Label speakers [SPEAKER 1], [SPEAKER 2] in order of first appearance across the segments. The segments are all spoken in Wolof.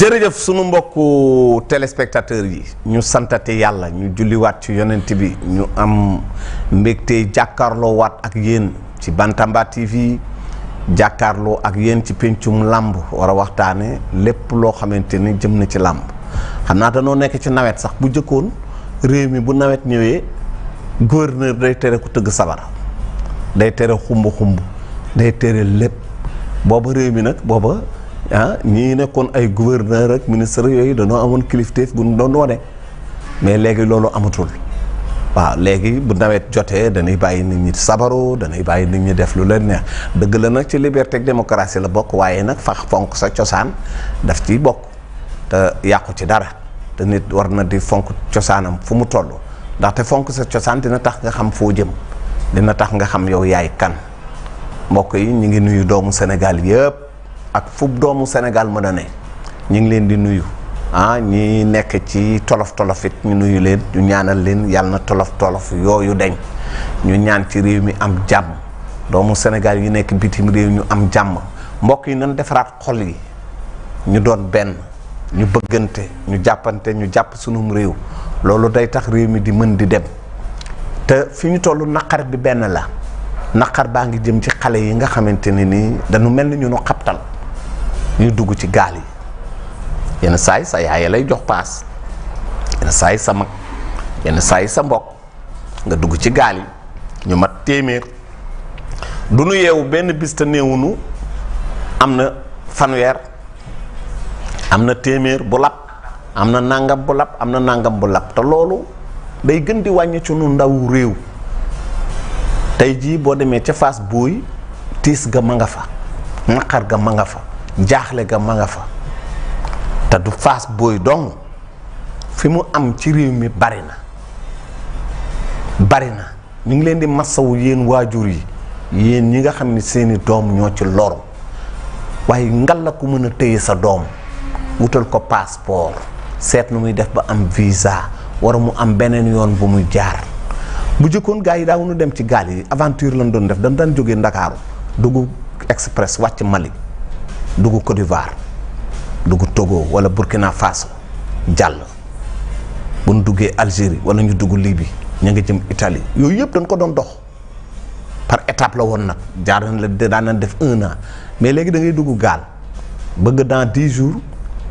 [SPEAKER 1] jërëjëf sunu mbokku téléspectateur yi ñu santate yàlla ñu julliwaat ci yonent bi ñu am mbégte jàkkaarloo waat ak yéen ci Bantamba TV jàkkaarloo ak yéen ci pencum làmb wara a waxtaane lépp loo xamante ni jëm na ci làmb xam naa danoo nekk ci nawet sax bu jëkkoon réew mi bu nawet ñëwee gouverneur day tere ku tëgg sabar day tere xumb xumb day tere lépp booba réew mi nag booba ah ñii nekkoon ay gouverneur ak ministre yooyu dañoo amoon kilifteef bu ñu doon wane mais léegi loolu amatul waaw léegi bu nawet jotee dañuy bàyyi nit ñi sabaru danay bàyyi nit ñi def lu leen neex dëgg la nag ci liberté ak démocratie la bokk waaye nag fax fonk sa cosaan daf ciy bokk te yàqu ci dara te nit war na di fonk cosaanam fu mu toll ndaxte fonk sa cosaan dina tax nga xam foo jëm dina tax nga xam yow yaay kan mbokk yi ñu ngi nuyu doomu Sénégal yëpp. ak fu doomu Sénégal mën a ne ñu ngi leen di nuyu ah ñi nekk ci tolof tolof ñu nuyu leen ñu ñaanal leen yàlla na tolof tolof yooyu deñ ñu ñaan ci réew mi am jàmm doomu Sénégal yi nekk bitim réew ñu am jàmm mbokk yi nañ defaraat xol yi ñu doon benn ñu bëggante ñu jàppante ñu jàpp sunum réew loolu day tax réew mi di mën di dem te fi ñu toll naqar bi benn la naqar baa ngi jëm ci xale yi nga xamante ne nii dañu mel ni ñu nu xabtal yu dugg ci gaal yi yenn saay sa yaay lay jox paas yenn saay sa mag yenn saay sa mbokk nga dugg ci gaal yi ñu mat téeméer du nu yeewu benn bista te néewunu am na fanweer am na téeméer bu lab am na nàngam bu lab na nàngam bu lab te loolu day gën di wàññi ci nu ndaw réew tey jii boo demee ca Fass buuy tiis ga ma nga fa naqar ga ma nga fa jaaxle ga ma nga fa te du faas booy dong fi mu am ci réew mi bari na bari na ñu ngi leen di massawu yéen waajur yi yéen ñi nga xam ni seeni doom ñoo ci loro waaye ngal la ko mën a téye sa doom wutal ko passeport seet nu muy def ba am visa war mu am beneen yoon bu muy jaar bu jëkkoon gars yi daawuñu dem ci gaal yi aventure lañ doon def dañ daan jóge Ndakaaru dugg express wàcc malik dugg Côte d'Ivoire dugg Togo wala Burkina Faso jàll bu ñu duggee Algérie wala ñu dugg Libye ñu ngi jëm Italie yooyu yëpp dañ ko doon dox par étape la woon nag jaar nañ la daan nañ def un mais léegi da ngay dugg gaal bëgg dans dix jours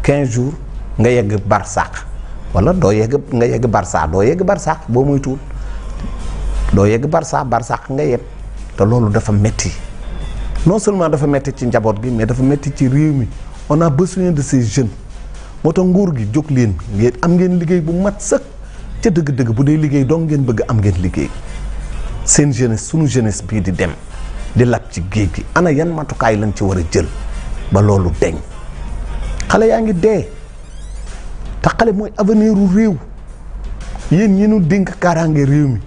[SPEAKER 1] quinze jours nga yegg Barsaq wala doo yegg nga yegg Barsaq doo yegg Barsaq boo moytuwul doo yegg Barsaq Barsaq nga yegg te loolu dafa metti non seulement dafa metti ci njaboot gi mais dafa metti ci réew mi on a besoin de ces jeunes moo tax nguur gi jóg leen ngeen am ngeen liggéey bu mat sëkk ca dëgg-dëgg bu dee liggéey dong ngeen bëgg am ngeen liggéey seen jeunesse sunu jeunesse bii di dem di lab ci géej gi ana yan matukaay lañ ci war a jël ba loolu deñ xale yaa ngi dee te xale mooy avenir réew yéen ñi dénk kaaraange réew mi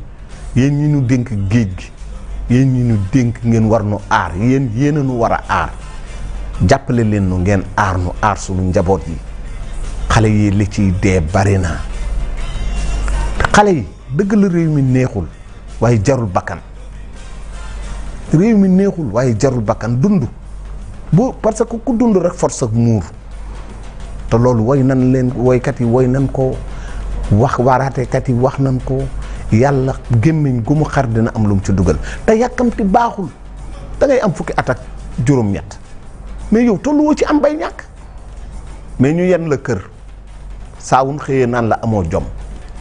[SPEAKER 1] yéen ñi dénk géej gi yéen ñi ñu dénk ngeen war nu aar yéen yéen nu war a aar jàppale leen nu ngeen aar nu aar sunu njaboot yi xale yi li ciy dee bari na xale yi dëgg la réew mi neexul waaye jarul bakkan réew mi neexul waaye jarul bakkan dund bu parce que ku dund rek force ak muur te loolu woy nan leen woykat yi woy nan ko wax waaraatekat yi wax nan ko yàlla gémmiñ gu mu xar dina am lu mu ci dugal te yàkkamti baaxul da ngay am fukki at ak juróom-ñett mais yow tollu woo ci am bay ñàkk mais ñu yenn la kër saawun xëyee naan la amoo jom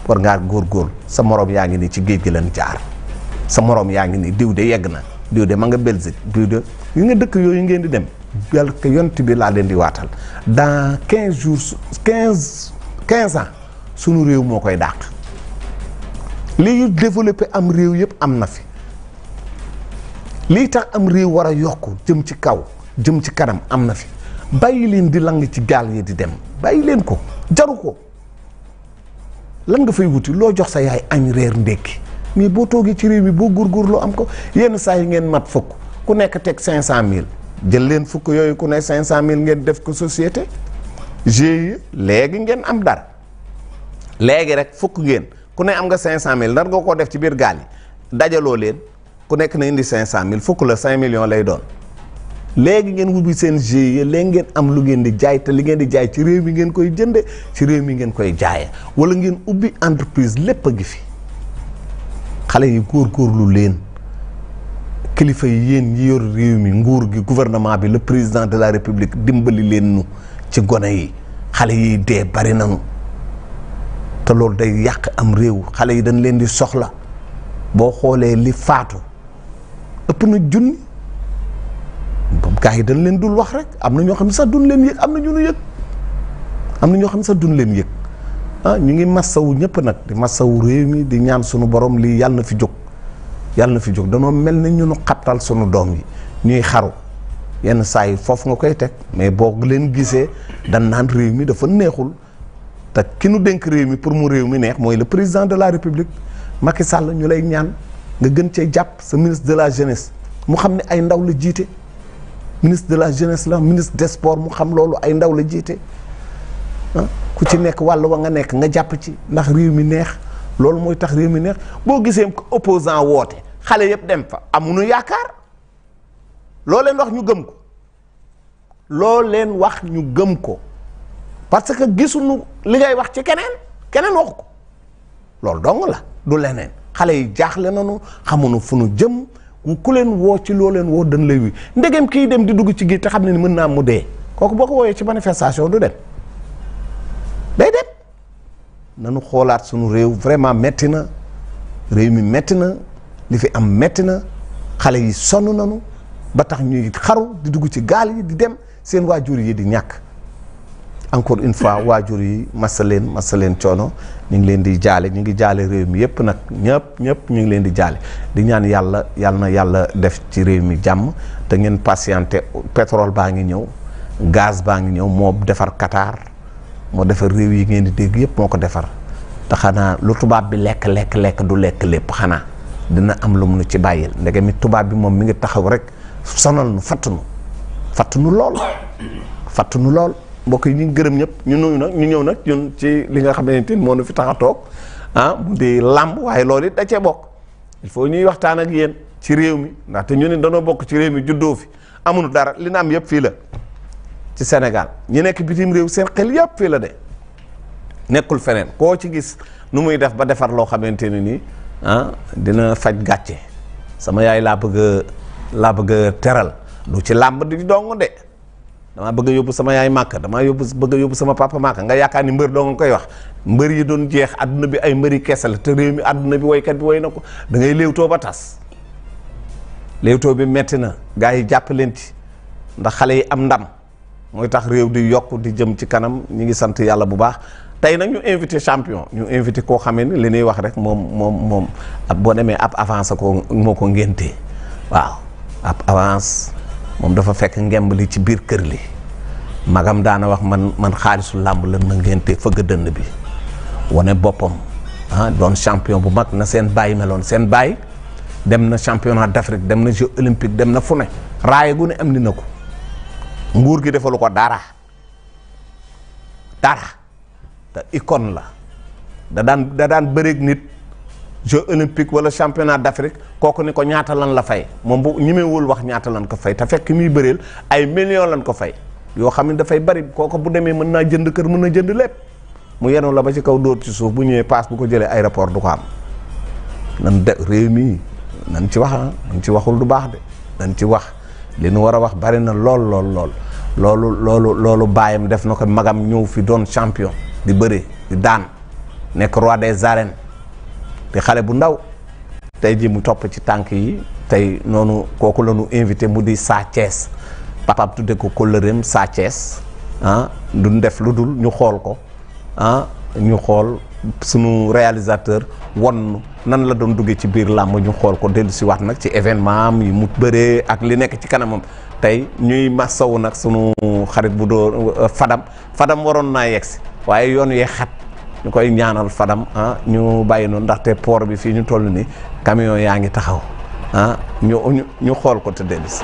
[SPEAKER 1] war ngaa góor sa moroom yaa ngi nii ci géej gi leen jaar sa moroom yaa ngi nii diw de yegg na diw de ma nga Belgique diw de yi nga dëkk yooyu ngeen di dem yàlla ko yont bi laa leen di waatal dans quinze jours quinze quinze ans sunu réew moo koy dàq li yu am réew yëpp am na fi lii tax am réew war a yokk jëm ci kaw jëm ci kanam am na fi bàyyi leen di lang ci gaal yi di dem bàyyi leen ko jaru ko lan dafay wuti loo jox sa yaay añ reer ndékki mais boo toogee ci réew mi boo góorgóorloo am ko yenn saa yi ngeen mat fukk ku nekk teg cinq cent mille jël leen fukk yooyu ku ne cinq cent mille ngeen def ko société GIE léegi ngeen am dara léegi rek fukk ngeen ku ne am nga 500000 nar nga koo def ci biir gaal dajaloo leen ku nekk na indi 500000 fukk la 5 millions lay doon léegi ngeen ubbi seen GIE léegi ngeen am lu ngeen di jaay te li ngeen di jaay ci réew mi ngeen koy jënde ci réew mi ngeen koy jaayee wala ngeen ubbi entreprise lépp a ngi fi xale yi góorgóorlu leen kilifa yi yéen yi yor réew mi nguur gi gouvernement bi le président de la république dimbali leen nu ci gone yi xale yi dee bari nañu. te loolu day yàq am réew xale yi dañ leen di soxla boo xoolee li faatu ëpp na junni boobu gars yi dañ leen dul wax rek am na ñoo xam ne sax dun leen yëg am na ñu am na ñoo xam ne sax duñ leen yëg ah ñu ngi massawu ñëpp nag di massawu réew mi di ñaan sunu borom lii yàlla na fi jóg yàlla na fi jóg danoo mel na ñu nu xattal sunu doom yi ñuy xaru yenn saa yi foofu nga koy teg mais boo leen gisee dan naan réew mi dafa neexul te ki nu dénk réew mi pour mu réew mi neex mooy le président de la république Macky Sall ñu lay ñaan nga gën cee jàpp sa ministre de la jeunesse mu xam ne ay ndaw la jiite ministre de la jeunesse la ministre des mu xam loolu ay ndaw la jiite ah, ku ci nekk wàll wa nga nekk nga jàpp ci ndax réew mi neex loolu mooy tax réew mi neex boo gisee opposant woote xale yëpp dem fa amuñu yaakaar loo leen wax ñu gëm ko loo leen wax ñu gëm ko parce que gisuñu li ngay wax ci keneen keneen waxu ko loolu dong la du leneen xale yi jaaxle nañu xamuñu fu nu jëm ku leen woo ci loo leen woo dañ lay wi ndegem kii dem di dugg ci géej te xam ne ni mën naa mu dee kooku boo ko wooyee ci manifestation du dem day dem nanu xoolaat suñu réew vraiment metti na réew mi metti na li fi am metti na xale yi sonn nanu ba tax ñuy xaru di dugg ci gaal yi di dem seen waajur yi di ñàkk encore une fois waajur yi massa leen massa leen coono ñu ngi leen di jaale ñu ngi jaale réew mi yëpp nag ñëpp ñëpp ñu ngi leen di jaale di ñaan yàlla yàlla na yàlla def ci réew mi jàmm te ngeen patienté pétrole baa ngi ñëw gaz baa ngi ñëw moo defar Qatar moo defar réew yi ngeen di dégg yëpp moo ko defar te xanaa lu tubaab bi lekk lekk lekk du lekk lépp xanaa dina am lu mu nu ci bàyyil ndege mi tubaab bi moom mi ngi taxaw rek sonal nu fattunu fattunu lool fattunu lool mbokk yi ñu gërëm ñëpp ñu nuyu nag ñu ñëw nag ñun ci li nga xamante ni moo nu fi tax a toog ah, làmb waaye loolu it da cee bokk il faut ñuy waxtaan ak yéen ci réew mi ndaxte ñu ne danoo bokk ci réew mi juddoo fi amul dara li na am yëpp fii la ci Sénégal ñu nekk bitim réew seen xel yëpp fii la de nekkul feneen koo ci gis nu muy def ba defar loo xamante ne nii ah, dina faj gàcce sama yaay laa bëgg laa bëgg teral du ci làmb di dong de. damaa bëgg yóbbu sama yaay màkk damaa yóbbu bëgg yóbbu sama papa màkk nga yaakaar ni mbër doo nga koy wax mbër yi doon jeex àdduna bi ay mbëri keese la te réew mi adduna bi woykat bi woy na ko da ngay léewtoo ba tas léewtoo bi metti na gaa yi jàpp leen ci ndax xale yi am ndam mooy tax réew di yokk di jëm ci kanam ñi ngi sant yàlla bu baax tey nag ñu invité champion ñu invité koo xamee ni li ñuy wax rek moom moom moom boo demee ab avance ko moo ko ngéntee moom dafa fekk ngemb li ci biir kër li magam daana wax man man xaalisu làmb la na ngénte fëgg dënn bi wane boppam ah doon champion bu mag na seen baay meloon seen baay dem na championnat d'Afrique dem na jeux olympiques dem na fu ne raaye gu am ni na ko nguur gi defalu ko dara dara te icône la da daan da nit jeu olympique wala championnat d'Afrique kooku ni ko ñaata lan la fay moom bu ñemewul wax ñaata lan ko fay te fekk muy bëreel ay millions lan ko fay yoo xam ne dafay bari kooku bu demee mën naa jënd kër mën na jënd lépp mu yenu la ba ci kaw dóor ci suuf bu ñëwee paas bu ko jëlee aéroport du ko am nan de réew mii nan ci wax a ah, nan ci waxul du baax de nan ci wax li nu war a wax bari na lool lool lool loolu loolu loolu baayam def na ko magam ñëw fi doon champion di bëre di daan nekk roi des arènes te xale bu ndaw tey jii mu topp ci tànk yi tey noonu kooku la ñu invité mu di Sa Thiès papaam tudde ko kóllëreem Sa Thiès ah duñ def lu dul ñu xool ko ah ñu xool sunu réalisateur won nan la doon duggee ci biir làmb ñu xool ko dellu waat nag ci événement am yi mu bëree ak li nekk ci kanamam tey ñuy masawu nag sunu xarit bu doo Fadam Fadam waroon naa yegg si waaye yoon yee xat ñu koy ñaanal fadam ah ñu bàyyi noonu ndaxte port bi fii ñu toll ni camion yaa ngi taxaw ah, ñu ñu xool ko tëddee bis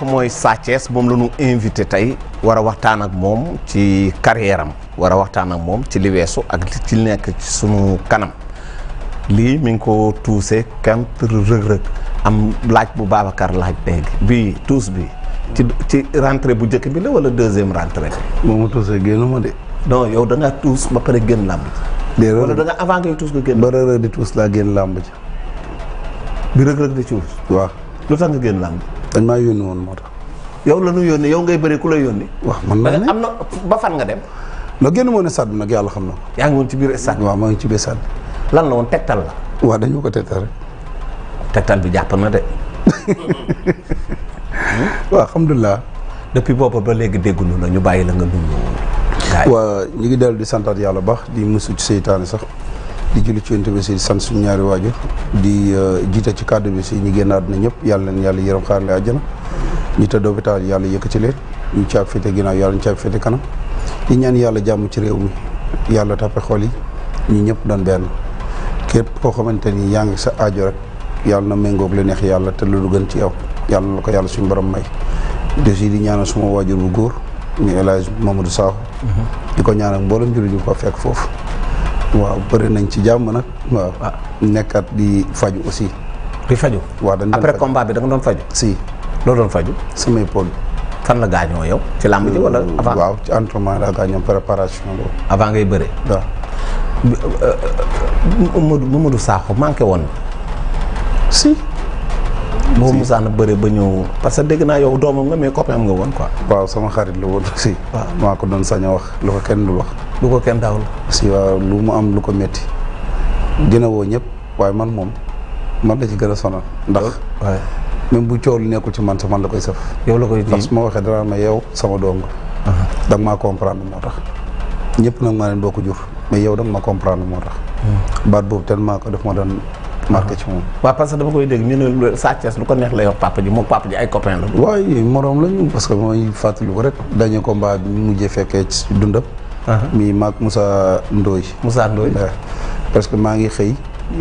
[SPEAKER 1] kooku mooy Sathiès moom invité tey war a waxtaan ak moom ci carrière war a waxtaan ak moom ci li ak li ci nekk ci sunu kanam lii mi ngi ko tuuse contre rëg-rëg am laaj bu Babacar laaj léegi bii tuus bi ci ci rentrée bu njëkk bi la wala deuxième rentrée bi. moom mu tuusee génn ma de. non yow da ngaa tuus ba pare génn làmb ji. da avant ngay tuus génn. ba rëg-rëg di tuus laa génn làmb ji. bi rëg-rëg di tuus. waaw lu tax nga génn làmb dañ maa yónni woon moo tax. yow la ñu yónni yow ngay bëri ku lay yónni. waaw man la am na ba fan nga dem. non génn woon stade bi nag yàlla xam na ko. yaa woon ci biir stade bi. waaw maa biir stade lan la woon tegtal la. waa dañu ko tegtal rek. tegtal bi jàpp na de. waaw alhamdulilah. depuis boobu ba léegi dégguñu la ñu bàyyi la nga nuyu. waaw ñu ngi dellu di santaat yàlla baax di musu ci seytaane sax. julli ci yonent bi si sant suñu ñaari waajur di euh, jiite ci kàddu bi si ñi génn àdduna ñëpp yàlla leen yàlla yërëm xaarale àjjana ñi tëdd hôpital yàlla yëkkati leen ñu caab di ñaan yàlla jàmm ci réew mi yàlla tappe xol ñi ñëpp doon benn képp ko xamante ni yaa ngi sa aajo rek yàlla na méngoog la neex yàlla te lu gën ci yow yàlla na ko yàlla suñu borom may desi di ñaanal suma waajur bu góor ñu El Hadj Mamadou Sakho
[SPEAKER 2] mm-hmm.
[SPEAKER 1] di ko ñaanal mboolem jullit ko fekk foofu waaw bëri nañ ci jàmm nag. waaw ah. nekkat di faju aussi. di faju waaw dañ après combat bi doon faju si loo doon faju samay pol. fan la gaañoo yow. ci làmb ji wala avant waaw ci entraînement la gaañoo avant ngay bëre. waaw. Euh, euh, Mamadou Mamadou manqué woon. si. boo musaan a bëre ba ñëw parce que dégg naa yow nga mais copain am nga woon quoi. waaw sama xarit la woon si. waaw maa ko doon sañ a wax lu ko kenn du wax. lu ko kenn daawul. si waaw lu mu am lu ko métti. dina woo ñëpp waaye man moom man la ci gën a sonal. ndax même bu coow lu nekkul ci man sa man la koy sëf. yow la koy ndax su ma waxee dara ma yow sama doom da nga maa moo tax. ñëpp nag maa leen bokk jur mais yow da nga ma comprendre moo tax. Hmm. baat boobu tellement ko def ma doon marqué ci moom. waaw parce que dama ko neex lay wax papa ji moom papa ji ay copain la. waaye moroom lañu parce que mooy fàttali ko rek dañu combat bi mujjee fekkee ci dundam. Uh-huh. mii maag Moussa Ndoye Moussa Ndoye uh, parce que maa ngi xëy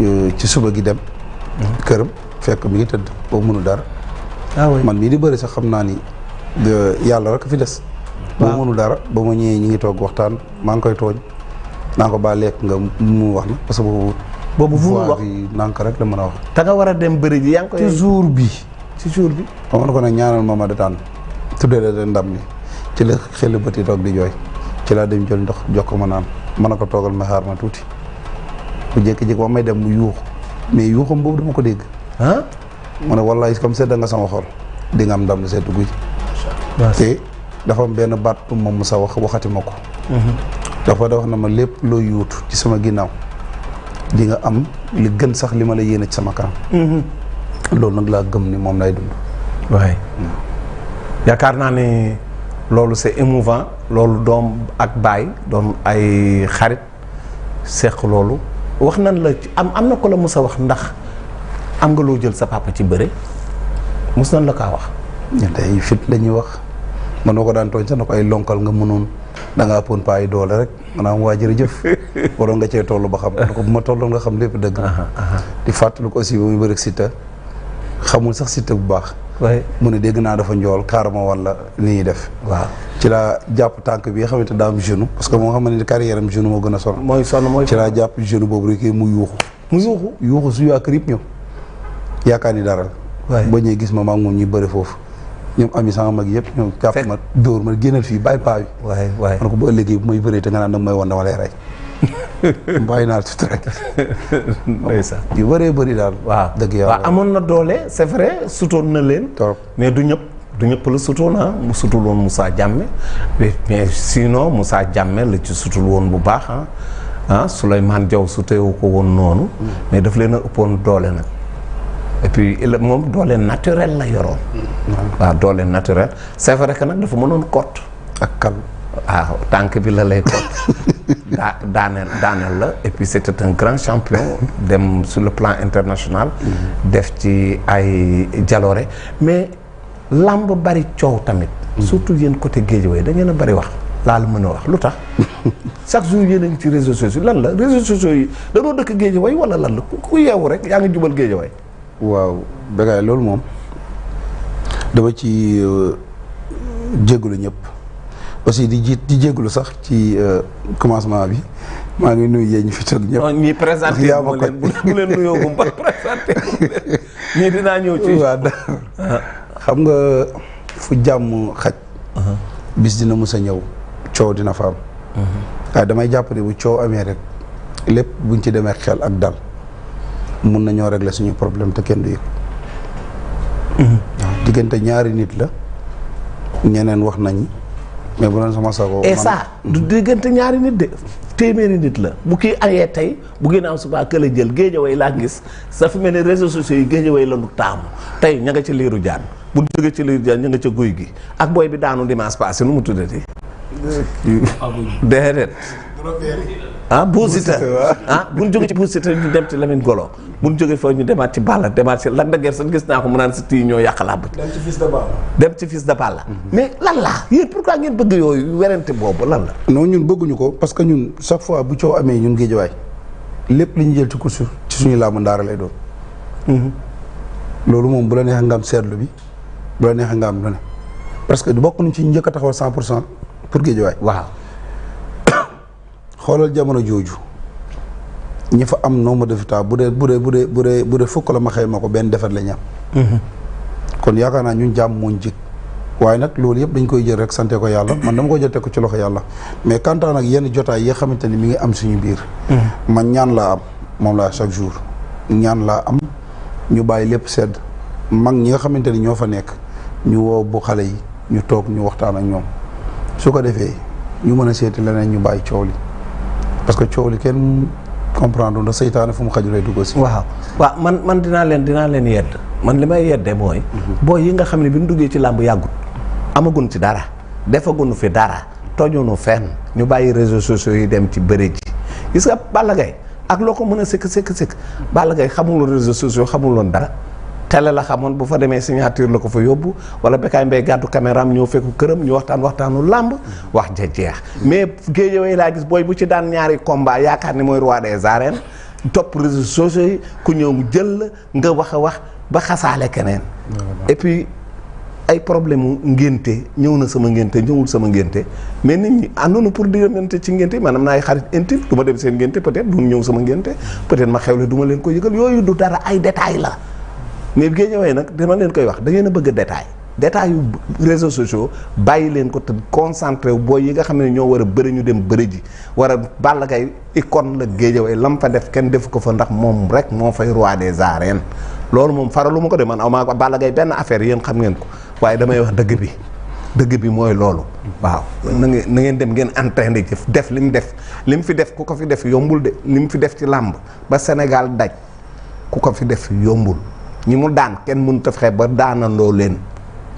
[SPEAKER 1] uh, ci suba gi dem
[SPEAKER 2] uh-huh.
[SPEAKER 1] këram fekk mi ngi tëdd boo mënu dara ah man mii di bëri sax xam naa ni uh, yàlla rek fi des boo mënu dara ba ma ñëwee ñi ngi toog waxtaan maa ngi koy tooñ naa ko baa lekk nga mu wax na parce que boobu boobu fu nank rek la mën a wax te nga war a dem bëri ji yaa ngi koy ci bi ci jour bi ma mën ko nag ñaanal ma ma dataan tuddee la ndam mi ci la xel bëti toog di jooy ci laa dem jël ndox jox ma naan ma ne ko toogal ma xaar ma tuuti mu jékki-jékki ba may dem mu yuux mais yuuxam boobu dama ko dégg. ah mu ne wallaay comme sedda nga sama xol di nga am ndam lu sedd guy. te dafa am benn baat bu ma musa wax waxati ma ko. Mhm. dafa da wax na ma loo yuut ci sama ginnaaw di nga am li gën sax li ma la yéene ci sama kanam. Mhm. loolu nag laa gëm ni moom lay dund. waay mm. yaakaar naa ne. loolu c'est émouvant loolu doom ak baay doon ay xarit seq loolu wax nan la am am na ko la mës a wax ndax am nga loo jël sa papa ci bëre mës nan la kaa wax ñun tey fit la ñuy wax man noo ko daan tooñ sax na ko ay lonkal nga mënoon da ngaa ëppoon doole rek maanaam waa jërëjëf waroon nga cee toll ba xam ko bu ma tolloon nga xam lépp dëgg di fàttali ko aussi ba muy bëri Siteu xamul sax Siteu bu baax. mu ne dégg naa dafa njool carrément wala li ñuy def. waaw ci laa jàpp tànk bi nga xamante daa am genou parce que moo xam ne carrière am genou moo gën a sonn. mooy sonn mooy ci laa jàpp genou boobu rek mu yuuxu. mu yuuxu yuuxu su yaa kër yëpp ñëw yaakaar ni dara la. ba ñuy gis ma maa ngi moom ñuy bëri foofu. ñoom ami sama mag yëpp ñoom jàpp ma dóor ma génnal fii bàyyi paa bi. waay waay man ko bu ëllëgee bu may bëree te nga naan nag may woon dama lay rey bàyyi naa tutrak ndeysaan yu bëree bëri daal waaw dëgg yàlla amoon na doole c'est vrai sutoon na leen mais du ñëpp du ñëpp la sutoon ah mu sutul woon Moussa Diame mais sino Moussa Diame la ci sutul woon bu baax ah ah Souleymane Diaw suteewu ko woon noonu mais daf leen ëppoon doole nag et puis moom doole naturel la yoroon mm. waaw doole naturel c'est vrai que nag dafa mënoon kot ak kal waaw tànk bi la lay topp daa daaneel daaneel la et puis c'était un grand champion dem sur le plan international
[SPEAKER 2] mm-hmm.
[SPEAKER 1] def ci ay jaloore mais làmb bari coow tamit mm-hmm. surtout yéen côté Guédiawaye da ngeen a bari wax laal mën a wax lu tax chaque jour yéen a ngi ci réseaux sociaux lan la réseaux sociaux yi danoo dëkk Guédiawaye wala lan la ku yeewu rek yaa ngi jubal Guédiawaye waaw Bécaye loolu moom dama ci euh, jégalu ñëpp aussi di jiit di jégalu sax ci euh, commencement bi maa ngi nuyu yéen fi toog ñëpp. ñi présenté yaa ma ko bu leen nuyoo bu ba présenté ñii ñëw ci. waaw xam nga fu jàmm xaj. Uh-huh. bis dina mës a ñëw coow dina fa am. Uh-huh. waaye damay jàpp ne bu coow amee rek lépp buñ ci demee xel ak dal mun nañoo régler suñu problème te kenn du yëg. Uh-huh. diggante ñaari nit la ñeneen wax nañ. mais bu doon sama sago. et du mhm. diggante ñaari nit de téeméeri nit la bu kii ayee tey bu gën a am suba këla jël géejaway laa gis sa fi mel ne réseaux sociaux yi géejaway la nu taamu tey ña nga ca liiru jaan bu jógee ci liiru jaan ña nga ca guy gi ak booy bi daanu dimanche passé nu mu tuddati. déedéet. ah bu Siteu ah bu ñu jógee ci bu Siteu ñu dem ci Lamine Golo bu jóge jógee foofu ñu demaat ci la demaat ci Lac de Guiers gis naa ko mu naan Siteu ñoo yàq làmb dem ci fils de Balla dem ci fils de Balla mm-hmm. mais lan la yéen pourquoi ngeen bëgg yooyu werante boobu lan la non ñun bëgguñu ko parce que ñun chaque fois bu coow amee ñun géejawaay lépp li ñu jël ci kursu ci suñu làmb ndaara lay doon mm-hmm. loolu moom bu la neex nga am seetlu bi bu la neexee nga am lu parce que bokk nu ci njëkk a taxawal cent pour cent pour géejawaay waaw xoolal jamono jooju ñi fa am nombre de victoire bu dee bu bu dee bu bu dee la ma xëy ma ko benn defar la ñu mhm. kon yaakaar naa ñun jàmm mooñ jik waaye nag loolu yëpp dañ koy jël rek sante ko yàlla man dama koy jotee ko ci loxo yàlla mais kantaan ak yenn jotaay yi xamante ni mi ngi am suñu biir mhm. man ñaan laa am moom laa chaque jour ñaan laa am ñu bàyyi lépp sedd mag ñi nga xamante ni ñoo fa nekk ñu woo bu xale yi ñu toog ñu waxtaan ak ñoom su ko defee ñu mën a seeti leneen ñu bàyyi coow li parce que coow li kenn comprendre ndax seytaane fu mu xaju lay dugg si. waaw waa man man dinaa leen dinaa leen yedd man li may yeddee mooy. Mhm. booy yi nga xam ne bi ñu duggee ci làmb yàggut. amagun si dara defaguñu fi dara tojuñu fenn ñu bàyyi réseaux sociaux yi dem ci bëri ji gis nga Balla Gaye ak loo ko mën a sëkk sëkk sëkk Balla Gaye xamul woon réseaux sociaux xamul woon dara. télé la xamoon bu fa demee signature la ko fa yóbbu wala Bécaye Mbaye gàddu caméra am ñëw fekku këram ñu waxtaan waxtaanu làmb wax ja jeex mais géejëwee laa gis booy bu ci daan ñaari combat yaakaar ne mooy roi de arènes topp réseaux sociaux ku ñëw mu jël nga wax a wax ba xasaale keneen et puis ay problème mu ngénte ñëw na sama ngénte ñëwul sama ngénte mais nit ñi àndoonu pour diggante ci ngénte yi maanaam naa ay xarit intime du ma dem seen ngénte peut-être sama ngénte peut-être ma xewle du leen ko yëgal yooyu du dara ay détails la mais bi ngeen ñëwee nag dama leen koy wax da ngeen bëgg a détail détail yu réseaux sociaux bàyyi leen ko te concentré wu booy yi nga xam ne ñoo war a bëri ñu dem bëri ji war a Balla Gaye icône la Guédiawaye lam fa def kenn defu ko fa ndax moom rek moo fay roi des arènes loolu moom faral lu ma ko de man aw maa ko benn affaire yéen xam ngeen ko waaye damay wax dëgg bi dëgg bi mooy loolu. waaw na ngeen na ngeen dem ngeen entraîné jëf def li def li mu fi def ku ko fi def yombul de li mu fi def ci làmb ba Sénégal daj ku ko fi def yombul. ñi mu daan kenn mun a fexe ba daanandoo leen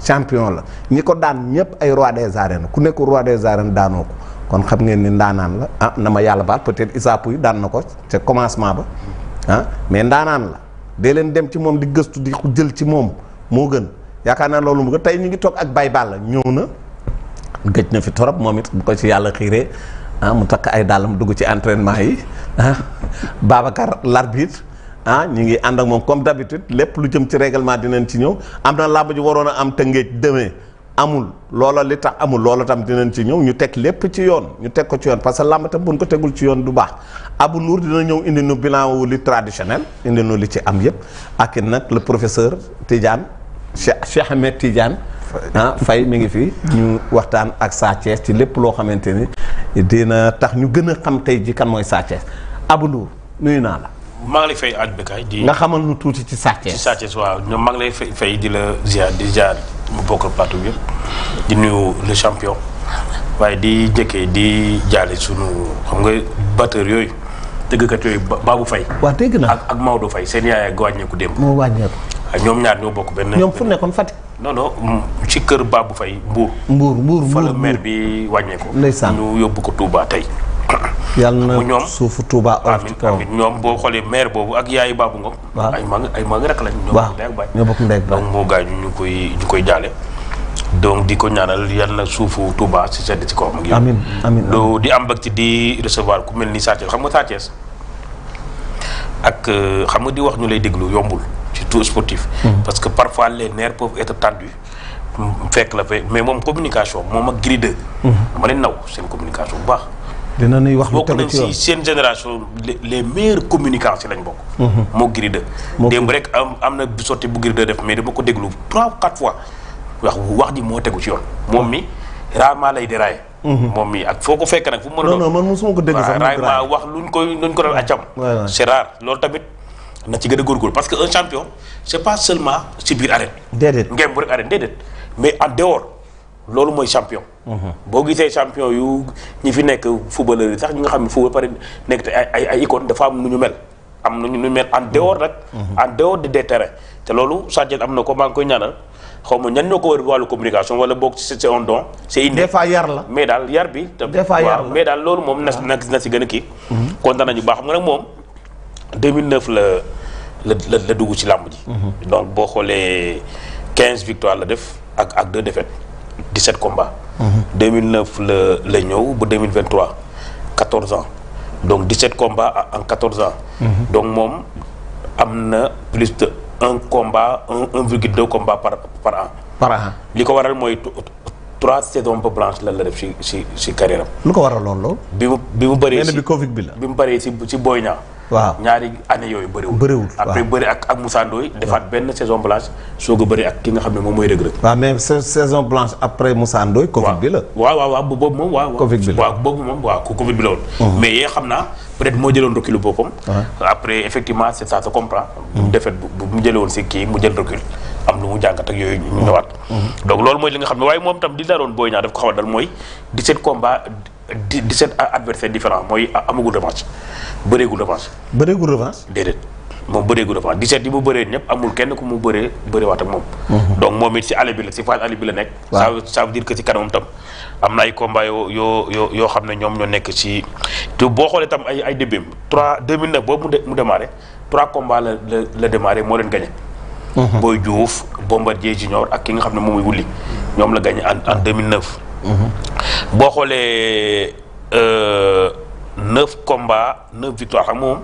[SPEAKER 1] champion la ñi ko daan ñëpp ay roi des arènes ku nekk roi des arènes daanoo ko kon xam ngeen ni ndaanaan la ah na ma yàlla baal peut-être Issa yi daan na ko ca commencement ba ah mais ndaanaan la dee leen dem ci moom di gëstu di ko jël ci moom moo gën yaakaar naa loolu mu gën tey ñu ngi toog ak Baye la ñëw na gëj na fi torop moom it bu ko ci yàlla xiiree ah mu takk ay dàllam dugg ci entraînement yi ah Babacar ah ñu ngi ànd ak moom comme d'habitude lépp lu jëm ci réglement dinañ ci ñëw am na làmb waroon a am tëngéej demee amul loola li tax amul loola tam dinañ ci ñëw ñu teg lépp ci yoon ñu teg ko ci yoon parce que làmb tam ko tegul ci yoon du baax Abou Nour dina ñëw indi nu bilan wu li traditionnel indi nu li ci am yëpp ak nag le professeur Tidiane Cheikh Cheikh Ahmed Tidiane ah mi ngi fii ñu waxtaan ak Sa Thiès ci lépp loo xamante ni dina tax ñu gën a xam tey ji kan mooy Sa Thiès Abou Nour maa ngi lay fay aaj Bécaye di nga xamal nu tuuti ci Sa ci Sa Thiès waaw ñoom maa lay fay fay di la ziar di jaar mu bokk plateau bi di nuyu le champion waaye di njëkkee di jaale sunu xam nga batteur yooyu dëggkat yooyu Babou Faye waaw dégg na ak ak Maodo Faye seen yaay ak wàññeeku démb moo wàññeeku ñoom ñaar ñoo bokk benn ñoom fu nekkoon Fatick non non ci kër baa bu Mbour Mbour mbuur fa la maire bi wàññeeku ndeysaan ñu yóbbu ko Touba tey yàlla na suufu Touba oyof ci kawam ñoom boo xoolee maire boobu ak yaayu Babou Ngom. waaw ay mag rek lañ. waaw ñoo bokk ndey ak baay donc moo gaañ ñu koy jaale. donc di ko ñaanal yàlla na suufu Touba si sedd ci kawam. amiin di am mbégte di recevoir ku mel ni Sathiès euh, xam nga di wax ñu lay déglu yombul surtout sportif. Hmm. parce que parfois la mais moom communication moom ak gride. Hmm. dama leen naw seen communication bu baax. dina nuy wax lu tegu ci yoon bokk nañ si seen génération les meilleurs communicants si lañ bokk. Mhm. moo Gris 2. moo démb rek am am na sorti bu Gris def mais dama ko déglu trois quatre fois wax wax ji moo tegu ci yoon moom mi rarement lay déraillé. Mhm. moom mi ak foo ko fekk nag fu mu mën a. non non man ko dégg sax rarement loolu tamit. na ci gën a góorgóorlu parce que un champion c'est pas seulement ci biir arène. déedéet ngeen bu rek arène déedéet mais en dehors loolu mooy champion. boo gisee champion yu ñi fi nekk footballeur yi sax ñi nga xam ne football pare nekk te ay ay icône dafa am nu ñu mel am nañu nu mel en dehors rek. Mhm. en dehors de des terrains te loolu Sadio am na ko maa ngi koy ñaanal xaw ma ñan ñoo ko war wàllu communication wala boog c'est un don. c'est une des yar la mais daal yar bi. des fois yar la mais daal loolu moom na ah. na na si gën a kii. Mhm. kontaan ñu baax xam nga nag moom 2009 la la la la dugg ci làmb ji. Mhm. donc boo xoolee quinze victoires la def ak ak 2 défaites. 17 combats. 2009 la la ñëw ba 2023 14 ans donc 17 combats en 14 ans. donc moom am na plus de un combat un 1,2 combat par par par an li ko waral mooy trois saisons ba blanche la la def si si si carrière lu ko waral loolu. bi mu bi mu bëree si bi Covid bi la. bi mu bëree si si Boy Niang waaw ñaari année yooyu bëriwul. bëriwul après bëri ak ak defaat benn saison blanche soog a bëri ak ki nga xam ne moom mooy Reug Reug. waaw mais saison blanche après Moussa Covid bi la waaw waaw boobu moom waaw. Covid bi la waaw boobu moom waaw Covid bi la woon. Uh-huh. mais yee xam naa peut moo jëloon recul boppam. Uh-huh. après effectivement c' est ça comprend. Uh-huh. bu bu mu jëlee woon si kii mu jël recul. am lu mu jàngat ak yooyu ñu ne waaye moom tam a dal 17 adversaires différents mooy amagul revanche bëreegul revanche. bëreegul revanche. déedéet moom bëreegul revanche 17 yi mu bëree ñëpp amul kenn ku mu bëree bëreewaat ak moom. Mhm. donc moom it si àll bi la si phase àll la nekk. waaw ça veut dire que si yoo yoo xam ne ñoom ñoo nekk si te boo xoolee tam ay ay début 3 2009 boobu mu de mu démarré 3 combats la la moo leen gagné. Mhm. Boy Diouf Bombardier Junior ak ki nga xam ne moom mooy ñoom la gagné en en 2009. boo xoolee euh, neuf combats neuf victoires xam moom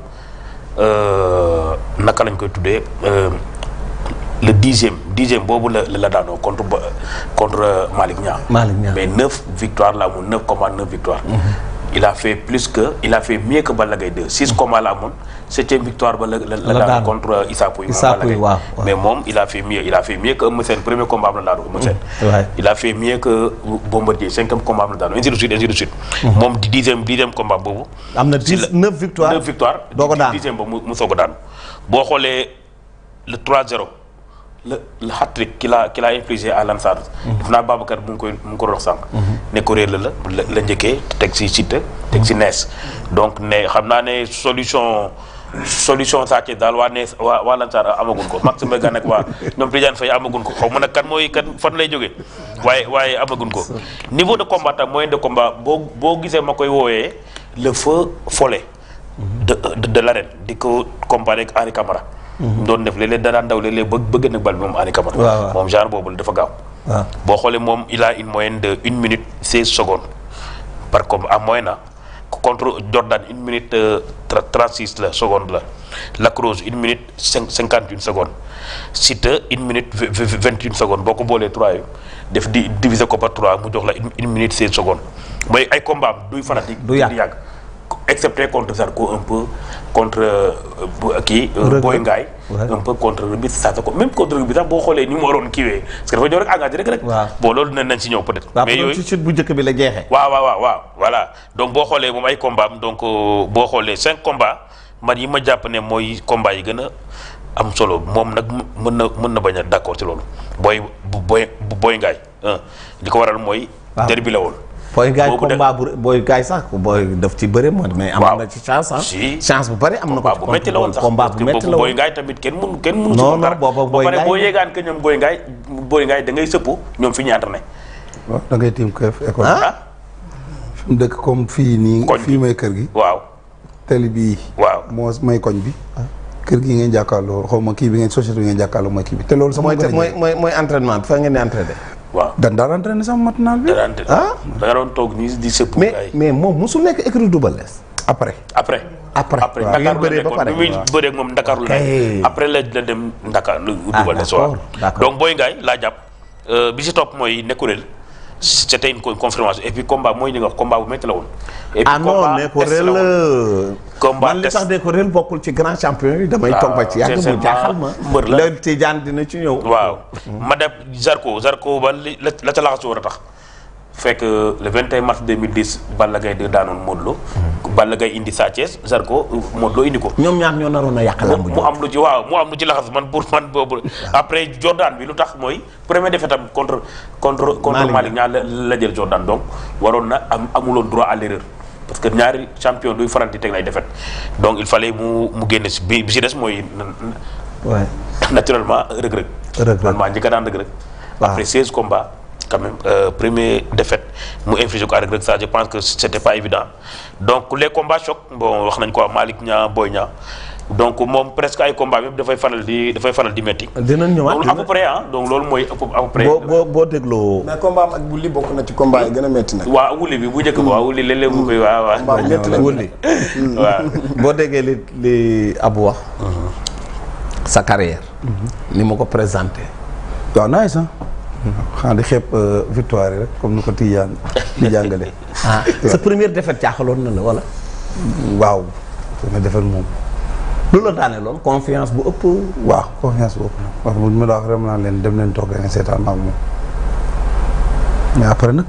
[SPEAKER 1] euh, naka lañ koy tuddee euh, le dixième dixième boobu la la daanoo contre contre Malick Niang. Malick Niang mais neuf victoires la amul neuf combats neuf victoires. Mm-hmm. il a fait plus que il a fait mieux que Balla Gaye six mm-hmm. combats la amoon septième victoire ba la la daan contre Issa Pouye Issa waaw mais moom il a fait mieux il a fait mieux que Eumeu Sène premier combat am la daanu Eumeu Sène il a fait mieux que Bombardier cinquième combat am la daanu ainsi de mm-hmm. moom di dixième dixième boobu am na dix neuf victoire doo ko daan dixième ba mu soog a daan boo xoolee le 3-0 la le hat-trick ki laa ki laa infligé mhm. naa Babacar mu koy mu ngi ko doon sànq. Mhm. ne ko réer la la la njëkkee teg si Siteu teg si mhm. Nees. donc ne xam naa ne solution solution Sa Thiès daal waa Nees waa Lansar amaguñ ko Maxime Bergan ak waa ñoom Tidiane Faye amaguñ ko xaw ma kan mooy kan fan lay jógee waaye waaye amaguñ ko. niveau de combat tam de combat boo boo gisee ma koy woowee le feu follet. de de de l'arène di ko comparé ak Henri Camara. doon def léeg-léeg da daan daw léeg-léeg ba bëgg na bal bi moom Ani Kamara. moom genre boobu la dafa gaaw. boo xoolee moom il une moyen de une minute seize secondes par comme en na contre Jordan une minute euh, trente six la seconde la Lacrosse une minute cinquante une seconde Siteu une minute vingt une seconde boo ko boolee trois yi def di diviser ko par trois mu jox la une minute seize secondes mooy ay combat am duy fanatique. du yàgg. excepté contre Zarco un peu contre euh, kii. Euh, Boy Ngaay un peu contre Rubis Sasako contre Rubis sax boo xoolee ni mu waroon kiiwee parce que dafa ñëw rek engagé rek rek. waaw bon loolu dinañ nañ si ñëw peut être. mais yooyu ci chute bu njëkk bi la jeexee. waaw waaw waaw voilà donc boo xoolee moom ay combat am donc euh, boo xoolee cinq combats man yi ma jàpp ne mooy combat yi gën a am solo moom nag mën na mën na bañ a d' accord ci loolu booy booy booy Ngaay di ko waral mooy. derbi woon. booy gaay combat bu booy gaay ci bëre moom mais am na ci chance ah chance bu bëri am na ko bu métti la woon sax combat bu métti la woon booy gaay tamit kenn mënu kenn mënu non non booba boo yéegaan que ñoom booy gaay booy gaay da ngay sëpp ñoom fi ñu entraîné da ngay tiim kër école ah? Ah? dëkk comme fii nii fii may kër gi waaw bi ah, kër gi bi ngeen société bi ngeen jàkkaarloo mooy kii bi te loolu fa ngeen di entraîné waaw dan daan entraîné sax matinal bi. ah da nga doon toog nii di sëpp. mais mais moom su nekk écurie Double Less après. après après après Dakar la nekkoon bi muy bëree moom ndakaar la nekk la dem Dakar ah, Double Less waaw donc booy ngaay laa jàpp euh, bi si topp mooy nekkureel c'était une confirmation et puis combat mooy li nga wax combat bu métti la woon. et puis ah non ne ko réel combat euh, li tax ne ko réel bokkul ci grand champion yi damay tomba ci yàgg mu jaaxal ma mbër la Tidiane dina ci ñëw. waaw ma def Zarko Zarko ba li la ca laxasoo war a tax. fekk le 21 mars 2010 Balla Gaye 2 daanoon Modou Lo hmm. Balla Gaye indi Sa Thiès Zarko Modou Lo indi ko. ñoom ñaar ñoo naroon a yàq mu am lu ci waaw mu am lu ci laxas man pour man après Jordan bi lu tax mooy premier défaite am contre contre contre Malick ñaar la jël Jordan donc waroon na am amuloon droit à l'erreur parce que ñaari champion duy faral di teg lay défaite donc il fallait mu mu génn si bi bi si des mooy. naturellement rëg-rëg. rëg-rëg man maa njëkk a daan rëg-rëg. Ah. après 16 combats. quand même euh, premier défaite mu infligé ko à Reug Reug ça je pense que c'était pas évident donc les combats choc bon wax nañ ko Malick Niang Boy Niang donc moom presque ay combat dafay faral di dafay faral di metti. dinañ ñëwaat loolu à peu près ah mooy à boo boo boo dégloo. ak wulli bokk na ci combat yi gën a metti nag. bi bu njëkk ba waaw wulli léeg-léeg mu koy waaw waaw. boo déggee li li Abou mhm. sa carrière. Mhm. ni ma ko présenté. waaw naaj sax. xanaa di xeeb euh, victoire rek comme nu ko tiijaan di jàngale. ah sa première défaite caaxaloon na la wala. waaw première défaite moom. lu la daane lool confiance bu ëpp. waaw confiance bu ëpp nag wax bu ma la rek ma leen dem leen toog leen seetaan ak moom. mais après nag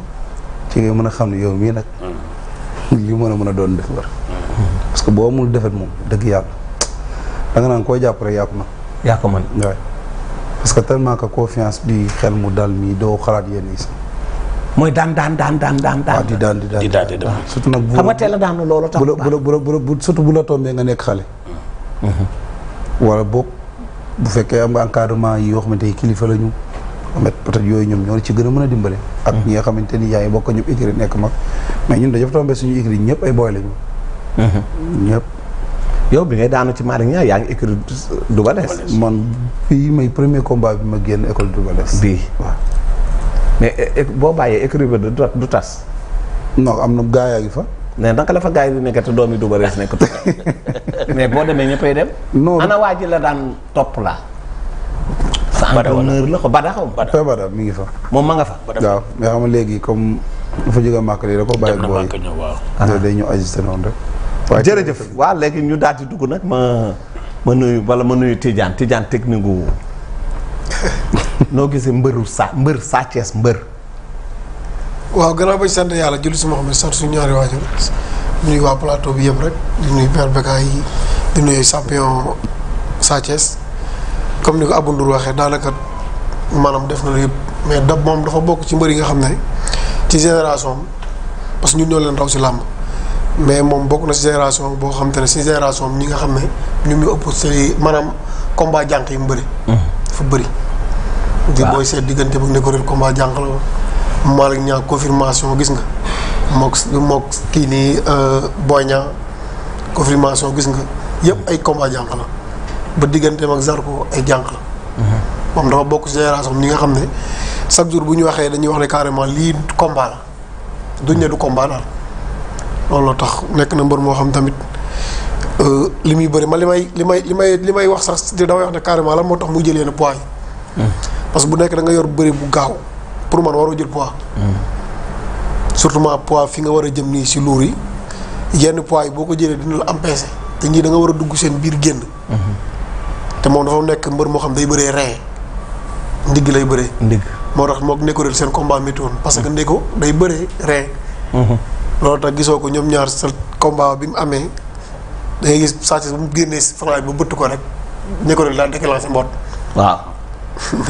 [SPEAKER 1] ci nga mën a xam ne yow mii nag. Hmm. li mën a mën a doon def war. Hmm. parce que boo amul défaite moom dëgg yàlla da nga naan koo jàpp rek yaa ko mën. yaa parce que tellement que confiance bi xel mu dal mi doo xalaat yenn yi sax. mooy daan daan daan daan daan daan. di di daan di daan di daan surtout nag. bu xam nga teel a daanu loolu tax bu la bu tombee nga nekk xale. Mm-hmm. wala book bu fekkee am nga encadrement yi yoo xamante ni kilifa la ñu. amet peut-être yooyu ñoom ñoo ci gën a mën a dimbale. ak mm-hmm. ñi nga xamante ni yaa ngi bokk ñëpp écurie nekk mag mais ñun dañoo tombee suñu écurie ñëpp ay boy lañu.
[SPEAKER 2] Mm-hmm.
[SPEAKER 1] ñëpp. yow bi ngay daanu ci Malick Niang yaa ngi école Dubales man fii may premier combat bi ma génn école du Dubales bii waaw mais boo bàyyee école ba du tas non am na gaa yaa ngi fa mais naka la fa gaa yi di nekk doom yi Dubales nekk mais boo demee ñëppay dem non ana waa ji la daan topp laa entraîneur la ko Bada xaw ma fa mi ngi fa moom ma nga fa waaw nga xam léegi comme dafa jóge màkk lii da ko bàyyi booy day ñu ajusté noonu rek jërëjëf waaw léegi ñu daal di dugg nag ma ma nuyu wala ma nuyu Tidiane Tidiane technique gu noo gisee mbëru sa mbër Sa Thiès mbër. waaw gannaaw ba ñu sant yàlla julli si Mouhamed sant suñu ñaari waajur ñu nuyu waa plateau bi yëpp rek di nuyu yi di nuyu champion Sa comme ni ko Abou Ndour waxee daanaka maanaam def na lu yëpp mais dab moom dafa bokk ci mbër yi nga xam ne ci génération parce que ñun ñoo leen raw si làmb. mais moom bokk na si génération boo xam te ne si génération ñi nga xam ne ñu mu ëpp si maanaam combat jànq yi mu bëri. dafa mm-hmm. bëri. di booy seet diggante bu ne ko réer combat jànq la woon. Malick Niang confirmation gis nga. mook mook kii nii euh, Boy Niang confirmation gis nga yëpp ay combat jànq la ba digganteem ak Zarko ay jànq la. Mm-hmm. moom dafa bokk si génération ñi nga xam ne chaque jour bu ñu waxee dañuy wax ne carrément lii combat la duñ ne du daal. looloo tax nekk na mbër moo xam tamit euh, li muy bëri ma li may li may li may li may wax sax damay wax ne carrément lan moo tax mu jël yenn poids hmm. parce que bu nekk da nga yor bëri bu gaaw pour man waroo jël poids. Hmm. surtout poids fi nga war a jëm nii si luur yi yenn poids yi boo ko jëlee dina la empêcher te ñii da war a dugg seen biir génn. Hmm. te moom dafa nekk mbër moo xam day bëree rein ndigg lay bëree. ndigg moo tax moo nekkoon seen combat météo parce que ndeko day bëree rein. loolu tax gisoo ko ñoom ñaar sa combat bi mu amee da gis saa bu mu génnee si Franc ba bëtt ko rek ñu ko doon daal déclenché mboot. waaw.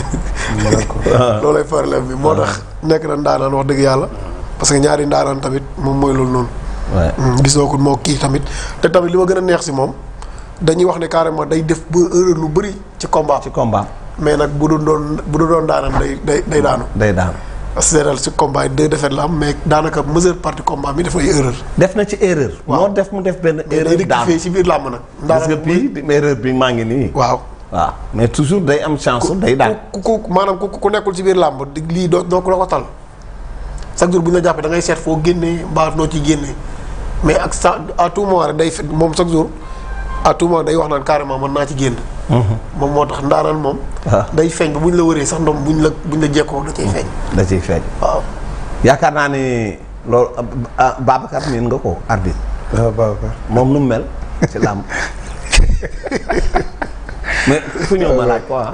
[SPEAKER 1] loolay problème bi moo tax nekk na ndaanaan wax dëgg yàlla. parce que ñaari ndaanaan tamit moom mooy loolu noonu. Mm, gisoo ko moo kii tamit te tamit li ma gën a neex si moom dañuy wax ne carrément day def ba erreur lu bari ci combat. ci combat mais nag bu du doon bu du doon daanam day day day daanu. day daanu. Sénégal ci combat yi deux défaites la am mais daanaka majeure partie combat bi dafa ay def na ci erreur. waaw moo def mu def benn erreur. daal mais ci biir làmb nag. daanaka gis nga bi maa ngi nii. waaw waaw mais toujours day am chance. day daan ku ku maanaam ku ku nekkul si biir làmb lii doo doo ko tal chaque jour bu ñu la jàppee da ngay seet foo génnee mbaa noo ci génnee mais ak sa à tout moment rek day moom chaque jour. à tout day wax naan carrément man naa ci génn. moom moo tax ndaanaan moom. Ah. day feeñ ba buñ la wëree sax ndoom bu ñu buñ la jekkoo da ciy mm. feeñ. da ciy feeñ waaw. yaakaar naa ni loolu ah, Babacar miin nga ko arbitre. Ah, moom nu mu mel ci làmb mais fu ñëw ma laaj quoi.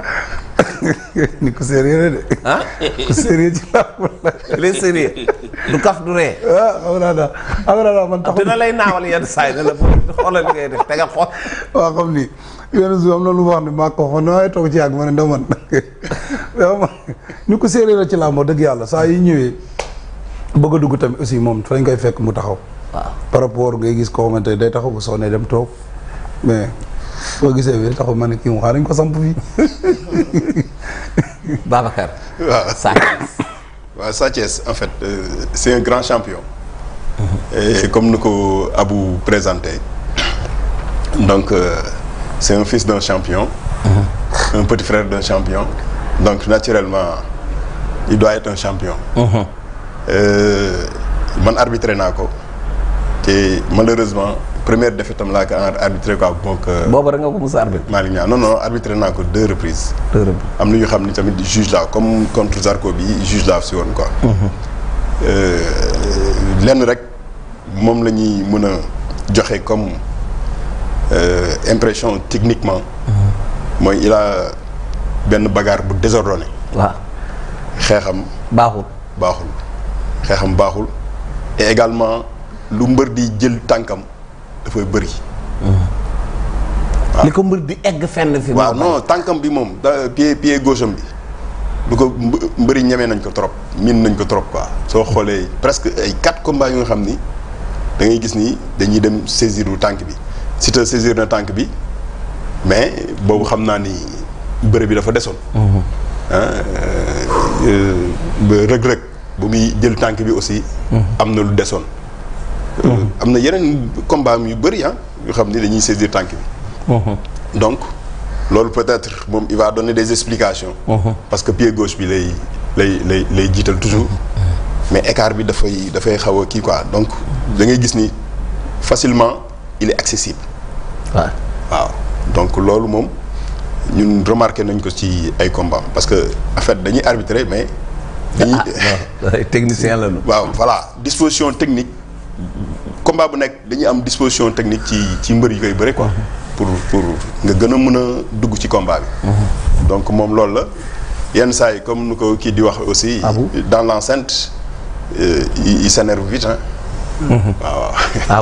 [SPEAKER 1] ni ku sérieux de. ah ku sérieux ci làmb la. les du kaf du ree. waaw am naa daa am naa daa lay naawal yenn saa yi ne la xoolal def tegal xool. waaw comme ni ne maa ko waxoon ne waaye toog ci yàgg ma ne ndaw man ni ku sérieux la ci làmb dëgg yàlla saa yi ñëwee bëgg a dugg tamit aussi moom fa lañ koy fekk mu taxaw. par rapport ngay gis koo xamante ne day taxaw bu soxnee dem toog mais. boo gisee wér taxul ma ne kii mu xaar ñu ko samp fii. Babacar. waaw waaw Sa Thiès en fait euh, c'est un grand champion. et comme nu ko Abou présenté donc euh, c'est un fils d'un champion. un petit frère d'un champion. donc naturellement il doit un champion. Uh-huh. Euh, man arbitré naa ko te malheureusement. première défaite am laa ko arbitré quoi bokk. Euh, boobu rek nga ko mos a arbitré. Malick Niang non non arbitré naa ko deux reprises. am na ñu xam ni tamit juge laa comme contre Zarco bi juge laa si woon quoi. Mhm. Euh, lenn rek moom la ñuy mën a joxe comme euh, impression techniquement. Mhm. mooy il benn bagarre bu désordonné. waaw xeexam. baaxul baaxul xeexam baaxul. et également lu mbër di jël tànkam. dafay bëri. waaw li ko mbër di egg tànkam bi moom da pied pied bi. du ko mbëri ñemee nañ ko trop miin nañ ko trop quoi soo xoolee presque ay quatre combats yu nga xam ni da gis ni dañuy dem saisir lu tànk bi si te saisir na tànk bi mais boobu xam naa ni bëre bi dafa desoon. Mhm. Ah, euh, euh, rëg-rëg bu muy jël tànk bi aussi. Mhm. am na lu desoon. Euh, am na yeneen combat yu bëri ah yoo xam ni dañuy saisir tànk bi. Uh-huh. donc loolu peut-être moom il va donner des explications. Uh-huh. parce que pied gauche bi lay lay lay lay jiital toujours. Uh-huh. mais écart bi dafay dafay xaw a kii quoi donc da ngay gis ni facilement il est accessible. waaw donc loolu moom ñun remarqué nañ ko ci ay combat parce que en fait dañuy arbitrer mais. Ah, dañuy ah, technicien la lu waaw voilà disposition technique. combat bu nekk dañuy am disposition technique ci ci mbër yi koy bëre ko pour pour nga gën a mën a dugg ci combat bi. Mhm. donc moom loolu la yenn saa yi comme nu ko kii di wax aussi. Ah dans l' enceinte euh, il, il s' énerve vite mhm. waaw ah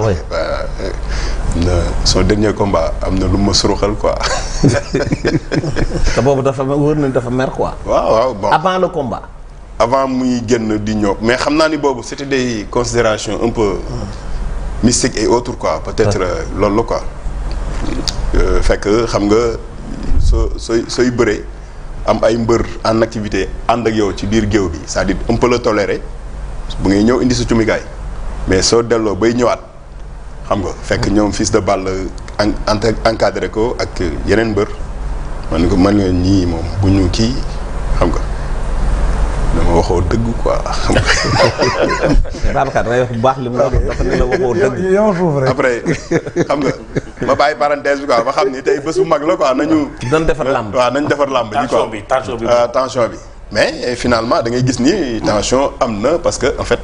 [SPEAKER 1] am na lu ma suruxal quoi. boobu dafa na dafa mer quoi. waaw waaw bon avant avant muy génn di ñëw mais xam naa ni boobu c'était des considérations un peu mystiques et autres quoi peut-être euh, loolu la quoi euh, fekk xam nga soo sooy sooy bëree am ay mbër en activité ànd ak yow ci biir géew bi c'est-à-dire un peu le tolérer bu ngay ñëw indi sa cumikaay mais soo delloo bay ñëwaat xam nga fekk ñoom fils de balle encadré ko ak yeneen mbër man ko man nga ñii moom bu ñu kii xam nga dama waxoo dëgg quoi xam nga. Babacar day wax bu baax li mu wax dafa ne la waxoo dëgg. yow foofu rek après xam nga ma bàyyi parenthèse bi quoi ba xam ni tey bés bu mag la quoi nañu. nañ defar làmb waaw nañ defar làmb. ji quoi tension bi euh, bi. mais finalement da ngay gis ni tension am na parce que en fait.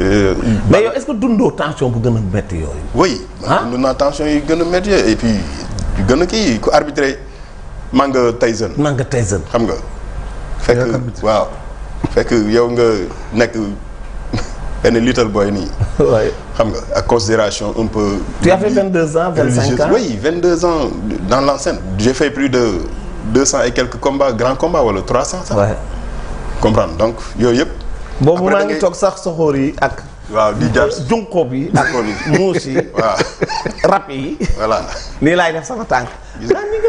[SPEAKER 1] Euh, mais yow est-ce que dundoo tension bu gën a métti yooyu. oui man ah? dund naa tension yi gën a métti yooyu et puis yu gën a kii ku arbitré Manga Tyson. Manga Tyson xam nga. fekk waaw. fekk yow nga nekk benn little boy nii. waay xam nga ak considération un peu. tu as fait 22 ans 25 ans oui 22 ans dans l'enceinte j'ai fait plus de 200 et quelques combats grands combats wala 300 sax. waay comprendre donc yooyu yëpp. boobu maa ngi toog sax soxoor yi ak. waaw di jar junqoob yi ak muus yi. waaw rab yi. voilà nii laay def sama tànk. naan ah, ñu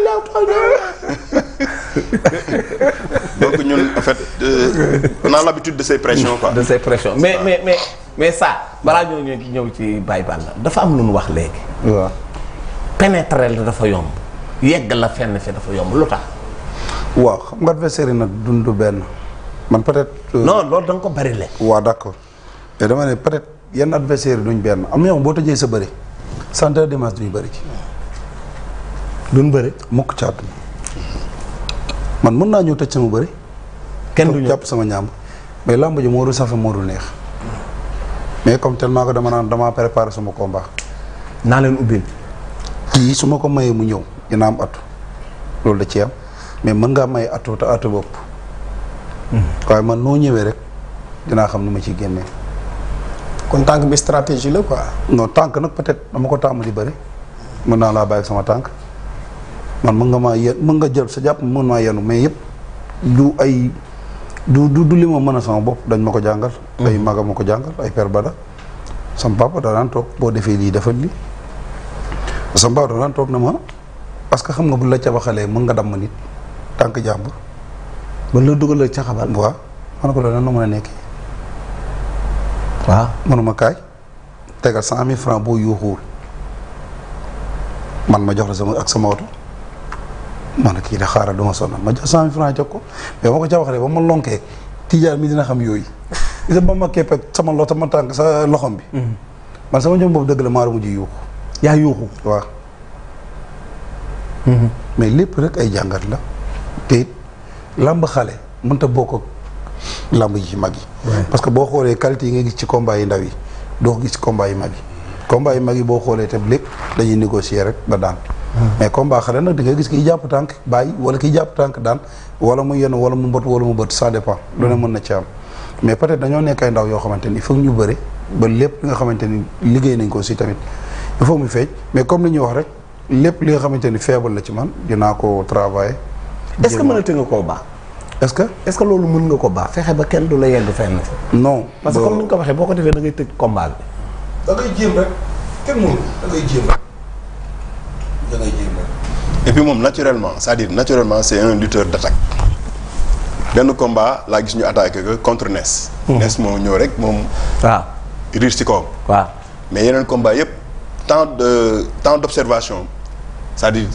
[SPEAKER 1] ñun en fait euh, on a l'habitude de ces pressions quoi. de ces pressions mais mais mais mais ça balaa ñoo ñëw ci baay Balla dafa am lu ñu wax léegi. waaw pénétrer dafa yomb yegg la fenn fi dafa yomb lu tax. waaw xam nga adversaire yi nag dundu benn man peut-être. Euh, non loolu da ko bari le waaw d'accord mais dama ne peut-être yenn adversaire yi duñ benn am na yow boo tëjee sa bëri. centre dimanche duñu bëri ci. duñ bëri mukk caatu man mën naa ñëw tëj sama bëri. kenn du jàpp sama ñaam mais làmb ji moo dul safe moo dul neex. mais comme tellement que dama naan damaa préparé ko combat. naa leen ubbil. kii su ma ko mayee mu ñëw dina am atu loolu da ci am mais mën ngaa may atu te bopp. Hmm. waaye man noo ñëwee rek dinaa xam nu ma ciy génnee. kon tànk bi stratégie la quoi. non tànk nag peut-être dama ko tàmm di bëri mën naa laa bàyyi sama tànk. man mën nga ma yéen mën nga jël sa jàpp mën maa yenu mais yëpp du ay du du limo mën a sama bopp dañ ma ko jàngal. Mm-hmm. ay maga ma ko jàngal ay père Bada. sama papa da boo defee lii defal lii sama papa na ma parce que xam nga bu la cabaxalee mën nga damm nit tànk jàmbur. ba la dugalee ca xabaar. waaw man ko loolu lan mën a nekk. waaw mënuma kaay tegal cent mille francs boo yuuxuwul man ma jox la ak sama oto. ma ne kii de xaaral du ma sonal ma jox cent mille franc jox ko mais ma ko ca wax ba ma lonkee tijaan mi dina xam yooyu gis ba ma keppee sama lo sama tànk sa loxom bi mm-hmm. man sama jom boobu dëgg la maa mujj yuuxu yaa yuuxu waaw mm-hmm. mais lépp rek ay jàngat la te it làmb xale mënta bokk ak làmb yi ci mag yi parce que boo xoolee qualité yi nga gis ci combat yi ndaw yi doo ko gis combat yi mag yi combat yi mag yi boo xoolee tam lépp dañuy négocier rek mais combat xare nag di nga gis kiy jàpp tànk bàyyi wala kiy jàpp tànk daan wala mu yenn wala mu mbot wala mu bët ça dépend lu ne mën na ci am mais peut-être dañoo nekk yoo xamante ni foog ñu bëri ba lépp nga xamante ni liggéey nañ si tamit il mu feeñ mais comme li ñuy wax rek lépp li nga xamante ni faible la ci man dinaa ko travailler est-ce que mënate nga koo baax est-ce que est-ce que loolu mën nga ko baax fexe ba kenn du la yegg fenn non parce que comme ni ko waxee boo ko defee da ngay tëj combat bi da ngay jéem rek kenn mënu da jéem rek et puis moom naturellement c'est-à-dire naturellement c'est un lutteur d'attaque benn combat laa gis ñu attaqué ko contre Nes. Mmh. Nes moo ñëw rek moom. waaw riir ci kawam. waaw mais yeneen combat yëpp temps de temps d'observation c'est-à-dire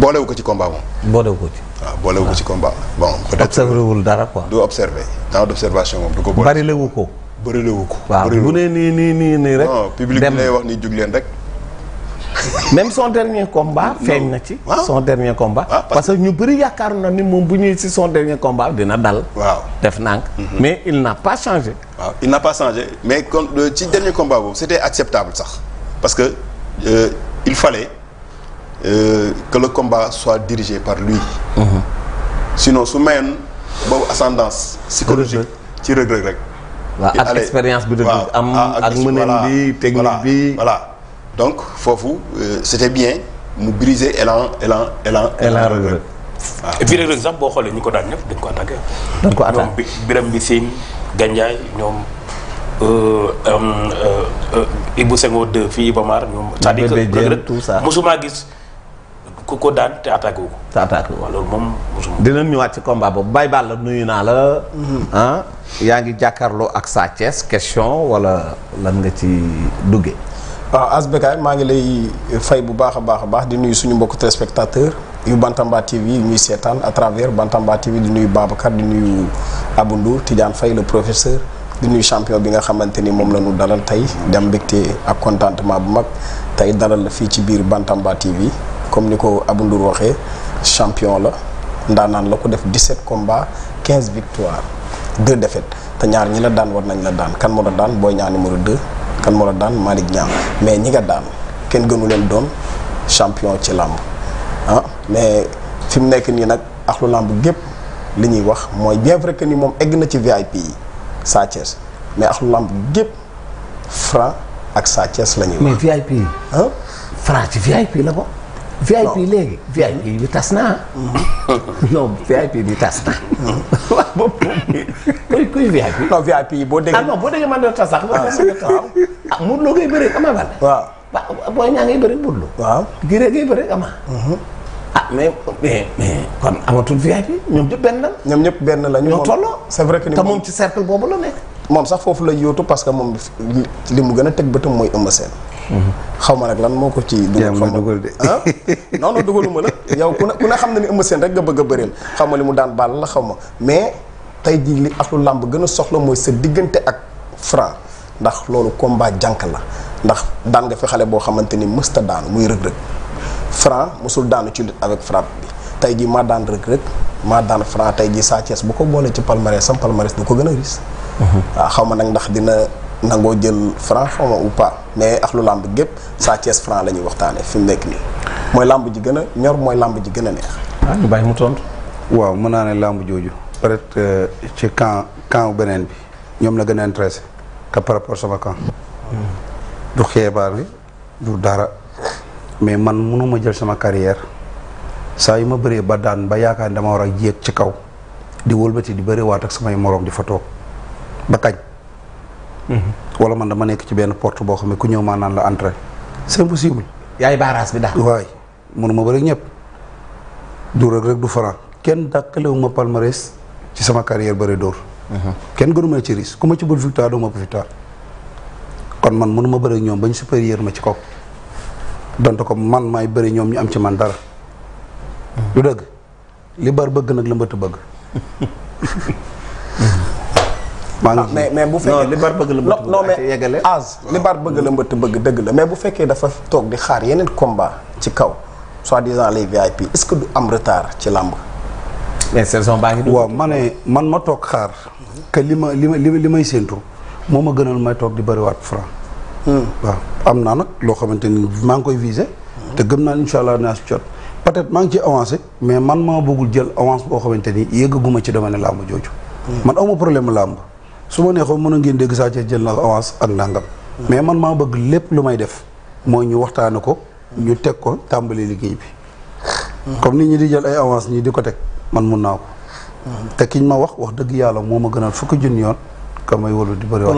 [SPEAKER 1] boolewu ko ci combat moom. boolewu ko ci. waaw boolewu ko ci combat bon peut-être observé dara quoi. du observé temps d'observation moom du ko. bari lewu ko. bëri lewu ko. waaw bu nee nii nii nii rek. public bi lay wax ni jug leen rek. même son dernier combat feeñ na ci ah. son dernier combat ah, parce que ñu bëri yaakaar na ni moom bu ñuy si son dernier combat dina dal def nànk mhm. mais il n'a pas changé waaw il n'a pas changé mais kon euh, ci dernier combat boobu c'était acceptable sax parce que euh, il fallait euh, que le combat soit dirigé par lui mm -hmm. sinon su mayoon boobu ascendance psychologique ci Reug rek waaw ak expérience bi da am ah, ak mëneen bi technique bi donc foofu euh, c'était bien mu briser élan élan élan. élan regret waaw ah. et puis Reug boo xoolee ñu ko daan ñëpp dañ ko attaqué. dañ ko attaqué ñoom Biram Mbissine Gandiaye ñoom. Ibou fii Iba Mar ñoom. c'est-à-dire gis ku ko daan te attaqué wu ko. te attaqué ko loolu moom mosuma. dinañ ñëwaat ci bu boobu baal la nuyu naa la. Mhm. ah yaa ngi jàkkaarloo ak Sa Thiès question wala lan nga ci duggee. waaw asbekaay maa ngi lay fay bu baax a baax a baax di nuyu suñu mbokk spectateur yu Bantamba TV yu ñuy seetaan à travers Bantamba TV di nuyu Babacar di nuyu Abou Ndour Tidiane Faye le professeur di nuy champion bi nga xamante ni moom la ñu dalal tey dem mbégte ak contentement bu mag tey dalal la fii ci biir Bantamba TV comme ni ko Abou Ndour waxee champion la ndaanaan la ko def 17 combats 15 victoires 2 défaites te ñaar ñi la daan war nañ la daan kan moo la daan Boy Niang numéro 2. kan moo la daan Malick Niang mais ñi nga daan kenn gënu leen doon champion ci làmb ah mais fi mu nekk nii nag axlu làmb gépp li ñuy wax mooy bien vrai que ni moom egg na ci VIP yi Sa Thiès mais axlu làmb gépp Franc ak Sa Thiès la ñuy wax. mais VIP yi. Ah? Franc ci VIP la ko. VIP léegi VIP bi tas naa
[SPEAKER 2] mm-hmm.
[SPEAKER 1] non VIP bi tas naa waaw boobu kuy kuy VIP non VIP boo déggee ah boo déggee man doo tas sax boo ah. ah Modou Lo ngay bëri Ama Baldé waaw waaw booy ñaa ngay bëri Modou Lo waaw girée ngay bëri Ama mm-hmm. ah mais mais mais kon amatul VIP ñoom ñëpp benn la ñoom ñëpp benn la ñoo tolloo c'est vrai que ni te moom ci cercle sax foofu la yóotu parce moom li mu gën a teg bëtam mooy Eumeu Sène xaw ma nag lan moo ko ci dugal ma dugal de ah non non dugaluma la yow ku ne ku ne xam na ni Eumeu seen rek nga bëgg a bëreel xaw ma li mu daan baal la xaw ma mais tey jii li axlu làmb gën a soxla mooy sa diggante ak Franc ndax loolu combat jànk la ndax daan nga fi xale boo xamante ni mësta daanu muy rëg-rëg Franc mësul daanu ci lutte avec frappe bi tey jii maa daan rëg-rëg maa daan Franc tey jii Sa Thiès bu ko boolee ci palmarès sam palmarès du ko gën a ris waaw mhm. ah, xaw ma nag ndax dina nangoo jël franc xawma ou mais ax lu làmb gépp Sa Thiès franc la ñuy waxtaanee fi mu nekk nii mooy làmb ji gën a ñor mooy làmb ji gën a neex. ah ñu bàyyi mu tontu. waaw mën naa ne làmb jooju peut-être euh, ci camp camp beneen bi ñoom la gën a intéressé par rapport sama camp.
[SPEAKER 2] Hmm.
[SPEAKER 1] du xeebaar bi du dara mais man mënuma jël sama carrière saa yu ma bëree ba daan ba yaakaar ne dama war a yéeg ci kaw di wëlbati di bëri waat ak samay moroom di fa toog ba kañ. wala man dama nekk ci benn port boo xam ne ku ñëw maanaan la entrée c'est impossible. yaay baaraas bi daal. waay mënuma bëri ñëpp du rek rek du faral kenn dàkkalewu ma palmarès ci sama carrière bëri dóor. Uh-huh. kenn gënu ma ci risque ku ci bul victoire doo ma victoire kon man mënuma bëri ñoom bañ supérieur ma ci kaw donte ko man maay bëri ñoom ñu am ci man dara. Uh-huh. du dëgg li bar bëgg nag la mbëtt bëgg. maa ngi ah, mais mais bu fekkee non li bar bëgg la bëgg la mbëtt bëgg dëgg la mais bu fekkee dafa toog di xaar yeneen combat ci kaw soi-disant les VIP est-ce que du am retard ci làmb. mais saison baa ngi. waaw ma ne man ma toog xaar. li ma li ma li may séentu moo ma gënal may toog di bëriwaat franc. Hmm. waaw am naa nag loo xamante ni maa ngi koy visé. te gëm naa incha allah naa si peut-être maa ngi ci avancé mais man maa bëggul jël avance boo xamante ni yëgguma ci domaine làmb jooju. Hmm. man awma problème làmb. su ma neexoon mën a ngeen dégg Sa jël na avance ak nangam. mais man maa bëgg lépp lu may def mooy ñu waxtaane ko ñu teg ko tàmbali liggéey bi comme nit ñi di jël ay avance ñi di ko teg man mun naa ko te kiñ ma wax wax dëgg yàlla moo ma gënal fukki junni yoon ka may di bëri wax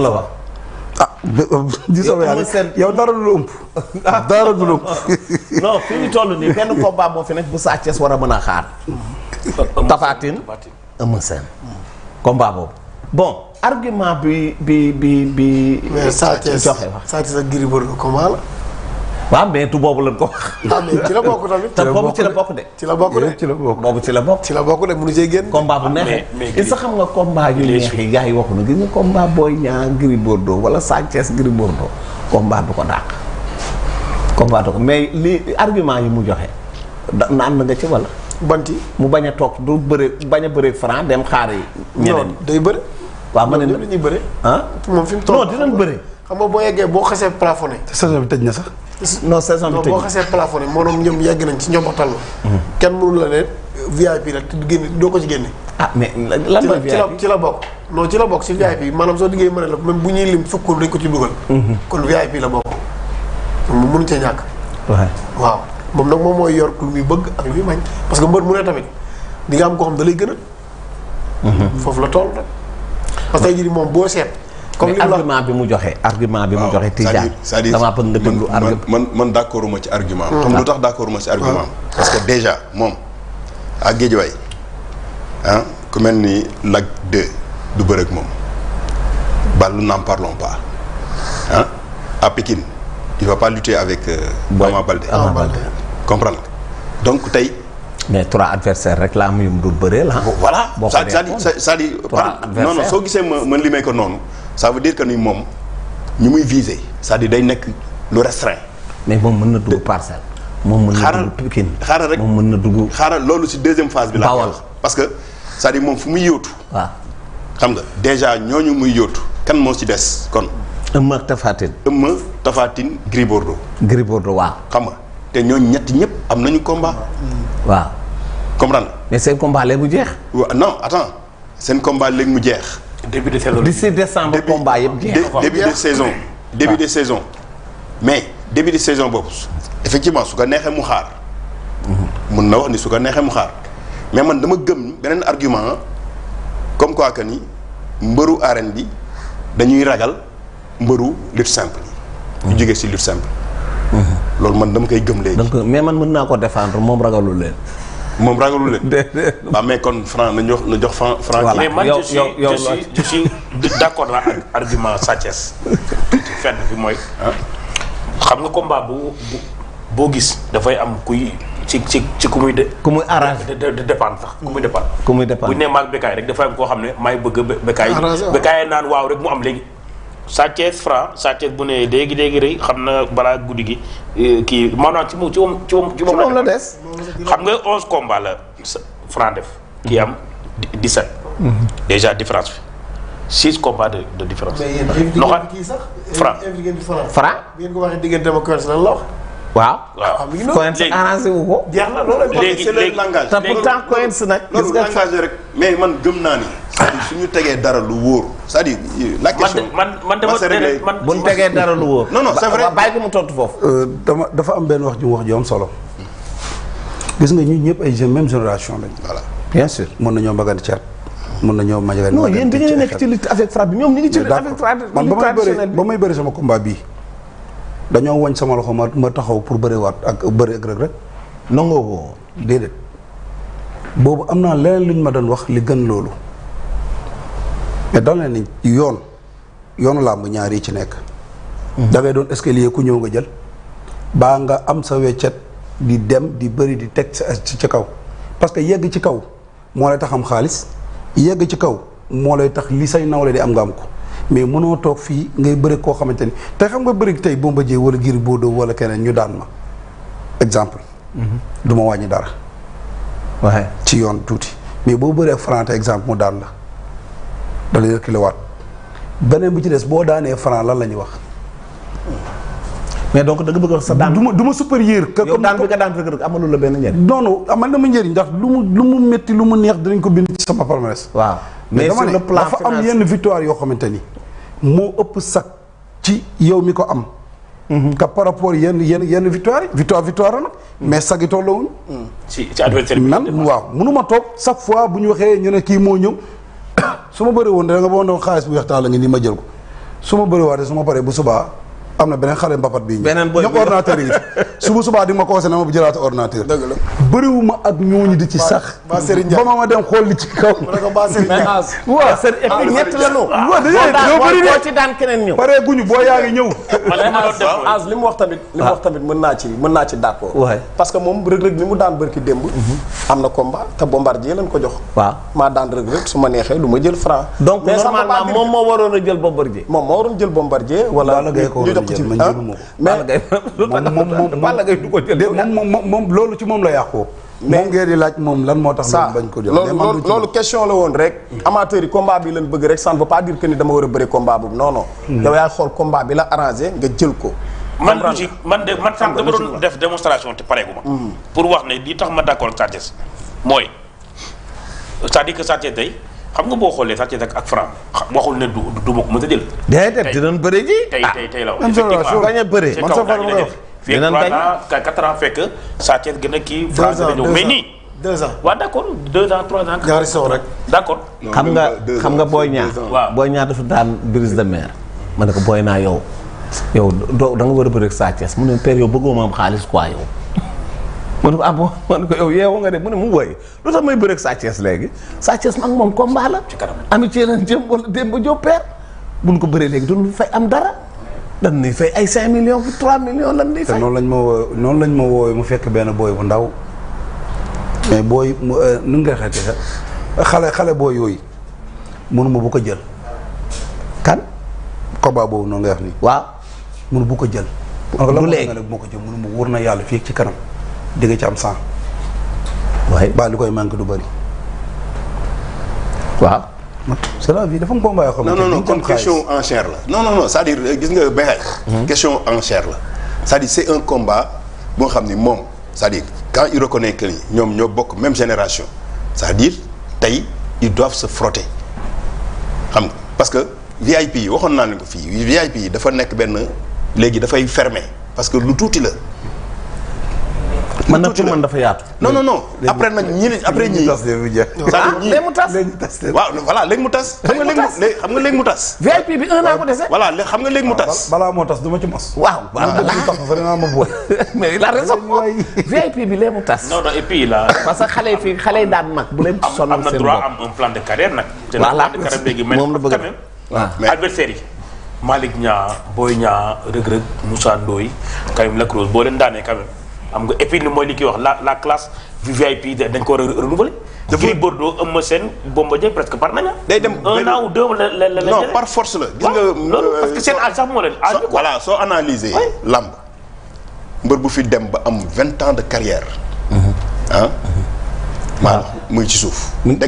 [SPEAKER 1] ah di sama yàlla yow dara du la ëmp dara du la ëmp non fi ñu toll nii benn combat war a mën a xaar Tapha Tine Eumeu boobu bon argument bi bi bi bi. mais Sa Thiès joxe wax Sa Thiès ak Gris Bordeaux comment la. waaw mais boobu lañ ko ci la bokk tamit. te boobu ci la bokk de. ci la bokk de eh, ci la bokk boobu ci la bokk. ci la bokk de mënu see génn. combat bu neexee ah, mais sa xam nga combat yu neex yi gars yi waxuñu gis nga combat Boy Niang Gris Bordeaux wala Sa Thiès Gris Bordeaux combat du ko dàq. combat du ko mais li argument yi mu joxe da naan na nga ci wala. banti mu bañ a toog du bëre bañ a bëre franc dem xaar yi. ñeneen day bëre. waaw ma ne la ñuy bëre. ah moom fi mu toll. non dinañ bëre. xam nga boo yeggee boo xasee plafonné. saison bi tëj na sax. non saison bi tëj na boo xasee plafonné moom ñoom yegg nañ mhm. kenn mënu la ne VIP doo ko ci génne. Ah, mais lan la VIP ci ci la bokk. non ci la bokk si VIP maanaam soo diggee mën a la même bu ñuy lim fukkul ko ci dugal. Mhm. kon VIP la bokk. mu mënu cee ñàkk. waaw moom nag moom mooy yor lu muy bëgg ak lu muy parce que mbër mu ne tamit di nga am koo xam da lay gën a. Mhm. foofu la tool rek. parce que tey moom boo seet. comme li argument bi mu joxe argument bi mu joxe. Tijaan damaa bëgg nga déglu argument man man d' accord ma ci argument am. Hmm. xam lu tax d' ci argument am. Ah. parce que déjà moom ak Géejawaay ah ku mel ni Lac du bëreeg moom Balla n'en parlons pas ah à il va pas lutter avec. Euh, Ama Baldé Ama Baldé comprendre donc tey. mais trois adversaires rek laa am yu mu dul bëree la ah. voilà c'est-à-dire non non soo gisee ma man li may ko noonu ça veut dire que ni moom ñu muy viser cest à day nekk lu restreint mais moom mën na dugg parcelle moom mën na dugg Pikine rek moom mën na dugg xaaral loolu si deuxième phase bi laa wax parce que cest à moom fu muy yootu waaw xam nga déjà ñu muy yóotu kan moo ci des kon Eumeu Tafatine Eumeu Tafatine Gris Bordeaux Gris Bordeaux waaw xam nga te ñoo ñetti ñëpp am nañu komba mm. waaw. comprendre mais seen combat léegi mu jeex. non attends seen combat léegi mu jeex. début de saison 17 décembre combat yëpp jeex. début de saison. début de saison. mais début de saison boobu effectivement su ko neexee mu xaar. Mm-hmm. mun na wax ni su ko neexee mu xaar mais man dama gëm beneen argument comme quoi que ni mbëru arène bi dañuy ragal mbëru lutte simple yi. ñu mm-hmm. jógee ci lutte simple. loolu man dama koy gëm léegi. donc mais man mën naa ko défendre moom ragalul leen. moom ragalul leen. déedéet mais kon Franc na jox na jox Franc. voilà mais man je suis je d' accord la ak argument Sathiès ci mooy. Ah, xam nga combat bu boo gis dafay am kuy. ci ci ci ku muy de. ku muy arrangé de de dépendre sax ku muy dépendre. ku muy dépendre bu nee maag békaay rek dafay am koo xam ne maay bëgg a békaay. arrangé waaw naan waaw rek mu am léegi. Sathiès franc Sathiès bu ne léegi léegi rëy xam na balaa guddi gi euh, kii maanaam ci moom ci moom ci moom. la des xam nga 11 combats la franc def. kii am 17. Mhm. déjà différence bi 6 combats de de différence. mais yéen kii sax. franc franc. bi ngeen ko waxee diggante ma waaw. waaw ah, léegi Coens arrangé wu ko. jeex na loolu léegi c'est le langage. te pourtant nag. gis nga rek mais man gëm naa ni. c'est-à-dire tegee dara lu wóor. sa à dire la question. man man dama man bu ñu tegee dara lu wóor. non non c'est vrai bàyyi ko mu tontu foofu. Euh, dama dafa am benn wax ju wax joom solo. gis nga ñun ñëpp ay jeunes même génération lañu. voilà bien sûr mën nañoo magandi caat. mën nañoo magandi caat non bi man ba may bëri ba may bëri sama combat bii dañoo wañ sama loxo ma ma taxaw pour bëriwaat ak bëri ak Reug Reug nangoo ko déedéet boobu am naa leneen luñ ma doon wax li gën loolu mais dal ni yoon yoonu làmb ñaar yi ci nekk hmm. da ngay doon escalier ku ñëw nga jël baa nga am sa weccet di dem di bëri di teg sa ci ci kaw parce que yegg ci kaw moo lay tax am xaalis yegg ci kaw moo lay tax li say nawle di am nga am ko mais mënoo toog fii ngay bëri koo xamante ni te xam nga bëri tey Bombardier wala Gris Bordeaux wala keneen ñu daan ma exemple. Mhm. duma ma wàññi dara. waaye ci yoon tuuti mais boo bëree franc te exemple mu daan la da lay reculewaat beneen bi ci des boo daanee franc lan la ñuy wax. da nga bëgg a wax sa daan du ma du ma supérieur. yow benn njëriñ. non non amal na ma njëriñ ndax lu mu lu mu métti lu mu neex dinañ ko bind ci sama palmarès. waaw mais sur le plan dafa am yenn victoire yoo xamante ni. moo ëpp sax ci yow mi ko am. Mhm. que par rapport yenn yenn yenn victoire yi victoire victoire nag. Mhm. mais sag yi tolloowuñu. Mhm. ci ci adversaire bi man waaw mënuma toog chaque fois bu ñu waxee ñu ne kii moo ñëw su ma bëri woon da nga ba woon xaalis bu weex taal la ngi nii ma jël ko su ma bëri waatee su ma paree bu subaa. am na beneen xale mbapat bii ñëw ñoom ordinateur yi suba suba di ma conseillé na ma bu jëlaat ordinateur bëriwuma ak ñooñu di ci sax ba ma ma dem xool li ci kaw waaw sëriñ ah, ñett la ñu waaw dañoo bëri de ci daan keneen ñëw pare guñu boo yaa ngi ñëw as li mu wax tamit li mu wax tamit mën naa ci mën naa ci d'accord parce que moom rëg-rëg li mu daan bërki démb mm-hmm. am na combat te bombardier lañ ko jox waaw maa daan rëg-rëg su ma neexee du ma jël franc donc normalement moom moo waroon a jël bombardier moom moo waroon jël bombardier wala jël man jëluma ah, ko. Balla Gaye Balla Gaye ko jël moom moom moom loolu ci moom la yàqoo. mais moom ngeen laaj moom lan moo tax. saa bañ ko jël loolu loolu question la woon rek. Hmm. amateur yi combat bi lañ bëgg rek ça ne pas dire que ni dama war a bëri combat boobu non non. Hmm. yow yaay xool combat bi la arrangé nga jël ko. man lu man de man sax dama doon def démonstration te pareegu ma. Hmm. pour wax ne li tax ma d'accord ak Sathiès mooy sa à dire que Sathiès xam nga boo xoolee sax ci sax ak franc waxul ma ko mën a ah. tey tey la wax fii ak 3 ans 4 a kii. 2 ans 2 ans mais nii. 2 ans waaw d' accord 2 ans 3 ans. rek. d' accord. xam nga xam nga booy ñaar. waaw booy ñaar dafa daan brise de mer. ma ne booy naa yow yow doo da nga war a bëri ak saa ceeb mu ne père yow bëggoo ma am xaalis quoi yow. ma ne ko ah bon ma ne ko yow yeewu nga de mu ne mu wooy lu tax may bëreeg Sa léegi Sa Thiès mag moom combat la ci kanam amitié lañ jëm wala démb jóg peer buñ ko bëree léegi duñ fay am dara dañ ni fay ay 5 millions 3 millions lan ni te noonu lañ ma woo noonu lañ ma mu fekk benn booy bu ndaw booy mu euh, nu nga xeeti sax xale xale booy yooyu mënuma bu ko jël. kan. combat boobu noonu nga wax nii. waaw mënu bu ko jël. du léegi ma ko jël mënu ma na yàlla fii ci kanam. di nga ci am cent waaye ba li koy manque du bëri waaw c'est la vie dafa nga ko mbaay xam non non question enchère la non non non c'est-à-dire euh, gis nga bexe mhm. question enchère la c'est-à-dire c'est un combat boo xam ni moom c'est-à-dire quand il reconnaît que ñoom ñoo bokk même génération cest dire tey ils doivent se frotter xam nga parce que VIP yi waxoon naa leen ko fii VIP yi dafa nekk benn léegi dafay ferme parce que lu tuuti la mën na pour man dafa yaatu. non non non après nag ñi après ah, ñii. léegi mu tas mu tas waaw mu tas. xam nga léegi xam nga léegi mu tas. VIP bi mu tas. balaa moo tas du ma ci mos. waaw balaa vraiment bi léegi mu tas. que xale yi fii xale yi daan mag bu leen sonal seen bopp de carrière nag. voilà moom la bëgg a def adversaire yi. Malick Niang Boy Niang Reug Reug Moussa Ndoye Karim Lac Rose boo leen daanee quand xam nga et puis li mooy li kii wax la la classe du VIP dañ ko war a renouveler. Gris Bordeaux Eumeu seen Bomba Dieng presque par nañu day dem un an ou deux la par force la. gis nga loolu parce que euh, seen âge sax moo leen soo analyser làmb mbër bu fi dem ba am vingt ans de carrière mm-hmm. ah. Mm-hmm. waaw muy ci suuf. non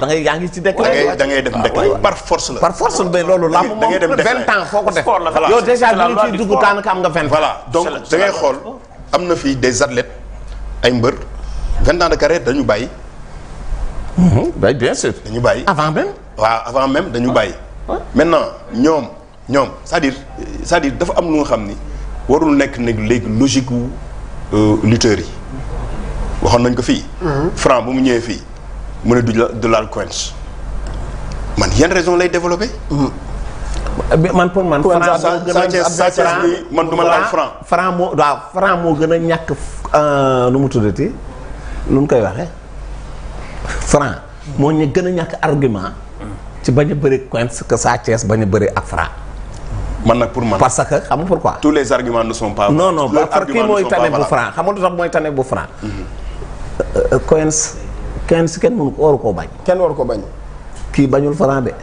[SPEAKER 1] da ngay yaa ngi ci décret. da ngay def décret par force la. par force la loolu làmb moom vingt ans foo ko def. yow déjà bi nga ciy dugg am nga vingt ans. donc da xool. am na fii des athlètes ay mbër vingt ans de dañu bàyyi. oui mhm, dañu bàyyi avant même. waaw avant même dañu ah, bàyyi. maintenant ñoom ñoom c'est-à-dire cest dafa am lu nga xam ni warul nekk nag léegi logique wu euh, lutteurs yi waxoon nañ ko fii. Mhm. franc bu mu ñëwee fii mu ne du la du laal coins man yan raison lay développé. Mhm. man pour man. franc moo gën a man du ma laal franc. moo gën a ñàkk lu euh, mu tuddati lu mu koy waxee franc. moo gën a ñàkk argument. ci bañ a bëri Quench que Sa a bëri ak franc. man nag pour man parce que xam nga pourquoi. tous les arguments ne sont pas. non non parce que kii mooy tane mooy tane bu franc. Quench mhm. euh, Quench kenn mënu ko waru koo bañ. kenn waru ko bañ. kii bañul franc de.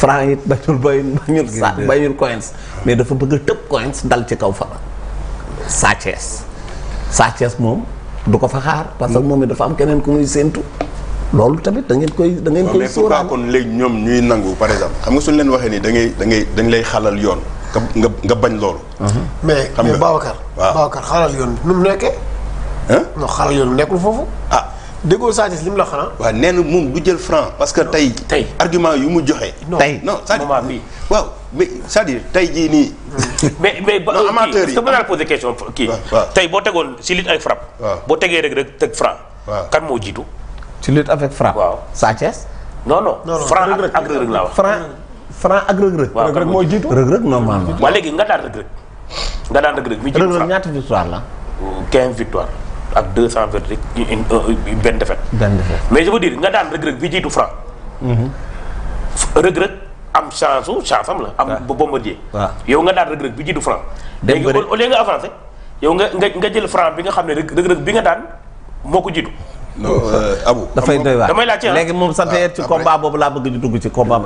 [SPEAKER 1] franc it bañul bañul bañul sa bañul coins mais dafa bëgg a tëb coins dal ci kaw Fadal. Sa Thiès Sa moom du ko fa xaar parce que moom it dafa am keneen ku muy séentu loolu tamit da ngeen koy da ngeen koy sóoraal kon ñoom ñuy nangu par exemple xam nga suñ leen waxee nii da ngay dañ lay xalal yoon nga nga bañ loolu uh-huh. mais mais Babacar Babacar xalal yoon nu mu nekkee non xalal yoon nekkul foofu ah, déggoo Sadio li mu la xanaa. waaw nee na moom du jël franc parce que tey. tey argument yu mu joxe. tey non Sadio moment waaw mais tey jii nii. mais mais ba amateurs yi est-ce que mën naa poser question kii. tey boo tegoon si lutte avec frappe. boo tegee rek rek teg franc. waaw kan moo jiitu. ci lutte avec frappe. waaw Sadio. non non franc ak rëg rëg laa wax. franc franc ak rëg rëg. waaw rëg moo jiitu rëg rëg normalement. waa léegi nga daan rëg rëg. nga daan rëg rëg mi jiitu franc rëg victoire la. 15 victoire. ak 200 verdict une benn défaite. benn défaite mais je veux nga daan rëg-rëg bi jiitu franc. Mhm. rëg-rëg am chance su chance am la. am ba bombardier. waaw yow nga daan rëg-rëg bi jiitu franc. léegi au lieu nga avancé yow nga nga nga jël franc bi nga xam ne rëg bi nga daan moo ko jiitu. non euh, Abou. dafay doy waar damay laajte ah. léegi moom ah, ci combat laa bëgg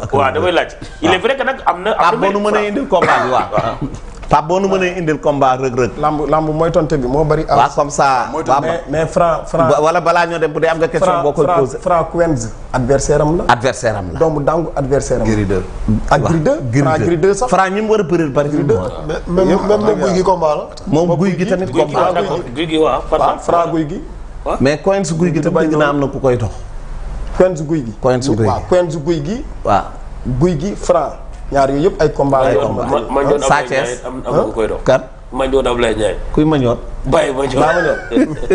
[SPEAKER 1] ah. am. na. am na benn mën a indi combat bi waaw. Pape boo nu mënee indil combat rëg-rëg. lamb lamb mooy tonte bi moo bari. waaw comme ça mais mais Franc Franc wala balaa ñoo dem bu dee am nga question boo koy posé. Franc Quenz adversaire am a përir bari. Gris 2 même gi combat na ku koy dox. Quenz guy gi. Quenz guy gi waaw guy gi. waaw ñaar yooyu yëpp ay combat ay combat Sa Thiès am koy dox kan Mandione Ablaye Ndiaye kuy Mandione bàyyi Mandione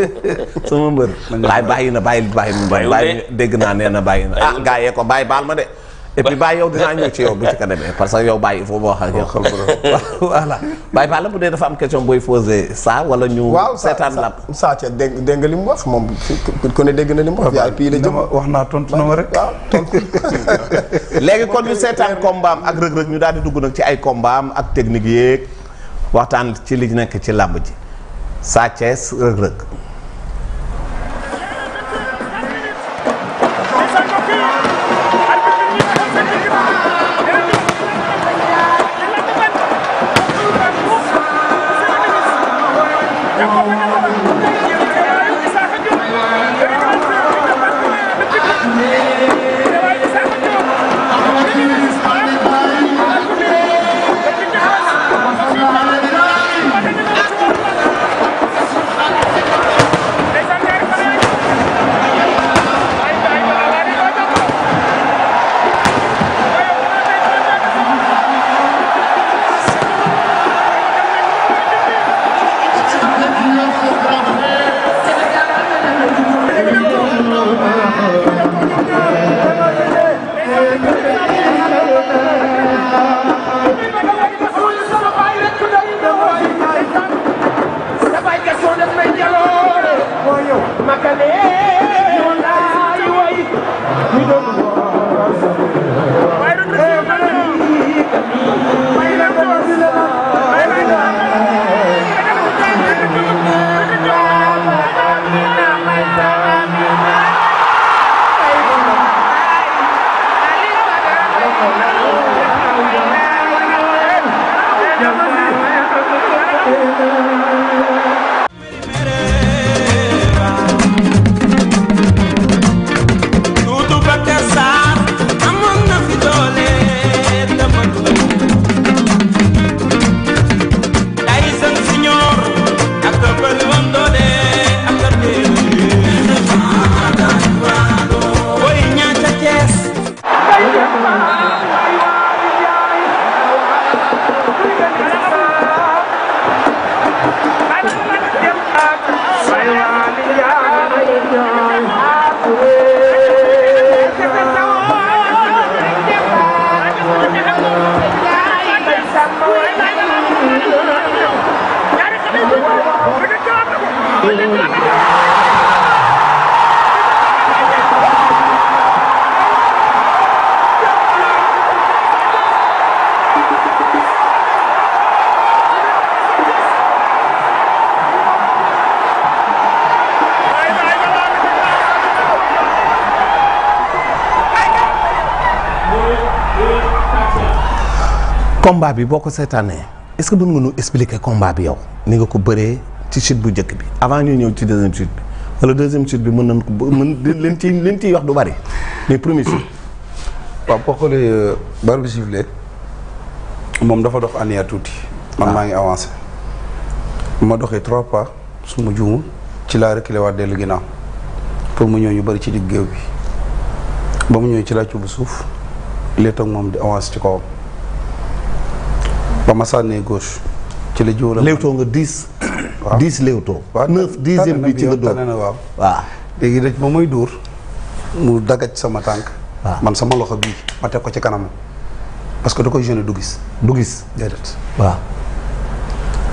[SPEAKER 1] sama mbër laay bàyyi na bàyyi bàyyi bàyyi dégg naa nee na bàyyi na ah gaa yee ko bàyyi baal ma de et bàyyi Baye yow dinaa ñëw ci yow bu ci ka demee parce que yow Baye il ma wax ak yow. voilà la bu dee dafa am question booy posé saa wala ñu. seetaan la waaw saa saa dégg dégg nga li mu wax moom ku ne dégg na li mu wax. waaw fii la jëm wax naa tontu na ma rek. léegi kon ñu seetaan kombaam ak rëg-rëg ñu daal di dugg nag ci ay kombaam ak technique yeeg waxtaan ci li nekk ci làmb ji Sa Thiès rëg-rëg. combat bi boo ko seetaanee est-ce que mën nga ñu expliquer combat bi yow ni nga ko bëree ci chute bu njëkk bi avant ñu ñëw ci deuxième chute bi wala deuxième chute bi mën nañ ko mën leen ciy leen ciy wax du bari mais premier chute. waaw boo xoolee euh, bari bi moom dafa dox àndiwaat tuuti. man ah. ngi avancé. ma doxee trois pas su ma ci laa reculé waat dellu ginnaaw pour mu ñëw ñu bari ci digg géew bi ba mu ñëw ci laa cubb suuf léeg moom di avancé ci kawam. ba ma sànnee gauche. ci la jiw la léewtoo nga diis waaw dix léewtoo. waaw neuf dixième bi ci nga dóor waaw. waaw léegi rek moom mooy dóor mu dagaj sama tànk. man sama loxo bii ma teg ko ci kanam parce que da koy gêné du gis. du gis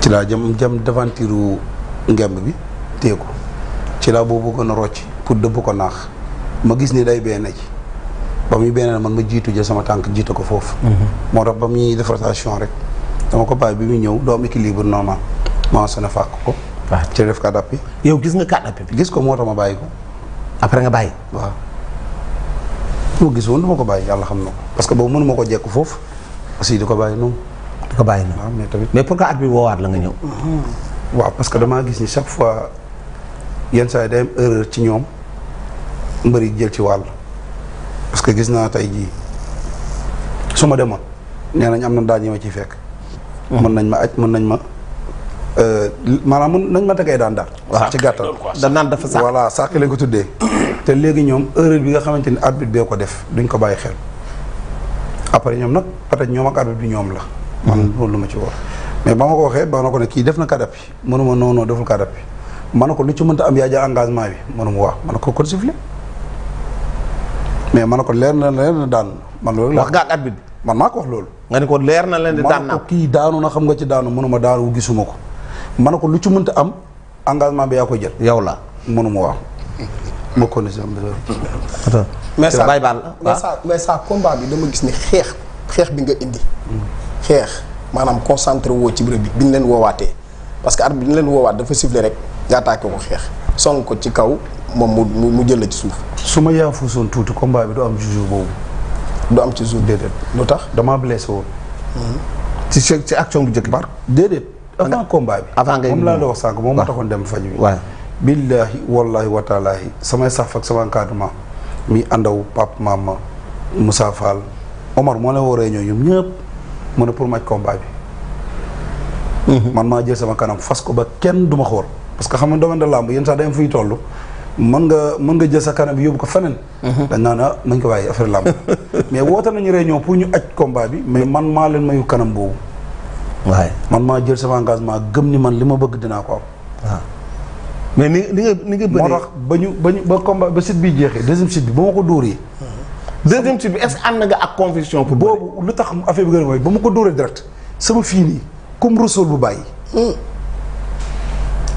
[SPEAKER 1] ci laa jëm jëm devantiru ngemb bi téye ko ci laa boobu gën a rocc pour dëbb ko naax ma gis ni day benn ci ba muy benn man ma jiitu ja sama tànk jiite ko foofu. Mhm. moo tax ba muy def rek. sama copain bi muy ñëw doom équilibre normal ma sonné fàkk ko. waaw ci def carte d'appui yow gis nga carte d'appui bi. gis ko moo tax ma bàyyi ko. après nga bàyyi. waaw su gis woon du ma ko bàyyi yàlla xam na ko parce que boobu mënu ma ko jekk foofu aussi di ko bàyyi noonu. di ko bàyyi noonu waaw mais tamit. mais pourquoi at bi woowaat la nga ñëw. Mmh. waaw parce que damaa gis ni chaque fois yenn saa yi day am erreur ci ñoom mbër yi jël ci wàll parce que gis naa tey jii su ma demoon nee nañ am na daañu ma ciy fekk. mën nañ ma aj mën nañ ma euh, maanaam mën nañ ma tegay daan daal waaw ci gàttal da naan dafa sax voilà sax lañ ko tuddee te léegi ñoom erreur bi nga xamante ni arbitre bee ko def duñ ko bàyyi xel après ñoom nag peut-être ñoom ak arbitre bi ñoom la man mm-hmm. loolu lu ma ci war mais ba ma ko waxee ba na ko ne kii def na kadap bi mënuma non non deful kadap bi ma ne ko lu ci mënta am yaa ja engagement bi mënuma waaw ma ne ko kon sifflé mais ma ne ko leer na leer na daan man loolu la wax nga ak arbitre bi man maa ko wax loolu nga ni ko leer na leen di daan naa ko kii daanu na xam nga ci daanu mënuma daanu gisuma ko ma ne ko lu ci mënta am engagement bi yaa ko jël yow laa mënuma waaw ma condition bi la
[SPEAKER 2] mais ça bàyyi baal mais ah.
[SPEAKER 1] ça mais bi dama gis ni xeex xeex bi nga indi xeex maanaam concentré woo ci bërëb bi bi ñu leen woowaatee parce que at bi ñu leen woowaat dafa siffler rek nga attaqué ko xeex son ko ci kaw moom mu mu jël la ci suuf su ma yaafusoon tuuti combat bi du am juju boobu du am ci jour déedéet lu tax. damaa blessé woon. Hmm. ci ci action bu njëkk par déedéet avant combat bi. avant moom laa la wax sànq moom moo taxoon dem faju bi. waaw billaahi wallaahi wataalaahi samay saf ak sama encadrement mi àndaw Pape Mama Moussa Fall Omar moo la war a ñëw ñëpp mu ne pour maj combat bi. Hmm. man maa jël sama kanam fas ko ba kenn du ma xool parce que xam nga domaine de làmb yenn saa dem fiy toll mën nga mën nga jël sa kanam bi yóbbu ko feneen. Uh-huh. dañ naan ah nañ ko waaye affaire làmb mais woote nañu réunion pour ñu aj combat bi mais man maa leen mayu kanam boobu. waaye man maa jël sama engagement gëm ni man li ma bëgg dinaa ko am. mais ni ni nga ni nga bëree. moo tax ba ñu ba ñu ba combat ba bi jeexee deuxième site bi ba ko dóoree. Uh-huh. deuxième site ak conviction pour. boobu lu tax affaire bi gën a ba ma ko dóoree direct sama fii nii comme rësool bu bàyyi. Hmm.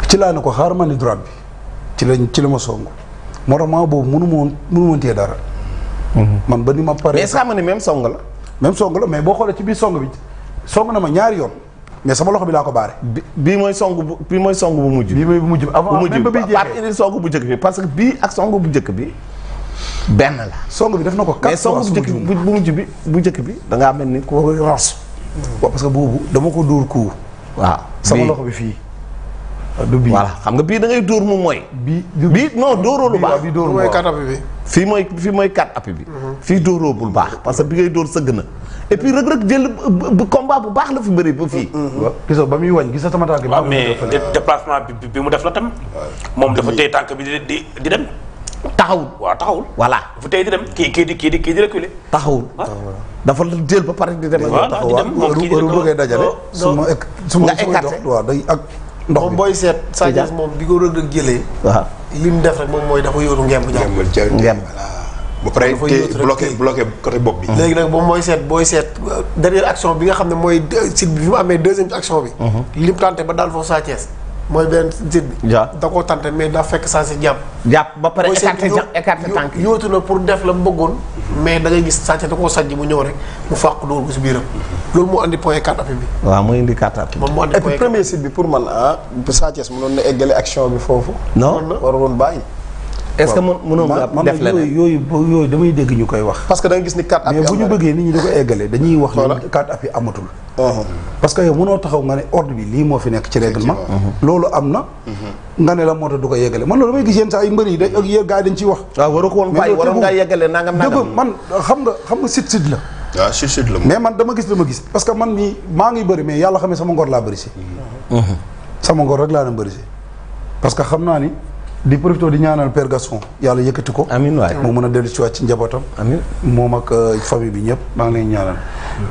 [SPEAKER 1] ci laa ne ko xaaral ma ni droite bi. ci lañ ci la ma song moo tax boobu mënu ma woon mënu ma woon téye dara. Mhm. man ba ni ma paree. mais sàmm ne même song la. même song la mais boo xoolee ci biir song bi song na ma ñaari yoon. mais sama loxo bi laa ko baare. bii mooy song bu mooy song bu mujj. bii mooy bu mujj avant même ba bii jeexee Pape indi bu njëkk bi parce que bii ak song bu njëkk bi benn la. bi def na ko quatre fois su bu njëkk bi bu mujj bi bu njëkk bi da ngaa mel ni koo wax. parce que boobu dama ko dóor kuur waaw sama loxo bi fii. Ah, du bii voilà xam nga bii da ngay dóor mu mooy. bii bii non dóoroo lu baax bii dóorul mooy quatre appuis bi. fii mooy fii mooy quatre appuis bi. Mhm. fii dóoroo bul baax parce bi ngay dóor sëgg na. et puis Reug Reug jël baax la fi bëri ba fii. Mhm. gisoo ba muy wàññi gisoo sama tànk bi. waaw mais déplacement bi bi mu di di dem. taxawul waaw taxawul. voilà dafa téye di dem kii kii di kii di kii di reculer. taxawul ah. dafa jël ba pare di dem. waaw di su ma écarté ak. ndox moom seet. Sa Thiès moom di ko rëgg rëgg jëlee. waaw li mu def rek moom mooy dafa yóotu ngemb. jàpp ngemb ba pare te bloqué bloqué bopp bi. léegi nag moom mooy seet booy seet euh, dernière action bi nga xam ne mooy euh, site bi fi mu amee deuxième action bi. Mhm. lim tenté ba daal foofu Sa Thiès. mooy benn zit bi. waaw da koo tante mais daa fekk saa si jàpp. jàpp ba pare écarté écarté tànk yi yóotu na pour def la mu bëggoon. mais da ngay gis sànq da ko sànni mu ñëw rek mu fàq dugal ko si biiram. loolu moo andi point 4 appui bi. waaw mu indi 4 appui. moom moo andi point et premier site bi pour man ah Sa Thiès mënoon na eggale action bi foofu. non woon bàyyi.
[SPEAKER 2] est-ce que mënoo def leneen
[SPEAKER 1] yooyu yooyu damay dégg ñu koy uh-huh. uh-huh. la moo xam nga xam nga site site la. Ah, la mais man dama gis dama gis parce que man mii maa ngi bëri mais yàlla xam ne sama ngor laa bëri si. Uh-huh. sama ngor rek laa na bëri si parce xam naa ni di profité di ñaanal Père Gaston yàlla yëkkati ko. amiin waay a dellu ci waat ci njabootam. amiin moom ak euh, famille bi ñëpp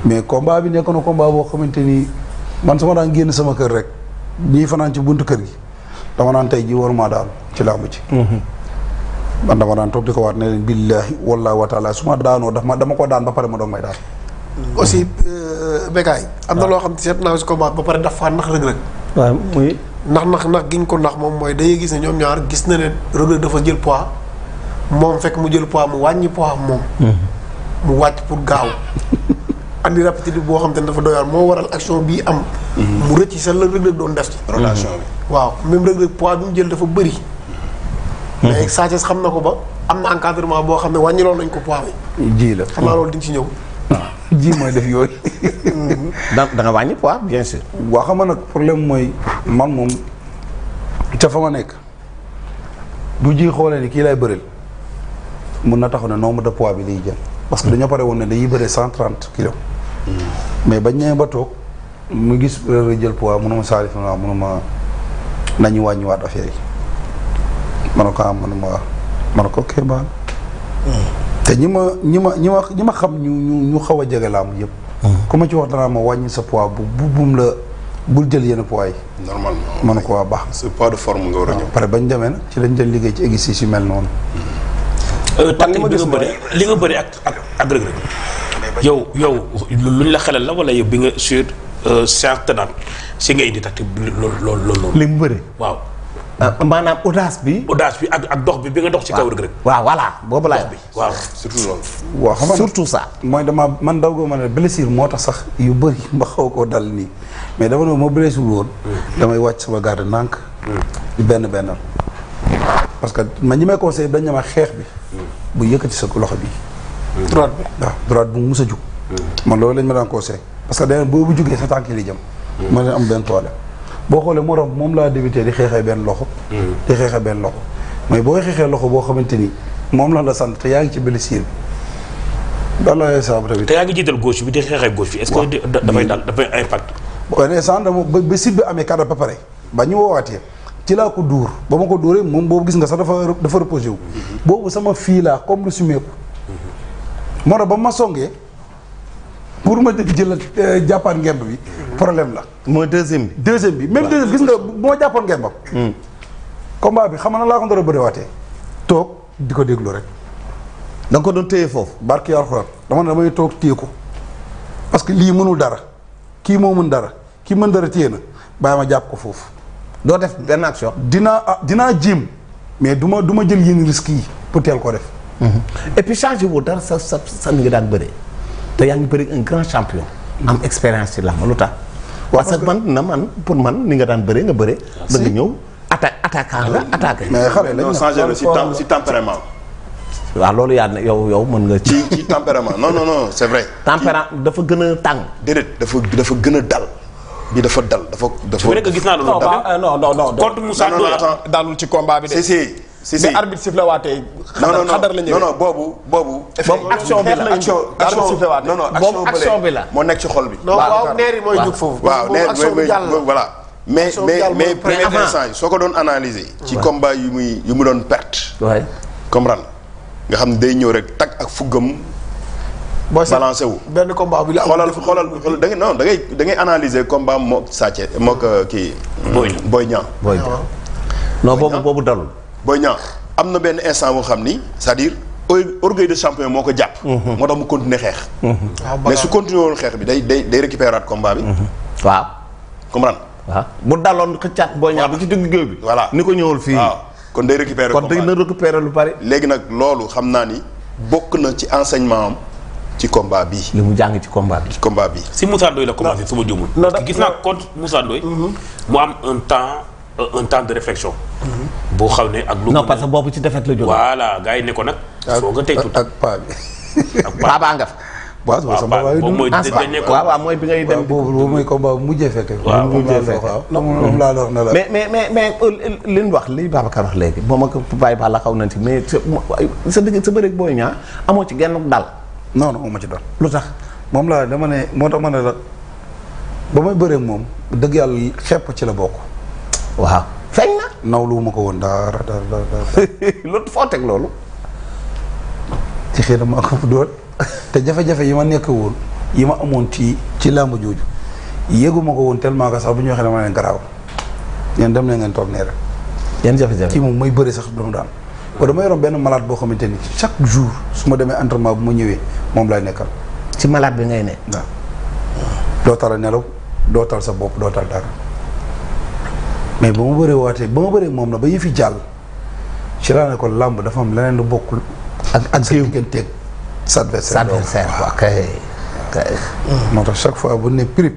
[SPEAKER 1] mais combat bi nekk na combat boo xamante ni man sama daan génn sama kër rek ñii fanaan ci buntu kër gi dama naan tey ji waruma daal ci làmb ci. Mhm. man dama daan toog di ko waat ne billaahi wallaahi wa taala su ma daanoo daf ma dama ko daan ba pare ma doog may daal. aussi euh, Bécaye am na loo xam ne seet naa si combat ba pare dafa nax rëg-rëg. ndax ndax ndax giñ ko ndax moom mooy day gis ne ñoom ñaar gis na ne Reug Reug dafa jël pois moom fekk mu jël pois mu wàññi poids moom.
[SPEAKER 2] Mm-hmm.
[SPEAKER 1] mu wàcc pour gaaw. andi rapidité boo xam te ne dafa doy moo waral action bii am. Mm-hmm. mu rëcc sa la Reug Reug doon def ci. relation bi waaw même Reug Reug poids bi mu jël dafa bëri. Mm-hmm. mais Sa xam na ko ba am na encadrement boo xam ne wàññiloon nañ ko poids bi. ji xam naa loolu di ci ñëw. ji mooy def yooyu. donc da nga wàññi poids bien sûr. waaw xam nga nag problème mooy man moom ca fa ma nekk bu ji xoolee ni kii lay bëril mun na taxaw ne nombre de poids bi lay jël parce que dañoo pare woon ne dañuy bëree cent kilos. mais bañ ba toog mu gis jël poids munuma saalif waaw munuma nañu wàññiwaat affaire yi man ko am ah, manuma man ko ok baax te ñi ma ñi ma ñi ma ñi ma xam ñu ñu xaw a jege làmb yëpp. Hmm. ku ma ci wax danaa ma wàññi sa poids bu bu bum la bul jël yenn poids yi. normalement man ko waa baax. c'est poids de forme nga war a ñëw. pare bañ demee ci lañ doon liggéey ci exercice yu mel noonu. man hmm. euh, li ma li nga bëri ak ak ak Reug Reug yow yow luñ la xelal la wala yow bi nga sur séance euh, tenante si nga indi tactique loolu loolu loolu. li mu bëri waaw. Euh, maanaam audace bi. audace bi ak ak dox bi bi nga dox ci kaw rek rek. waaw voilà boobu laay bi waaw surtout loolu. waaw xam nga surtout ça. mooy dama man daw ko ma ne blessure moo tax sax yu bëri ma xaw koo dal nii mais dama ne ma blessure woon. Hmm. damay wàcc sama garde nànk. Hmm. di benn benn. parce que man ñi may dañ ne xeex bi. Hmm. bu yëkkati sa loxo bi. droite bi waaw droite bu mu mus a jug. man loolu lañ ma daan conseillé. parce que day boobu jugee sa tànk li jëm. ma ne am benn problème. boo xoolee morom moom laa débuté di xeexee benn loxo. Mm. di xeexee benn loxo mais booy xeexee loxo boo xamante ni moom la la sant te yaa ngi ci blessure bi. daal la saabu tamit. te yaa ngi jiital gauche bi di xeexee gauche bi. est-ce que dafay mm. dal dafay impact. waaw instant dama ba ba bi amee kaddu ba pare ba ñu woowaatee ci laa ko duur ba ma ko dóoree moom boobu gis nga sax dafa dafa reposé wu. Mm-hmm. boobu sama fii laa comme lu sumeeku. Mm-hmm. moo tax ba ma songee. pour ma jëlal euh, jàppaan ngemb bi problème la. mooy deuxième bi. deuxième bi même deuxième gis nga bu ma jàppoon ngembam. Hmm. combat bi xam na laa ko doon bëriwaatee. toog di ko déglu rek. da ko doon téye foofu. barki alxuraan dama ne damay toog téye ko parce que lii mënul dara kii moo mën dara kii mën dara téye na bàyyi ma jàpp ko foofu. doo def benn action. dinaa ah dinaa jéem mais du ma du ma jël yenn risques yi pour teel ko def. Hmm. et puis changé dara sa sa sa ngi daan bëree. te yaa ngi bëri un grand champion. am expérience ci làmb lu tax. waaw sa man na man pour man ni nga daan bëri nga bëri da nga ñëw attaque attaquant la ah, attaqué. mais xale la ñu changé la si tempérament. waaw loolu yaa ne yow yow mën nga. ci ci tempérament non non non c'est vrai. tempérament dafa gën a tàng. déedéet dafa dafa gën a dal. bi dafa dal dafa dafa. su gis naa loolu. non dalul euh, ci combat bi de. si si mais arbitre sifflé waatee. xadar la ñëwee non boobu boobu. action bi la action non non action bi la moo nekk ci xol bi. waaw mooy jug foofu. waaw neer mooy voilà. soo ko doon analyser. ci combat yu muy yu mu doon perte. waay comprendre nga xam ne day ñëw rek tag ak fuggam. mooy balancé wu benn combat bi la xoolal xoolal da ngay da ngay da ngay analyser combat Sa Thiès mook euh, kii. Boy Boy Niang. Boy Niang non boobu boobu dalul. Boy Niang am na benn instant boo xam ni c'est-à-dire orgueil champion moo ko jàpp. Mhm. moo tax mu continuer xeex. Mhm. mais su continuer woon xeex bi day day day récupérer combat bi. Mhm. waaw. comprendre. waaw bu daloon xëccaat Boy Niang bi ci digg géew bi. voilà ni ko ñëwul fii. kon day récupérer combat kon day na récupérer lu bari. léegi nag loolu xam naa ni bokk na ci enseignement ci combat bi li mu jàng ci combat bi. ci combat bi. si Moussa Ndoye la commencé su ma juumul. gis naa contre Moussa Ndoye. mu am un temps. un temps de réflexion. boo xam ne ak. lu non parce que boobu ci defet la jógee. voilà gars ne ko nag. foo nga tey tuuti ak paa bi ak paa baa nga fa. waaw ah, waaw mooy bi mais mais mais euh, euh, wax li Babacar wax léegi boo ma ko bàyyi ba la xaw na ci mais sa dëgg sa bëreeg booy ñaa amoo ci genn dal. non non amoo ci dal. lu tax moom laa dama ne moo tax man a la ba may bëree moom dëgg yàlla xepp ci la bokk. waaw feeñ na. nawluwuma ko woon dara dara dara. loolu foo teg loolu. ci xëy na maa ko doon te jafe-jafe yi ma nekk woon yi ma amoon ci ci làmb jooju yëguma ko woon tellement que sax bu ñu waxee dama leen garaaw ngeen dem na ngeen toog nee rek. yan jafe-jafe moom mooy bëri sax du ma daan. kon dama yoroon benn malaat boo xamante ni chaque jour su ma demee entraînement bu ma ñëwee moom lay nekkal. ci malaat bi ngay ne. waaw doo a nelaw doo tal sa bopp doo tal dara. mais ba mu bëree waatee ba ma bëree moom na ba yëfi jàll ci laa ne ko làmb dafa am leneen lu bokkul. ak ak sa digganteeg sa adversaire. waaw mm. moo tax chaque fois bu ne prip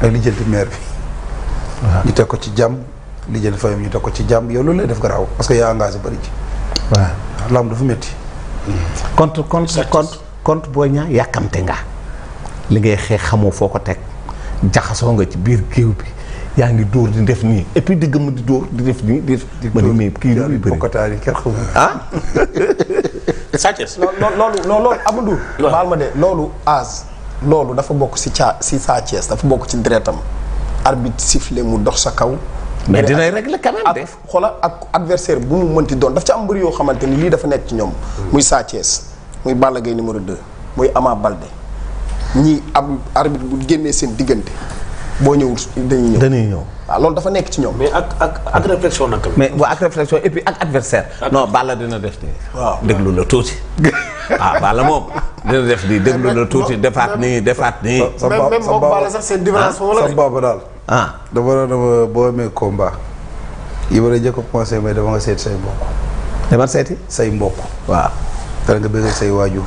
[SPEAKER 1] waaw lijjanti maire bi. ñu teg ko ci jàmm lijjanti fayam ñu teg ko ci jàmm yow loolu lay def garaaw parce que yaa engagé bëri ci. waaw làmb dafa metti mm. contre contre contre contre boo ñaa yàkkamte nga. li ngay xeex xamoo foo ko teg jaxasoo nga ci biir géew bi. yaa ngi dóor di def nii et puis di gëm di dóor di def nii di def. di dóor ma ne mais kii loolu bëri bokkataar yi kenn xamul ah. Sathiès loolu loolu Abdou. baal ma de loolu as loolu dafa bokk si caa si Sathiès dafa bokk ci deretam arbitre sifflé mu dox sa kaw. mais dinay régler quand même de. xoola ak adversaire bu mu mënti doon daf ci am mbir yoo xamante ni lii dafa nekk ci ñoom. Hmm. muy Sathiès muy Balla Gaye numéro 2 muy Ama Baldé ñii ab arbitre bu génnee seen diggante. boo ñëwul dañuy ñëw ñëw. waaw loolu dafa nekk ci ñoom. mais ak ak ak réflexion nag. mais waa ak réflexion et puis ak adversaire non Balla dina def nii. waaw déglu la tuuti. ah Balla moom dina def nii déglu la tuuti defaat nii defaat nii. sa boobu même moom Balla sax seen différence foofu la. sa boobu daal. ah dafa boo amee combat. yi war a jëkk a conseil mais dama nga seet say mbokk. dama seeti say mbokk. waaw. dara nga bëgg say waajur.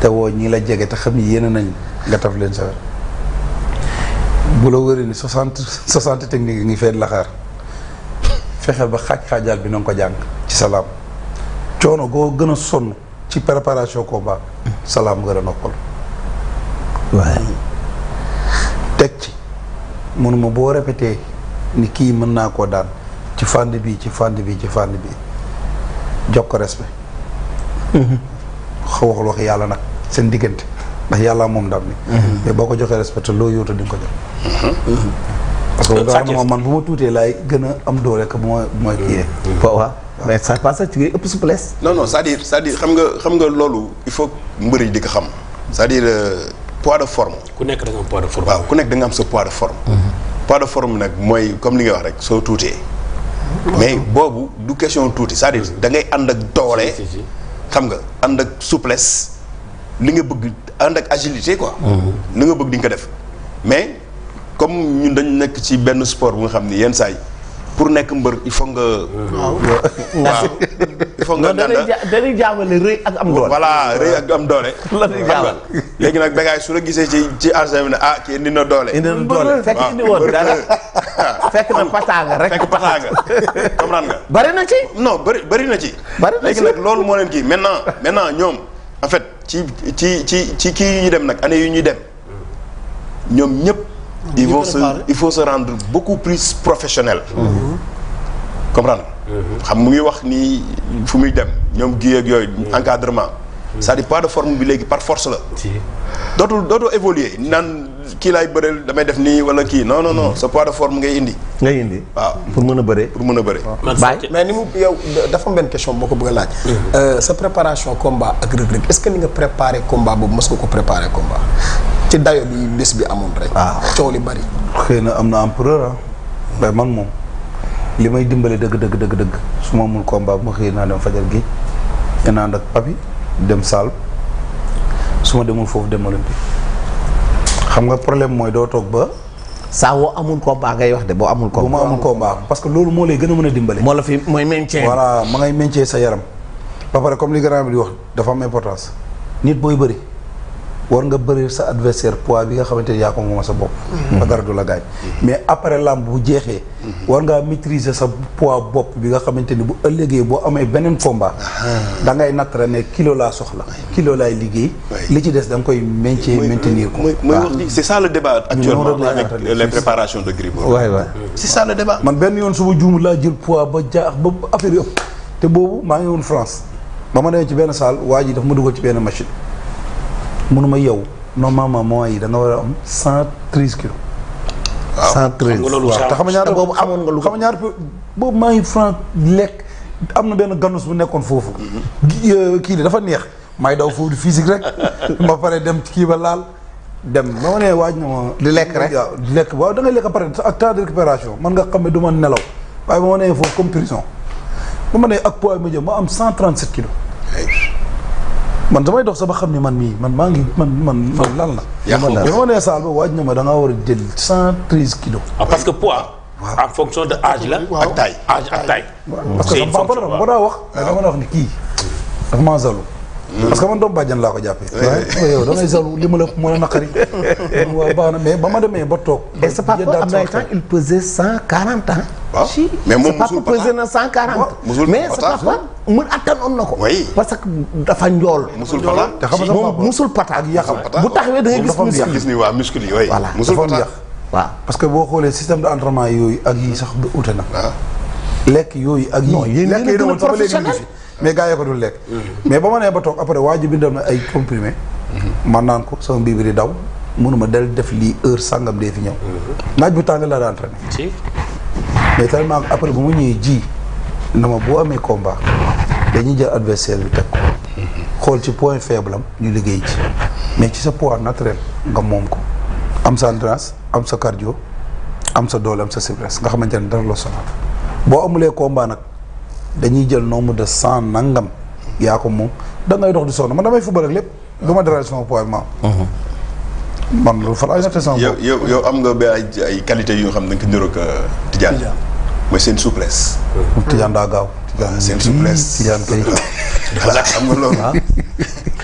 [SPEAKER 1] te woo ñi la jege te xam ni yéene nañ nga taf leen sa bu la wëree ni soixante soixante technique yi ngi feet laxaar fexe ba xaaj-xaajaal bi na ko jàng ci salaam coono goo gën a sonn ci préparation combat salaam gën a noppal waaye teg ci mënuma boo répété ni kii mën naa ko daan ci fànn bi ci fànn bi ci fànn bi jox ko respect waxul mhm. wax yàlla nag seen diggante ndax yàlla moom ndam ni mhm. boo ko joxee respecté loo yóotu di ko jox mhm. Mhm. parce que gaa moom man bu ma tuutee laay gën a am doole que bu ma bu ma kiiyee waaw mais ça passe ci ngay ëpp souplesse non non c'est-à-dire cest xam nga xam nga loolu il faut mbër yi di ko xam c'est-à-dire euh, poids de forme ku nekk da nga am poids de forme ku nekk da nga am sa poids de forme poids nag mooy comme li nga wax rek soo tuutee mais boobu du question tuuti c'est-à-dire da ngay ànd ak doole xam nga ànd ak souplesse li nga bëgg ànd ak agilité ko mm-hmm. li nga bëgg di ko def. mais comme ñun dañu nekk ci benn sport bu nga xam ni yenn saa yi pour nekk mbër il faut nga. Mm-hmm. waaw waaw. il faut nga dana danay jaawale rëy ak am doole. doole. la ñuy léegi nag dangay su la gisee ci ci argent bi ne ah kii indi na doole. indi na doole fekk indi woon dara fekk na pataanga rek. fekk pataanga comprendre nga. bari na ci. non bari bari na ci. bari na léegi nag loolu moo leen kii maintenant maintenant ñoom. en fait ci ci ci ci kii yu ñu dem nag année yu ñuy dem ñoom ñëpp. il faut se il faut se rendre beaucoup plus professionnel. Mm-hmm. Mm-hmm. comprendre mm-hmm. xam mu ngi wax ni fu muy dem ñoom gi ak yooyu encadrement. c'est-à-dire de forme bi léegi par force la. dootul dootul évoluer naan kii laay bëreel damay def nii wala kii non non non hmm. sa poids de forme ngay indi. ngay indi waaw pour mën a bëree. pour mën a bëree. bàyyi mais ni mu yow dafa am benn question boo ko bëgg a laaj. Hmm. Euh, sa préparation combat ak Reug Reug est-ce que ni nga préparé combat boobu mos nga ko préparé combat ci dayo bi bés bi amoon rek. waaw ah. coow li bari. xëy na am na empereur ah. man moom li may dimbale dëgg dëgg dëgg dëgg su ma amul combat bu ma xëy naa dem fajar gi. ñu naan ak papi dem Saalum su ma demul foofu dem Olympique. xam nga problème mooy doo toog ba. saa woo amul combat ngay wax de boo amul. combat bu ma amul combat parce que loolu moo lay gën a mën a dimbale. moo la fi mooy maintien. voilà ma ngay maintien sa yaram. ba pare comme li grand bi di wax dafa am importance. nit booy bëri. war nga bëri sa adversaire pois bi nga xamante ni yaa ko moom sa bopp. Mm-hmm. ba dara du la gaañ. mais après lamb bu jeexee. Mm-hmm. war ngaa maîtriser sa poids bopp bi nga xamante ni bu ëllëgee boo amee beneen combat. da ngay nattara ne kilo laa soxla. kilo laay liggéey. li ci des da nga koy maintenir maintenir ko. mooy mooy wax ni c'est ça le débat actuellement avec les préparations de Gris man benn yoon suma ma laa jël pois ba jaax ba affaire yëpp te boobu maa ngi woon France ba ma demee ci benn salle waa ji daf ma dugal ci benn machine. mënuma yow normalement mois yi da war a am cent treize kilos. waaw cent treize waaw te xam nga ñaar boobu amoon nga lu xam nga ñaar boobu maa ngi franc lekk am na benn ganus bu nekkoon foofu. Mhm. Euh, kii de dafa neex. may daw foofu di physique rek ma pare dem kii ba laal dem ba ma nee waaj na ma. di lekk rek waaw di lekk waaw da ngay lekk pare ak temps de récupération man nga xam ne du ma nelaw waaye ba ma nee foofu comme prison ba ma nee ak poids mu jëm ma am cent trente sept kilos. man damay dox sama xam ni man mii man maa ngi man man man lan la. yaa ma ne ma nee Sall waaj na ma da war a jël cent treize kilos. Ah, parce que poids. a en fonction de âge la. ak taille âge parce que sama papa la ma ko daa wax. dama wax ni kii dafa maa zalu. parce que man doomu bàjjan laa ko jàppee. waaw oh, yow li ma la mën a naqari. mais ba ma demee ba toog. et sa papa am na ay temps il pesait cent quarante ans. waaw mais moom musul papa pesé na cent quarante. mais sa papa mu attanoon na ko. parce que dafa njool. musul pata te xam nga moom musul pata ak yàqam. bu taxawee da ngay gis muscle gis ni waa muscle yi waay. voilà musul pata waaw parce que boo xoolee système d'entraînement yooyu ak yi sax na. Ah. lekk yooyu ak. non yéen lekk yi doon mais gars yi ko dul lekk. mais ba ma nee ba toog après waa ji bindal na ay comprimé. man naan ko sama biir bi di daw munuma del def lii heure sangam dee fi ñëw. naaj bu tàng laa daan traîner. mais tellement après bu mu ñëwee ji na ma boo amee combat dañuy jël adversaire bi teg ko. xool ci point faible am ñu liggéey ci mais ci sa poids naturel nga moom ko am sa endurance am sa cardio am sa doole am sa souplesse nga xamante ne dara la sonal boo amulee combat nag. dañuy jël nombre de cent nangam yaa ko moom da ngay dox di sonn man damay football ak lépp du ma déranger sama poids ma mhm. man loolu faral ay natt sama yow yow am nga ba ay qualité yu xam ne dañ ko niroog euh, Tidiane. Tidiane mooy seen souplesse. Tidiane daa gaaw. waaw ah.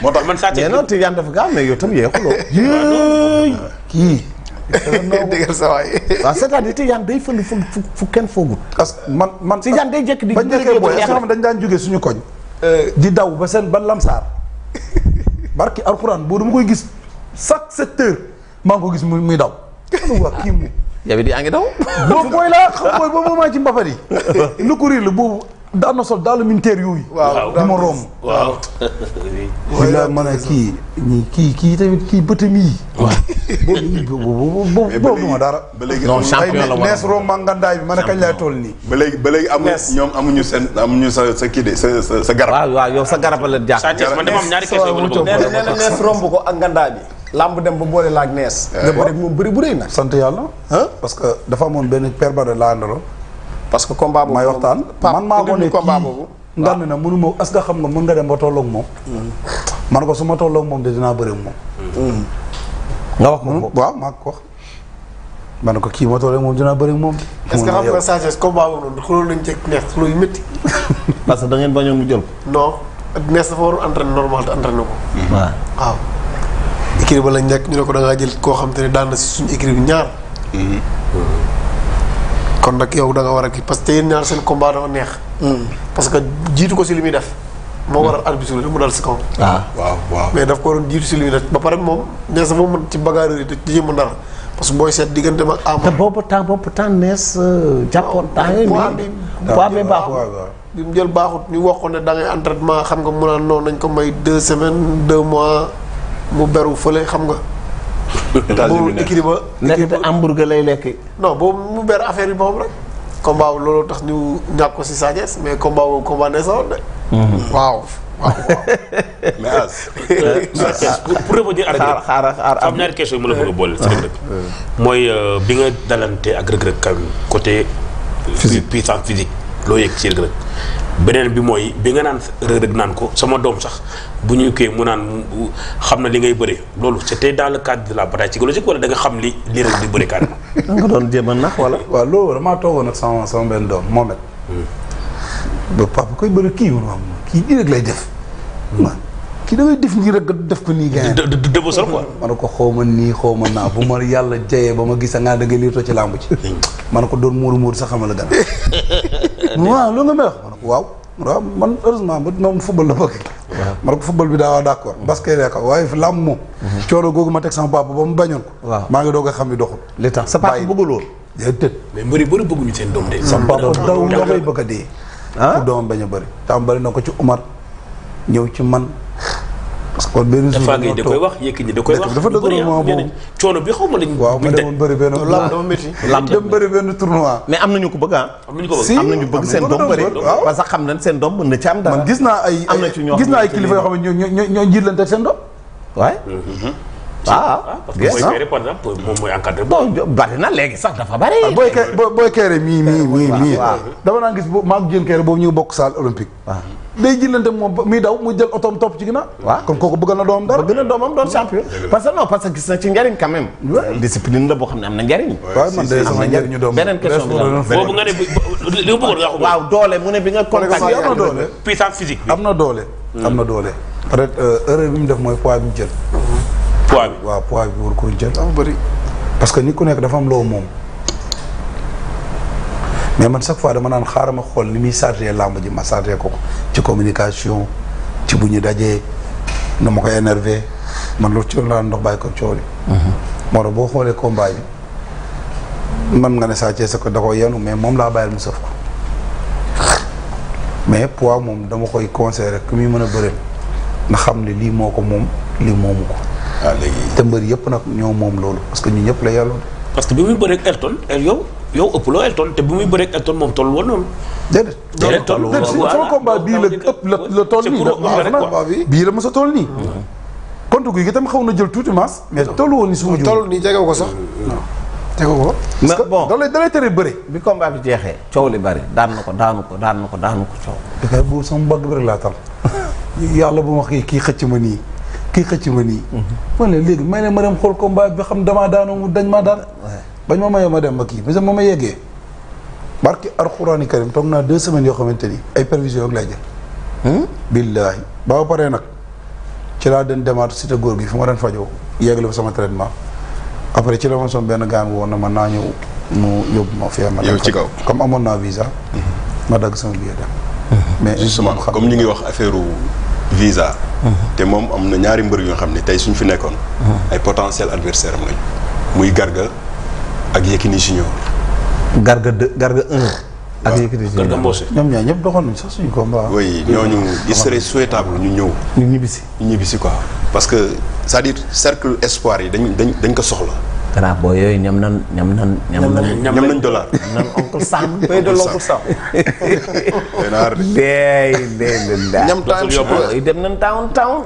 [SPEAKER 1] moo tax man saa mais non Tidiane dafa gaaw mais yow tam yeexuloo. Ah, kii. dëggal sa waay. waaw c'est-à-dire Tijaan day fënd fu fu kenn foogut. parce que man man. Tijaan day jekk di. bañ nekkee booy xam dañ daan jóge suñu koñ. Euh. di daw ba seen ba lamsaar barki alxuraan boo dama koy gis chaque secteur maa ngi ko gis muy muy daw. waa kii mu. yaa ngi daw. boobu booy laa xam booy boobu maa ci mbafari. boobu. daan na sol daal militaire yooyu. waaw du ma romb. waaw. walaay kii kii kii tamit kii bëtam yi. waaw boobu boobu boobu ma dara. ba léegi non champion la nees romb ngandaay bi ma ne kañ laay toll ba léegi ba léegi amuñu ñoom amuñu seen amuñu sa sa kii de sa sa garab. waaw sa garab la jàpp. saa ko ak ngandaay bi. lamb dem ba boole laag nees. nga eh. bëri moom bëri bu rëy nag. sant eh. yàlla. parce que dafa amoon benn père Bada laa àndaloon parce que combat boobu may waxtaan man maa ko ne combat boobu ngar ne na mënu ma que xam nga mën nga dem ba tolloog moom hmm. man ko su ma moom de dinaa bëri moom hmm. nga wax moom hmm? waaw maa ko wax ne ko kii ma tolloog moom dinaa bëri moom est-ce que xam nga sagesse combat boobu lañ ceg neex xulo yu métti parce que da ngeen bañoon mu jël non nees dafa warul entraîné normal te entraîné ko waaw waaw lañ nekk ñu ne ko da ngaa jël koo xam te ne daan si suñu écurie bi ñaar kon nag yow danga war a kii parce que yéen ñaar seen combat dafa neex. Hmm. parce que jiitu ko si li muy def. moo waral hmm. arbitre bi mu dal si kaw. Ah, waaw waaw mais daf ko waroon jiitu si lii muy def ba pare moom nees dafa mën ci bagarre yi di jéem a dara parce que booy seet diggante mag am. te boobu temps boobu temps nees euh, jàppoon temps yooyu. poids bi baaxul bi mu jël baaxut ñu wax ne da ngay entraînement xam nga mu naan noonu nañ ko may deux semaine deux mois mu beru fële xam nga. boobu écrit ba. nekk te hamburger lay lekk. non boobu mu ber affaire yi moom rek. combat boobu tax ñu ñàkk ko si Sa mais combat boobu combat ne sawoon de. Hmm. waaw. waaw mais euh, as. pour pour revenir arrêté xaaral xaaral am ñaari question yu la bëgg a boole. si rëg-rëg ah. mooy euh, bi nga dalante ak rëg-rëg kaw côté. physique puissance loo yëg ci rëg beneen bi mooy bi nga naan rëg-rëg naan ko sama doom sax bu ñu kii mu naan xam na li ngay bëre loolu c'était dans le cadre de la bataille psychologique wala da xam li li rëg di bëre carrément. da nga doon jéem a nax wala. waaw loolu damaa toogoon ak sama sama benn doom Mohamed. Hmm. ba papa koy bëri kii wala kii nii rek lay def. Hmm. kii da ngay def nii rek def ko nii. gaañ a dë dëbësal quoi. ma ne ko xaw ma nii xaw ma naa bu ma yàlla jayee ba ma gis a ngaa da ngay liitoo ci làmb ci. ma ne ko doon muuru muuru sax xamal la gën a. waaw loolu nga may wax ma ne ko waaw. waaw man heureusement ba moom football la bëgg. waaw man ko football bi daa waa d' accord. basket la ko waaye làmb moom. Mhm. coono googu ma teg sama papa ba mu bañoon ko. waaw maa ngi doog a xam ni doxul. li tax sa papa bëggul woon. déedéet mais mbëri bëri bëgguñu seen doom de. sa papa daw la koy bëgg a dee. ah doomam bañ a bëri. tam bëri na ko ci Umar ñëw ci man parce que kon benn jour dafa ngay da koy wax dafa dëgg moom moom coono bi xaw ma lañ waaw ma demoon bëri benn benn tournoi mais am nañu ko bëgg ah am nañu ko bëgg seen doom bëri parce que xam nañ seen doom mën na ci am dara man gis naa ay gis naa ay kilifa yoo xam ne ñoo ñoo ñoo jiitlante seen doom waaye mm-hmm. waaw ah, ah, ah, parce que Boy Kéré par bari na léegi sax dafa bari. Boy Kéré Boy Kéré mii mii mii mii. dama naa gis boobu maa ngi jën Kéré boobu ñu bokk salle olympique. day jëlante moom muy daw muy jël otoom topp ci ginnaaw. waaw kon kooku bëgg na doom dara bëgg na doomam doon champion. parce que non parce que gis na ci njariñ quand même. Euh, discipline la boo xam ne am na njariñ. waaw man de sama waaw doole mu ne bi na doole puissance am na doole am na doole peut-être euh, erreur bi mu def mooy poids bi jël waa bi. waaw poids bi war ko jël dafa bëri. parce que nit ku nekk dafa am loo moom mais man chaque fois dama naan xaaral ma xool ni muy chargé làmb ji ma chargé ko ci communication ci bu ñu dajee na ma ko énervé man loolu ci laa ndox bàyyi ko coow li. Mhm. boo xoolee combat bi man nga ne Sa Thiès ko da ko yenu mais moom laa bàyyil mu sëf ko mais poids moom dama koy conseil rek ku muy mën a bëreel na xam ne lii moo ko moom lii moomu ko. waaw léegi te mbër yëpp nag ñoo moom loolu parce que ñu ñëpp la yàlloon parce que bi muy bëreeg Elton eh, yow yow ëpp loo Elton te bi muy bëreeg Elton moom toll woon noonu déedéet déedéet toll sama combat bii la ëpp bii la mos a toll nii kontu tam xaw na jël tuuti maas mais toll woon ni suma ko sax tegu euh, da da lay tere bëri. bi bi jeexee coow li bëri daan na ko daanu ko daan ko daanu ko coow. da kay bu sama yàlla bu ma kii xëcc ma nii. kii xëcc ma nii. ma ne léegi may ne ma dem xool combat bi xam damaa daanoo mu dañ maa daan. bañ ma mayee ma dem ba kii ma ma yeggee. barki alxuraani karim toog naa deux semaines yoo xamante ni ay prévisions ak lay jël. Hmm? ba ba nag ci laa den demaat cité góor gi fi ma doon fajoo sama traitement après ci la ma son na ma naa ñëw mu yóbbu ma fee ma ci kaw comme amoon naa visa. Hmm. ma dagg sama billet dem. Hmm. mais justement comme ñu ngi wax affaire visa. Uh-huh. te moom am na ñaari mbër yoo xam ne tey suñu fi nekkoon. Uh-huh. ay potentiel adversaire am lañ. muy Garga ak Yekini Junior. Garga de Garga 1. ak Yekini Junior Garga Mbossé ñoom ñaar ñëpp doxoon nañ sax suñu combat. oui ñooñu il serait ñu ñëw. ñu ñibbisi ñu ñibbisi ko parce que c'est-à-dire cercle espoir yi dañ dañ dañ ko soxla. garaab boo yooyu ñam nan ñam nan ñam nan ñam nañ dollar ñam nan oncle Sam pay de l'oncle Sam deey deey daa ñam town dem nan town town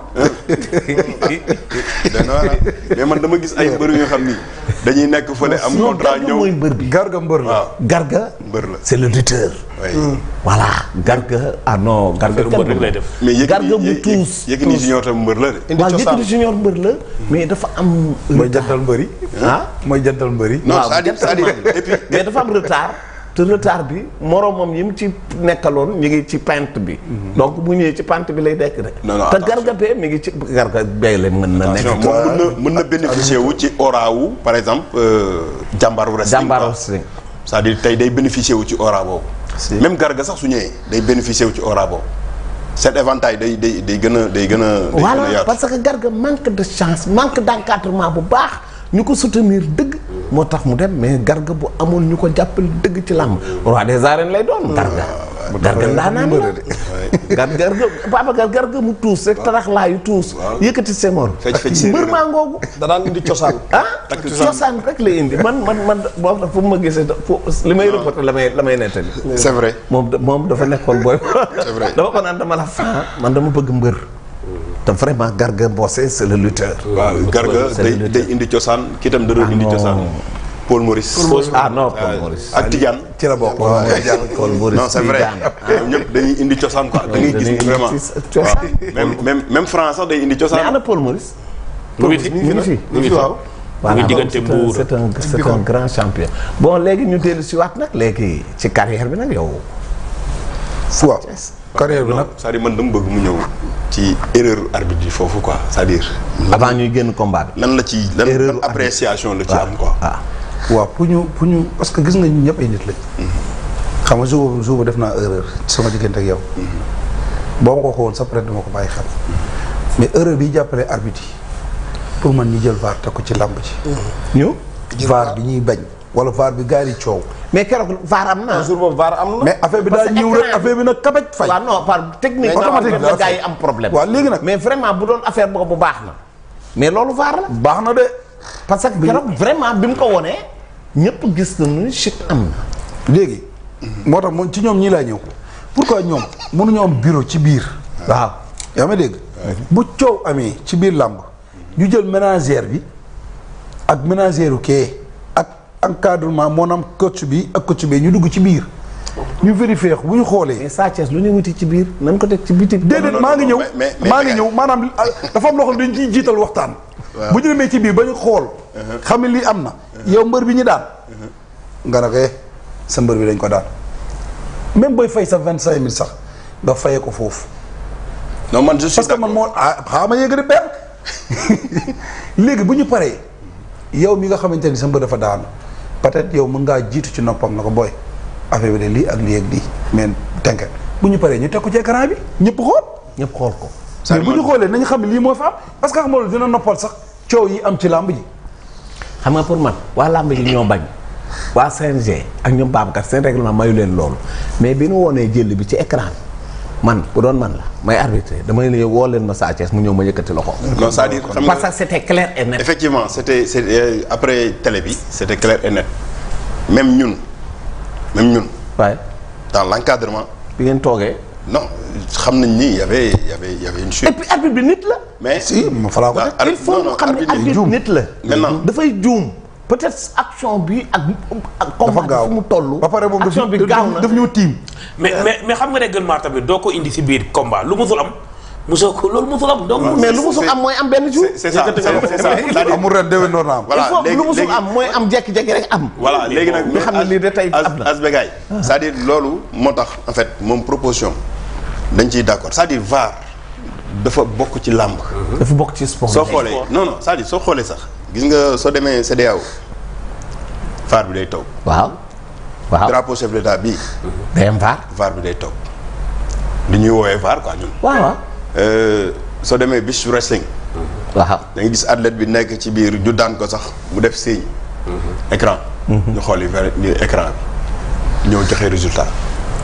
[SPEAKER 1] mais man dama gis ay mbër yu xam ni dañuy nekk fële am contrat ñëw garga mbër la garga mbër la c'est le lutteur Hmm. voilà a ah non. garga kenn lay def mais garga bu tuus. Yékini Junior tam mbër la de. waaw Yékini Junior mbër la. mais dafa am. mooy jantal mbëri. ah mooy jantal mbëri. non c'est-à-dire mais dafa am retard. te retard bi moromam yi mu ci nekkaloon ñu ngi ci pent bi. Mhm. donc bu ñëwee ci pente bi lay nekk rek. te garga bee mi ngi ci garga bee la mën na nekk. moom mën na mën na bénéficier ci ora par exemple. Euh, jàmbaaru wrestling jàmbaaru wrestling. c'est-à-dire tey day bénéficier wu ci ora boobu. même Garga sax su ñëwee day bénéficier wu ci aura boobu cet éventail day day day gën a day gën a. day parce que Garga manque de chance manque d' bu baax. ñu ko soutenir dëgg moo tax mu dem mais garga bu amoon ñu ko jàppale dëgg ci làmb roi des arènes lay doon garga garga ndaanaan la garga papa garga mu tuus rek tarax laayu tuus yëkkati semoor mbër maa ngoogu danaan indi cosaan ah cosaan rek la indi man man man boo tax fu ma gisee li may reporté la la may nettali c'est moom moom dafa nekkoon booy c'est vrai dama ko naan dama la fan man dama bëgg mbër te vraiment Garga Mbossé c'est le lutteur. waaw Garga day indi cosaan kii itam da doon ah, indi cosaan. Paul Maurice. ah non Paul ah, Maurice ak Tidiane. ci la bokk waaw Paul Maurice non c'est vrai indi cosaan quoi da ngay gis même même même France sax day indi cosaan. mais ana Paul Maurice. mu ngi fi mu ngi fi mu ngi fi waaw. voilà donc c'est un léegi ñu dellu si waat nag léegi ci carrière bi nag yow. carrière bi nag c'est-à-dire man dama bëgg mu ñëw ci erreur arbitre yi foofu quoi cest diir dire ñuy génn combat lan la ci lan lan appréciation la ci am quoi. waaw pour ñu pour ñu parce que gis nga ñun ñëpp ay nit lañ. Mhm. xam nga jour jour def naa erreur ci sama diggante ak yow. Mhm. boo ma ko waxoon sax peut-être ko bàyyi xel. Mhm. mais erreur bi jàppale arbitre pour man ñu jël vaar teg ko ci làmb ci ñu. vaar bi ñuy bañ. wala vaar bi gaari coow. mais keroog vaar am na. jour boobu vaar am na. mais affaire bi daal ñëw rek affaire bi nag kabaj fay. waaw non am problème. waaw léegi nag mais vraiment bu doon affaire boobu baax na. mais loolu vaar la. baax na de. parce que keroog vraiment bi mu ko wonee ñëpp gis nañu chute am na. léegi. moo tax moom ci ñoom ñii laa ñëw. pourquoi ñoom mënuñoo am bureau ci biir. waaw yow ma dégg. bu coow amee ci biir làmb. ñu jël ménagère bi ak ménagère u kee. encadrement maanaam coach bi ak coach bi ñu dugg ci biir. ñu vérifié bu ñu xoolee. mais Sa lu ñu wuti ci biir nañ ko def ci biti. déedéet maa ngi ñëw maa ngi ñëw maanaam ah, dafa am loo xam ne dañ ciy jiital waxtaan. bu ñu demee ci biir ba ñu xool. Uh-huh. xam ne lii am na. yow mbër bi ñu daan. Uh-huh. nga ne eh, sa mbër bi dañ ko daan. même booy fay sa vingt cinq mille sax nga fayee ko foofu. non man je suis parce que man moo ah xaaral ma yëgale benn léegi bu ñu paree yow mi nga xamante ni sa mbër dafa daanu. peut-être yow mën ngaa jiitu ci noppam na ko booy affaire bi de lii ak lii ak lii mais tënket bu ñu paree ñu teg ko ci écran bi ñëpp xool. ñëpp xool ko. mais bu ñu xoolee nañu xam lii moo fa am parce que moo nga dina noppal sax coow yi am ci làmb ji. xam nga pour man waa làmb ji ñoo bañ. waa CNG ak ñoom Babacar seen règlement mayu leen loolu mais bi nu woonee jël bi ci écran man bu doon man la may arbitré damay woo leen ma Sa Thiès mu ñëw ma yëkkati loxo. non c'est-à-dire effectivement c'est euh, après télé bi c'était clair et net même ñun même ñun. waaye dans l'encadrement. bi ngeen toogee. non xam nañ ni y avait y avait y avait une chute. et bi nit la. mais si ma falaa ko il faut xam ne arbitre nit la. maintenant dafay juum. peut-être action bi ak ak. combat fu mu toll. ba pare moom action bi gaaw na daf ñu tiim. mais mais xam nga ne gën maa tamit doo ko indi si biir combat lu loolu musul am. lu musul am mooy am benn jour. c'est ça am. voilà léegi lu musul am am jékki-jékki rek am. voilà léegi nag ñu xam ne lii de ah. loolu moo tax en fait moom proposition dañ ciy d'accord c'est-à-dire VAR dafa bokk ci làmb. dafa bokk ci sport. soo xoolee non non cest à soo xoolee sax gis nga soo demee CEDEAO faar bi day toog. waaw waaw drapeau chef d'état bii. day am faar. faar bi day toog li ñuy woowee faar quoi ñun. Euh, soo demee beach wrestling. waaw da nga gis athlète bi nekk ci biir ju daan ko sax mu def signe. Mhm. écran mhm. ñu xool yu bëri ni écran bi ñëw joxe résultat.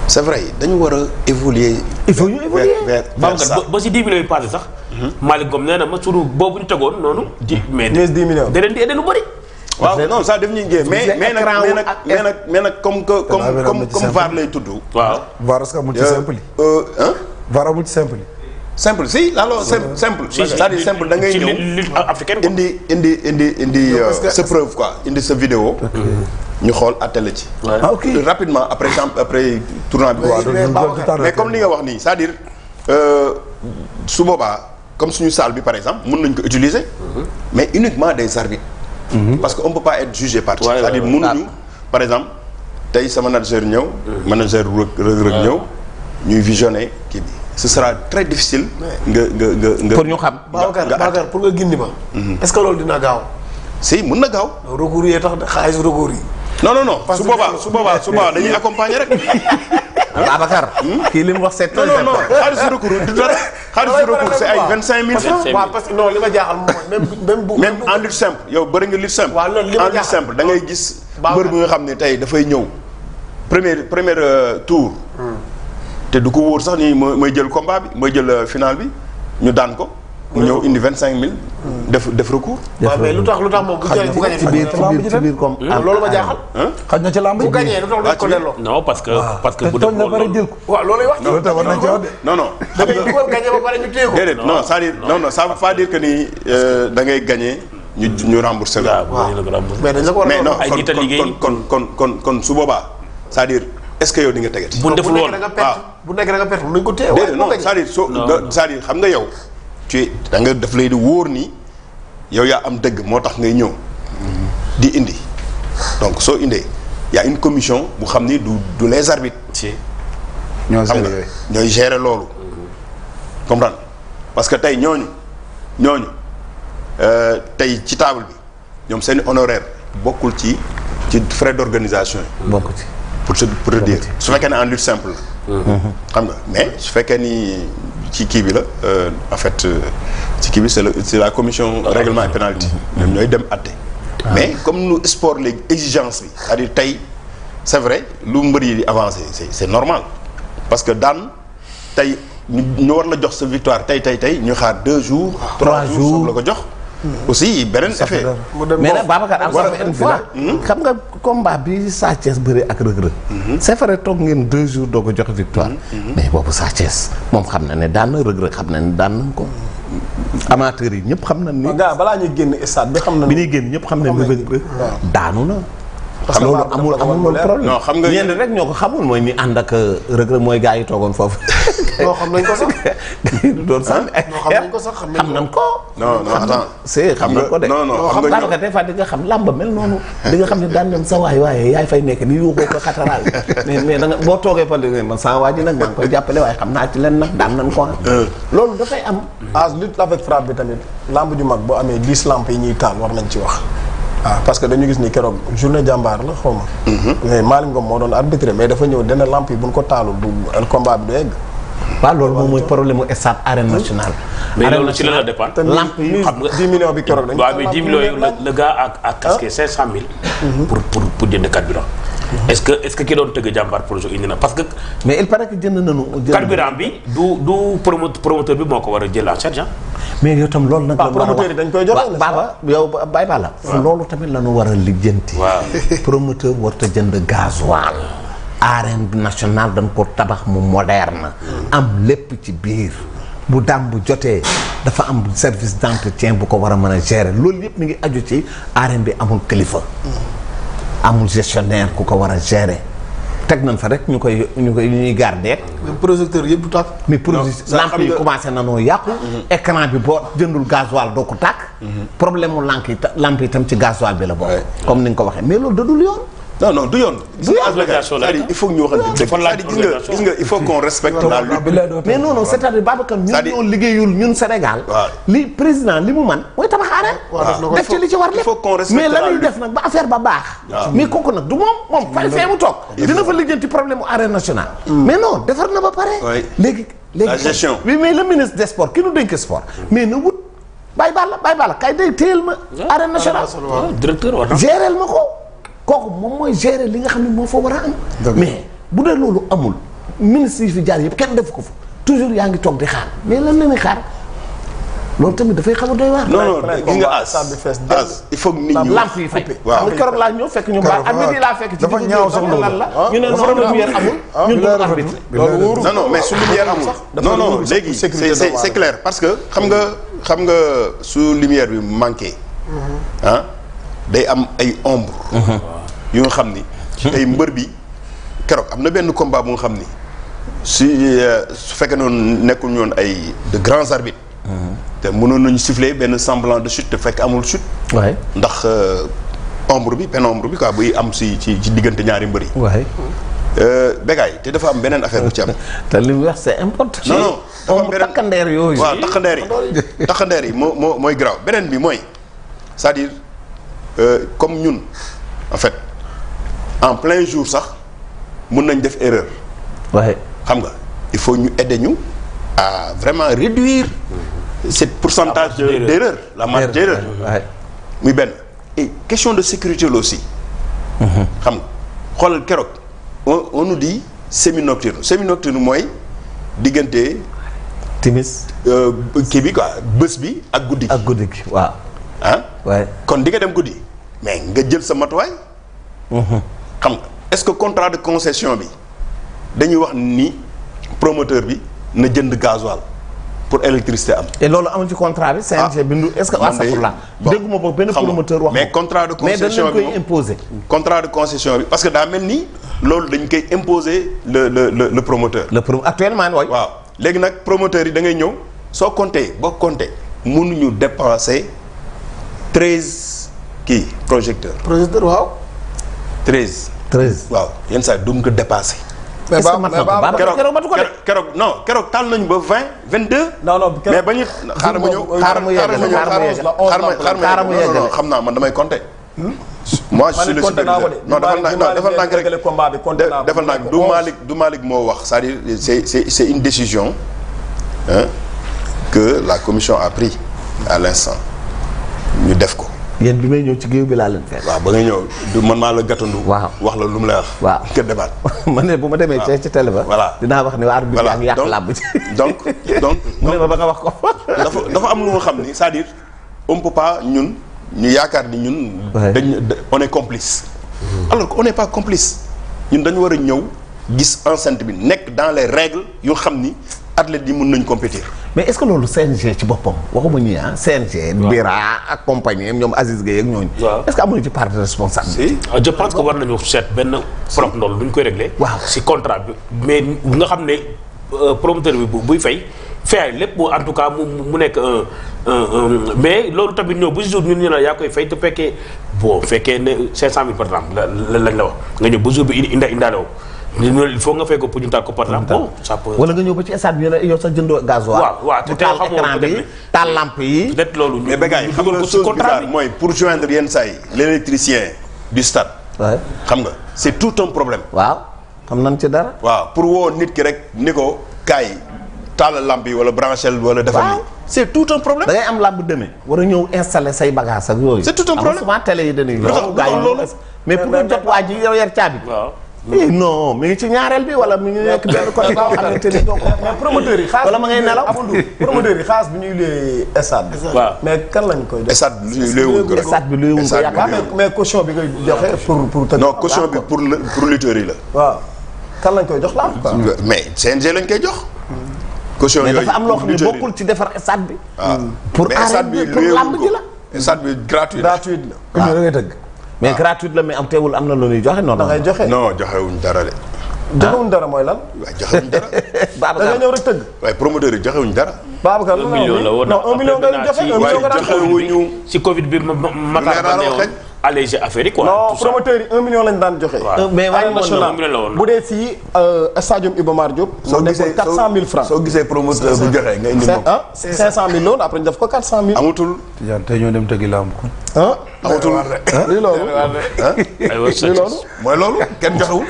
[SPEAKER 1] c'est vrai dañu war a évoluer. il faut ñu évoluer vers vers ça ba si début lay passé sax. Mhm. Malick Ngom nee na ma sunu boobu ñu tegoon noonu. di mais de 10 millions da leen di aidé lu bëri. waaw non ça def ñu géej mais mais nag mais nag mais nag comme que comme comme comme VAR lay tudd. waaw VAR est-ce que amul ci euh, simple yi. Euh, VAR amul ci simple yi. simple si alors simple simple. c'est-à-dire simple da ngay ñëw africaine indi indi indi indi euh, sa preuve quoi indi sa vidéo. ñu xool attale ci. Ah, rapidement après après tournant bi. mais comme li nga wax nii c'est-à-dire su boobaa. comme suñu salle bi par exemple mën nañ ko utiliser. Mhm. mais uniquement des arbitres. Mhm. parce que on peut pas être jugé parti. waaw c'est-à-dire mënuñu par exemple tey sa manager ñëw. Mhm. manager Reug Reug ñëw. ñuy visionner kii bi ce sera très difficile. nga nga nga nga. pour ñu xam Babacar pour nga gindi ma. est que loolu dina gaaw. si mën na gaaw. recours yi tax xaalis recours yi. no non non su boobaa su boobaa su boobaa dañuy accompagner rek. Babacar. Hmm? kii li mu wax c'est très important xaalis recours du dara xaalis recours c'est ay vingt cinq mille francs waaw parce que non li ma jaaxal mooy même bu même en lutte simple yow bëri nga lutte simple. waaw loolu li ma jaaxal gis. mbër bu nga xam ne tey dafay ñëw premier premier euh, tour. Hmm. te du ko wóor sax ni mooy jël combat bi mooy jël euh, final bi ñu daan ko. mu ñëw indi vingt cinq mille. def def recours. waaw mais lu tax lu tax moom bu gañee ci biir hmm? lu tax ko parce que parce que bu dee loolu waaw nga ko ñu téye ko. déedéet non ko war a non kon kon kon kon nga tegati. bu deful ah. nekk da nga perte bu ko téye. waaye déedéet non soo cest à xam nga yow tu da nga daf lay di wóor nii yow yaa am dëgg moo tax ngay ñëw. di indi donc soo indee y a une commission bu xam ni du du les arbitres. ci ñoo gérer ñooy gérer loolu. comprendre parce que tey ñooñu ñooñu euh, tey ci taable bi ñoom seen honoraire bokkul ci ci frais d'organisation yi. bokkul ci pour te su fekkee ne en lutte simple la. Mm-hmm. xam nga mais su fekkee ni. ci kii bi la euh, en fait euh, ci kii bi c'est la la commission réglement et pénalité ñoom ñooy dem àtte ah. mais comme nu sport léegi exigence bi cest tey c'est vrai lu mbër yi di avancé c'est c'est normal parce que daan tey ñu war la jox sa victoire tey tey tey ñu xaar deux jours trois jours la ko jox Mm-hmm. aussi beneen effet. mais nag Babacar am sax une fois. Hmm? xam nga combat bi Sa Thiès bëri ak Reug Reug. Mm-hmm. toog ngeen deux jours doo ko jox victoire. Mm-hmm. mais boobu Sa Thiès moom xam na ne daan na Reug xam na ne daan nañ ko. amateurs yi ñëpp xam na ni. balaa ñuy génn stade bi xam nañ. bi ñuy génn ñëpp xam na ne Reug Reug daanu na. parce que loolu amul amul woon problème. non xam nga ñenn rek ñoo ko xamul mooy ñi ànd ak Reug mooy gaa yi toogoon foofu. non xam nañ ko sax. doon sànni ay xam eh, nañ ko. non non attends c'est xam nañ ko de. non non xam nga des fois di nga xam làmb mel noonu. di nga xam ne daan dem waaye yaay fay nekk di yuuxoo ko xataraal mais mais nga boo toogee fa ne man saa waay ji nag koy jàppale waaye xam naa ci leen nag daan nañ ko euh. loolu dafay am. as lutte avec frappe bi tamit làmb ju mag boo amee dix lampes yi ñuy taal war nañ ci wax. ah parce que dañu gis ni keroog journée jàmbaar la xaw ma. Mhm. mais Malick moo doon arbitré mais dafa ñëw dana lamp yi bu ñu ko taalul du combat bi du waaw loolu moom mooy problème mu stade arène nationale. mais loolu ci la la dépendre. lamp yi xam nga 10 millions ah. mhm. pour pour pour jënd carburant. Mhm. est-ce que est-ce que ki doon tëgg jàmbaar projet indi na parce que. mais il paraît que jënd nañu. carburant bi du promoteur bi moo ko war a jël en charge mais yow tam loolu nag. la promoteur yi dañ koy joxe la baaba loolu tamit la ñu war a lijjanti. waaw promoteur warut a jënd gasoil. arène nationale dañ ko tabax mu moderne am lépp ci biir bu dam bu jotee dafa am service tien bu ko war a mën a gérer loolu yëpp mi ngi aju ci arène bi amul kilifa amul gestionnaire ku ko war a gérer teg nan fa rek ñu koy ñu koy ñuy garder. même projecteur yëpp du tàkk. mais projecteur lamp yi commencé nanoo yàqu. Mhm. écran bi boo jëndul gasoil doo ko tàkk. Mhm. problème mu lamp yi tam ci gasoil bi la boo comme ni nga ko waxee mais loolu da dul yoon. non non du yoon. du yoon c'est-à-dire il faut que ñu waxante dëgg. c'est-à-dire gis nga gis nga il faut qu'on respecte la lutte. mais non non c'est-à-dire Babacar ñun ñoo liggéeyul ñun Sénégal. li président li mu man mooy tabax arène. def ci li ci war lépp mais la ñuy def nag ba affaire ba baax. mais kooku nag du moom moom mm. fay fee mu toog. dina fa lijjanti problème mu arène nationale. Mm. mais non defar na ba pare. léegi léegi la gestion. oui mais le ministre des sports ki nu dénk sport mm. mais na wut bàyyi bàll bàyyi bàll kay day téyel ma. arène nationale ah, directeur war na géreel ma ko kooku moom mooy gérer li nga xam ne moo fa war a am. mais bu dee loolu amul ministre yi fi jaar yëpp kenn def ko fa toujours yaa ngi toog di xaar mais lan la ñuy xaar loolu tamit dafay a doy waar. non non gis nga as as il faut nit ñi lamp yi fay. waaw keroog laa ñëw fekk ñu mbaa la ah. ñu ne noonu lumière amul. Ah. ñu dugg arbitre loolu wóorul non non mais que xam nga xam nga su lumière bi manqué mm-hmm. ah, day am ay ombre uh-huh. yu nga xam ni ay mbër bi keroog am na benn combat bu nga xam ni si euh, su fekkee noonu nekkul ñoon ay de grands arbitres uh-huh. te mënoon nañu siffler benn semblant de chute te fekk amul chute ndax euh, ombre bi pénombre bi quoi buy am si ci ci diggante ñaari mbër yi euh, Bégaay te dafa am beneen affaire bu ci am. te li mu wax c'est important. non dafa beneen yooyu. waaw takkandeer moo mooy garaaw beneen bi mooy cest à Euh, comme ñun en fait en plein jour sax mën nañ def erreur. waaye xam nga il faut ñu aider ñu vraiment réduire. cette pourcentage d'erreur la marge d'erreur muy benn et question de sécurité la aussi mhm. xam nga xoolal keroog on nous dit semi mooy diggante timis euh, kii bi quoi bés bi ak guddi gi ak guddi gi waaw ah waaye kon di nga dem guddi mais nga jël sa matuwaay mhm. xam nga est-ce que contrat de concession bi dañuy wax ni promoteur bi na jënd gasoil pour électricité am. te loolu amul ci contrat bi. Ah, CNG bindu est-ce que astafurlah. dégguma boog benn promoteur wax mais contrat de concession bi mais dañ koy imposer. contrat de concession bi parce que daa mel ni loolu dañ koy imposer le le le le promoteur. le pro actuellement waay. waaw léegi nag promoteur yi da ngay ñëw soo compter boo compter mënuñu dépasser. treize kii projecteur projecteur waaw. treize. treize waaw yenn saa yi du nga ko dépassé.
[SPEAKER 2] mais ba ma keroog
[SPEAKER 1] keroog non keroog taal nañu ba vingt vingt deux. non non mais ba ñu. xaaral ma ñëw xaaral ma ñëw xaaral ma ñëw xam naa man damay compter. Hmm? moi je suis le superviseur non defal naa defal naa rek defal naa du Malick du Malick moo wax c'est-à-dire c'est c'est c'est une décision hein, que la commission a pris à l'instant ñu def ko. yéen bi may ñëw ci géew bi laa leen fekk. waaw ba nga ñëw du man maa la gàttandu. waaw wax la lu mu la wax. waaw nga débat. man ne bu ma demee ca ca télé ba. voilà dinaa wax ne waa arbitre bi ak yàq làmb ji. donc donc mu ne ma ba nga wax ko. dafa dafa am lu nga xam ni c'est-à-dire on peut ñun ñu yaakaar ni ñun. dañ on est complice. Mm-hmm. alors que on n'est pas complice ñun dañu war a ñëw gis enceinte bi nekk dans les règles yu xam ni athlètes yi mun nañ compétir. mais est-ce que loolu CNG ci boppam waxuma nii ah. CNG. waaw compagnie ñoom Aziz Gueye ak ñooñu. est-ce que amuñu ci part de responsabilité. Ah, je pense que war nañu seet benn problème loolu bu koy réglé. waaw si contrat bi mais nga xam ne euh, promoteur bi buy fay. fay lépp en tout cas mu mu nekk mais loolu tamit ñëw bu jour ñun ñu la yaa koy fay te fekkee bon fekkee ne 500000 par exemple la lañ la wax nga ñëw bu jour bi inda indaale woo. mais loolu il faut nga fay pour ñu taal nga ñëw ba ci tout un problème. waaw xam nañ ci dara. waaw pour woo nit ki rek ni ko kaay taal lampe yi wala branchel wala defal lii. c'est tout un problème da am lampe demee. war a ñëw installer say bagages ak yooyu. c'est tout un problème am mais pour nga jot waa ji yar caabi. eh non mi ngi ci ñaareel bi wala mi ngi nekk benn côté boo xamante ni promoteur yi xaas wala ma ngay nelaw promoteur yi xaas bi ñuy luy stade bi mais kan lañ koy ko stade bi luyeewuñ ko yaakaar mais caution bi ngay joxe pour pour tëgg non caution yi la waaw kan lañ koy jox la mais CNG lañ koy jox caution yooyu dafa am loo xam ne ci defar stade bi ah. pour arène bi pour lamb ji la stade bi gratuit gratuit la da mais gratuite la mais am teewul am na lu ñuy joxe noonu. da ngay joxe non joxewuñ dara de. joxewuñ dara mooy lan. waaye joxewuñ dara. Babacar da nga ñëw rek yi joxewuñ dara. Babacar lu ma la woon non un million nga ñu joxe un million nga daan joxe. waaye joxewuñu si Covid bi ma ma ma alléger affaire yi quoi. non daan joxe. mais waaye national bu dee si euh, stadium Iba Mar Diop. soo gisee soo 400000 francs soo gisee promoteur bu joxe nga indi def ko 400000. amatul. yan tey ñoo dem tëggi làmb. ah amatul li loolu. li loolu. mooy loolu kenn joxewul.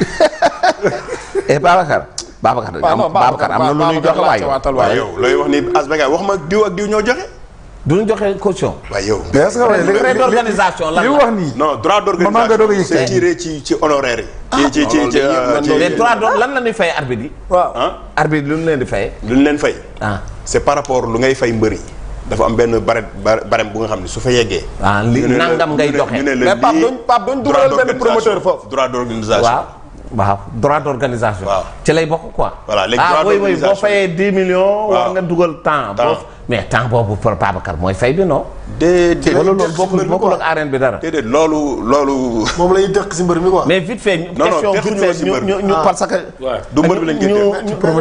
[SPEAKER 1] et eh, Babacar. Babacar am Babacar am na lu ñuy joxe waaye. waaw yow looy wax ni Asbega wax ma diw ak diw ñoo joxe. du ñu joxe caution. waaye yow mais est-ce que frais d'organisation lan la li wax nii. non droit d'organisation c'est tiré ci ci honoraire yi. ci ci ah, ci mais droit d'or lan la ñuy fay arbitre yi. waaw arbitre lu ñu leen di fay. lu ñu leen fay. ah c'est par rapport lu ngay fay mbër yi. dafa am benn bare barem bu nga xam ne su fa yeggee. Ah, li nangam ngay joxe ñu ne la mais Pape benn promoteur foofu. droit d'organisation waaw. waaw droit d'organisation. ci lay bokk quoi. voilà léegi ah, droit d'organisation ah boo fayee 10 millions. war nga dugal temps. mais temps boobu pour mooy fay bi non. déedéet wala loolu bokkul bokkul ak arène bi dara. déedéet loolu loolu. moom la ñuy dëkk si mbër mi quoi. mais vite fait. non non question ñu ah. parce que. du mbër bi lañ koy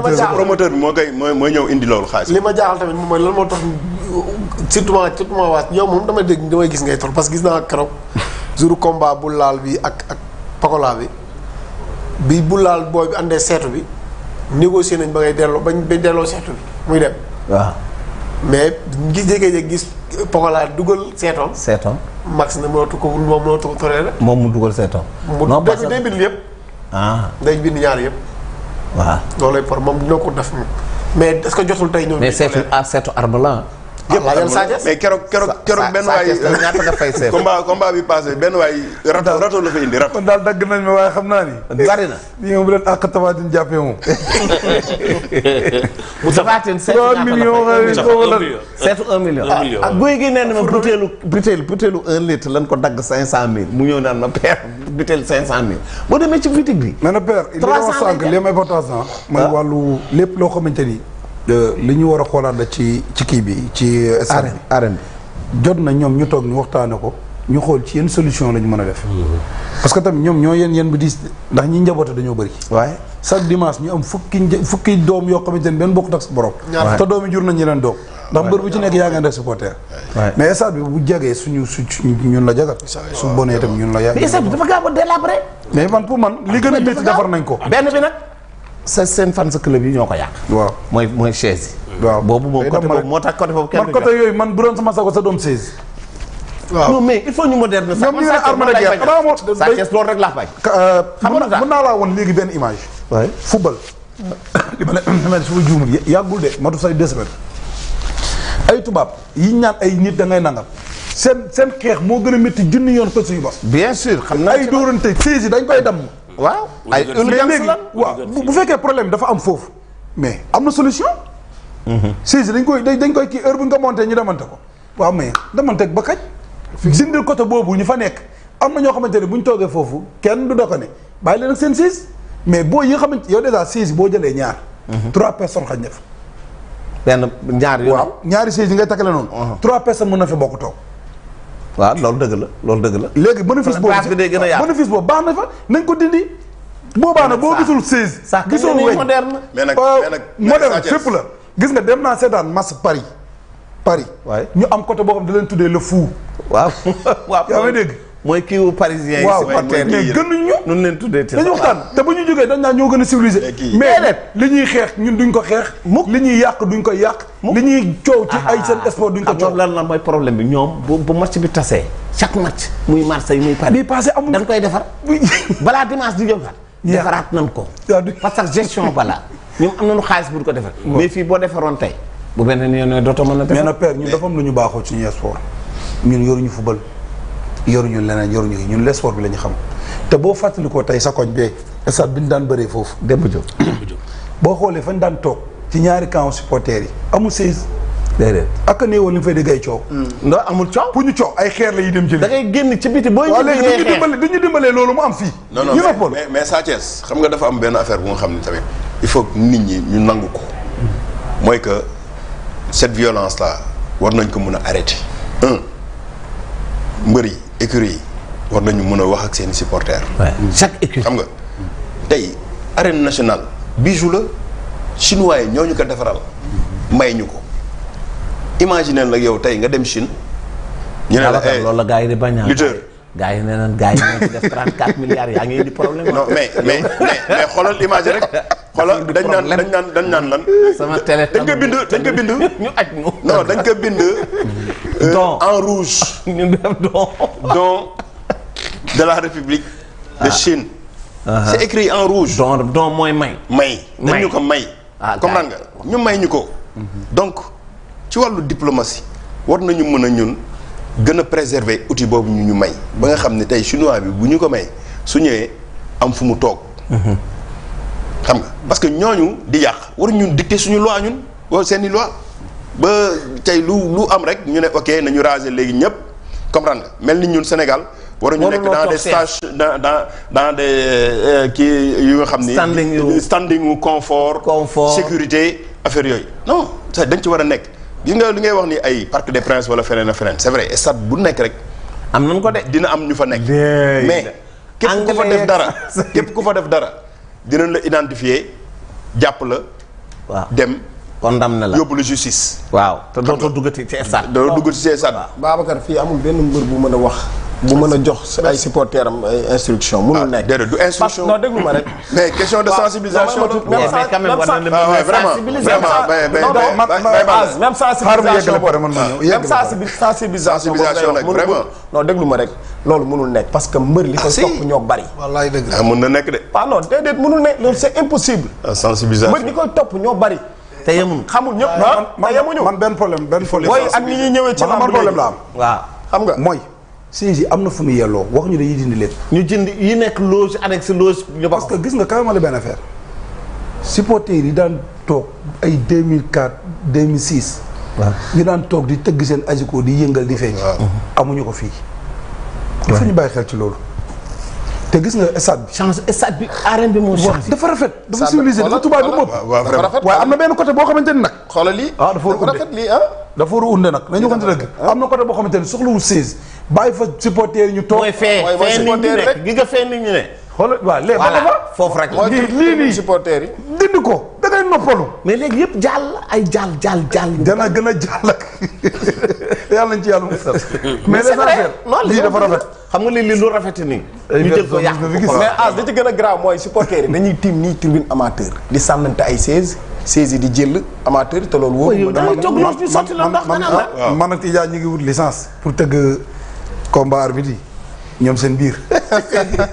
[SPEAKER 1] moo koy mooy ñëw indi loolu li ma jaaxal tamit moom mooy lan moo tax surtout surtout ma waat yow moom damay dégg damay gis ngay tol parce que gis naa keroog jour combat bu laal bi ak ak pakola bi bi bulaal booy bi àndee seetu bi négocier nañ ba ngay delloo bañ ba delloo seetu bi muy dem. waaw mais ngi jékki-jékki gis Pokola dugal seetoon seetoom max na mënatu ko moom mënatu ko toléré. moom mu dugal seetoom. non parce que day bind yëpp. ah day bind ñaar yëpp. waa loolu lay por moom dina ko def mais est-ce que jotul tey ñoom. mais seetu ah seetu arbre la yëpp ah, la mais keroog keroog keroog benn waay ñaata nga fay seet combat combat bi passé benn waay rato la fa indi rato man daal dagg nañ ma waaye xam naa ni bari na ñi moom bu leen àq tabaatin jàppee moom mu tabaatin seetu un million seetu un million ak ah, ah, guy gi nee na lañ ko dagg cinq cent mille mu ñëw naan ma père butéel cinq cent mille boo demee ci boutique bi mais na père li ma wax sànq li am importance man wàllu lépp loo xamante ni Euh, li ñu war a xoolaat la ci ci kii bi ci. Euh, arène arène bi jot na ñoom ñu toog ñu waxtaane ko ñu xool ci yenn solution la ñu mën a def. Mhm. parce que tam ñoom ñoo yéen yéen bu diis ndax ñi njaboote dañoo bëri. waaye chaque dimanche ñu am fukki fukki doom yoo xamante ne benn bokkut ak sa borom. te doom yi jur nañ leen doom. ndax mbër ci nekk yaa ngeen def supporter mais estade bi bu jagee ñu su ñun la jagal su bonee tam ñun la. yaa mais estade bi dafa gaaw a mais man pour man li gën a métti defar nañ ko benn sa seen fans club yi ñoo ko yàq. waaw mooy mooy chaise yi. waaw boobu moom moo tax côté boobu kenn man côté yooyu man bu doon sama sago sa doom chaise. waaw non ñu moderniser. sax man saa kees loolu rek laa bañ. Euh, xam nga mën naa laa woon léegi benn image. waay football. li ma ne li ma ne su ma juumul yàggul de say deux semaines. ay tubaab yi ñaan ay nit da nangam. seen seen xeex moo gën a métti junni yoon ko suñu bopp. bien sûr xam nga ay dóorante chaise yi dañ koy dam waaw ay léegi waaw bu fekkee problème dafa am foofu mais am na solution saisi mm-hmm. dañ koy dañ koy kii heure bu ñu ko monté ñu demante ko waaw mais demante ba kañ sindil côté boobu ñu fa nekk am na ñoo xamante ne bu ñu toogee foofu kenn du doka ne bàyyi leen ak seen siis mais boo yi nga xamante yow dèjà siis boo jëlee ñaar mm-hmm. trois personnes xañ ne benn ñaar waaw ñaari siis yi ngay takkale noonu uh-huh. trois personnes mën na fi bokk toog waaw loolu dëgg la loolu dëgg la. léegi bénéfice boobu place bi day gën a yaatu bénéfice boobu baax na fa nañ ko dindi. boobaa nag boo gisul 16. sax gisul weñ moderne. mais nag euh, moderne fépp la. gis nga dem naa seetaan masse Paris. Paris ñu am côté boo xam ne da la tuddee le fou. waaw waaw yaa ngi dégg. mooy kiiwu parisien yi supporter yi gënuñu ñu leen tuddee dañu waxtaan te bu ñu jógee dañ naan ñoo gën a civilisé mais li ñuy xeex ñun duñ ko xeex mukk li ñuy yàq duñ ko yàq li ñuy coow ci ah, ay seen sport duñ ko ah, coow lan la mooy problème bi ñoom bu bu match bi tasee chaque match muy Marseille muy Paris bi passé amul dañ koy defar balaa dimanche di jëm fat nañ ko parce que bala ñoom am nañu xaalis bu ko defar mais fii boo defaroon tey bu beneen yoon dootoo mën a defar mais na père ñun dafa am ñu baaxoo ci ñu sport ñun yoruñu football yoruñu leneen yoruñu yi ñun sport bi la xam te boo fàttalikoo tey sa koñ bee stade bi ñu daan bëree foofu démb jóg boo xoolee fañ daan toog ci ñaari camp supporters yi amul siis déedéet ak a néewoon li nga fay dégg ay coow. Mm. ndax amul coow pour ñu coow ay xeer la yi dem jëli. da ay génn ci biti booy. ñu léegi duñu duñu dimbale loolu mu am fii. non non mais mais xam nga dafa am benn affaire bu nga xam ne tamit il faut nit ñi ñu nangu ko mooy que cette war nañ ko mën a arrêter. mbër yi écurie yi war nañu mun a wax ak seen i chaque écurie xam nga tey arène nationale bijou la chinois yi ñoo ñu ko defaral may ñu ko imaginer la yow tey nga dem Chine. ñu ne la eh, loolu la gars yi di bañ lutteur. gaa yi nee naan gaa yi ñoo ci def 34 milliards yaa ngi indi problème. non mais mais mais xoolal image rek. xoolal dañ naan dañ naan dañ naan lan. sama télé dañ ko bind dañ ko bind. ñu aj dañ ko bind. Euh, en rouge. ñu def don. de la République. de ah. Chine. Uh-huh. c'est écrit en rouge. don don mooy may. may dañ ko may. ah comprendre nga ñu may ñu ko. Mm-hmm. donc ci wàllu diplomatie war nañu mën a ñun. gën a préserver outil boobu ñu ñu may ba nga xam ne tey chinois bi bu ñu ko may su ñëwee am fu mu toog mhm. xam nga parce que ñooñu di yàq waru ñun dicter suñu loi ñun wala seeni loi ba tey lu lu am rek ñu ne ok nañu raser léegi ñëpp comme nga mel ni ñun Sénégal waruñu nekk dans des stages dans dans dans des euh, kii yu nga xam ni standing wu confort confort sécurité affaire yooyu non dañ ci war a nekk gis li ngay wax ni ay Parc de Princes wala feneen a feneen c'est vrai stade bu nekk rek. am nañu ko de dina am ñu fa nekk. mais képp ku fa def dara képp ku fa def dara dinañ la identifier jàpp la. waaw dem. condamné la yóbbu la justice. waaw te dootoo duggati ci stade. dootoo duggati ci stade. Babacar fii amul benn mbër bu mën a wax. bu mën a jox ay supporters am ay instruction mënul ah, nekk déedéet du instruction non déglu ma rek. mais question de sensibilisation. mais quand même déglu ma rek loolu mënul nekk parce que mbër li ko ah, topp ñoo bari. wallaay ah, na nekk de. ah nekk loolu c'est impossible. sensibilisation mbër li koy topp ñoo bari. te yemuñu xamul ñëpp. te yemuñu man benn problème benn problème. ak ni ñëwee ci problème la am waaw xam nga siège yi am na fu mu yelloo wax ñu dañuy dindi lépp. ñu jënd yi nekk loge annexe loge. ñu parce que gis nga quand même la benn affaire supporters yi daan toog ay 2004 2006. waaw ñu daan toog di tëgg seen asiko di yëngal di fecc amuñu ko fii. waaw dafa ñu bàyyi xel ci loolu. te gis nga stade bi. change stade bi arène bi moo changé. dafa rafet dafa civilisé dafa tubaab ba mopp. waaye am na benn côté boo xamante ni nag. xoolal lii ah, dafa rafet ah. unde nag nañu waxante dëgg. Ah. am na côté boo xamante ni soxlawul 16. bàyyi fa supporter ñu toog. mooy fee fee nit ne gi nga fee nit ñi ne. xoolal foofu rek lii lii nii supporter yi dindi ko da ngay noppalu. mais léegi yëpp jàll ay jàll jàll jàll. dana gën a jàll ak te ci yàlla mais l'essentiel lii dafa rafet. xam nga lii lu rafet nii. ñu jël ko yàq mais as da ci gën a grave mooy supporters yi dañuy tiim nii tribune amateur. di sànnante ay 16 16 yi di jël amateur te loolu. wóorul ma man ah, man ak Tidjane ñu ngi wut licence. pour tëgg combat arbitre yi ñoom seen biir.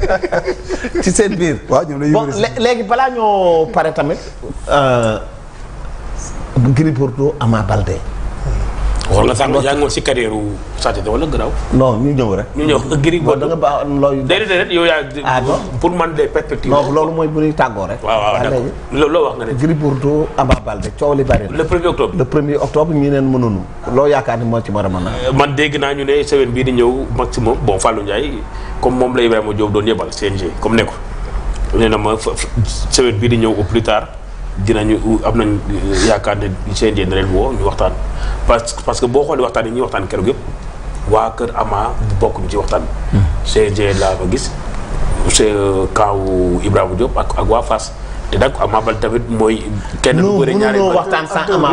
[SPEAKER 1] ci seen biir. waaw ñoom lay bon léegi balaa ñoo pare tamit. Euh, Gris Bordeaux Ama
[SPEAKER 2] war nga sànq yaa ngi
[SPEAKER 1] woon si carrière wu Sathié wala garaaw. non ñu ñëw rek. ñu ñëw Gris Bordeaux da nga baax looy. déedéet déedéet yow yaa ah pour man des perspectives. non loolu mooy bu ñuy tàggoo rek. waaw waaw ah, d'accord loolu wax nga ne. Gris Bordeaux Ama Baldé coow li bari na. le premier octobre le premier octobre ñu neen mënoonu. loo yaakaar ni moo ci war a mën a. Euh, man dégg naa ñu ne semaine bii di ñëw maximum bon Fallou Ndiaye comme moom la Ibrahima Diop doon yebal CNG comme ne ko nee na ma semaine bii di ñëw au plus ñu am nañ yaakaar ne CNG dina leen woo ñu waxtaan parce parce que boo xoolee waxtaan yi ñuy waxtaan keroog yëpp waa kër Ama bokkuñ ci waxtaan bi. Hmm. CNG laa fa gis c'est kawu Ibrahima Diop ak ak waa Fass te nag Ama Baldé tamit mooy. kenn lu bëre ñaare bëri waxtaan sans Ama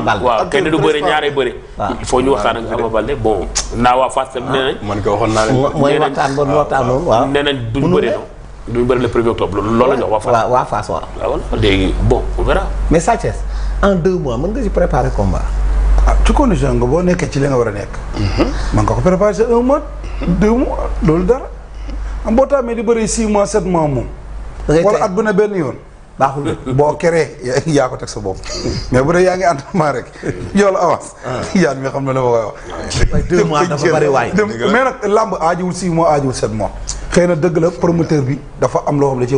[SPEAKER 1] bëre ñaare il faut ñu waxtaan ak Ama Baldé bon naa waa Fass tamit nee nañ. Ah, man ko waxoon naa leen. mooy waxtaan ba waxtaan moom waaw nee noonu. du bëri le premier octobre loolu la ñu wax. Ah, sa en deux mois ma nga ci préparer ba a ah, ci condition nga boo nekkee ci li nga war a nekk. ma mhm. nga ko préparer c'est un mois. deux mois loolu dara. am ah, boo mee di bëri six mois sept mois moom. wala at bu ne benn yoon. baaxul boo keree yaa ko teg sa bopp mais bu dee yaa ngi entraînement rek yow avance. yaan mi xam na la ma koy wax. deux nag làmb aajuwul six mois aajuwul sept mois. xëy na dëgg la promoteur bi dafa am loo xam ne ci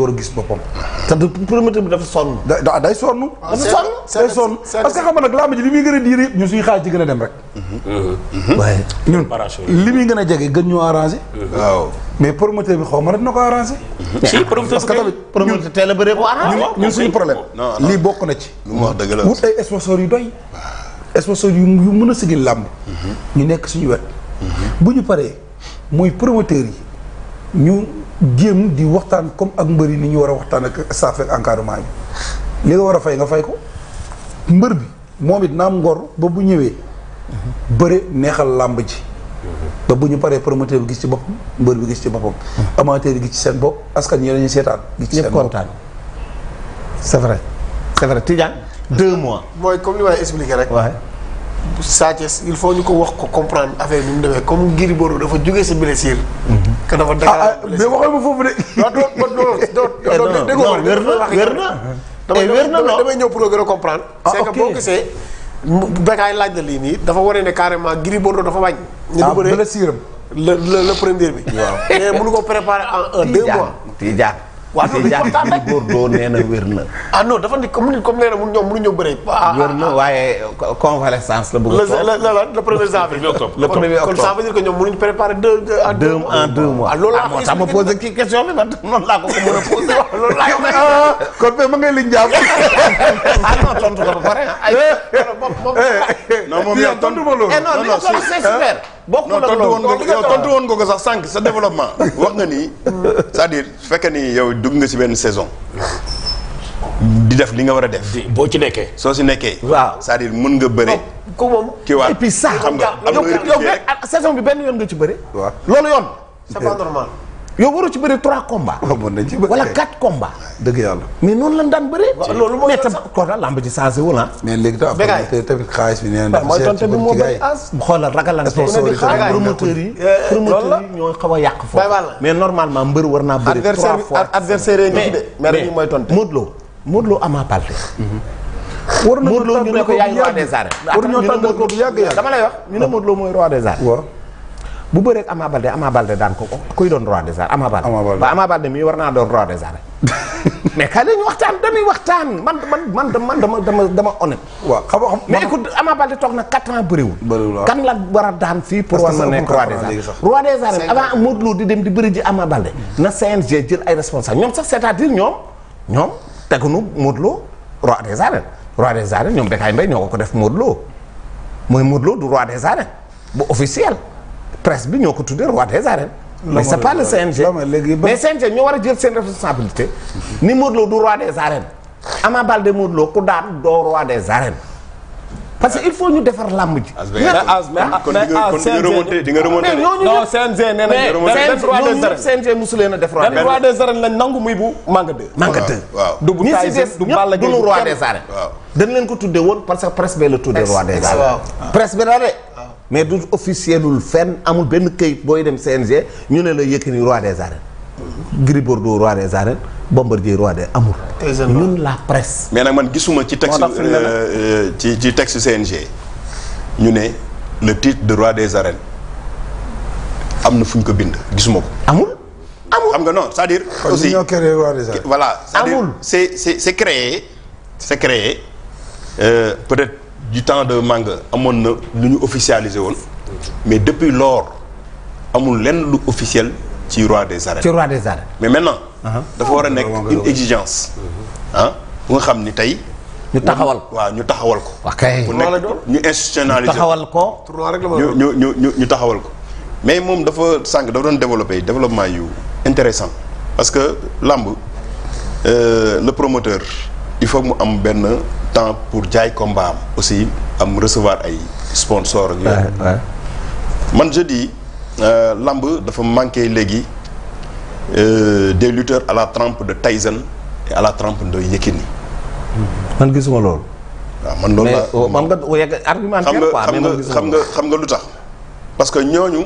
[SPEAKER 1] te promoteur bi dafa sonn. da day sonn. Ah, ah, dafa que xam nag a diir ñun suñu xaalis ci gën a dem rek. li muy gën a jege gën ñu arrangé. waaw mais promoteur bi xaw ma dina ko arrangé. si promoteur que tamit promoteur teel a bëree ko arrangé ah, ñun suñu problème. lii bokk na ci. lu mu wax dëgg la wut ay sponsor yu doy. sponsor yu yu mën a sigil làmb. Mhm. ñu nekk suñu wet. bu ñu paree mooy promoteur yi ñu jéem di waxtaan comme ak mbër yi ni ñu war a waxtaan ak staff ak encadrement bi li nga war a fay nga fay ko mbër bi moom it naam ngor ba bu ñëwee bëre neexal làmb ji ba bu ñu paree promoteur bu gis ci boppam mbër bi gis ci boppam amateur bi gis ci seen bopp askan ñi lañuy seetaan gis ci seen bopp ñëpp kontaan c'est vrai c'est mois mooy comme li may expliquer rek waaye Sa Thiès il faut ñu ko wax ko comprend affaire bi mu demee comme Gris Bordeaux dafa jóge sa blessure mhm. que dafa ah, Dakar. Ah, mais waxal ma foofu de. non eh, non wér na wér na. Eh, wér na non damay ñëw pour gën a comprendre. ah ok c'est que boo gisee. Bécaye laaj na lii nii dafa waree ne carrément Gris Bordeaux dafa wàññi. ne du bëree le le le premier bi. waaw mais mënu ko préparer en un deux mois. tiijaan waa loolu important rek Bordeaux nee na wér na. ah non dafa ni comme nit comme nee na ñoom mënuñoo bëree. Ah. wér na waaye convalescence la bëgg a la la le premier janvier. le premier octobre kon ça veut dire que ñoom mënuñu préparer deux en deux mois. en deux mois ah, loolu ah, laa moo tax ma posé kii question bi man noonu laa ko ko mën a posé. loolu laa ko mën a kon mais ma ngay liñ jàpp. ah non tontu ko ba pare. Eh, ay non moom eh, eh. tontu ma loolu. non non c'est super. bokkul ak loolu yow tontu woon nga ko sax sànq sa développement wax nga ni c'est-à-dire su ni yow dugg nga si benn saison. di def li nga war a def. boo ci nekkee. soo si nekkee. waaw c'est-à-dire mën nga bëre. ku moom et puis sax xam nga am na ah, saison bi benn yoon nga ci bëre. waaw loolu yoon c'est pas normal. yow waroo ci bëri trois combats. Oh, wala quatre combats. dëgg yàlla. mais noonu la daan bëree. waaw loolu ko daal lamb ci sensé wu la. Ah. mais léegi daa tamit xaalis bi nee na. mooy tontu bi moo bëri as. xoolal ragalante promoteur yi promoteur yi eh, ñoo xaw a yàq foofu. mais normalement mbër war naa bëri. trois fois adversaire yi ñu de. mais mais Modou Lo Modou Lo Ama Baldé. war nañu ñu ne ko yaay roi des arènes. war nañu ñu ne Modou Lo bu yàgg yàgg dama lay wax ñu ne ah. bu bëree ak Ama Balde Ama Balde daan ko ko kuy doon roi des arènes Ama Balde. Ama war naa doon roi des arènes mais kaay la ñu waxtaan dañuy waxtaan man man man dama dama dama honnête. waaw xam nga mais Ama Balde toog na 4 ans bëriwul. bëriwul kan la war a daan fii pour. war na nekk roi des arènes roi des arènes di dem di bëri ji Ama Balde. na jël ay responsable ñoom sax c'est-à-dire ñoom ñoom teguñu Modou Lo roi des arènes roi des arènes ñoom Bécaye Mbaye ñoo ko ko def Modou Lo mooy Modou Lo du roi des arènes bu officiel. presse bi ñoo ko tuddee roi des arènes. mais c'est pas le CNG. mais war a jël seen responsabilité. ni Modou du roi des arènes. Ama Baldé Modou ku daan doo roi des arènes. parce que il faut ñu defar làmb ji. mais di nga remonté non CNG nee na CNG mosu leen def roi des arènes lañ nangu muy bu Manga 2. Manga 2 du bu taay du Balla Gaye du roi des leen ko tuddee woon parce que presse bee la tuddee roi des arènes. mais du officielul fenn amul benn këyit booy dem CNG ñu ne la Yékini roi des arènes. Mhm. Gris Bordeaux roi des arènes Bombardier roi des amul. ñun la presse. mais nag man gisuma ci texte euh, euh, ci ci texte CNG ñu ne le titre de roi des arènes am na fu ñu ko bind gisuma ko. amul amul xam nga non c'est-à-dire. aussi ñoo créé roi des arènes. voilà c'est-à-dire c'est c'est c'est créé c'est euh, être du temps de Manga amoon na lu ñu officialisé woon mais depuis lors amul lenn lu officiel ci roi des arènes. ci roi des arènes. mais maintenant. Uh-huh. dafa war a nekk une exigence. ah bu nga xam ni tey. ñu taxawal waaw ñu taxawal ko. ok ku nekk ñu institutionnaliser taxawal ko. ñu ñu ñu ñu taxawal ko. mais moom dafa sànq dafa doon développé développement yu intéressant parce que làmb euh, promoteur il faut mu am benn. temps pour jaay combat am aussi am recevoir ay sponsor ak yooyu man je dis euh, lamb dafa manqué léegi euh, des lutteurs à la trempe de Tyson et à la trempe de Yékini man gisuma loolu waaw man loolu la oh, man nga argumentaire quoi xam nga xam nga xam nga lu tax parce que ñooñu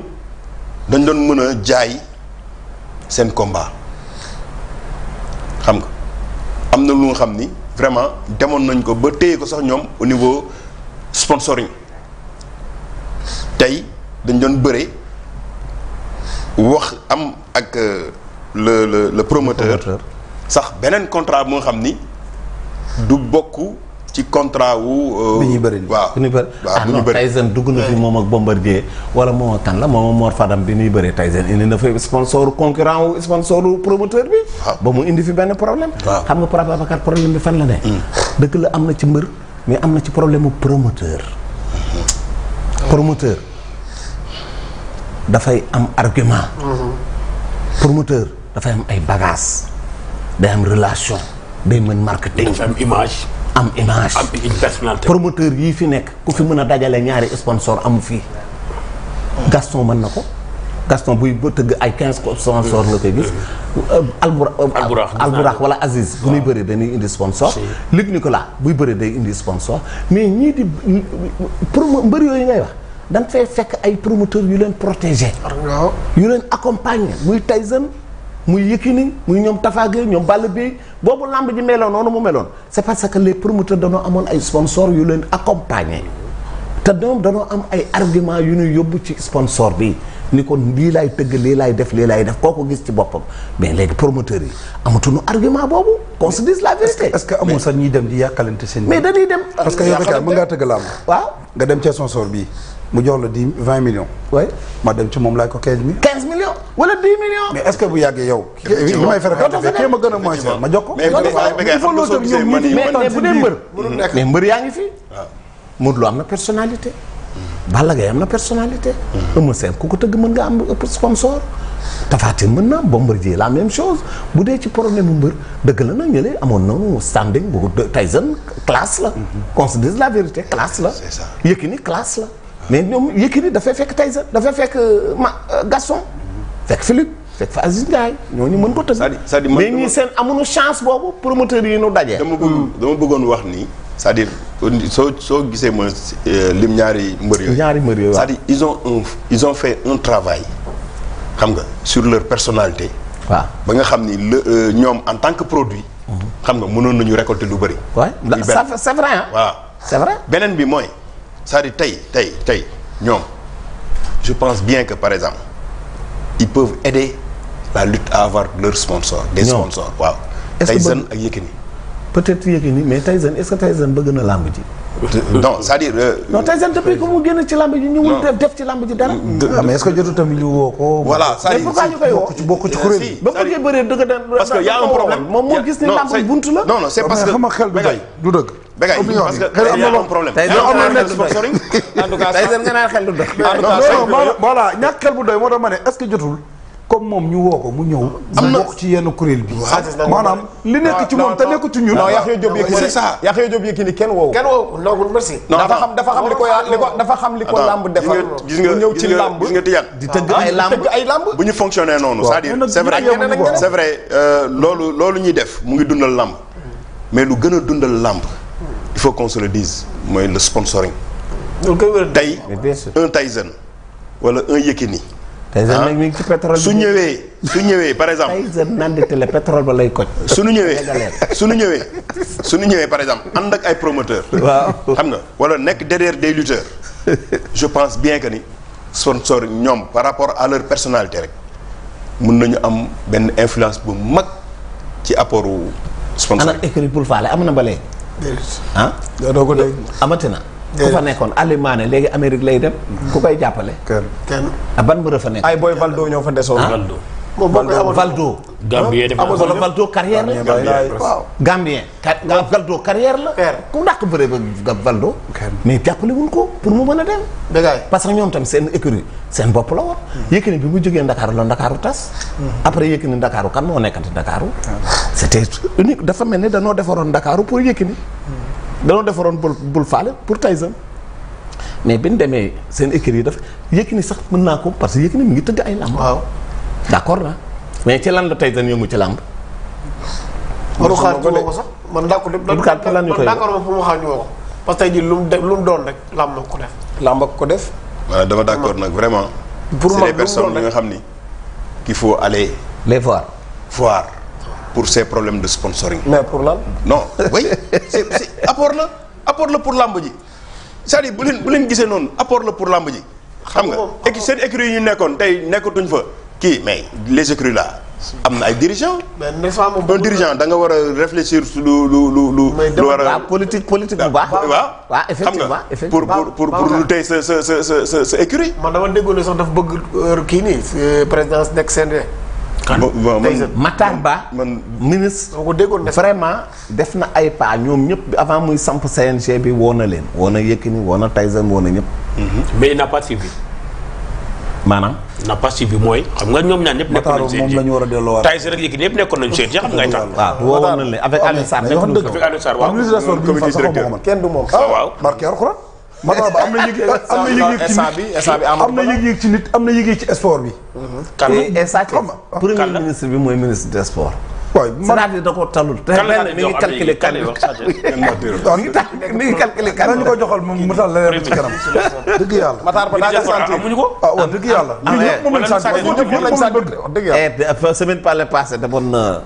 [SPEAKER 1] dañ doon mën a jaay seen combat xam nga am na lu nga xam ni vraiment demoon nañ ko ba teye ko sax ñoom au niveau sponsoring tey dañ doon bëre wax am ak euh, le le le promoteur sax beneen contrat moo xam ni du bokk ci contrat wu. Euh, bi ñuy bëri waaw ah bi ñuy bëri ah non dugg na fi moom ak Bombardier wala moom ak kan la moom Mor Fadam bi ñuy bëri Tyson indi na fa sponsor concurrent wu sponsor promoteur bi. ba mu indi fi benn problème. xam nga par rapport ak problème bi fan la ne. Hmm. dëgg la am na ci mbër mais am na ci problème mu promoteur. Hmm. promoteur dafay am argument. Hmm. promoteur dafay am ay bagages day am relation day mën marketing. day am image. am image am une personnalité promoteur yii fi nekk ku fi mën a dajale ñaari sponsor amu fii Gaston mën na ko Gaston buy ba tëgg ay quinze sponsor la koy gis euh, alburax euh, alburax wala Aziz bu muy bëri dañuy indi sponsor Luc Nicolas buy bëree day indi sponsor mais ñii di promo mbër yooyu ngay wax dañ fay fekk ay promoteurs yu leen protéger yu leen accompagner muy Tyson muy Yékini muy ñoom Tapha Gueye ñoom Balla Gaye boobu lamb ji meloon noonu mu meloon c'est parce que les promoteurs dañoo amoon ay sponsors yu leen accompagner te ñoom dañoo am ay argument yu ñu yóbbu ci sponsor bi ni kon lii laay tëgg lii laay def lii laay def koo ko gis ci boppam mais léegi promoteurs yi amatuñu argument boobu qu'on se la vérité. est-ce que amul sax ñuy dem di yàqalante seen. mais dañuy dem. parce que yow mën ngaa tëgg lamb. waaw nga dem ci sponsor bii. mu jox la dix vingt millions. oui ma dem ci moom laaj ko quinze mille. quinze millions wala dix millions. mais est ce que bu yàggee yow. li may fere ka kii ma gën a moins cher ma jox ko. mais bu dee mbër. mais mbër yaa ngi fi. waaw Modou Lo am na personnalité. Hmm. Balla Gaye am na personnalité. Hmm. Eumeu Sène ku ko tëgg mën nga am ëpp sponsor. Tapha Tine mën naa Bombardier la même chose bu dee ci problème mu mbër dëgg la nag ñële amoon nañu standing bu Tyson classe la. qu'on se dise la vérité classe la. c'est ça Yékini classe la. mais ñoom Yékini dafay fekk Tyson dafay fekk euh, ma euh, Gaston fekk Philippe fekk fa Aziz Ndiaye ñooñu mën ko tënk. c'est-à-dire mais ñii seen amuñu chance boobu promoteurs yi ñu dajee. dama bëgg dama bëggoon wax ni. cest à soo soo gisee ma euh, lim ñaari mbër yooyu. ñaari mbër yooyu ils ont un fait un travail xam nga sur leur personnalité. waa ba nga xam ni le ñoom en tant que produit. Mhm. xam nga mënoon nañu récolter lu bëri. waaw c'est vrai waaw beneen bi mooy. cest dire tey tey tey ñoom je pense bien que par exemple ils peuvent aider la lutte à avoir leur sponsor des sponsors waaw Tyson ak Yékini peut-être Yékini mais Tyson est-ce bëgg na làmb ji non c'est-à-dire. Euh, mu génn ci làmb ji. ñëwul def ci làmb ji dara. Ah, mais est-ce jotu tamit ñu woo ko. voilà cest ci bokk ci kuréel bi ba bëggee dëgg da parce que y a problème moom moo gis ni làmb buntu la. non non c'est parce que du dëgg. Bécaye parce que am na problème tey am na nga naan xel du doy voilà ñàkk xel bu doy moo tax ma ne est que jotul comme moom ñu woo ko mu ñëw am na ko ci yenn kuréel bi maanaam li nekk ci moom te nekku ci ñun Yaxya Jóob Yékini c'est ça Yaxya Jóob Yékini kenn woowu kenn woowu non merci dafa xam xam li ko dafa xam li ñëw ci làmb gis nga tiyaat di ah, tëgg ay làmb ay ñu fonctionner noonu c'est-à-dire c'est vrai c'est vrai euh, loolu loolu ñuy def mu ngi dundal làmb mais lu gën a dundal làmb il faut qu'on se le mooy le sponsoring. tey un Tyson wala un Yékini. Tyson ah, nag mi ngi ci pétrole su ñëwee su ñëwee par exemple. Tyson naan ba lay koj. su ñu ñëwee su ñu ñëwee su ñëwee par exemple ànd ak ay promoteurs. waaw xam nga wala nekk derrière des lutteurs. je pense bien que ni sponsor ñoom par rapport à personnalité rek mun nañu am benn influence bu mag ci apportu sponsor. ana écrit pour faale am na bale ah doo ko dégg na ku fa nekkoon Aliou Mané léegi Amérique lay dem ku koy jàppale kenn kenn ah, ban mbër a fa nekk ay Boy Valdo ñoo fa desoon Valdo ah? moom moo Valdo. Gambien def wala Valdo carrière la. ku ndàq bëre Valdo. mais jàppale wuñ ko pour mu mën a dem. parce que ñoom tam seen écurie seen bopp la woon. Hmm. Yékini bi mu jógee Ndakaaru la Ndakaaru tas. Hmm. après Yékini Ndakaaru kan moo nekkati Ndakaaru. Hmm. c'était unique dafa mel ni danoo defaroon Ndakaaru pour Yékini. danoo defaroon bul bul faale pour Tyson. mais bi ñu demee seen écurie yi dafa Yékini sax mun naa ko parce que Yékini mi ngi tëgg ay làmb. waaw d'accord na mais ci lan la tey dañu yëngu ci làmb. waru xaar ci woo ko sax man d'accord lan ñu koy d'accord ma fu mu xaar ñu woo ko parce que tey jii lu mu def lu mu doon rek làmb ko def. làmb ko def. waaw dama d'accord nag vraiment.
[SPEAKER 2] pour c'est les personnes yi
[SPEAKER 1] nga xam ni qu'il faut aller. les voir. voir pour ces problèmes de sponsoring. mais pour lan. non oui c'est c'est apport la apport la pour làmb ji c'est-à-dire bu leen bu leen gisee noonu apport la pour làmb ji. xam nga seen écuries yi ñu nekkoon tey nekkatuñ fa. kii mais les écuries là am na ay dirigeants. mais un dirigeant da nga war a réfléchir lu lu lu lu. lu war a politique politique bu baax. Ah, waaw effectivement xam nga pour pour pour lu tey sa sa sa sa sa écurie. man dama déggoon ne sax dafa bëgg euh, kii nii euh, présidence nekk CNG. kan Matar Ba man ministre. ko déggoon vraiment def na ay pas ñoom ñëpp avant muy samp CNG bi woo na leen. woo na Yékini woo na Tyson woo na ñëpp. mais il n'a pas maanaam. na passif bi mooy xam nga ñoom ñaan ñëpp nekkoon nañu seet ji moom war a delloo waat Tyson rek Yékini nekkoon nañu seet ji xam nga ay waaw woon nañ leen am na yëg am na yëg ci nit am na yëg ci nit am na yëg ci sport bi kan ministre bi mooy ministre des waaw man c'est-à-dire da koo talul. kan la mi ngi calculer kan la mi ngi calculer kan ñu ko joxal mu tal la leen ci kanam. dëgg yàlla. Matar ba daa sant amuñu ko. ah waaw dëgg yàlla. ñu ah, ñëpp moom lañ sant wax dëgg yàlla. Eh, semaine passée demoon na euh,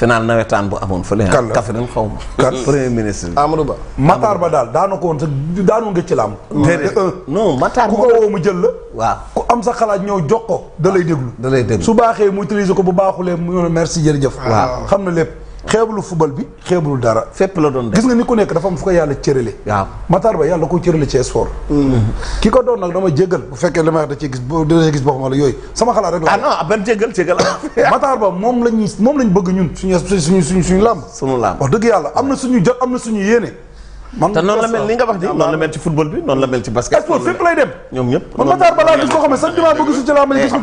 [SPEAKER 1] final nawetaan bu amoon fële. kan la Kaffrine xaw ma. kan premier ministre bi. Amadou Ba Matar Ba daal daanu ko woon sax daanu nga ci laam. déedéet non Matar ku ko mu jël la. waaw ku am sa xalaat ñëw jox ko. da lay déglu da lay déglu su baaxee mu utiliser ko bu baaxulee mu ne merci jël jëf waaw xam na lépp. xeeblu football bi xeeblu dara. fépp la doon def gis nga ni ku nekk dafa am fu ko yàlla cërale. waaw Matar Ba yàlla ko cërale ci sport. Mm-hmm. bu fekkee li ma wax da ciy gis dina ah ah Ba moom lañ moom lañ bëgg ñun suñu ñu su suñu làmb. suñu làmb wax dëgg yàlla am na suñu jot am na suñu yéene. man te noonu la mel ni nga wax nii noonu la mel ci football bi noonu la mel ci basket. sport fépp lay dem man Matar ne sax damaa bëgg su ci làmb gis eh,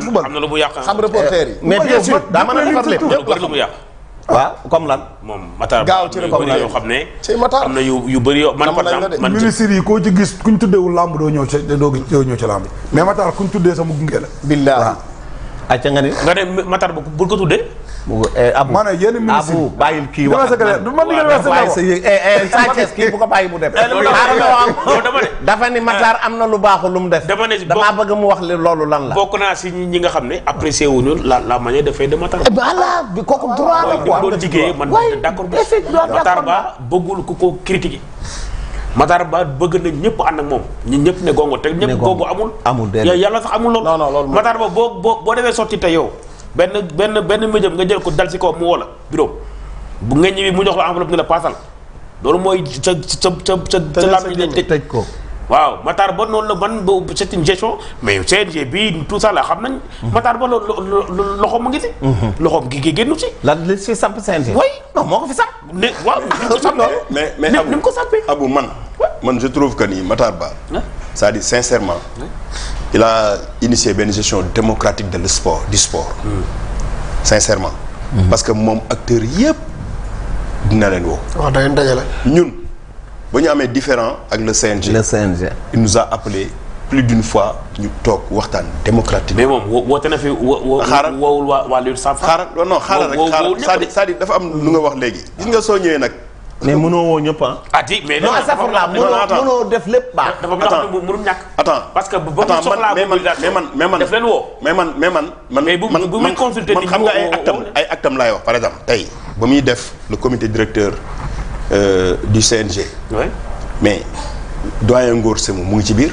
[SPEAKER 1] lu mu yàq waaw comme lan. moom Matar gaaw ci comme lan yoo xam ne. ci na yu yu bëri yoo man. man ministre yi koo ci gis ku ñu tuddeewul làmb doo ñëw ci doo ñëw ci làmb mais Matar ku ñu tuddee sama gunge la. billaah waaw. acca nga ni nga ne Matar bu ko tuddee. Eh, abu ma ne yéen ministre abu bàyyil kii wax du ma digal wax Sathiès eh, eh, kii bu ko bàyyi mu def dafa ni am na lu baaxul lu mu def dama ne damaa bëgg mu wax loolu lan la bokk naa si ñi nga xam ne apprécié wuñu la la manière de faire de Matar voilà bi kooku droit la quoi doon jigéen man d'accord Matar Ba bëggul ku ko critiquer Ba bëgg na ñëpp ànd ak moom ñun ñëpp ne gongo te ñëpp googu amul amul yàlla sax amul loolu Matar Ba boo boo boo demee sotti te yow benn benn benn médium nga jël ko dal si kaw mu woo la bureau bu nga ñibbi mu jox la enveloppe ni la paasal loolu mooy sa sa sa sa sa làmmiñ lañ tëj ko waaw Matar Ba noonu la man boobu c'est une gestion mais CNG bii tout ça la xam nañ. Mhm. Matar Ba loolu loxoom mu ngi si. Mhm. loxoom gi gi génnu si. lan li si samp CNG. oui moo ko fi samp. ni mais mais ni ko sampee. Abou man man je trouve que ni Matar Ba. c'est-à-dire sincèrement. il a benn gestion démocratique de le sport du sport. Hmm. sincèrement. Hmm. parce que moom acteurs yëpp dina leen woo. waaw da ngeen dajale. ñun ba ñu amee différent ak le CNG. le CNG il nous a appelé plus d'une fois ñu toog waxtaan démocratique. mais moom woote wo xaaral woowul waa waa Lille xaaral non xaaral rek. xaaral c'est-à-dire dafa am lu nga wax léegi. gis nga soo ñëwee nag. mais mënoo woo ñëpp ah. mais non astafurlah mënoo mënoo def lépp baax. dafa am lu mënul ñàkk. attends parce que ba mu soxlaa mobilisation mais man mais man mais man man mais bu bu muy consulter man xam nga ay actam ay actam laay wax par exemple tey ba muy def le comité directeur euh, du CNG. mais doyen Ngor Semou mu ngi ci biir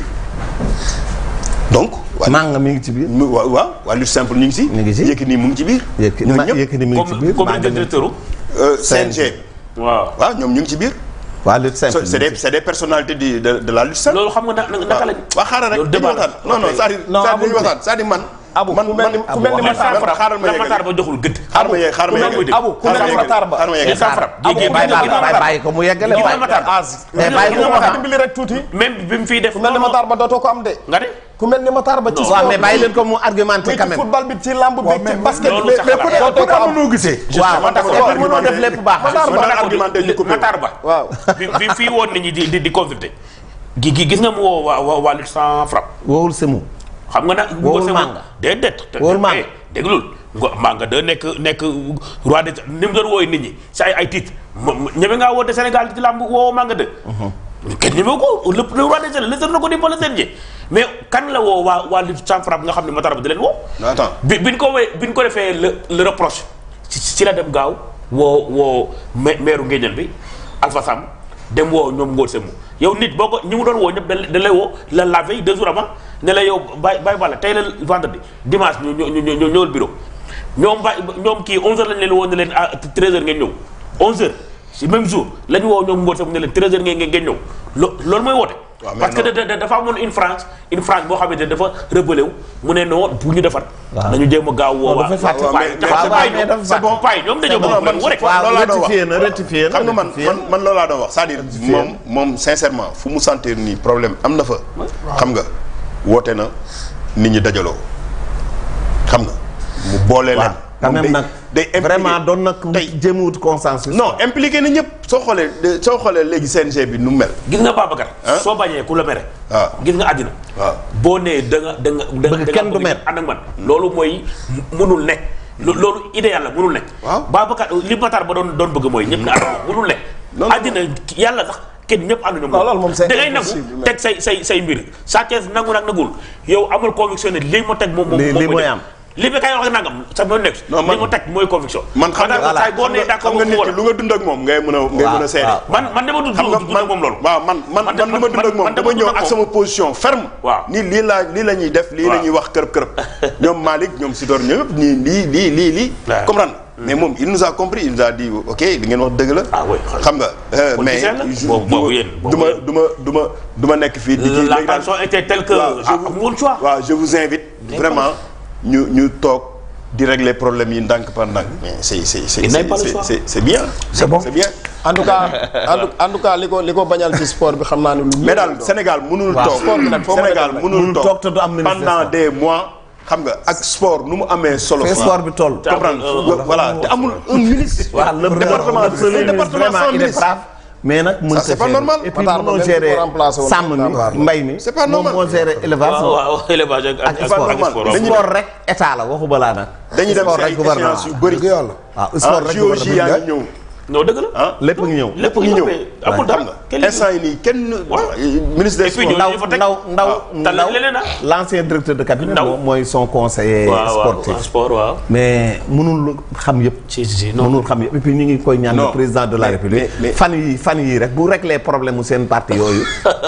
[SPEAKER 1] donc. maa nga mi ngi ci biir. waaw waaw waa lu simple ñu ngi si. ñu ngi si mu ngi ci biir. ñooñu ñëpp Yékini mu ngi ci biir. comité directeur euh, CNG. waaw waaw ñoom ñu ngi ci biir. waa lutte simple c'est des c'est des personnalités de de de la lutte simple. loolu xam nga naka lañ. waaw xaaral rek dañuy waxtaan non non c'est-à-dire c'est-à-dire man. abu ku mel ni ku mel ni Matar Ba xaaral ma yeggali ba joxul gëdd. xaaral ma yeggali xaaral ma yeggali abu ku mel ni Matar Ba. xaaral ma yeggali xaaral ma yeggali bàyyi ko mu yeggale. bàyyi ko mu wax mais bàyyi ko mu wax. dimbali rek tuuti. même bi mu fiy def. ku mel ni Matar Ba dootoo ko am de. nga de. ku mel ni Matar ba. ci sport mais bàyyi leen ko mu argumenté quand même. football bi ci lamb bi ci basket bi mais ku ne ku ne amuñu gisee. waaw d'accord mënoo def lépp baax. Matar ba argumenté ñu waaw fi fii woon nañu di di di consulter. gis nga mu woo waa waa waa lutte sans frappe. xam nga nag. woowul Manga eh, Manga déglul da nekk nekk roi de ni mu wooyu nit ñi si ay ay ñeme ngaa woote Sénégal ci lamb woo Manga de. Mhm. kenn ko le le roi des arènes le na ko di le CNG mais kan la woo waa waa lutte sans frappe nga xam ne Mataraba di leen woo. attends bi bi ñu ko wee bi ñu ko defee reproche ci la dem gaaw woo woo maire Ngédial bi Alpha Sam dem woo ñoom Ngor Semou yow nit boo ko ñu mu doon woo ñëpp da lay woo la la veille deux jours avant ne la yow bàyyi bàyyi wàll tey la vendredi dimanche ñu ñu ñu ñëwal bureau ñoom ba ñoom kii 11h lañ leen woo ne leen à 13h ah, ngeen ñëw si même jour la ñu woo ñoom Ngor Seck ne leen 13h ngeen ngeen ñëw lo loolu mooy woote. parce que dafa amoon une France une France boo xamante ne dafa rebelle wu mu ne non bu ñu defar. nañu jéem a gaaw woo. waaw c'est bon paay ñoom dañoo bëgg wu rek. rectifié na rectifié na xam nga man man man loolaa doon wax c'est-à-dire moom moom sincèrement fu mu sentir nii problème am na fa. xam nga woote na nit ñi dajaloo xam nga mu boole leen. quand même de impliqué vraiment doon nag tey jéem wut consensus. no impliqué na ñëpp soo xoolee soo xoolee léegi seen CNG bi nu mu mel. gis nga Babacar. soo bañee ku la mere. waaw ah. gis nga àddina. Ah. boo nee da nga da nga. bëgg kenn du mer ànd ak man. loolu mooy mënul nekk. Hmm. loolu idéal la mënul nekk. waaw Babacar li Matar ba doon doon bëgg mooy. ñëpp ne ànd ak mënul nekk. non àddina yàlla sax. kenn ñëpp ànduñu moom loolu moom da ngay nangu teg say say say mbir saa kees nangu nag nagul yow amul conviction ne lii ma teg moom moom lii mooy am li bi kay wax nangam sa doon nekk. mu teg conviction. man xam nga xam nga nit lu nga dund ak moom ngay mën a. ngay mën a seere. man man dama dund dund ak moom loolu. waaw ma dund ak moom dama ñëw ak def. lii la ñuy wax kërëb kërëb. ñoom Malick ñoom Sidor lii lii lii lii. Hmm. mais moom il nous a compris il nous a dit ok li ngeen wax dëgg la. ah euh, boobu yéen du ma du ma du ma nekk fii. di kii la tension était telle que. Ah, waaw je vous invite vraiment ñu ñu toog di régler problème yi ndànk par ndànk. mais c' bien. c' bon c' bien. en tout cas en li ko li ko bañal ci sport bi xam naa ne. lu mais daal Sénégal mënul toog sport bi nag Sénégal mënul toog te du am pendant xam nga ak sport nu mu amee solo. sport bi toll. comprendre euh, voilà te amul un ministre. waaw le département département sans ministre mais nag mën c'est pas normal et puis mënoo gérer mbay mi c'est pas normal moom moo gérer élevage waaw élevage ak sport dañuy sport rek état la waxu balaa nag dañuy dem ci ay échéances yu bëri waaw ah, sport rek ah, gouvernement non dëgg la ah lépp ngi ñëw lépp ngi ñëw ndaw ndaw ah, ndaw ah. l'ancien directeur de cabinet mooy son conseiller sportif mais mënul xam yëpp ci xam yëpp et ñu ngi koy ñaan président de la république fan yi fan yi rek bu réglé problème mu seen parti yooyu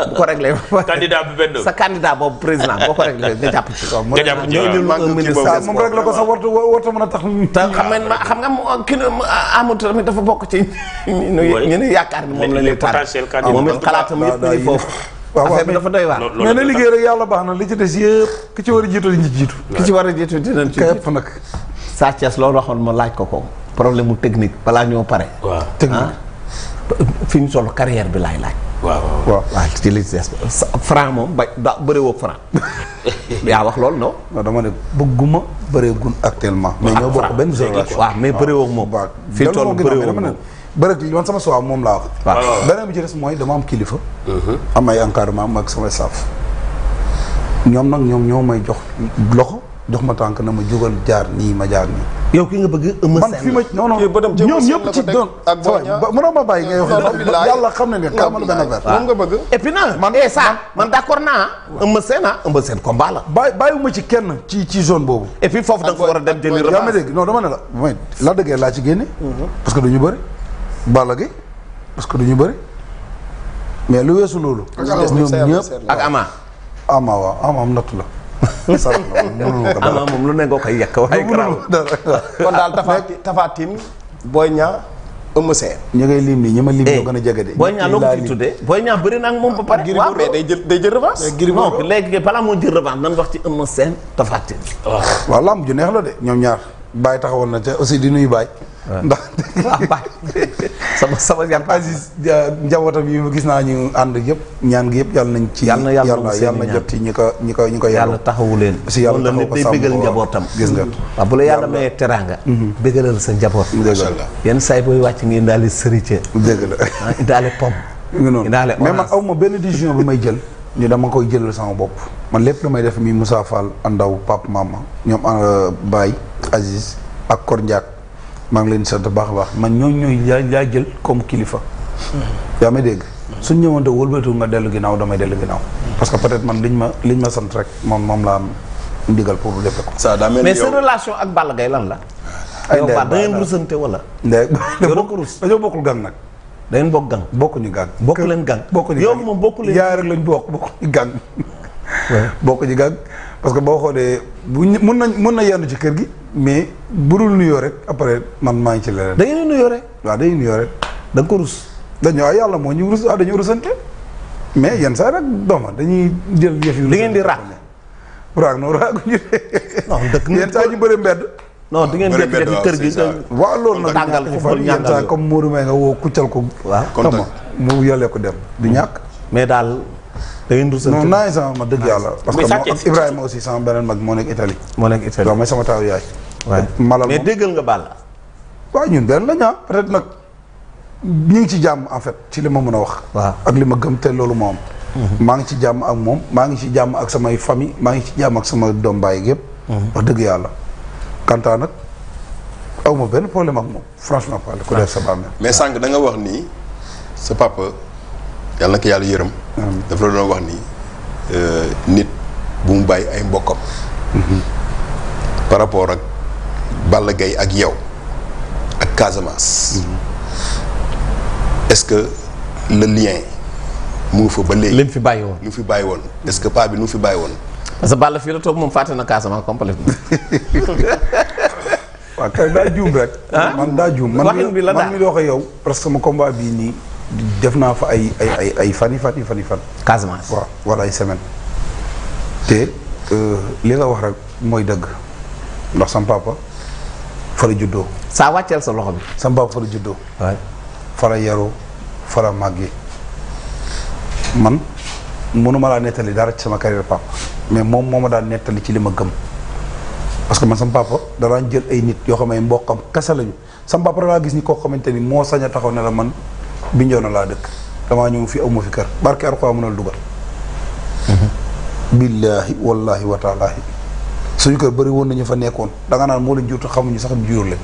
[SPEAKER 1] bu ko réglé candidat bi benn sa candidat boobu président boo ko réglé nga jàpp ci kaw nga jàpp ci moom rek ko sax wartu wartu mën a tax xam nga xam nga kii tamit dafa bokk bokk ci ñu ñu yaakaar ni moom la ñuy taal ah, moom it xalaatam yëpp nii foofu affaire bi dafa doy waar mais na liggéey rek yàlla baax na li ci des yëpp ki ci war a li ñu jiitu ki ci war a jiitu dinañ ci yëpp nag Sa Thiès loolu waxoon ma laaj ko ko problème mu technique balaa ñoo pare waaw technique ah? fi ñu sol carrière bi laay laaj waaw waaw waaw ci li des franc moom ba ba bëree woo franc yaa wax loolu no non dama ne bëgguma bëree gun actuellement. mais ñoo bokk benn génération. waaw mais bëree woo moom. fi toll bëree woo moom bëri man sama soowaam moom laa wax. beneen bi ci des mooy dama am kilifa. Mhm. am ay encadrement ak sama staff. ñoom nag ñoom ñoo may jox loxo. jox ma tànk na ma jógal jaar nii ma jaar nii. yow ki nga bëgg ëmm man fi ma non non ñoom ma bàyyi ngay wax yàlla xam ne ne ka ma benn bëgg. et puis nag man eh ça man d'accord naa. seen ah ëmm seen combat la. ci kenn ci ci zone boobu. et foofu da nga war a dem jëli revanche. yaa ma la mooy la laa ci mhm. parce que du ñu bëri. parce que du ñu bëri. mais lu weesu loolu. ñoom ñëpp ak Ama. Ama waaw Ama am nattu la sarax la moom lu ne nga koy yekk waaye garaaw kon daal tafaati tafaatin booy ñaa ëmm seen. ñu ngay lim nii ñi ma lim ñoo eh, gën a jege de. booy ñaa loo ko ci tuddee na moom ba pare. waaw mais day jël day jël léegi balaa moo jël revanche nan wax ci ëmm seen tafaatin. waaw lamb ju neex la de ñoom ñaar baay taxawoon na te aussi di nuyu bàyyi. ndax sama sama yan Aziz njabootam yi ma gis naa ñu ànd yëpp ñaan yëpp yàlla nañ ci yàlla yàlla jot ci ñi ko ñi ko ñi ko yàlla taxawu leen si yàlla la nit day bégal njabootam gis nga waaw bu la yàlla mayee teraanga mhm. bégalal sa njaboot yenn saay booy wàcc ngi indaale sërite dëgg la ah, indaale pom nga noonu mais man aw ma benn décision bi may jël ñu dama koy jëlal sama bopp man lépp lu may def mi Moussa Fall Andaw Pape Mama ñoom euh, baay Aziz ak Kor Ndiak maa ngi leen di baax a baax man ñooñu ñooy yaa yaa jël comme kilifa. yaa may dégg. suñ ñëwoon te wëlbatu nga dellu ginnaaw damay dellu ginnaaw. parce que peut-être man liñ ma liñ ma sant rek moom moom laa am ndigal pour defe ko. ça daa mel mais sa relation ak Balla Gaye lan la. ay ndey da ngeen rusante wala. ndey dañoo bokkul gang nag. da ngeen bokk gang bokkuñu gang. bokk leen gang bokkuñu gang yow moom bokku leen. yaa rek bokk bokkuñu gang. bokkuñu gang. parce que boo xoolee bu ñu mun nañ mun na yendu ci kër gi mais budul nuyoo rek après man maa ngi ci leneen. da ngeen di nuyoo rek. waaw dañuy nuyoo rek da nga ko rus. dañu waaw yàlla moo ñu rus waaw dañu rusante mais yenn saa rek dooma dañuy jël yëf yu. da ngeen di raak raak noonu raakuñu de. yenn saa ñu bëri mbedd. non di ngeen def def kër gi waaw loolu nag tàngal foofu ñàkk comme Modou Mbaye nga woo kuccal ko waaw xam nga mu yolee ko dem du mm. ñàkk mais daal da ngeen ruusal ma dëgg yàlla. parce que moo ak aussi sama beneen mag moo nekk Italie. moo nekk Italie waaw mooy sama taaw yaay. malal mais ñun benn lañ ah peut ñu ngi ci jàmm en fait ci li ma mën a wax. waaw ak li ma gëm te loolu moo mm-hmm. maa ngi ci jàmm ak moom maa ngi ci jàmm ak samay famille maa ngi ci jàmm ak sama doom baay yëpp. Mm-hmm. wax dëgg yàlla. Kanta nag aw ma benn problème ak moom franchement parler ku def sa bàmmeel. mais sànq da wax ni sa papa. yàlla na yàlla yërëm. dafa la doon wax ni euh, nit bu mu bàyyi ay mbokkam. Mm-hmm. par rapport ak Balla Gaye ak yow ak Casamance. Mm-hmm. est-ce que le lien mu ngi fa ba léegi. fi bàyyi woon li fi bàyyi woon est-ce que paa bi nu mu fi bàyyi woon. parce que Balla fii la toog moom fàtte na Casamance complètement. waaw kay daa juum rek. man daa juum man mi man mi dox yow. parce que sama combat bii nii. def naa fa ay ay ay ay fani fan yi fan yi fan. Casamance waaw wala ay semaine te euh, li nga wax rek mooy dëgg ndax sam papa fa juddoo. saa wàcceel sa loxo bi. sam papa fa juddoo. waay fa la yaroo fa la màggee man mënuma laa nettali dara ci sama carrière papa mais moom moo ma daan nettali ci li ma gëm. parce que man sama papa danaa jël ay nit yoo xam ne mbokkam kese lañu sama papa danaa gis ni koo xamante ni moo sañ a taxaw ne man Bignona laa dëkk damaa ñëw fi awma fi kër barke Arxuraan mënal dugal. billaahi wallaahi wataalaahi suñu kër bëri woon nañu fa nekkoon danga naan moo leen jur xamuñu sax jur leen.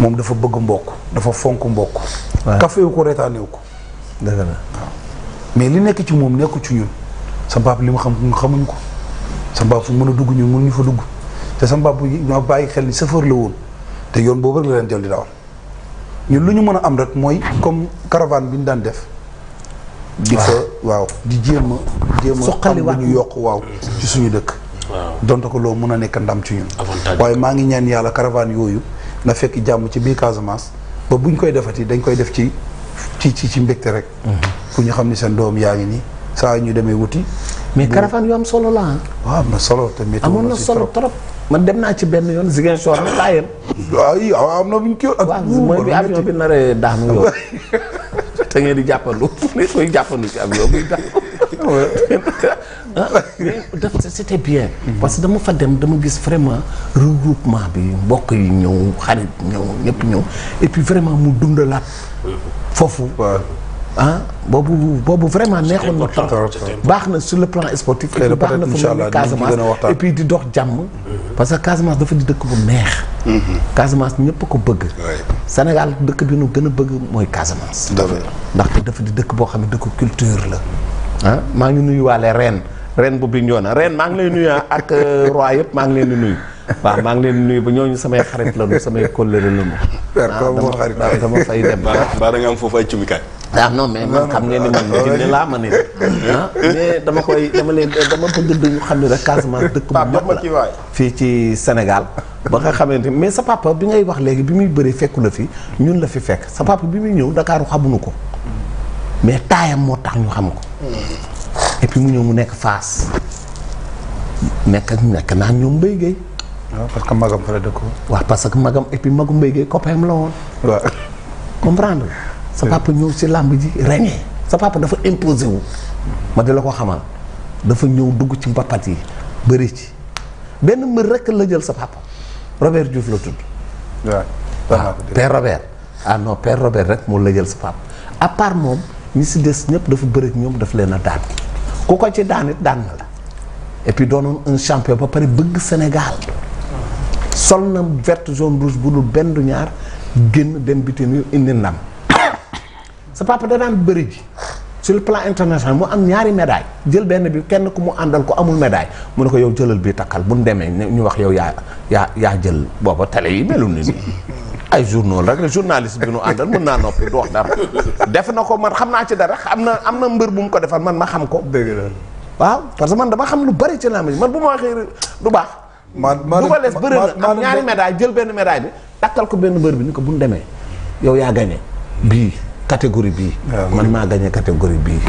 [SPEAKER 1] moom dafa bëgg mbokk dafa fonk mbokk. waaw kafewu ko reetaanewu ko. dëgg la mais li nekk ci moom nekku ci ñun sa baab li mu xam xamuñu ko sa baab fu mun a dugg ñun ñu fa dugg te sa baab ma bàyyi xel ni chauffeur la woon te yoon boobu rek la leen jël di dawal. ñun lu ñu mën a am rek mooy comme caravane bi ñu daan def. di fa waaw di jéem a. jéem a xam lu ñu yokk waaw ci suñu dëkk. waaw donte ko loo mën a nekk ndam ci ñun. waaye maa ngi ñaan yàlla caravane yooyu na fekk jàmm ci biir Casamance ba bu ñu koy defati dañ koy def ci ci ci ci mbégte rek. Mhm. pour ñu xam ni seen doom yaa ngi nii saa ñu demee wuti. mais caravane yoo am solo la ah. solo te amoon na solo trop. man dem naa ci benn yoon Ziguinchor na taayeen. waaw am na bu ñu kii ak. mooy bi avion bi naree daanu yow. te ngeen di jàppandu ne koy jàppandu ci avion bi ah, mais daf c'était bien. parce que dama fa dem dama gis vraiment regroupement bi mbokk yi ñëw xarit ñëw ñëpp ñëw et puis vraiment mu dundalaat foofu. ah boobu boobu vraiment neexoon na trop baax na su le plan sportif et puis baax na fu mu ne Casamance et puis di dox jàmm mhm. parce que Casamance dafa di dëkk bu neex mhm. Casamance ñëpp ko bëgg Sénégal dëkk bi nu gën a bëgg mooy Casamance ndaxte dafa di dëkk boo xam ne dëkk culture la ah maa ngi nuyuwaale reen reen bu bi ñoo na reen maa ngi lay nuyu ak euh, roi yëpp maa ngi leen di nuyu waaw maa ngi leen nuyu ba ñooñu samay xarit lañu samay kóllëre lañu. waaw dama xarit waaw dama fay dem. ba da am foofu ay cumikaay. ah non mais man xam ngeen ni man dina laa ma ne ah, mais dama koy leen dama bëgg xam ne rek Casamance dëkk bu mag la fii ci Sénégal ba nga xamante mais sa papa bi ngay wax léegi bi muy bëree fekku la fi ñun la fi fekk sa papa bi muy ñëw ndakaaru xamuñu ko mais taayam moo tax ñu xam ko et mu ñëw mu nekk Fass nekk nekk naan ñoom Mbaye Guèye waaw parce que magam fa la dëkkoon. waaw parce que magam et puis magum mbéy la woon. comprendre sa papa ñëw si làmb ji régné sa papa dafa imposé wu. ma di la ko xamal dafa ñëw dugg ci mbapat yi bëri ci benn mbër rek la jël sa papa Robert Diouf la tudd. waaw ah, waaw père ah moo la jël sa papa à part moom ñi si des ñëpp dafa bëri ñoom daf leen a daan ku ko ci daan daan na la et puis doonoon un champion ba pare bëgg Sénégal. sol na verte jaune rouge bu dul benn ñaar génn dem bitim yu indi ndam sa papa da daan bëri ji sur le plan international mu am ñaari médaille jël benn bi kenn ku mu àndal ko amul médaille mu na ko yow jëlal bi takkal bu nu demee ñu wax yow yaa yaa yaa jël booba tele yi melul ni nii ay journaux rek la journaliste bi nu àndal mën naa noppi du wax dara def na ko man xam naa ci dara am na am na mbër bu mu ko defal man ma xam ko. dëgg la waaw parce que man dama xam lu bari ci làmb bu ma maanaam du ko les bëri na am ñaari médaille jël benn médaille bi takkal ko benn mbër bi ni ko bu ñu demee yow yaa gagné bii catégorie bii. Ah, man maa gagné catégorie bii.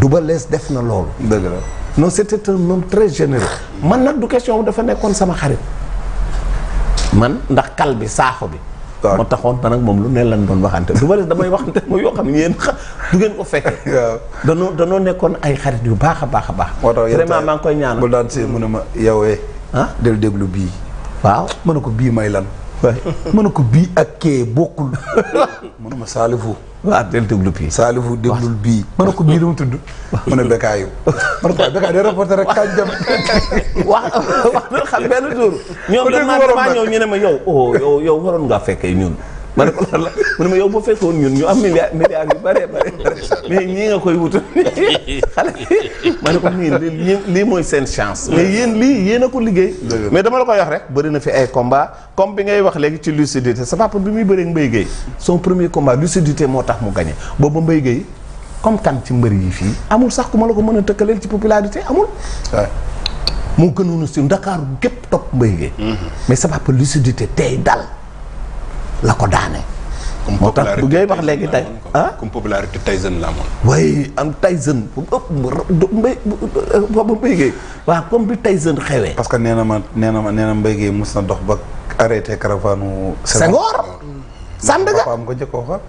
[SPEAKER 1] Double Less def na loolu. dëgg la non c'était un homme man nag du question dafa nekkoon sama xarit. man ndax kal bi saako bi. Ah. moo taxoon man ak moom lu ne lan doon waxante Double Less damay waxante mo yoo xam ne yéen du ngeen ko fekkee. waaw danoo danoo nekkoon ay xarit yu baax a baax a baax. vraiment maa ngi koy ñaanal bu daan si mu ma yowee. Eh, ah del déglu bii waaw mën na ko bii may lan mën na ko bii ak kee bokul mën na ma saalifu waaw del déglu bii saalifu déglul bii mën na ko bii lu mu tudd mën a bekaayu mën na ko bekaayu day reporté rek kañ dem wax wax xam benn jour ñoom ma yow oh yow yow waroon ngaa fekkee ma ne ko lan la mu ne ma yow bu fekkoon ñun ñu am milliard milliard yu bare bare mais ñii nga koy wutal xale ma ne ko nii lii mooy seen chance mais yéen lii yéen a ko liggéey mais dama la koy wax rek bëri na fi ay combat comme bi ngay wax léegi ci lucidité sa papa bi muy bëreeg Mbaye Guèye son premier combat lucidité moo tax mu gagné booba Mbaye Guèye comme kan ci mbër yi fii amul sax ku ma la ko mën a tëkkaleel ci popularité amul moo gënoon si siiw Ndakaaru gépp topp mbay Guèye mm-hmm. mais sa papa lucidité tey la ko daane. moo tax bu ngay wax léegi tey ah. comme popularité Tyson la amoon. waaye am Tyson bu ëpp mbay boobu Mbaye Guèye waaw comme bi Tyson xewee. parce que nee na ma nee na ma nee na Mbaye Guèye mos dox ba arrêté caravane. Senghor mm. Sandaga papaam ko njëkk a waxal.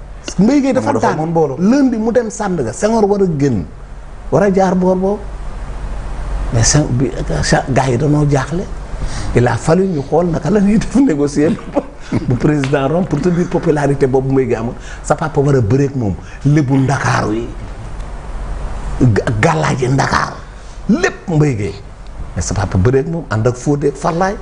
[SPEAKER 1] Mbaye Guèye dafa daan lundi mu dem Sandaga Senghor war a génn war a jaar boor boobu mais Seng gaa yi danoo jaaxle il a fallu ñu xool naka la ñuy def négocier. bu président rom pour te dire popularité boobu muy gàmm sa papa war a bëreeg moom lébu ndakaaru yi gàllaaji ndakaar lépp mbay géey mais sa papa bëreeg moom ànd ak fóodeeg farlaay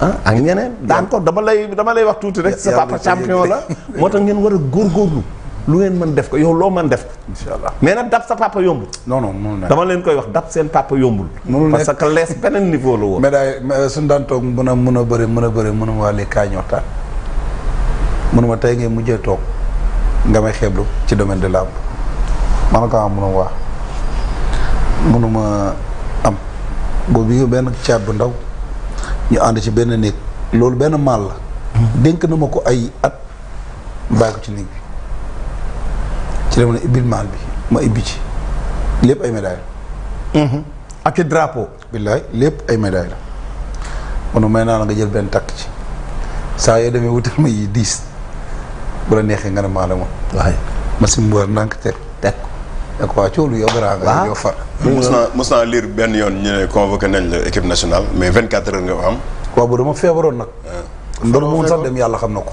[SPEAKER 1] ah ak ñeneen daan ko dama lay dama lay wax tuuti rek sa papa champion la moo tax ngeen war a góor góorgóorlu lu ngeen mën def ko yow loo mën def ko. incha allah mais nag dab sa papa yombul. non non mënul dama leen koy wax dab seen papa yombul. mënul nekk parce que beneen niveau la woon. mais daay euh, suñu daan toog mën a mën a bëri mën a bëri mën a waa léegi kaay mujjee toog nga may xeeblu ci domaine de làmb man ko am mënuma waa am boobu yi benn caab bu ndaw ñu ànd ci benn néeg loolu benn maal la mm-hmm. dénk na ma ko ay at bàyyi ci néeg ci la ma ne ibbil maal bi ma ibbi ci lépp ay médaille mhm. ak lépp ay médaille la manu may naa la nga jël benn takk ci saa yoo demee wutal ma yi diis bu la neexee nga ne maa la moom waaye ma si mu war te teg ak waa coolu yow garaa nga yow far mos naa naa lire benn yoon ñu ne convoqué nañ la équipe nationale mais vingt quatre heures nga am waaw bu dama feebaroon nag ah. ndox moom sax dem yàlla xam na ko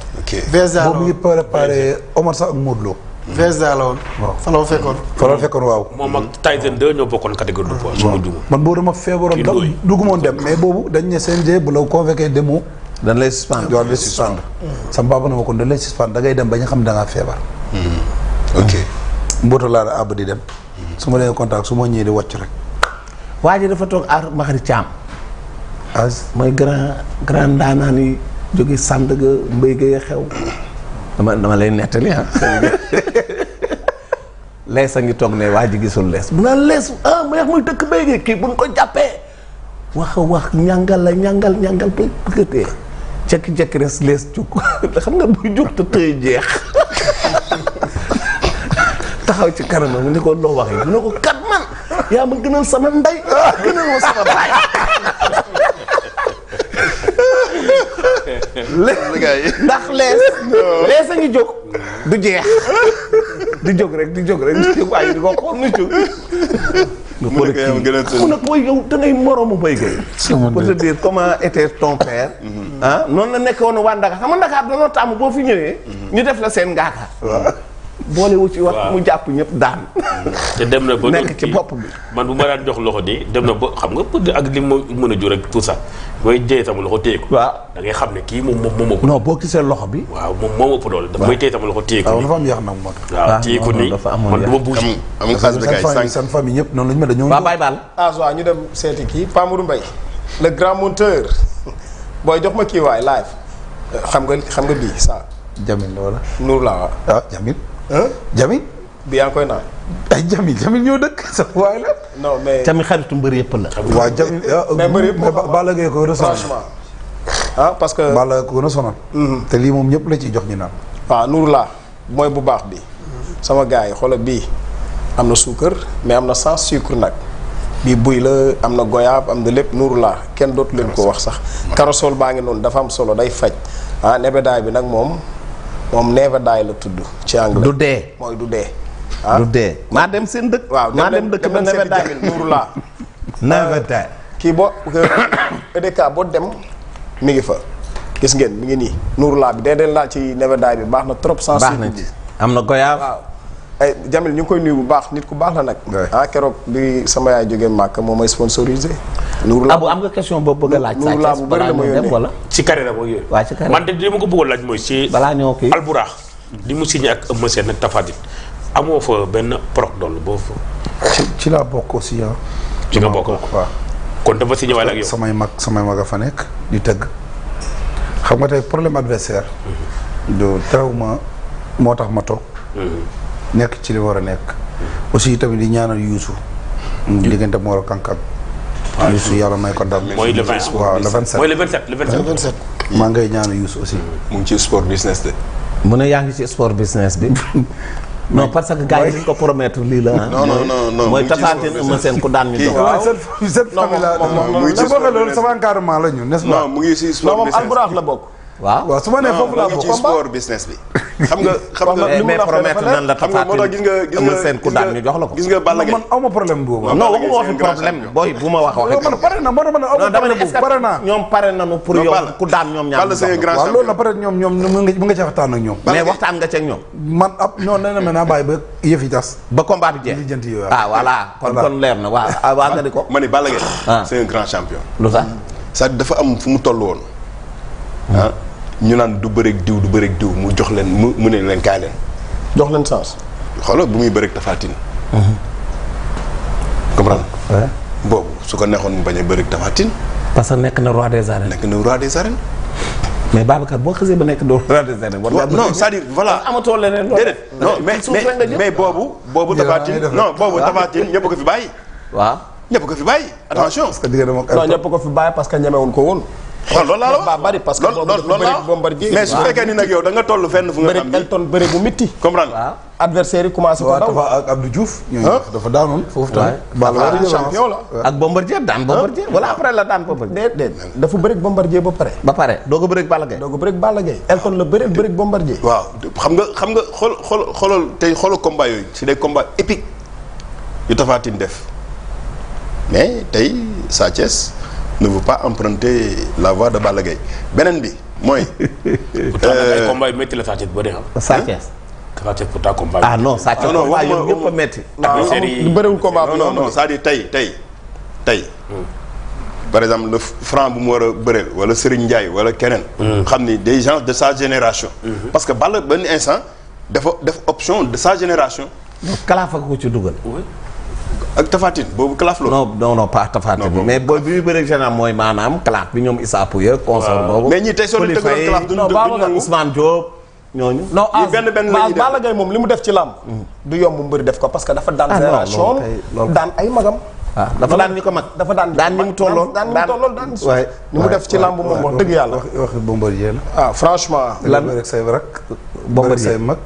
[SPEAKER 1] boobu ñu préparé Omar sax ak Modou Lo VSA la woon. waaw fa la fekkoon. fa la fekkoon waaw. moom ak Tyson 2 ñoo bokkoon catégorie de poids. waaw man boobu dama feebaroon. kii looy dugguma dem mais boobu dañ ne CNG bu la convoqué demoo. dañ lay suspendre yow lay mm. da ngay dem ba xam da ngaa feebar. Mm. ok laa la àbb di dem. su ma demee contact su ma ñëwee di wàcc rek. waa ji dafa toog aar Makhari Thiam. as mooy grand grand daanaan yi jóge Sandaga mbéy ga xew. dama dama lay nettali ah. lees a ngi toog ne waa ji gisul lees bu naan lees ah ma yeex muy dëkk béykat kii buñ ko jàppee wax wax ñàngal la ñàngal ñàngal ba gëtee jekki-jekki te jeex taxaw ci kanam mu ne ko loo wax yi mu ne ko kat man yaa ma gënal sama ndey gënal ma sama baay ndax lees lees a ngi jóg du jeex di jóg rek di jóg rek di jóg waaye di ko xool nu jóg mu ne ko yow da ngay moroomu béykat yi pour te dire comment était ton père mhm. ah noonu la nekk woon waa Ndakaar xam nga Ndakaar dañoo tàmm boo fi ñëwee mhm. ñu def la seen ngaakaar boolewu ci wax mu jàpp ñëpp daan. te dem na ba nekk ci bopp bi. man bu ma daan jox loxo nii dem na ba xam nga pëdd ak li ma mën a jur rek tout ça booy jëyee sama loxo téye ko. waaw da ngay xam ne kii moom moom moo ko. non boo gisee loxo bi. waaw moom moo ëpp doole. am yàq nag moo tax. waaw ah, téye ko nii man du ma bouger. am nga xaalis béykat yi sànq seen famille ñëpp ñu ah waaw dem seeti kii Pa Modou Mbaye le grand jox ma kii waay xam nga xam nga bii ça. Jamil wala. Nour laa waaw ah, Jamil Jamil. bi yaa ngi koy naan. ay Jamil Jamil ñoo dëkk sa waay la. non mais Jamil xaritu mbër yëpp la. waa Jamil mais ah, mbër yëpp Balla Gaye ko ah parce que. Balla Gaye ko resonal. Mhm. te lii moom ñëpp la ciy jox ni naan. waaw nuru laa mooy bu baax bi. sama gars yi xoolal bii am na suukar mais am na sans sucre nag. bi buy la am na goyaab am na lépp nuru laa kenn dootu leen ko wax sax. karosol baa ngi noonu dafa am solo day faj ah nebedaay bi nag moom. moom never die la tudd ci anglais. du dee mooy du dee. ah du dee. naa dem seen dëkk. waaw naa dem dëkk ba never die nuuru laa. never die. kii boo EDK boo dem mi ngi fa gis ngeen mi ngi nii nuuru laa bi dee dee laa ci never die bi baax na trop. sensibiliser baax na am na goyaab waaw. ay eh, Jamil ñu koy nuyu bu baax nit ku baax la nag. ah keroog bi sama yaay jógee Màkk moo may sponsorisé. Nour la bu am nga question boobu bëgg laaj. Nour la bu bëri la ma wala. ci carré la booy man de li ma ko bëggoon laaj mooy ci. balaa ñoo kii alburax. li mu signé ak Eumeu Sène ak Tapha Tine amoo fa benn prox doll boo ci ci laa bokk aussi ah. ci nga kon dafa signé waale ak yow samay mag samay mag a fa nekk di tëgg xam nga tey problème adversaire. Mhm. du moo tax ma toog. Mhm. nekk ci li war a nekk. aussi tamit di ñaanal Youssou. diggante Mor Kankan. waaw Youssou yàlla may ko ndam. mooy le 20 waaw le maa ngay ñaanal Youssou aussi. mu ngi ci sport business de. mu ne yaa ngi ci sport business bi. non parce que gars yi dañ ko promettre lii la ah. non non non non mooy tasaante ma seen ku daan ñu doon. waaw cette cette famille la. moom moom moom la ñu. mu ngi ci sport business la bokk. waaw waaw su ma nee foofu laa bokk ci sport business bi.
[SPEAKER 2] xam nga xam nga li mu la promettre nan la Tapha Tine gis nga gis nga seen ku daan ñu jox la ko. gis nga Balla Gaye man aw
[SPEAKER 1] ma problème boobu. non waxuma waxi problème booy bu ma wax waxi. man pare na man man aw ma problème boobu pare naa. ñoom pare nañu pour yow ku daan ñoom ñaar waaw loolu la pare ñoom ñoom mu nga ci waxtaan ak ñoom. mais waxtaan nga ci ak ñoom. man ab ñoo nee na ma naa bàyyi ba yëf yi tas. ba combat bi jeex lijjanti yi ah voilà kon kon leer na waaw ah, waaw nga di ko. ma ni Balla Gaye ah. c'est un grand champion. lu tax dafa am fu mu toll woon ah ñu naan du bëreeg diw du bëreek diw mu jox leen mu mu ne leen kaay leen. jox leen sens. xoolal bu muy bëreeg Tafatine. Mm-hmm. comprendre boobu su ko neexoon mu bañ a que nekk na roi des arènes. nekk na roi des arènes. mais Babacar boo xasee ba nekk doo roi des arènes. war ngaa dire voilà leneen loolu. déedéet mais boobu. boobu Tafatine non boobu Tafatine ñëpp ko fi bàyyi. waaw ñëpp ko fi bàyyi. Ah, attention parce que diggante moom. non ñëpp ko fi bàyyi parce que ñemewuñ ko woon. xool loolu laa la ba bari parce que mais su fekkee ni nag yow da nga toll fenn fu nga xam ni Elton bëri bu mitti commencé ko daw ak Abdou Diouf dafa foofu tamit Balla war a champion la ak Bombardier daan Bombardier wala après la daan Bombardier déedéet dafa bëri Bombardier ba pare ba pare doo ko bëri Balla Gaye doo ko bëri Balla Gaye Elton la bëri bëri Bombardier waaw xam nga xam nga xool xool xoolal tey xoolal combat yooyu c'est des combats épiques yu Tapha Tine def mais tey Sa Thiès ne veut pas emprunter la voie de Balla Gaye beneen bi mooy. pourtant euh, ay combat yu métti la dee ah. Sa Thiès. Sa Thiès pourtant combat ah non Sa Thiès ah, non waaye yow ñëpp a tey tey tey. Hmm. par exemple le franc bu mu war a bëreel wala Serigne Ndiaye wala keneen. Hmm. xam ni des gens de sa génération. Hmm. parce que Balla benn instant dafa def option de sa génération. donc kalaafa ko ci dugal. ak Tafatine boobu kalaaf la. non non non pas Tafatine. mais booy bi muy bëreeg général mooy maanaam kalaaf bi ñoom Issa Pouye ak consort boobu. mais ñi tey soo leen tëggoon kalaaf duñu duñu Ousmane Diop. ñooñu non as benn benn la ñuy def Balla Gaye moom li mu def ci làmb. Mm. du yomb mbëri def ko parce que dafa daan. Ah, génération daan ay magam. waaw ah, dafa daan ñi ko mag dafa daan daan ni mu tolloon daan ni mu tolloon daan ni mu def ci làmb moom wax dëgg yàlla wax waxi bombardier la ah franchement lan rek say rak bombardier say mag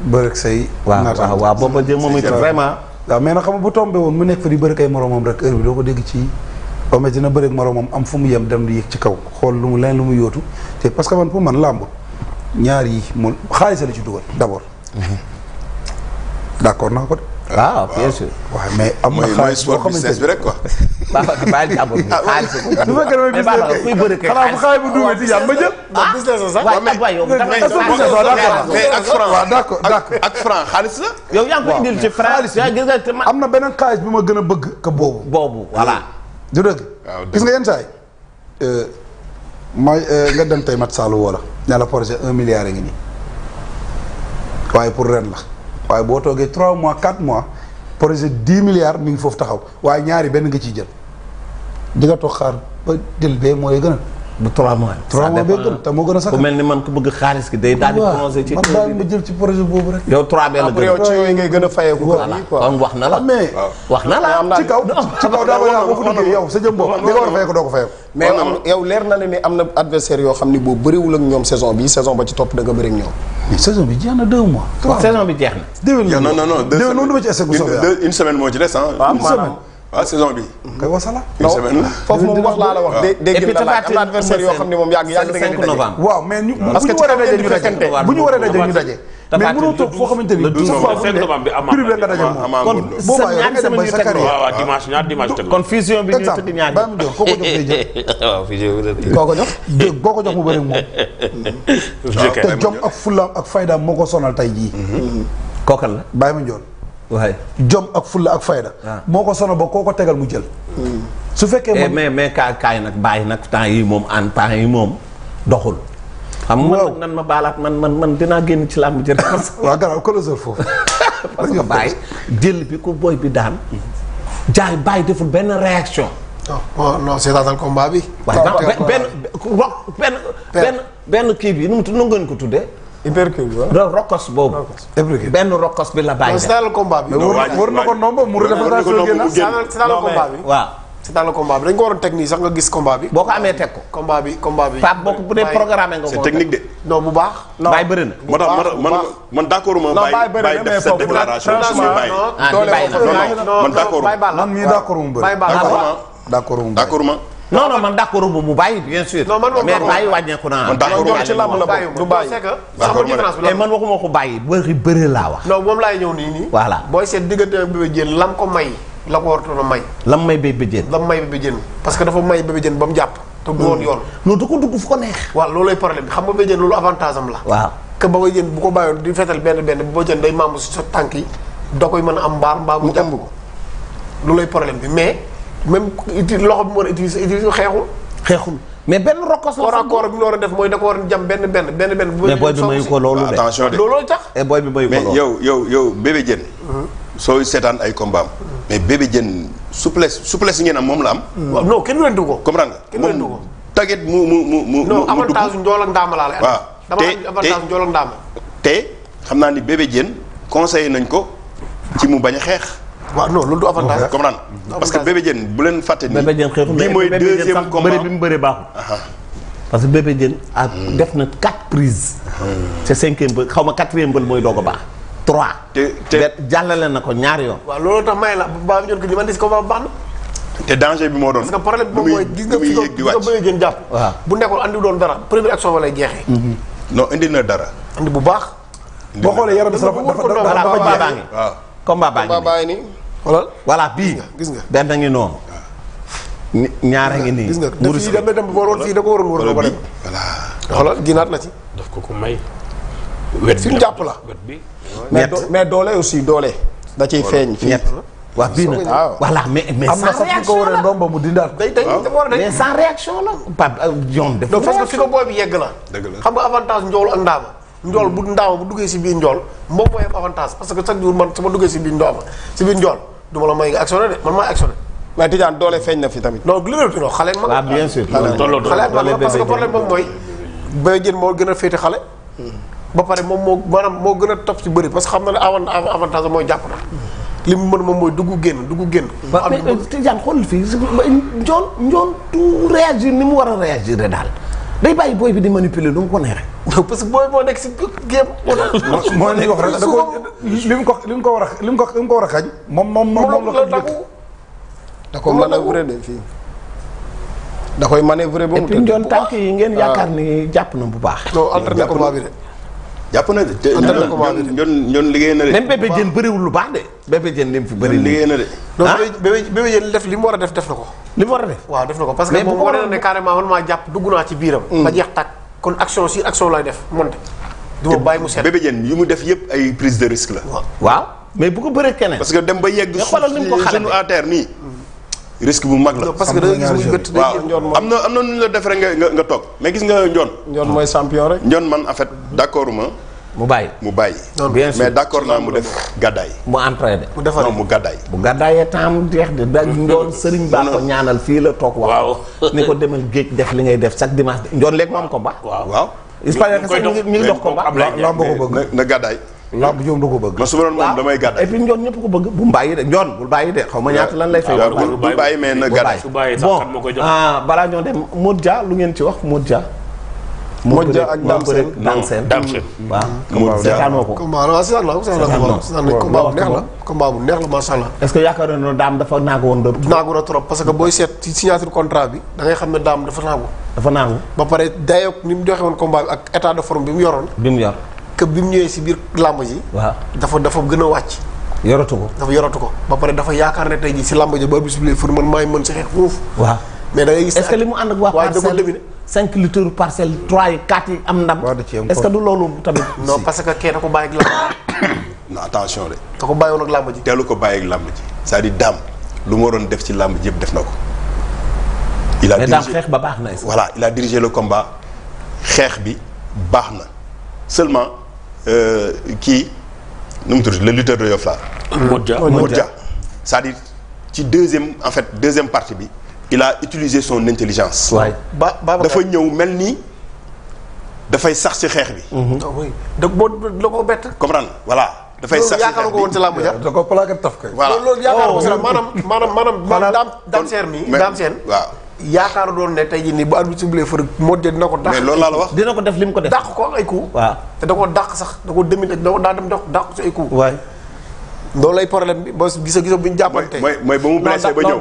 [SPEAKER 1] bërek say waaw waaw bombardier moom it vraiment waaw mais nag xam nga bu tombee woon mu nekk fa di bëri kay moromam rek heure bi doo ko dégg ci omet dina bëri ak am fu mu yem dem di yëg ci kaw xool lu mu leen lu mu yóotu te parce que man pour man làmb ñaar yi moom xaalise la ci dugal d'abord mhm. d'accord naa ko de Ah, waaw bien sûr. waaw mais am na xaalis boo xamante bi rek quoi. baal ah, ma xaalis bu ma gën a business mais am na beneen xaalis bi ma gën a bëgg que boobu. boobu voilà. du dëgg. gis nga yenn saa yi. Euh, euh, nga dem tey mat Saalum wala. ne la projet un milliard a ngi waaye pour ren la. waaye boo toogee 3 mois 4 mois projet 10 milliards mi ngi foofu taxaw waaye ñaari benn nga ci jël di nga xaar ba jël bee mooy gën a. bu 3 mois. 3 mois bee gën te moo gën a sax ku mel ni man ku bëgg xaalis gi day daal di plongé ci man daal jël ci projet boobu rek. yow 3 bee la gën a la mais wax na la ci daa a fayeeku doo ko fayeeku mais yow leer na la ni am na adversaire yoo xam ni boo bëriwul ak ñoom saison bi saison ba ci topp da nga ñoom mais saison bi jeex na deux mois saison bi jeex na déwén non non non déwén noonu dama ci essai bu soobee une semaine moo ci des une semaine waa ah, saison bi. kay wasala. une moom wax laa la wax. Ah. dégg na la am na adversaire yoo xam ne moom yàgg yàgg da ngeen di daje. waaw mais ñu bu ñu waree daje ñu daje mais mënoo toog foo xamante ni. du soxla bu ne nga daje moom. bi ñuy mu jox koo ko jox day jël. waaw fusion bi koo ko jox dégg koo ko jox mu bëri te jom ak fulla ak fayda moo ko sonal tey jii. Mm-hmm. kookal la bàyyi ma njoon waay jom ak fulla ak fayda. Ah. moo ko sonal ba koo ko tegal mu jël. Hmm. su fekkee eh, mais mais kaay kaay nag bàyyi nag temps yi moom en temps yi moom doxul. xam nga man nan ma baalaat man man man dinaa génn ci làmb jël. waaw gannaaw closeur foofu. bi ko boy bi daan. jaay bàyyi deful benn réaction. non oh, oh, non seetaatal combat bi. benn benn benn kii bi nu mu tudd ko tuddee. hypercule waaw rokkos boobu. benn rokkos bi la bàyyi. non combat bi. war na ko nomba mu référendation génn c'est dans le combat bi waaw. c'est dans le combat bi dañ ko sax nga gis combat bi. boo ko amee teg ko. combat bi combat bi. Pape boo ko bu dee programme nga ko. c'est technique de. non bu baax. non bàyyi na. bu baax man man d'accord ma bàyyi bàyyi def sa déclaration. ah man d'accord non man d'accord mu bàyyi bien sûr. non man mais bàyyi wàññeeku naa. man d'accord la du bàyyi mais man waxuma ko bàyyi bëri bëri laa wax. non moom laay ñëw nii nii. voilà booy seet diggante Bébé Diène lam ko may. la ko waratoon a may. lam may Bébé Diène. lam may Bébé Diène parce que dafa may Bébé Diène ba mu jàpp. te du woon mm. yoon. non du ko dugg fu ko neex. waaw loolooy problème bi xam nga Bébé Diène loolu avantage am la. waaw que ba Bébé Diène bu ko bàyyoon di fetal benn benn bu Bébé Diène day maamu si sa tànk yi da koy mën a am mbaar mbaar mu jàpp ko loolooy problème bi mais même loxo bi mu war a utiliser utiliser xeexul. xeexul mais benn rokkos la. war a koor bi mu war a def mooy da ko war a jam benn benn benn benn. bu mais booy bi mayu ko loolu de attention de looloo tax. et booy bi mayu ko loolu mais yow yow yow bébé jën. Mhm. sooy seetaan ay combat am. Mhm. mais bébé jën souplesse souplesse ngeen am moom la am. Mhm. waaw non kenn wendu ko. comprendre nga kenn wendu ko tagit mu mu mu mu mu dugg avantage njool ak ndaama laa lay. waaw dama avantage njool ak ndaama. te xam naa ni bébé jën conseillé nañ ko ci mu bañ a xeex. waaw non loolu du avantage. comme naan parce que Bébé bu leen fàtte nii. Bébé Diène xeexul bii mooy deuxième combat bëre bi mu bëree baaxul. parce que Bébé Diène ak def na quatre prises. Hmm. c'est cinquième ba xaw ma quatrième ba mooy doog a baax. trois te te jàllale na ko ñaari yoon. waaw loolu tax ba ñu ko li ma dis ko ba baax na. te danger bi moo doon. parce que problème bi moom jàpp. waaw bu nekkoon andi doon dara première action ba lay jeexee. Mm-hmm. non indi na dara. andi bu baax. boo xoolee yaram bi sax dafa dafa dafa combat baa ngi nii xoolal voilà bii nga gis nga benn ngi noonu. ñaara ngi nii. gis nga te fii dem dem boo waroon fii da ko waroon wër ba na ci. daf ko ko may. wet bi jàpp la wet bi. doole aussi doole. da ciy feeñ fii ñett. waa la am na a ndomba mu dindaat. day day mais sans réaction la. Pape euh, yoon def. parce que fi ko booy bi yegg bu hmm. ndaama bu duggee si biir njool. mboobu mooy am avantage parce que chaque jour man su ma duggee si biir ndooma si biir njool du ma la may nga actionné de man maa actionné. mais Tidiane doole feeñ na fi tamit. non lu lépp non xale ah, moo gën a féete xale. ba pare moom moo maanaam moo gën a topp ci bëri parce que xam na ne avantage mooy jàpp li mu mën moom mooy dugg génn dugg génn. am na euh, fii njool njool tout réagir ni mu war a réagir daal. day bàyyi booy bi di manipuler lu mu ko neexee. non parce que booy moo nekk si géem. moo nekk wax rek da ko li mu ko li mu ko war a li mu ko li mu ko war a xañ. moom moom moom la ko njëkk da ko manœuvrer de fii. da koy manœuvrer ba mu tëdd doon tànk yi ngeen ah. yaakaar ni jàpp na bu baax. non entraîné combat bi de. jàpp na de te ñoom ñoom liggéey na de. même bébé jën bëriwul lu baax de. bébé jën lim fi bëri liggéey na de. ah bébé bébé jën def li mu war a def def na ko. li mu war a def. waaw def na ko parce que moom wane na ne carrément man maa jàpp dugg naa ci biiram. Mm. ba jeex tàkk kon action sur action lay def monte du ma bàyyi mu seet bébé Diène mu def yëpp ay prise de risque la. waaw mais bu ko bëree keneen. parce que dem ba yegg suuf suñu nii. risque bu mag la parce que da nga gis muy gët waaw am na am na nu ñu la def rek nga nga toog mooy champion rek. Ndione man en fait d'accord mu bàyyi mu bàyyi. bien sûr mais d'accord naa mu def gàddaay. mu entraîné mu defar non mu gàddaay. bu gàddaayee temps mu jeex de da njoon sëriñ baa ko ñaanal fii la toog. waaw ni ko demal géej def li ngay def chaque dimanche njoon léegi ko ba. waaw waaw. Espagne kese mi ngi dox ko ba lamb ko bëgg na gàddaay. lamb ñoom da ko bëgg. su ma doon moom damay gàddaay. et njoon ñëpp ko bëgg bu mu bàyyi de njoon bul bàyyi de xaw ma ñaata lan lay fay. bu bàyyi mais na gàddaay bon ah, balaa ñoo dem Modja lu ngeen ci wax Modja Modja ak Dame Sène Dame Sène Dame Sène. Mm. Mm. waaw seetaan moo ko. combat la waaw seetaan la seetaan la combat bu neex la. combat bu neex la macha allah. est-ce que yaakaar naa ne Dame dafa naagu woon. naagu na trop parce que booy seet ci signature contrat bi da ngay xam ne Dame dafa naagu. dafa naagu. ba pare dayoo ni mu joxe woon combat bi ak état de forme bi mu yoroon. bi mu yor que bi mu ñëwee si biir làmb ji. waaw dafa dafa gën a wàcc. yoratu ko dafa yoratu ko. ba pare dafa yaakaar ne tey jii si làmb ji ba bisimilah fur man maay mën si xeex foofu. waaw mais da ngay gis. est-ce que li mu ànd ak waa parcelle waaye da ko dominé cinq lutteurs parcelle trois yi quatre yi am ndam. est-ce que du loolu tamit. non parce que kee da ko bàyyi ak làmb ji. attention de. da ko bàyyiwoon ak ji. teelu ko bàyyi ak làmb ji. cest à daam lu mu waroon def ci làmb ji yëpp def na ko. il a dirigé mais ba baax na voilà il a le combat xeex bi baax na seulement euh, kii nu mu tudd le lutteur de Yoff la. Modja Modja c'est-à-dire ci deuxième en fait deuxième partie bi. il a utilisé son intelligence. waay dafa ñëw mel ni dafay sax ci xeex bi. Mhm. Ah oui donc boo la ko bett. comprendre voilà. dafay sax ci xeex bi loolu yaakaar ko woon ci da ko plaqué taf kay. voilà loolu yaakaar ko si la oh. maanaam maanaam maanaam. daam daam seer mi ne tey jii nii bu àll bi subulee fër moo ko. dàq loolu laa la wax. dina ko def li ko def dàq ko ay coups. waaw te da koo dàq sax da koo demit da koo daa dem dàq ci ay coups. waay. loolu lay problème bi ba gis-gis bu ñu jàppante. mooy mooy ba mu blessé ba ñëw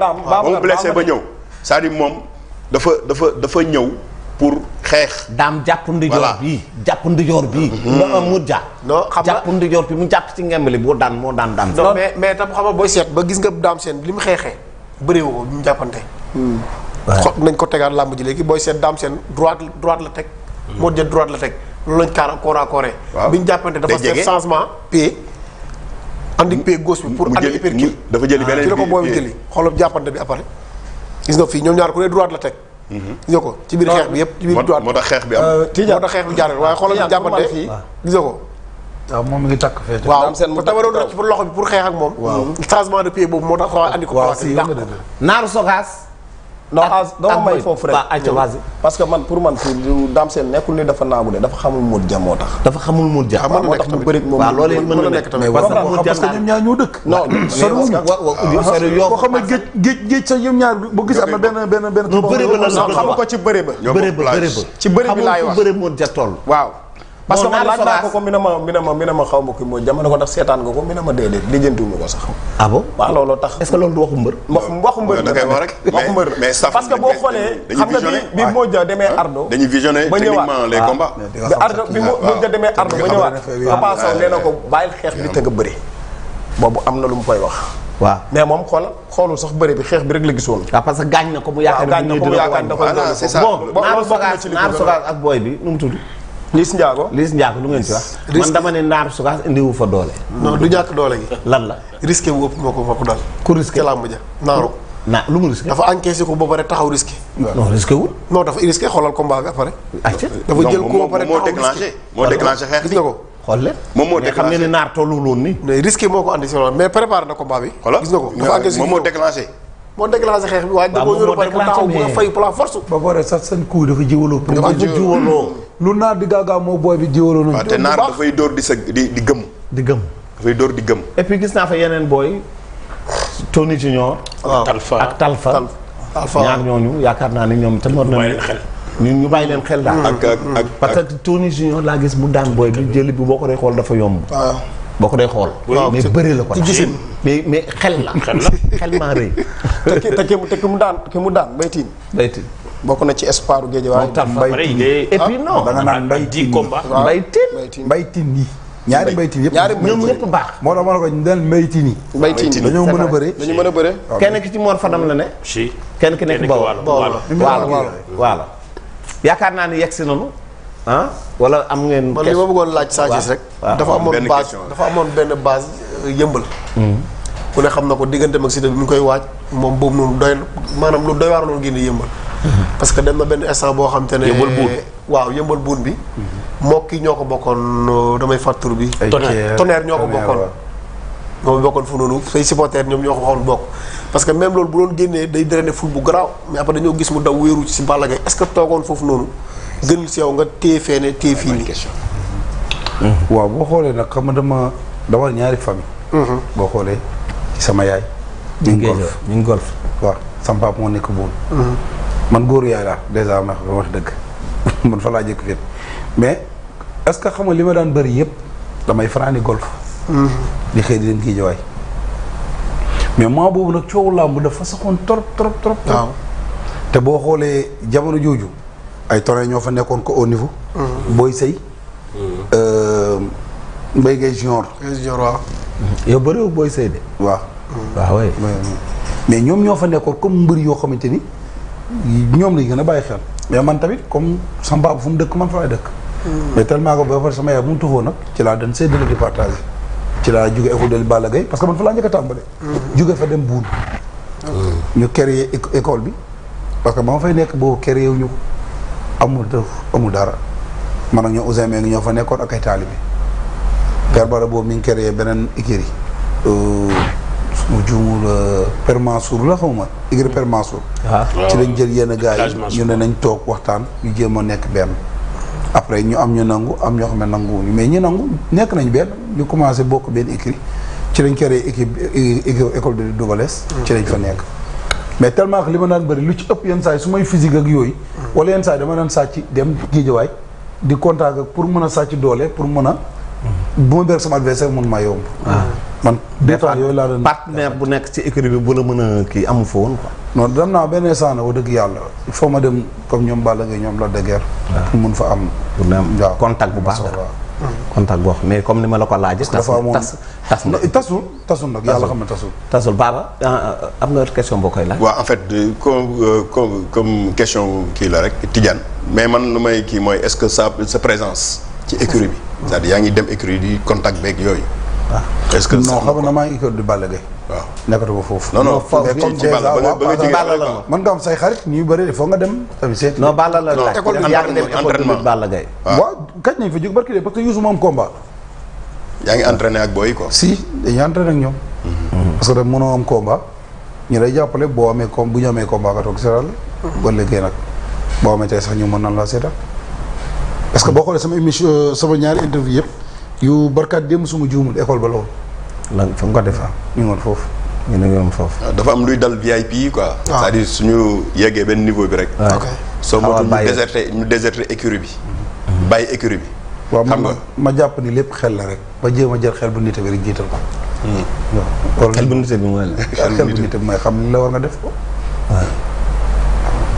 [SPEAKER 1] ba ñëw. cest à moom dafa dafa dafa ñëw pour xeex. daam jàpp ndijoor bii. jàpp ndijoor bii. nga mhm. mu ja. non xam nga jàpp ndijoor bi mu jàpp ci ngembali boo daan moo daan daan. non mais mais tam xam nga booy seet ba gis nga daam seen li mu xeexee bëree woo bi mu jàppante. xot hmm. nañ ko tegaat làmb ji léegi booy seet daam seen droite droite la teg. Hmm. moo jël droite la teg loolu lañ kaar koora kooree. waaw bi ñu jàppante dafa def changement pied. andi pied gauche bi pour andi hypercule. dafa jëli ah. beneen la ko booy jëli xoolal jàppante bi après gis nga fii ñoom ñaar ku ne droite la teg. gis nga ko ci biir xeex bi yëpp. moo tax xeex bi am. Euh, moo tax xeex bi jaarale waaye xoolal ñu jàppante gis nga ko. waaw moom mi ngi takk fee. waaw pour dama moom. waaw de pied boobu moo tax xaw a andi ko. naaru sogaas non as dama may foofu rek parce que man pour man si daam seen nekkul ni dafa naagu de dafa xamul Modou Dia moo tax dafa xamul Modou Dia moo tax mu bëri moom loolu mën na nekk tamit parce que ñoom ñaar ñoo dëkk non soo géej géej ñaar boo gis am na benn benn benn xam ko ci bëri ba bëri ba ci bëri bi laay wax bëri Modou Dia toll waaw parce que man laaj naa ko ko mi ne ma mi ne ma mi ne ma xaw ma kii mooy jamono ko ndax seetaan nga ko mi ne ma déedéet lijjantiwuma ko sax. ah bon waaw looloo tax. est-ce que loolu du waxu mbër. waxu mbër da koy wax rek waxu mbër mais parce que boo xoolee. xam nga bi bi ah. Modja demee ah. Ardo. dañuy visionné techniquement les ah. combats ba Ardo bi Modja demee Ardo ba ñëwaat. Papa Sow nee na ko bàyyil xeex bi tëgg bëri. boobu am na lu mu koy wax. waaw mais moom xoolal xoolul sax bëre bi xeex bi rek la gisoon. waaw parce que gaañ na ko mu yaakaar. waaw gaañ na ko mu yaakaar da koy doon. voilà c'est ça naaru sogaas naaru sogaas ak booy bi nu mu tudd. Liss Ndiago Liss Ndiago lu ngeen ci wax. man dama ne Ndaaru Sogas indiwu fa doole. non du ñàkk doole gi. lan la. risqué wu ëpp moo ko ëpp daal. ku risqué làmb ja naaru. naa lu mu risqué. dafa encaissé ko ba pare taxaw risqué. non risqué wul. non dafa risqué jël ko ba pare taxaw risqué moo déclenché moo déclenché xeex gis nga ko. xool leen moom moo déclenché mais xam moo ko andi si mais préparé na combat bi. moo déclenché moo déclenché xeex bi waaye da koo yóbbu mu taxaw mu fay par force. ba pare sax seen coup dafa jiwaloo. dafa jiwaloo lu naar di gaagaa moo booy bi jiwaloo nañu. te naar dafay dóor di sa di di gëm. di gëm dafay dóor di gëm. et gis naa fa yeneen booy. Tony Junior. waaw Talfa ak Talfa. Talfa ñaar ñooñu yaakaar naa ne ñoom tam war nañu xel. ñu ñu bàyyi leen xel daal. ak ak ak parce que Tony Junior laa gis mu daan booy bi jëli bi boo ko xool dafa yomb. boo ko dee xool. mais bëri la ko ci mais mais xel la. xel la xel maa rëy. te ki te ki mu daan ki mu daan baytiin. baytiin bokk na ci espoir u géej waaye. baytiin et puis non ah, da nga naan baytiin baytiin baytiin yi. ñaari baytiin yëpp ñoom ñëpp baax. moo tax ma ne ko ñu daan baytiin yi. baytiin yi dañoo mën a bëre. dañu mën a bëre. Ah, kenn ki ci Mor Fadam la ne. si kenn ki nekk Bawol Bawol Waalo Waalo. yaakaar naa ni yegg si noonu ah wala am ngeen. man li ma bëggoon laaj Sa rek. dafa amoon base dafa amoon benn base euh, yëmbal. Hmm. ku ne xam na ko digganteem ak Siteu bi mu ngi koy waaj moom boobu noonu doy maanaam lu doy waar loolu génn yëmbal. Hmm. parce que dem na benn instant boo xam te ne. yëmbal buun waaw yëmbal buun bi. mokk hmm. yi ñoo ko bokkoon euh, damay facture bi. tonnerre tonnerre ñoo ko bokkoon. moom bokkoon fu noonu say supporters ñoom ñoo ko waxoon bokk parce que même loolu bu doon génnee day drainer ful bu garaaw mais après dañoo gis mu daw foofu noonu gënul si yow nga téye fee ne téye fii nii. Mm-hmm. waaw boo xoolee nag xam nga dama dama ñaari famille. Mm-hmm. boo xoolee sama yaay. ñu ngi golf ñu ngi golf. waaw sama papa moo nekk buun. Mm-hmm. man góoru yaay laa dèjà ma wax dëgg man fa laa jëkk fépp mais est-ce que xam nga li ma daan bëri yëpp damay fanaani golf. di xëy di leen kii jawaay mais maa boobu nag coow coowu làmb dafa saxoon trop trop trop. waaw te boo xoolee jamono jooju. ay tore ñoo fa nekkoon ko au niveau. Mhm. booy Sey. Mhm. Euh, Mbaye Gueye Junior. waaw. Mhm. yow bëriwul Boy Sey de. waaw. waaw waay. mais ñoom ñoo fa nekkoon comme mbër yoo xamante ni ñoom lañ gën a bàyyi xel. mais man tamit comme sama baab fu mu dëkk man faay dëkk. mais tellement que ba pare sama yaay bu mu tuxoo nag ci laa dañ séddale di partager ci laa jóge école de Balla Gaye parce que man fa laa njëkk a tàmbale. fa dem buun ñu créé école bi parce que ba ma fay nekk boobu créé wu ko. amul dëf amul dara man ak ñoo Ousseyn ngi ñoo fa nekkoon ak ay taalibe Père Bara boobu mi ngi créé beneen écurie euh, su ma juumul euh, Père Mansour la xaw ma écurie Père Mansour ah. ci lañ jël yenn gars yi ñu ne nañ toog waxtaan ñu jéem a nekk benn après ñu am ñu nangu am ñoo xam ne nanguwuñu mais ñu nangu nekk nañ benn ñu commencé bokk benn écurie ci lañ créé équipe école de Doubalès ci lañ fa nekk mais tellement que li ma naan bëri lu ci ëpp yenn saa yi su may physique ak yooyu. wala yenn saa yi dama naan sàcc dem géejawaay di contact ak pour mën a sàcc doole pour mën a. bu ma bëri sama adversaire mun maa yomb. Ah. man des fois yooyu laa doon partenaire bu nekk ci écurie bi bu la mën a kii amu fa woon quoi. non dem naa benn instant na dëgg yàlla il faut ma dem comme ñoom Balla Gaye ñoom la de ah. pour mun fa am. pour am contact bu baax contact boo xam mais comme ni ma la ko laajee. dafa amoon tas tas na tasul tasu nag la xam ne tasul. tasul baaba ah, ah, am nga question boo koy laaj. waa en fait comme euh, comme comme question kii la rek Tidiane. mais man lu may kii mooy est-ce que sa sa présence. ci écurie bi. cest yaa ngi dem écurie di contact beeg yooyu. waaw ah. est-ce que non xam na maa ngi di Balla Gaye waaw nekkatuma foofu. non non mën nga am say ñu bëri il nga dem. tamit non Balla la laaj yàgg dem école de Balla Gaye waaw kañ nañ fa jóg barki de parce que Youssou moom combat. yaa ngi entraîné ak boo quoi. si dañuy entraîné ak ñoom. Mm-hmm. parce que da mënoo am combat ñu lay jàppale boo amee com bu ñu amee combat nga toog seetal. Mm-hmm. ba léegi nag boo amee tey sax ñu mën nan laa seetal. parce que boo xoolee sama émission euh, sama ñaari interview yëpp yu barkaat démb suma juumul école ba la woon. lan fa nga ñu ngi foofu. ñu ne woon foofu. Ah, dafa am luy dal VIP quoi. waaw ah. c'est-à-dire suñu yeggee benn niveau bi rek. ok soo motul ñu déserté ñu déserté écurie bi. Mhm. bàyyi écurie bi. waaw ma ma jàpp ni lépp xel la rek ba jéem a jël xel bu nite bi jiital ko. Hmm. waaw xel bu nite bi mooy xel bu nite bi mooy xam li la war nga def ko. waaw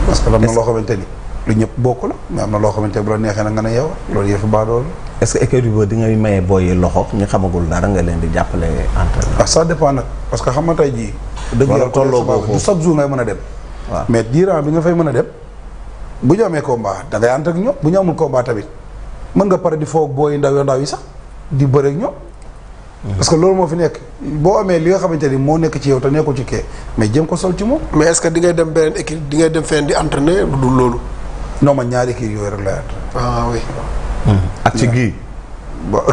[SPEAKER 1] parce que am na loo xamante ni. lu ñëpp bokk la mais am na loo xamante ne bu la neexee na nga ne yow loolu yëfu baadool est ce que écurie boobu di ngay maye booy loxo ñu xamagul dara nga leen di jàppale entraînement. na ah, ça dépend que xam nga tey jii. dëgg yàlla tolloo boobu du chaque jour mën a dem. waaw mais diiran bi nga fay mën a dem bu ñu amee combat da ngay ànd ak ñoom bu ñu amul combat tamit mën nga pare di foog booy ndaw ndaw yi sax di bëre ak ñoom. Hmm. parce que loolu moo fi nekk boo amee li nga xamante ni moo nekk ci yow te nekkul mais jëm ko sol ci moom. mais est ce ngay dem beneen équipe di ngay dem fenn di entraîner du loolu non ma ñaari kii yooyu rek la yaat. ah oui. Hmm. ak ci gii. waaw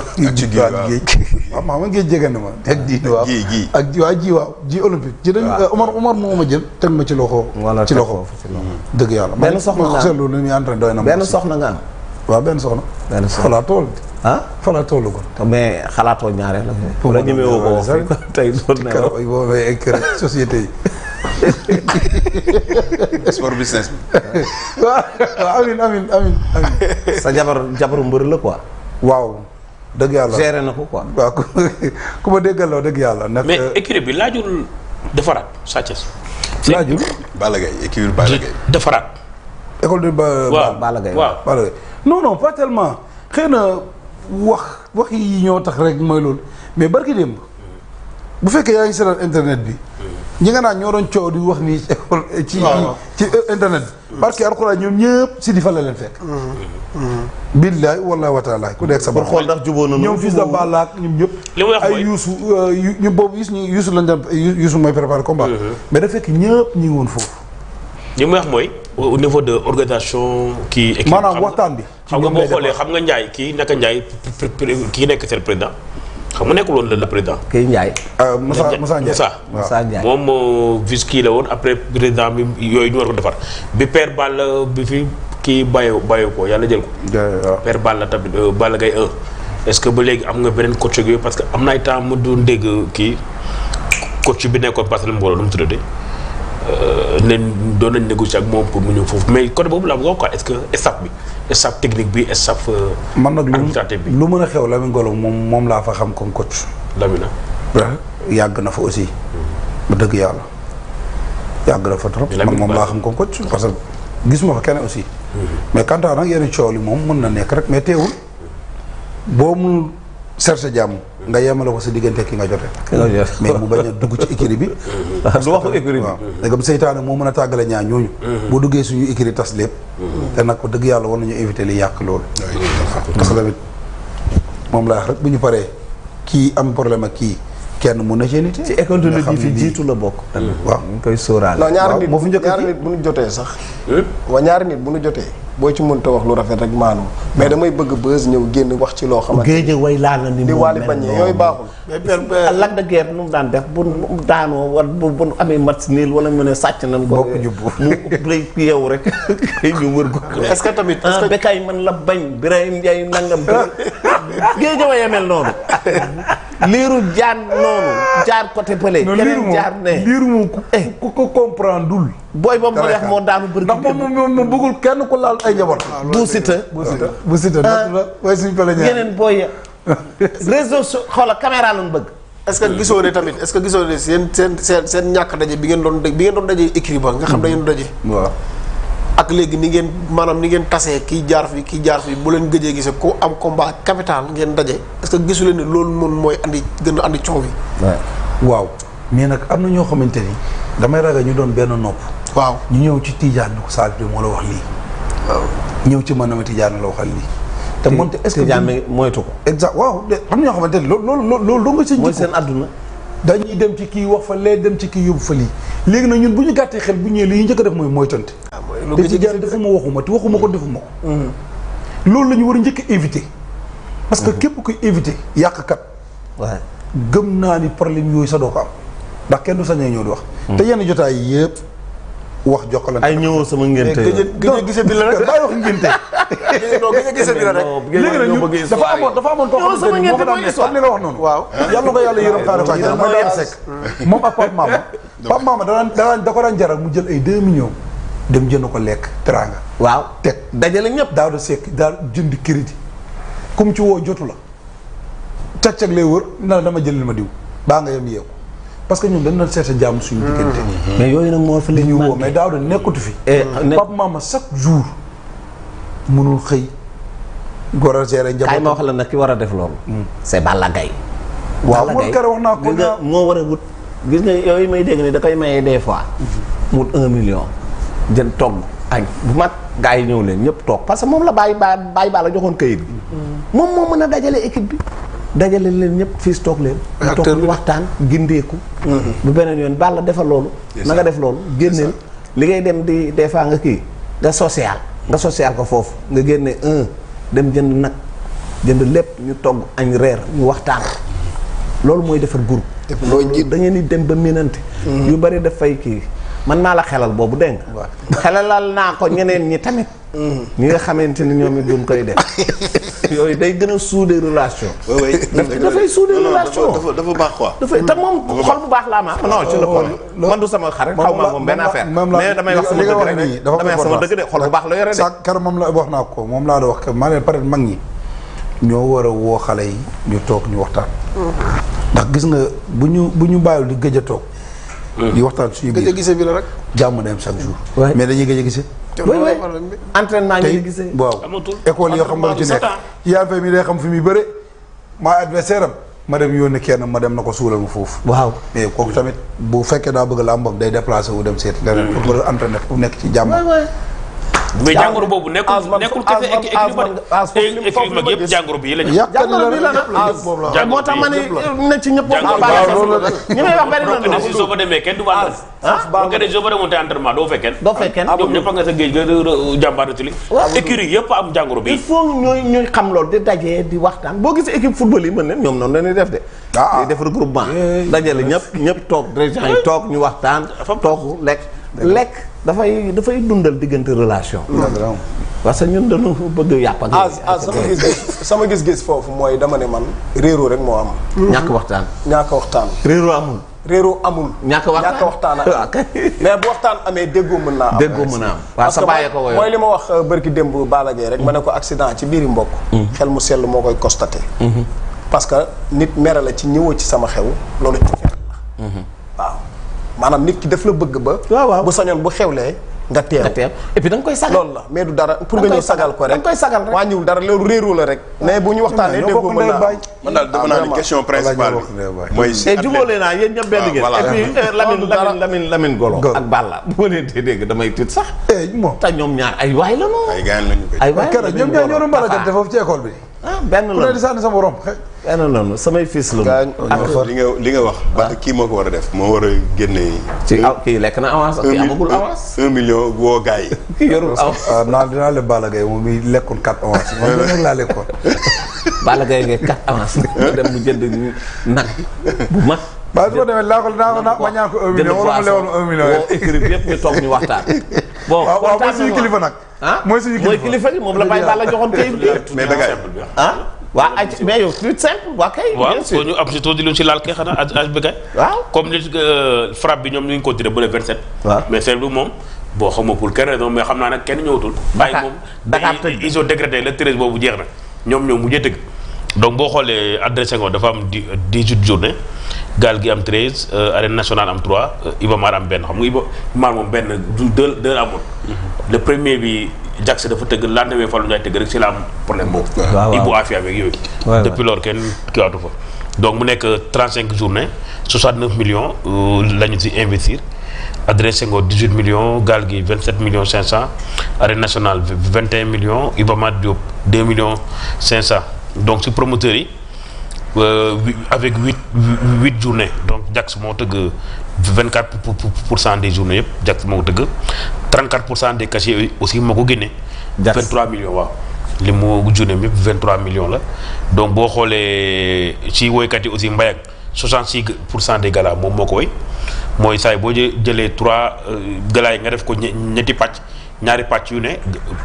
[SPEAKER 1] waaw maa géej jege na ma. ak ji waaw ji ji ak ji waaw ji waaw ji olympique. ji dañu euh, Omar Omar jël teg ma ci loxo. ci loxo hmm. dëgg yàlla. benn soxna nga am man seetlu na ñuy entraîné na ma. benn soxna nga am. waaw benn soxna. benn tool. Ah? toolu ko. mais xalaatoo ñaareel la. pour ñemewoo ko tey loolu na la. société yi. sport business bi. waaw waaw amin amin amin sa jabar jabaru mbër la quoi. waaw. dëgg yàlla géré na ko ko waaw ku ma déggal loo dëgg yàlla. nag mais euh, écurie bi laajul defaraat Sa Thiès. laajul. Balla Gaye écurie Balla defaraat. école ba. waaw Balla waaw Balla Gaye non non pas tellement wax wax yi ñoo tax rek mooy loolu mais barki démb bu fekkee yaa ngi seetaan internet bi. ñi naa naan ñoo doon coow di wax nii ci ci internet bi parce que alxuraan ñoom ñëpp si di fa la leen fekk billaay wallaay wa taala ku nekk sa bopp xool ndax jubóo na ñoom fils de Balla ak ñoom ñëpp li mu wax ay yuusu euh, ñu boobu yuusu yuusu lañ daan yuusu mooy préparé combat mhm. mais da fekk ñëpp ñu ngi woon foofu li mu ax mooy au niveau de organisation kii maanaam waxtaan bi xam nga boo xam nga Ndiaye kii naka Ndiaye kii nekk seen président xam nga nekkul woon la le président. kii Ndiaye. Moussa euh, Moussa Ndiaye Moussa Ndiaye moom vice kii la woon après président bi yooyu ñu war ko defar bi père Balla bi fi kii bàyyoo bàyyoo ko yàlla jël ko. père Balla tamit euh, Balla Gaye 1. est-ce que ba léegi am nga beneen coach yooyu parce que am na ay temps mu doon dégg kii coach bi nekkoon Parcelles Mbooloo nu mu tuddati leen euh, doon nañ négocier ak moom pour mu ñu foofu mais côté boobu la am nga quoi est-ce que staff bi. staff technique bi staff. Euh, man nag lu lu mën a xew Lamine Golo moom moom laa fa xam comme coach. Lamine yàgg na fa aussi. Hmm. bu dëgg yàlla yàgg na fa trop. man moom laa xam comme coach parce que gis ma fa kenn aussi. Hmm. mais quant à nag yenn coow li moom mën na nekk rek mais teewul boo mun. cherche jàmm nga yemale ko sa diggante ki nga jote mais mu bañ a dugg ci écurie bi ah, du waxu écurie bi waaw seytaane moo mën a tàggale ñaar ñooñu mm-hmm. boo duggee suñu écurie tas lépp mm-hmm. te nag ko dëgg yàlla war nañu éviter li yàq loolu parce que tamit moom laa rek bu ñu paree kii am problème ak kii kenn mun na génité ci économie bi fi jiitu la bokk tamit waaw ñu koy sóoraale non ñaari nit bu ñu jotee sax hmm? wa ñaari nit bu ñu jotee boo ci mënta wax lu rafet rek maanu mais damay bëgg bës ñëw génn wax ci loo xamante géej way laa na ni di wàlli bañee yooyu baaxul ah, Lac de Guiers nu mu daan def bu daanoo wala bu nu amee match niil wala mu ne sàcc nañ ko bokk jubbu mu lay yeewu rek kay ñu wër ko est-ce que tamit ah, Bécaye man la bañ Birahim Ndiaye nangam géej way amel noonu liiru jaan noonu jaan côté pële. keneen jaar ne liiru moom ku eh. ko comprendre booy boobu ma wax moo daanu bëri. ndax moom moom bëggul kenn ku laal ay njaboot. bu sita bu sita bu sita waaye booy réseau so xoola caméra lañ bëgg. est-ce que gisoo ne tamit est-ce gisoo ne seen seen seen seen ñàkk daje bi ngeen doon bi ngeen doon daje écrit nga xam ne dañu doon daje. waaw. ak léegi ni ngeen maanaam ni ngeen tasee kii jaar fi kii jaar fi bu leen gëjee gisee ko am combat capital ngeen daje est-ce que gisu leen loolu moom mooy andi gën a andi coow bi. waaw mais nag am na ñoo xamante ni damay ragal ñu doon benn nopp. waaw ñu ñëw ci Tijaan ni ko Saal bi moo la wax lii. waaw ñëw ci man na ma Tijaan la waxal lii. te moonte te ce que Tijaan moytu ko. exact waaw de am na ñoo xamante ni loolu loolu loolu doo nga seen. mooy seen àdduna. dañuy dem ci kii wax fa lee dem ci kii yóbbu fa lii léegi nag ñun bu ñu gàttee xel bu ñëwee li ñu njëkk def mooy ah, mooy tonte
[SPEAKER 2] da ci
[SPEAKER 1] jaar defuma waxuma te waxuma ko defuma ko mm. loolu la ñu war a njëkk a parce que mm-hmm. képp koy éviter yàqkat gëm naa ni problème yooyu sa doo ko am ndax kenn du sañee ñëw di wax mm. te yenn jotaay yëpp wax jokkalante ay ñëwoo sama ngénte eh, gëj gise bi la rek bàyyi wax ngénte non gëj gise bi la rek léegi nag dafa amoon dafa amoon koo xam ne moo la wax noonu waaw na ko yàlla yërëm xaaral jaral mu jël ay deux millions dem jënd ko lekk teranga waaw teg dajale ñëpp daaw da sekk daa jënd crédit comme ci woo jotu la càccag lay wër na dama jëlil ma diw baa nga yem yeeku parce que ñun dañu doon seet a jàmm suñu diggante. Mm-hmm. mais yooyu nag moo fi li ñu woo mais daaw de nekkatu fi. Eh, mm-hmm. Pape Mama chaque jour mënul xëy. góor a gérer ma la nag war a def loolu. Mm. c'est waaw man keroog wax moo war a wut. gis nga yooyu may dégg des fois. Mm-hmm. mu un million. jën togg añ bu mat gaa yi ñëw leen ñëpp toog parce que moom la bàyyi bàyyi bàyyi baa la joxoon kayit bi. moom moo mën a dajale équipe bi. dajale leen ñëpp fii toog leen. ñu toog waxtaan gindeeku. Mm-hmm. bu beneen yoon Balla defal loolu. nanga def loolu génneel. li ngay dem di des fois nga kii nga social. nga social ko foofu nga génne un dem jënd nag jënd lépp ñu togg añ reer ñu waxtaan. loolu mooy defar groupe. da ngeen di dem ba miinante. Mm-hmm. yu bari dafay kii. man maa la xelal boobu dégg nga xelalal naa ko ñeneen ñi tamit mm. ñi nga xamante ni ñoom it duñ koy def yooyu day gën a suude relation mm. dafay suude relation dafa baax quoi dafay te moom xol bu baax laa ma non la xool oh, man sama xarit xaw ma moom benn affaire mais damay wax sama dëgg rek damay wax sama dëgg de xol bu baax la yore de sa kar moom la ko moom laa la wax maa leen peut-être mag ñi ñoo war a woo xale yi ñu toog ñu waxtaan mm-hmm. ndax gis nga bu ñu bu ñu bàyyul di gëj a toog di waxtaan suñu biir gëj a gisee bi la rek. jàmm na am chaque mais dañuy gëj a gisee. oui oui entraînement ñu gisee. waaw école yoo xam ne ci nekk. yaa fay mi day xam fi muy bëre. maa adversaire ma dem yoon kenn ma dem na ko suulal ma foofu. waaw mais kooku tamit bu fekkee daa bëgg làmbam day déplacé wu dem seet. leneen pour nga entraîner pour nekk ci jàmm. mais jàngoro boobu nekkul nekkul kese équipe équipe équipe mag yëpp jàngoro bi la ñu. jàngoro bi la la moo tax ma ne ne ci ñëpp. ñi may wax benn benn si soo fa demee kenn du fa entraîné. ah baax na soo fa demoon entraînement doo fekk kenn. doo fekk kenn ñoom ñëpp a nga sa géej nga jàmbaarati li. écurie yëpp am jàngoro bi. il faut ñooy ñooy xam loolu di dajee di waxtaan boo gisee équipe football yi mën leen ñoom noonu dañuy def de. ah def regroupement dajale ñëpp ñëpp toog dirigeant yi toog ñu waxtaan toog lekk lekk dafay dafay dundal diggante relation. parce que ñun dañu bëgg yàpp ak ah, ah sama gis-gis sama gis-gis foofu mooy dama ne man réeroo rek moo am. ñàkk waxtaan. ñàkk waxtaan. réeroo amul. réeroo amul. ñàkk waxtaan ñàkk waxtaan mais bu waxtaan amee déggoo mën naa am. déggoo mën naa am waaw sa bàyyee ko mooy li ma wax euh, bërki démb Balla Gaye rek. ma ne ko accident ci biiri mbokk. Mm-hmm. xel mu sell moo koy constaté. Mm-hmm. parce que nit mere la ci ñëwoo ci sama xew loolu ci fenn mm-hmm. waaw. maanaam nit ki daf la bëgg ba. waaw bu sañoon bu xewlee. nga teew nga teew et puis da nga koy sagal. loolu la mais du dara pour nga ñëw sagal ko rek da nga koy sagal rek wàññiwul dara loolu réeroo la rek. mais bu ñu waxtaanee déggoo mën naa man daal dama naa ah, ni question principale bi mooy si eh, athlète jubóole naa yéen ñëpp benn ah, ngeen. voilà et puis eh, Lamine Lamine Lamine Lamine Golo. ak Balla bu ma leen dee dégg damay tiit sax. eh moom te ñoom ñaar ay waay la noonu. ay gaañ lañu koy ay waay la ñu koy keroog ñoom ñoo ñoroon mbalakante foofu ci école bi. ah benn loolu sa borom benn samay fils la. li nga li nga wax. parce que kii moo ko war a def. moo war a génne. ci aw kii lekk na avance kii amagul avance. un million woo gars yi. Ah, moom mi lekkul quatre avance man ngay quatre avance. dem mu jënd nag bu mag. waaw su ko demee naa ko naa ko ma ñaan ko un million wala ma lewoon un million woo écrit bi yëpp ñu toog ñu waxtaan bon waaw mooy suñu kilifa nag ah mooy suñu kilifa mooy kilifa gi moom la Baye Balla joxoon kayit bi mais dangay ah waa aj mais yow plus simple waa kay bien sûr waaw ñu ab surtout di lu ci laal kay xanaa aj bi kay waaw comme li euh, frappe bi ñoom ñu ngi continué ba le 27 waaw mais seet bi moom boo xamuma pour quelle raison mais xam naa nag kenn ñëwtul bàyyi moom ils ont dégradé le treize boobu jeex na ñoom ñoo mujjee tëgg donc boo xoolee adressé nga dafa am euh, dix huit journée gaal gi am treize euh, arène nationale am trois euh, Iba Mar am benn xam nga Iba Mar moom benn du deux deux amoon. Mhm. le premier bi Jax dafa tëgg lendemain Fallou Ndiaye tëgg rek si la am problème boobu. waaw Ibou Afia beeg yooyu. depuis loolu kenn kiiwaatu fa. mu nekk trente cinq journée soixante neuf millions la ñu si investir. adressé nga 18 millions gaal gi 27 millions 500 arène nationale 21 millions Iba Mar Diop 2 millions 500. donc si promoteurs yi euh, avec huit huit journées donc su moo tëgg vingt quatre pour cent des journées yëpp Jax moo ko tëgg trente quatre pour cent des cachets aussi moo ko génne. Jax vingt trois millions waaw. li mu journée bi yëpp vingt trois millions la donc boo xoolee si woykat yi aussi mbay ak soixante six pour cent des galas moom moo ko woy mooy saa yi boo jëlee trois euh, galas yi nga def ko ñetti pàcc. ñaari pàcc yu ne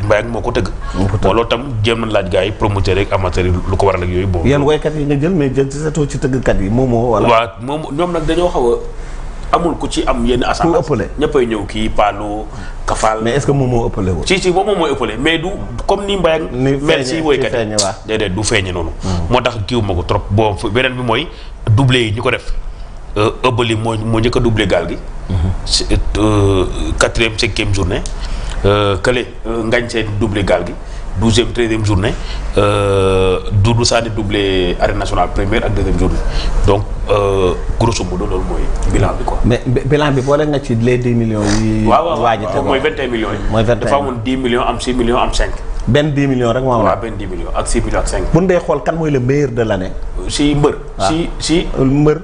[SPEAKER 1] mbay moo ko tëgg. moo ko tëgg tam jéem laaj gars yi promoteur rek amateur yi lu ko war a ak yooyu. boobu yan woykat yi nga jël mais jël ci sa ci tëggkat yi moom moo. voilà waaw moom ñoom nag dañoo a amul ku ci am yenn. assemblée ku ëppale ñëppay ñëw kii Palo Kafal. mais est-ce que moom moo ëppale woon. moom moo ëppale mais du comme ni mbay ak. ni feeñee ci woykat yi déedéet du feeñe noonu. Hmm. moo tax kiiw ma ko trop boo beneen bi mooy doublé yi ñu ko def. Euh, ëbbali moo moo njëkk a doublé gaal gi. Hmm. Euh, quatrième cinquième journée Euh, kële euh, ngañ seen doublé gaal gi douzième treizième journée euh, Doudou Sané doublé arène nationale première ak deuxième journée donc grosso modo loolu mooy bilan bi quoi. mais bilan bi boole nga ci les dix millions yi. waaw waaw mooy vingt et un millions yi. mooy vingt et un dafa amoon dix millions am six millions am cinq. benn 10 millions rek moo am. waaw benn 10 millions ak 6 millions ak 5. bu ñu dee xool kan mooy le meilleur de l'année. si mbër. Ah. si si mbër.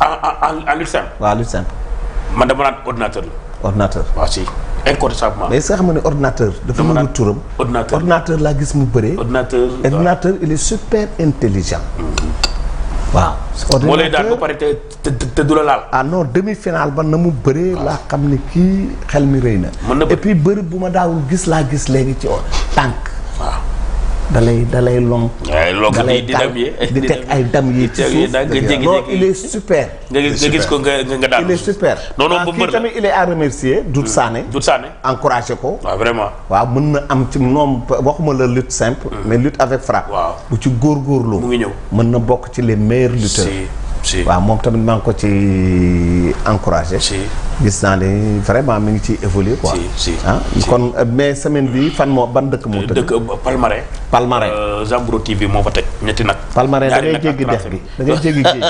[SPEAKER 1] en en en lutte simple. waaw lutte simple. man dama naan ordinateur la. ordinateur waaw si. incontestablement. mais sax xam nga ne ordinateur. dafa mënul turam ordinateur ordinateur laa gis mu bëree. ordinateur ordinateur il est super intelligent. Mm-hmm. waaw. ordinateur moo lay daan ba pare te te du la laal. ah non demi final ba na mu bëree. laa xam ni kii xel mi rëy na. mën na et puis bëri bu ma daawul gis laa gis léegi ci tànk. dalay dalay lonk. dalay di teg ay dam yi ci suuf non il est super. nga gis ko nga nga daal il est super. non non ah, kii tamit il est à remercier hmm. ko. Ah, vraiment. waaw mën na am ci moom waxuma la lutte simple. Hmm. mais lutte avec frappe. waaw bu ci góorgóorloo. mu ngi ñëw mën na bokk ci les meilleurs lutteurs. waaw moom tamit maa ngi ko ci encouragé gis naa ni vraiment mi ngi ci évoluer quoi ah kon euh, mais semaine bi fan moo ban dëkk moo tëj dëkk Palmarin Palmarin euh, Zambro TV moo fa tëj ñetti nag Palmarin da ngay jéggi dex gi da ngay jéggi géej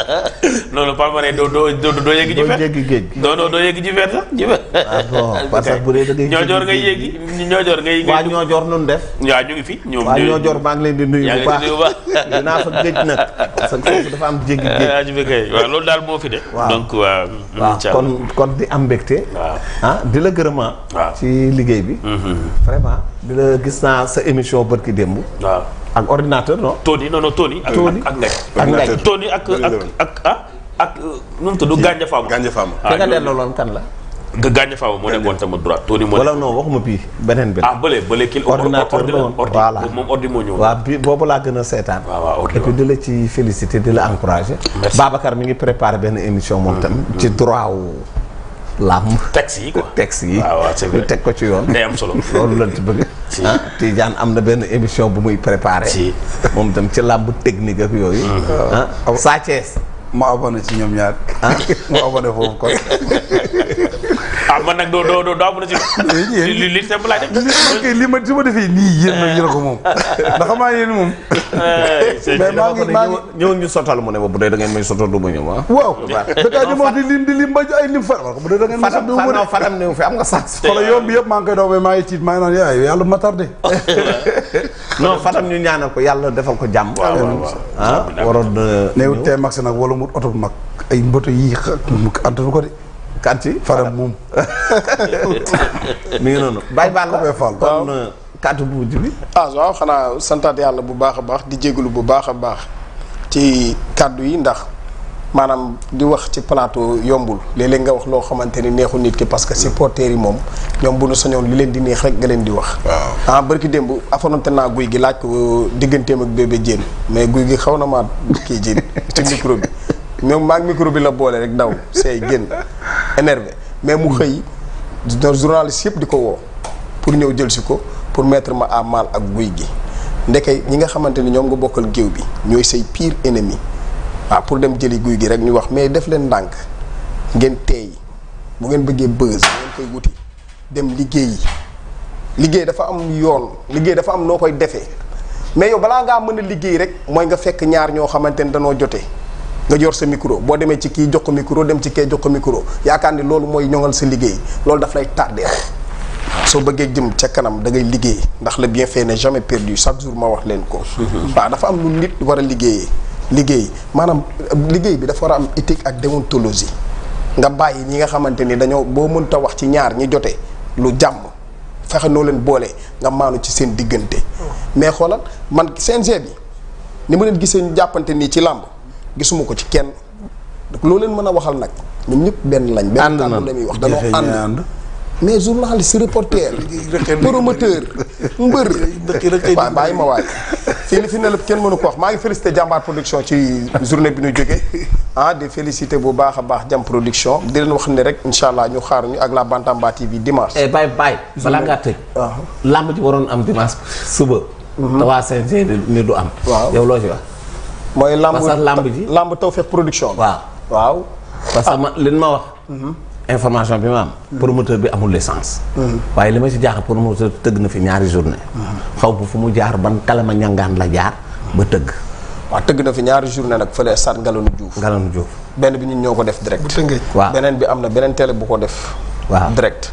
[SPEAKER 1] loolu Palmarin doo doo doo yéggi ji jéggi géej doo doo doo yéggi ji fer sax ji fer ah, parce que bu dee da ngay ñoojoor ngay yéggi ñoojoor ngay waa ñoojoor nun def waa ñu ngi fi ñoom waa ñoojoor maa ngi leen di nuyu bu baax dinaa fa géej nag parce que dafa am jéggi géej kay waaw loolu daal moo fi de. waaw donc kon kon di am mbégte. Ah, di la gërëma ah. waaw ci liggéey bi. Mm-hmm. vraiment di la gis naa sa émission ki démb. waaw ak ordinateur non. Tony Tony. ak ak Ngaye ak Ngaye Tony ak ak ak ah ak nu mu tudd Ganja Fama. Ganja Fama. ah kan la. nga gàññe faaw moo nekkoon sama droite. Tony moo wala non waxuma bii beneen bi. ah bële bële moo ñëw. waaw bi boobu laa a waaw et puis di la ci féliciter di la encourager. ngi préparé benn émission moom tam. Mm-hmm. ci droit wu làmb. texte yi quoi texte yi. lu teg ko ci yoon. day am solo loolu lañ ci bëgg. si ah, Tidiane am na benn émission bu muy préparé. si moom tam ci làmb technique ak yooyu. Mm-hmm. ah Sa ma abonné ci ñoom ñaar. Ah. ma abonné foofu kon. ah man nag doo doo doo abonné ci. li li sëñ laa def. li ma li ma defee nii a yéen a ko eh, ma bu dee da ngeen may sottal du ma ñëw ah. waaw da kaa ñu ma di lim di lim ba ay lim far bu dee da ngeen may sottal du ma ñëw faram ne fi am nga sax. tey xoolal yoon bi yëpp yàlla ma tardé. non faram ñu ko yàlla defal ko jàmm. waaw ah, waroon na. néew nag wala amul oto bu mag ay mboto yii antanu ko de. kanti faram moom. mi ngi noonu. bàyyi baal la waaw euh, kon kàddu bu mujj ah, xanaa santaat yàlla bu baax a baax di jégalu bu baax a baax ci kàddu yi ndax. maanaam di wax ci plateau yombul léeg-léeg nga wax loo xamante ni neexul nit ki parce que supporters yi moom ñoom bu nu sañoon li leen di neex rek nga leen di wax. waaw ah barki démb affronté naa guy gi laaj ko digganteem ak bébé Diène mais guy gi xaw na maa kii Diène ci micro bi. ñoom maag micro bi la boole rek daw seey génn énervé mais mu xëy journaliste yëpp di ko woo pour ñëw jël si ko pour mettre ma à mal ak guy gi ndeke ñi nga xamante ni ñoom nga bokkal géew bi ñooy say pire ennemi waaw ah, pour dem jëli guy gi rek ñu wax mais def leen ndànk ngeen teey bu ngeen bëggee buzz ngeen koy wuti dem liggéeyi liggéey dafa am yoon liggéey dafa am noo koy defee mais yow balaa ngaa mën a liggéey rek mooy nga fekk ñaar ñoo xamante ni danoo jotee nga yor sa micro boo demee ci kii jox ko micro dem ci kee jox micro yaakaar ni loolu mooy ñoŋal sa liggéey loolu daf lay tardeel soo bëggee jëm ca kanam da ngay liggéey ndax le bienfait n'est jamais perdu chaque jour ma wax leen ko. Mhm. waaw dafa am lu war a liggéeyee liggéey maanaam liggéey bi dafa war a am éthique ak déontologie nga bàyyi ñi nga xamante ni dañoo boo mënta wax ci ñaar ñi jotee lu jàmm fexe noo leen boole nga maanu ci seen diggante. Mhm. mais xoolal man CNG bi ni ma leen gisee ñu jàppante nii ci làmb gisuma ko ci kenn loo leen mën a waxal nag ñoom ñëpp benn lañ. ànd na benn lañuy wax danoo ànd. mais journaliste reporter promoteur mbër waaw bàyyi ma waay fii li fi ne lépp kenn mënu ko wax maa ngi félicité jàmbaar production ci journée bi ñu jógee ah di félicité bu baax a baax jam production di leen wax ne rek incha allah ñu xaar ñu ak la Bantamba TV dimanche eh, bàyyi bàyyi balaa ngaa tëj ah. làmb ji waroon am dimanche suba mhm. te waa CNG ni du am waaw yow loo ci mooy lamb lamb ji lamb Tawfekh production. waaw waaw. parce que ma li ma wax. information bi ma am. promoteur bi amul licence. Mm-hmm. waaye li ma ci jaaxal promoteur tëgg na fi ñaari journée. Mm-hmm. xaw bu fu mu jaar ban kalama ñangaan la jaar ba tëgg. waaw tëgg na fi ñaari journée nag fële stade Ngalandou Diouf. Ngalandou Diouf benn bi ñun ñoo ko def direct. waaw beneen bi am na beneen télé bu ko def. waaw direct.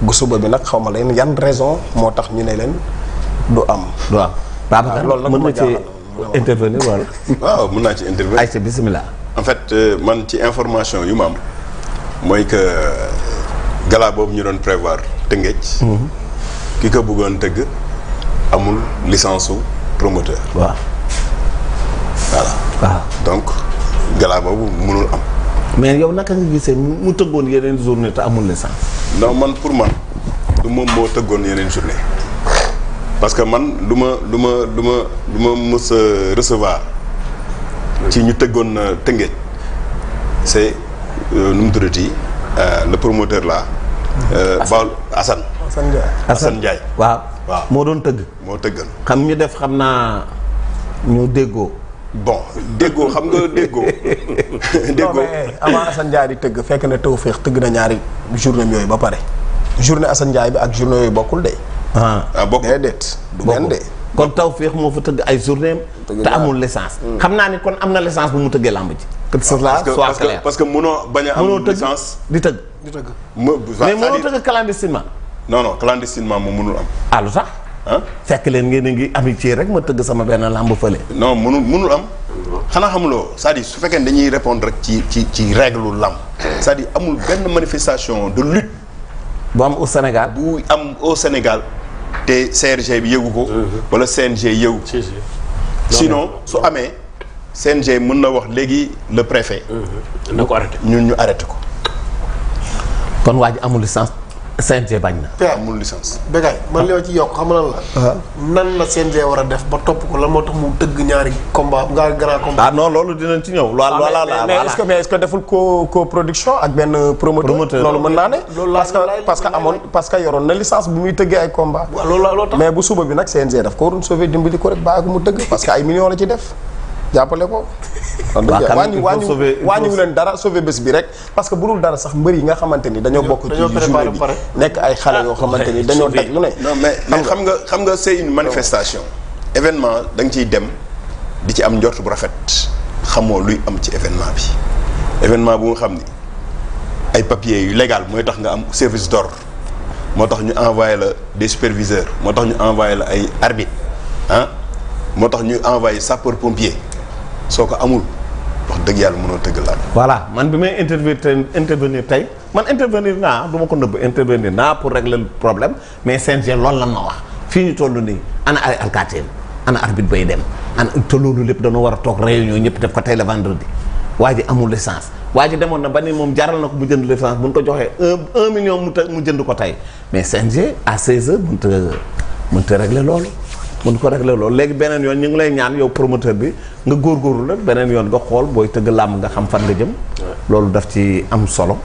[SPEAKER 1] bu suba bi nag xaw ma leen yan raison moo tax ñu ne leen du am. du intervenir wala. waaw mun naa ci intervenir ayca bisimilah. en fait euh, man ci information yu ma am mooy que euh, gala boobu ñu doon prévoir Tëngéej. Mhm. ki ko bëggoon tëgg amul licence su promoteur. waaw. voilà waaw ah. donc gala boobu mënul am. mais yow naka nga gisee mu tëggoon yeneen journée te amul licence. non man pour man du moom moo tëggoon yeneen journée. parce que man lu ma lu ma lu ma lu ma mës a recevoir ci ñu tëggoon euh, tëngéej c'est euh, nu mu tuddati euh, le promoteur la Baol Assane Assane Ndiaye Assane Ndiaye waaw moo doon tëgg moo tëgg xam ñu def xam naa ñu déggoo bon déggoo xam nga déggoo déggoo avant Assane Ndiaye di tëgg fekk na Tawfekh tëgg na ñaari journée yooyu ba pare journée Assane Ndiaye bi ak journée yooyu bokkul de ah, ah bokk déedéet de kon Tawfekh moo fa tëgg ay journée te amul licence hmm. xam naa ni kon am na licence bu mu tëggee làmb ci que cela soit clair parce que mënoo bañ a am licence di tëgg di tëgg mais mënoo tëgg clandestinement non non clandestinement moom mënul am ah lu tax fekk leen ngeen a ngi amitié rek ma tëgg sama benn làmb fële non mënul mënul am xanaa xamuloo cest à su fekkee dañuy répondre rek ci ci ci règle làmb cest di amul benn manifestation de lutte bu am au Sénégal bu am au Sénégal te CRG bi yëgu ko. Mhm. wala CNG yëgu ko. sinon su amee CNG mën na wax léegi le préfet. Mhm. na ñun ñu arrêté ko. kon waa ji amul licence. CNG bañ na. PA amul licence. Bécaye man li ma ci yokk xam lan la. Ah. nan la CNG war a def ba topp ko la moo tax mu dëgg ñaari combat ñaari grand combat. ah non ci ñëw. waaw ah, mais mais mën naa ne. parce que parce que amoon parce que yoroon na licence bu muy tëggee ay combat. mais bu suba bi nag CNG daf ko waroon sauver dimbali ko rek bàyyi ko mu dëgg parce que ay millions la ci def. jàppale ko. wàññi wàññi wàññiwu leen dara sauver bés bi rek parce que bu dul dara sax mbër yi nga xamante ni dañoo bokk ci journée bi nekk ay xale ah. yoo xamante ni dañoo teg lu ne non mais xam nga xam nga c'est une manifestation événement da nga ciy dem di ci am njort bu rafet xamoo luy am ci événement bi événement bu nga xam ni ay papiers yu légal mooy tax nga am service d'ordre moo tax ñu envoyé la des superviseur moo tax ñu envoyé la ay arbitres ah moo tax ñu envoyé sapeur soo ko amul wax dëgg yàlla mënoo tëgg la voilà man bi may intervenir intervenir tey man intervenir naa du ma ko nëbb intervenir naa pour régler le problème mais CNG loolu lan ma wax fii ñu toll nii ana ay alkaateem ana arbitre bay dem ana te loolu lépp dañoo war a toog réunion ñëpp def ko tey le vendredi waa ji amul licence waa ji demoon na ba ni moom jaral na ko mu jënd licence bu ñu ko joxee un un million mu jënd ko tey mais CNG à 16 heures mënut a mënut a régler mun ko régler loolu léegi beneen yoon ñu ngi lay ñaan yow promoteur bi nga góorgóorlu rek beneen yoon nga xool booy tëgg làmb nga xam fan nga jëm. loolu daf ci am solo.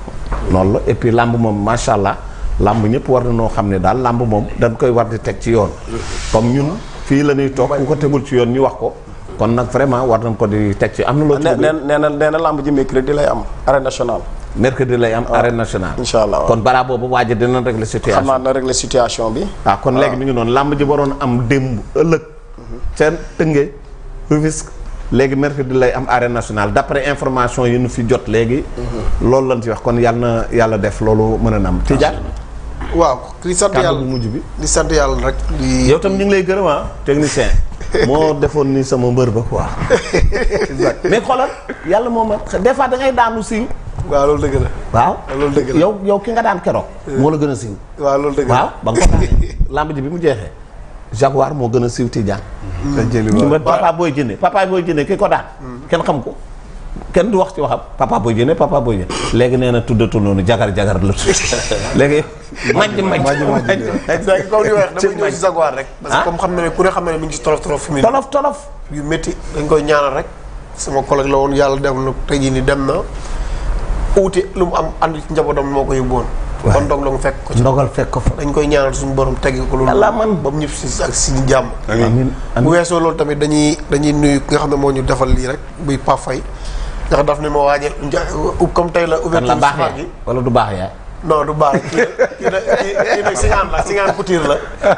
[SPEAKER 1] noonu la et puis làmb moom macha allah làmb ñëpp war na noo xam ne daal làmb moom dañ koy war di teg ci yoon. comme ñun fii la ñuy toog ku ko tegul ci yoon ñu wax ko. kon nag vraiment war nañ ko di teg ci am na. loo ah, ci nee na nee na làmb ji mercredi lay am arène nationale. mercredi lay am ah, arène nationale. incha allah kon balaa boobu waaj dinañ régler situation. bi. waaw ah, kon léegi mi ah. ngi noonu làmb ji waroon am démb ëllëg. seen mhm. tënge Rufisque léegi mercredi lay am arène nationale d'après information yi nu fi jot léegi. Mhm. loolu lañ ci wax kon yàlla na yàlla def loolu mën a nam. Tijaan waaw di sant yàlla mujj bi di sant yàlla rek. yow tam ñu ngi lay gërëm ah technicien. moo defoon ni sama mbër ba quoi. mais xoolal yàlla moo ma des fois daanu siiw. waaw loolu dëgg la. waaw loolu dëgg la yow ki nga daan keroog. Eh. moo la gën a siiw. waaw loolu dëgg ba nga ko daanee bi mu jeexee. Jaguar moo gën a siiw Tidiane. Mm. te jëli waaw papa booy jënde papa booy jënde ki ko daan. Mm. kenn xam ko. kenn du wax ci wax waxam papa booy jënde papa booy jënde léegi nee na tuddatul noonu jagar jagar la léegi. majj majj majj majj comme li wax dama ñëw si Jaguar rek. parce que ah? xam na ne ku ne xam na mi ngi ci tolof tolof. tolof tolof yu métti dañ koy ñaanal rek sama collègue la woon yàlla dem na tey jii ni dem na uute lu mu am ànd ci njabootam moo ko yóbbuwoon. waaw kon ndog la mu fekk ko ci ndogal fekk ko fa. dañ koy ñaanal suñu borom tegge ko loolu. yàlla man ba mu ñëpp si ak si jàmm. amiin bu weesoo loolu tamit dañuy dañuy nuyu ki nga xam ne moo ñu defal lii rek buy Pape Faye ndax daf ne ma waajal comme tey la. ouverture bi wala du baax yaa non du baax kii kii kii nag Singane la Singane Couture la.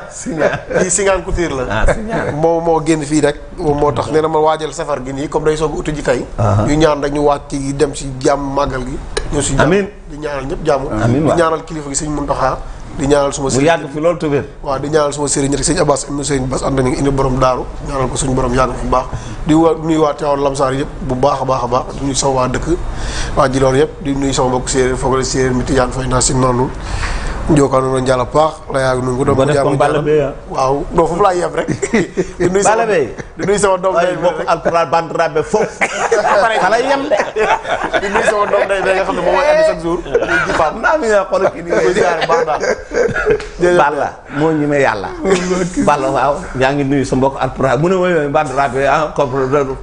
[SPEAKER 1] Singane kii Singane la. ah Singane moo génn fii rek. moo tax ah. nee na ma waajal safar gi nii comme day soog utu ji tey. Ah. ñu ñaan rek ñu waaj ci dem si jàmm màggal gi. ñoo si jàmm di ñaanal ñëpp jàmm. amiin di ñaanal kilifa gi mun Muntaxa di ñaanal suma sëriñ mu yàgg fi loolu te wér waaw di ñaanal suma sëriñ rek sëñ Abbas ibnu sëriñ Bass ànd nañu indi borom daaru ñaanal ko suñu borom yàgg fi baax di nuyu waa Tiwaawan Lamsaar yëpp bu baax baax a baax di nuyu sama waa dëkk waa Jiloor yëpp di nuy sama mbokk séeréer foogale séeréer mi Tijaan fay naa si noonu Njokaan noonu njàll paax la yàgg nu ko doon ah. sama doom day bokk alxuraan bandirabe foofu pare moo ñu ne yàlla Balla waaw yaa ngi nuyu sa mbokk alxuraan mu ne ah,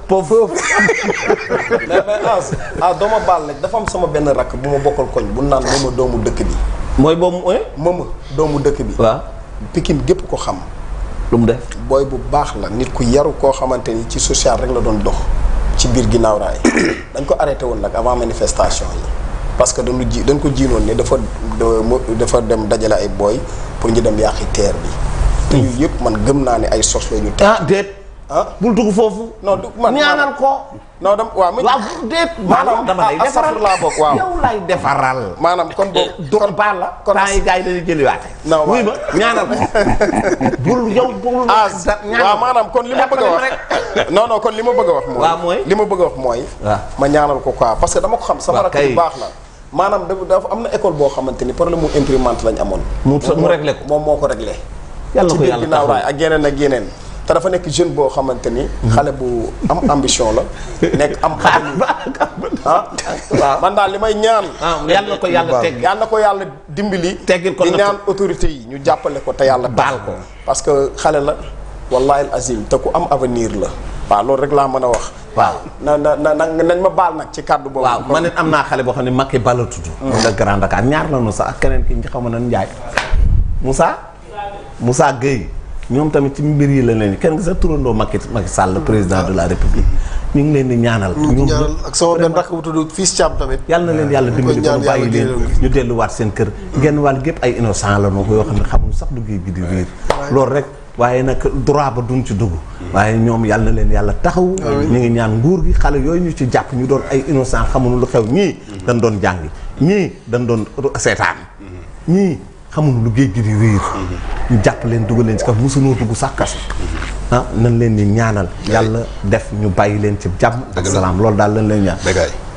[SPEAKER 1] foofu ah, dafa am sama benn rakk bu ma bokkal koñ bu naan mooma doomu dëkk bi mooy boobu eh? moom doomu dëkk bi. waaw Pikine gépp ko xam. lu mu def booy bu baax la nit ku yaru koo xamante ni ci social rek la doon dox. ci biir ginnaaw raay dañ ko arrêté woon nag avant manifestation yi parce que dañu ji dañ ko jiinoon ne dafa dafa dem dajale ay booy pour ñu dem yàqi teer bi. te hmm. yëpp man gëm naa ne ay sos yu ñu. ah Ah? bul dugg foofu. non du man ñaanal ko. non dama waaw man maanaam ah, dama lay defaral laa bokk waaw yow lay defaral. maanaam kon boobu eh, kon baal la. kon temps yi gars yi dañuy jëliwaate. non waaw ma ñaanal ko. bul ah, maanaam kon li ma bëgg a wax. non kon li ma bëgg a wax. waaw mooy li ma bëgg wax mooy. ma ñaanal ko quoi parce que dama ko xam. sama rakk bu baax na maanaam dafa am na école boo xamante ni problème mu imprimante lañ amoon. mu réglé ko moom moo ko réglé. yàlla ko yàlla taxaw waaye ak yeneen ak yeneen te dafa nekk jeune boo xamante ni. xale bu am ambition la. nekk am avenir ah waaw man daal li may ñaan. Ah, yàlla na ko yàlla teg yàlla ko yàlla dimbali. teggil ko di ñaan autorité yi ñu jàppale ko te yàlla. baal ko parce que xale la. wallahi al azim te ku am avenir la. waaw loolu rek laa mën a wax. waaw na na na nañ ma baal nag ci kàddu boobu. waaw man it am naa xale boo xam ne Macky Ba la tudd. Mm. nga Grand Dakar ñaar la nu sax ak keneen ki nga xam ne Ndiaye. Moussa. Moussa Gueye. ñoom tamit ci mbir yi la leen kenn nga sa turandoo Macky Macky Sall président de la république ñu ngi leen di ñaanal. ñu ñaanal ak sama benn rakk bu na leen yàlla dimbali ko bàyyi leen ñu delluwaat seen kër. Mm. genn wàll gépp ay innocent la noo ko yoo xam ne xamul sax du géej gi di wéer loolu rek. waaye nag droit ba duñ ci dugg mm. waaye ñoom yàlla na leen yàlla taxaw ñu ngi ñaan nguur gi xale yooyu ñu ci jàpp ñu doon ay innocent xamuñu lu xew ñii mm. dañ doon jàngi ñii dañ doon seetaan ñii xamuñu lu géej gi di riir ñu jàpp leen dugg leen ci kaso musuñoo dugg sax kaso mm-hmm. ah leen ni ñaanal yàlla def ñu bàyyi leen ci jàmm ak salaam loolu daal lañ leen ñaan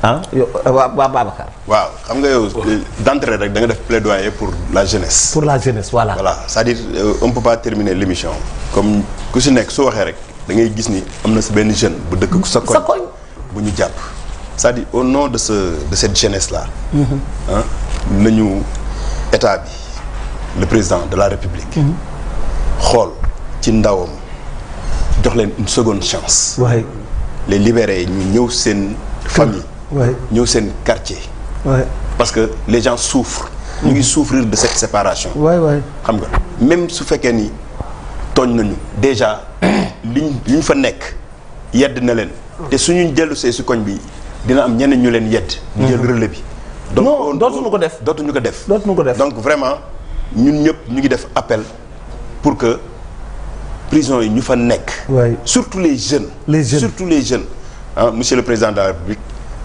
[SPEAKER 1] ah yow euh, waa waa waaw xam nga yow d'entrée rek da nga def plaidoyer pour la jeunesse. pour la jeunesse voilà. voilà c'est-à-dire euh, on peut pas terminer l'émission comme ku si nekk su waxee rek da ngay gis ni am na si benn jeune bu dëkk mm-hmm. sa koñ bu ñu jàpp c'est-à-dire nom de ce de cette jeunesse la mm-hmm. ah nañu état bi. le président de la république. xool ci ndawam jox leen une seconde chance. waay les libérer ñu ñëw seen. famille ñëw seen quartier. parce que les gens souffrent. ñu ngi souffrir de cette séparation. waay waay xam nga même su fekkee ni tooñ nañu déjà liñ liñ fa nekk yedd na leen. te suñu dellu see si koñ bi dina am ñeneen ñu leen yedd. ñu jël mm-hmm. relais bi. donc dootuñu ko def dootuñu ko def. dootuñu ko def donc vraiment. ñun ñëpp ñu ngi def appel pour que prison yi ñu fa nekk. surtout les jeunes. les jeunes surtout les jeunes. ah monsieur le président de la république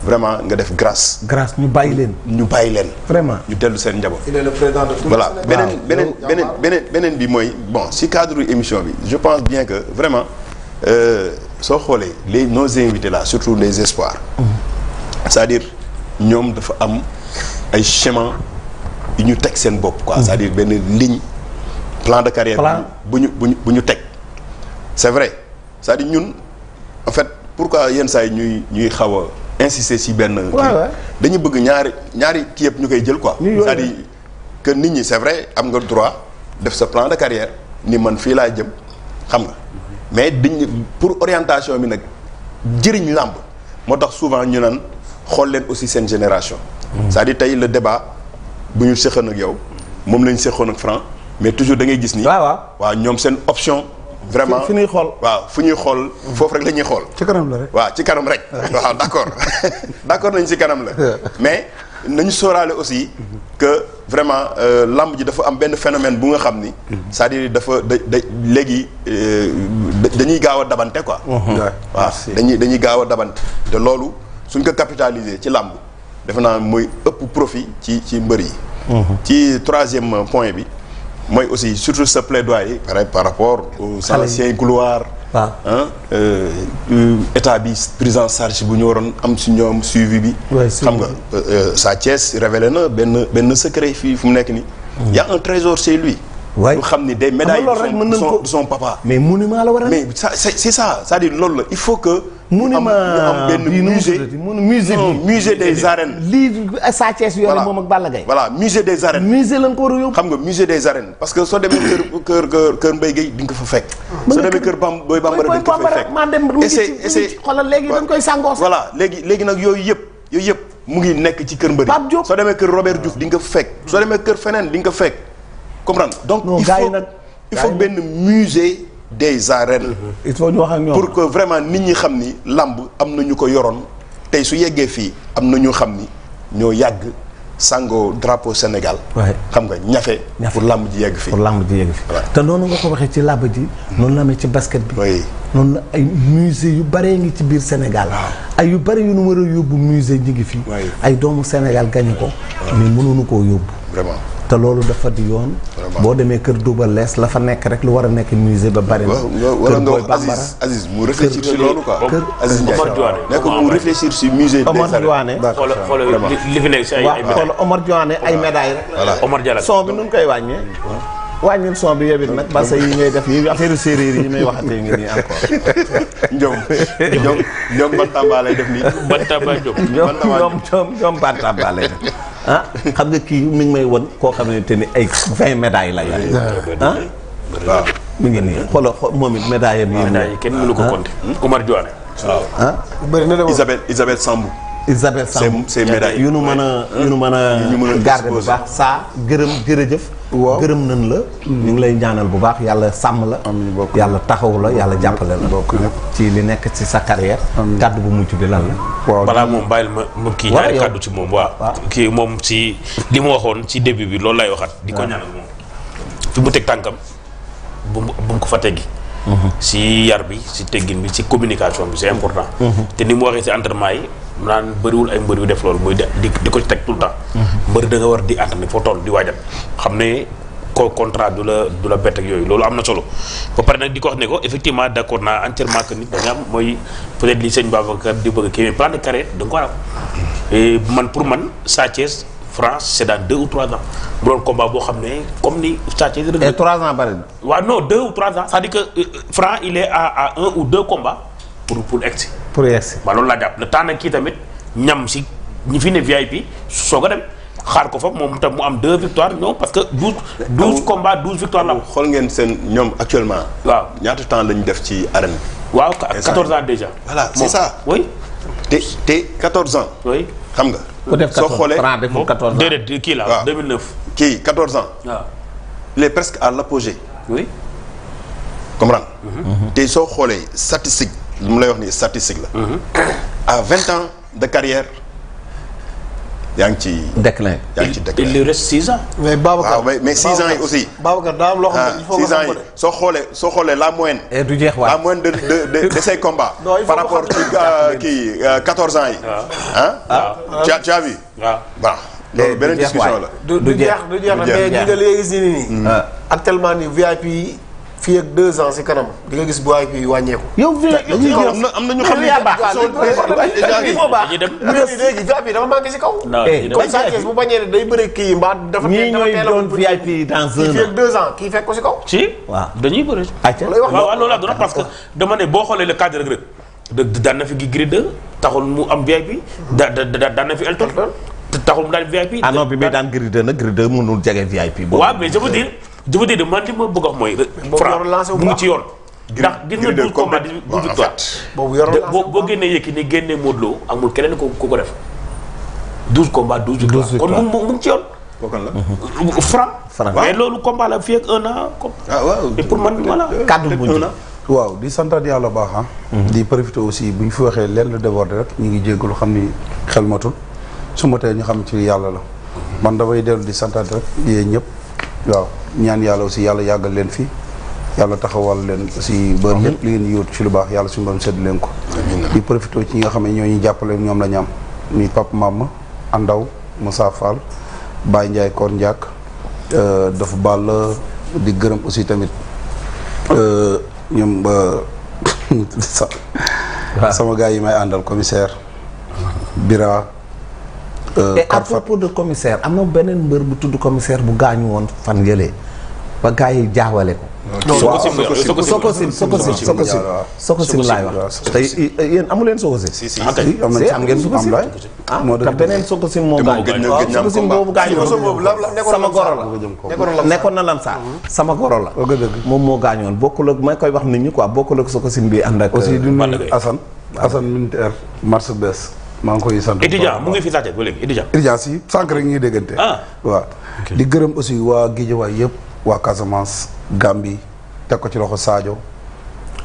[SPEAKER 1] vraiment nga def grâce. grâce ñu bàyyi leen. ñu bàyyi leen. vraiment ñu dellu seen njaboot. il le président de tout voilà beneen beneen beneen beneen bi mooy bon si cadre émission bi je pense bien que vraiment euh, soo xoolee les nos invités là surtout les espoirs.
[SPEAKER 2] Mm-hmm.
[SPEAKER 1] c'est-à-dire ñoom dafa am ay chemin yu ñu teg seen bopp quoi c'est-à-dire benn ligne plan de carrière bu ñu bu ñu bu ñu teg c'est vrai cest ñun en fait pourquoi yenn saa yi ñuy ñuy xaw a insister ci benn kii dañu bëgg ñaari ñaari kii yëpp ñu koy jël quoi c'est-à-dire nit ñi c'est vrai am nga droit def sa plan de carrière ni man fii laa jëm xam nga mais dañ pour orientation bi nag jëriñ làmb moo tax souvent ñu naan xool leen aussi seen génération mm. cest à tey le débat bu ñu seqoon ak yow moom la ñu seqoon ak franc mais toujours da ngay gis ni. waaw waaw waaw ñoom seen option. vraiment fi ñuy xool waaw fu ñuy xool foofu rek la xool. ci kanam la rek waaw ci kanam rek. waaw accord d' accord nañ si kanam la. mais nañu soraale aussi. que vraiment euh, lamb ji dafa am benn phénomène bu nga xam ni. cest à dafa da da léegi euh, dañuy gaaw a dabante quoi. waaw dañuy dañuy gaaw a dabante. te loolu suñ ko capitaliser ci làmb defe naa mooy ëpp profit ci ci mbër yi. Mhm. ci troisième point bi mooy aussi surtout sa plaidoyer yi par rapport aux anciens couloirs waaw euh, état bi prise en bu ñu waroon am si ñoom suivi bi. xam nga euh, euh, Sa Thiès révélé na benn benn secret fii fu mu nekk nii. Mhm. y a un trésor chez lui. waay xam ni day médaille de son papa. mais monument la war a mais ça c' est c'est-à-dire la il faut que. monument am benn musée musée des arènes. xam nga musée des arènes parce que soo demee kër kër kër Mbaye Guèye di nga ko fa fekk. soo demee kër léegi dañ yooyu yëpp yooyu yëpp mu ngi nekk ci kër mbëri. Pape Diop soo demee kër Robert Diouf di nga fekk. soo demee kër feneen di nga fekk comprendre donc non, il faut nag benn musée des arènes. il faut ñu wax ak ñoo pour vraiment nit ñi xam ni làmb am na ñu ko yoroon tey su yeggee fii am na ñu xam ni ñoo yàgg sàngoo drapeau Sénégal. xam nga ñafe. pour làmb ji yegg fii pour làmb ji yegg fii. te noonu nga ko waxee ci làmb ji. noonu la amee ci basket bi. noonu la ay musée yu bëree ngi ci biir Sénégal. ay yu bëri yu nu war a yóbbu musée ñi ngi fii. ay doomu Sénégal gañu ko. mais mënuñu koo yóbbu. vraiment. te loolu dafa di yoon. boo demee kër Duba lees la fa nekk rek lu war a nekk musée ba bari na. wala nga wax Aziz Aziz mu réfléchir si loolu quoi. kër nekk mu réfléchir si musée. Omar Diouane xoolal li fi nekk si ay médailles. waaw xoolal Omar Diouane ay médailles rek. voilà Omar Diallo son koy wàññee. wàññil son bi yebit nag basa yi ngay def yi affaire séeréer yi may waxatee ngi nii encore njom njom njom bantamba lay def nii bantamba njom njom lay def ah, xam nga kii mi ngi may won koo xamante ni ay vingt médailles la yor ah. ah waaw mi ngi nii xoolal moom it médaille am yi médaille yi kenn mënu ko ah. compter Omar Diouane waaw ah bëri na de Isabelle Isabelle Sambou Isabelle Sambou c'est médaille yu nu mën a yu nu mën a garder bu baax saa gërëm jërëjëf waaw gërëm nañ la. Mm. ñu ngi lay ñaanal bu baax yàlla sàmm la. yàlla taxaw la yàlla jàppale la. ci li nekk ci sa carrière. kaddu bu mucc bi lan la. waaw balaa moom bàyyil ma ma kii ñaari kaddu ci moom waaw. kii moom ci li mu waxoon ci début bi loolu lay waxat. di ko ñaanal moom fi mu teg tànkam bu mu ko fa teggi mm-hmm. si yar bi si teggin bi si communication bi c'est important. Mm-hmm. te ni mu waxee si entraînement yi naan bëriwul ay mbër yu def loolu muy di ko ci teg tout le temps. Mm-hmm. mbër da nga war di entraîné foo toll di waajal xam ne contrat du la du yooyu loolu am na solo ba pare nag di ko wax ne ko effectivement d' accord naa entièrement que nit da ko war man pour man Sa Thiès France c' est dans deux ou trois ans bu doon combat boo xam ne comme ni Sa Thiès rek. et trois ans bari waaw non euh, France il est un ou deux combats pour pour egsi. pour egsi waaw loolu laa jàpp le temps nag kii tamit ñam si ñi fi ne VIP soog a dem. xaar ko fa moom tam mu am deux victoires non parce que douze douze combats douze victoires la am. xool ngeen seen ñoom actuellement. waaw ñaata temps lañu def ci arène bi. waaw 14 ans déjà. voilà c'est te te 14 ans. xam nga. ku def 14 soo xoolee déedéet kii la 2009. kii 14 ans. waaw il est presque à l'apogée. oui. comprendre. Mm-hmm. te soo xoolee statistique lu mu lay wax nii statistique la. Mm-hmm. à vingt ans de carrière. yaa ngi ci. déclin yaa ngi ci déclin il reste six ans. mais Babacar waaw mais six ans yi aussi. Babacar daa am loo xam ne il faut ah, six ans yi soo xoolee soo xoolee la moyenne. du jeex waay la moyenne de de de ces combats. par rapport ci euh, kii euh, quatorze ans yi. waaw ah tu as tu as vu. waaw bon loolu beneen discussion la. du jeex du jeex mais ñu nga léegi si nii. Ah. actuellement nii VIP yi. fii ak deux ans si kanam di nga gis bu waay bi wàññeeku. yow fii am na am na ñu xam ne VIP dafa manqué si kaw. comme Sa Thiès bu bañee day bëre kii mbaa dafa. ñii ñooy doon VIP dans un an fii ak kii fekk ko si kaw. ci waaw dañuy bëre. ayca waaw loolu la parce que dama ne boo xoolee le cadre rek rek daan na fi Gris taxul mu am VIP. da da daan na fi Elton. taxul mu daan VIP. ah bi muy daan Gris 2 nag Gris 2 jege VIP. boobu waaw mais je veux dire je veux dire man li ma bëgg a wax mooy. mu ngi ci yoon. ndax gis nga douze combats douze victoire boobu yorul lancé boo boo génnee Yékini génnee Modou Lo amul keneen ku ko def douze combats douze victoire kon mu mu ngi ci yoon. bokkal la mm-hmm. loolu combat la fii ak un an. ah waaw et pour man waaw di santaat yàlla baax ah. Mm-hmm. di profité aussi bu ñu fi waxee lenn lu débordé rek ñu ngi jéggalu xam ni xel matul su ma tee xam ci yàlla la mm-hmm. man damay dellu di santaat rek yéen ñëpp. waaw ñaan yàlla aussi yàlla yàggal leen fi yàlla taxawal leen aussi ba lépp li ngeen yóot ci lu baax yàlla suñu borom sedd leen ko di profité ci ñi nga xam ne ñoo ñu jàppalee ñoom la ñu am muy Pape Mam Andaw Moussa Fall Baye Ndiaye Koor Ndiak euh, dafa la di gërëm aussi tamit euh, ñoom sama gars yi may àndal commissaire Bira Euh, te à propos de commissaire am na beneen mbër bu tudd commissaire bu gaañu woon fan yële ba gars yi jaawale ko. Sococim Sococim Sococim Sococim laay wax te yéen amu leen Sococim. Ah, si si am ngeen Sococim ah te beneen Sococim moo gaañu waaw Sococim boobu gaañu woon sama goro la nekkoon na lan sama goro la moom moo gaañoon bokkul ak may koy wax nit ñi quoi bokkul ak Sococim bi ànd ak. aussi euh, du nuyu Assane bees. maa ngi koy sant étudiant mu ngi fi laajte ba léegi si sànq rek ñuy déggante ah. waaw di gërëm aussi waa waay yëpp waa Casamance Gambie teg ko ci loxo Sadio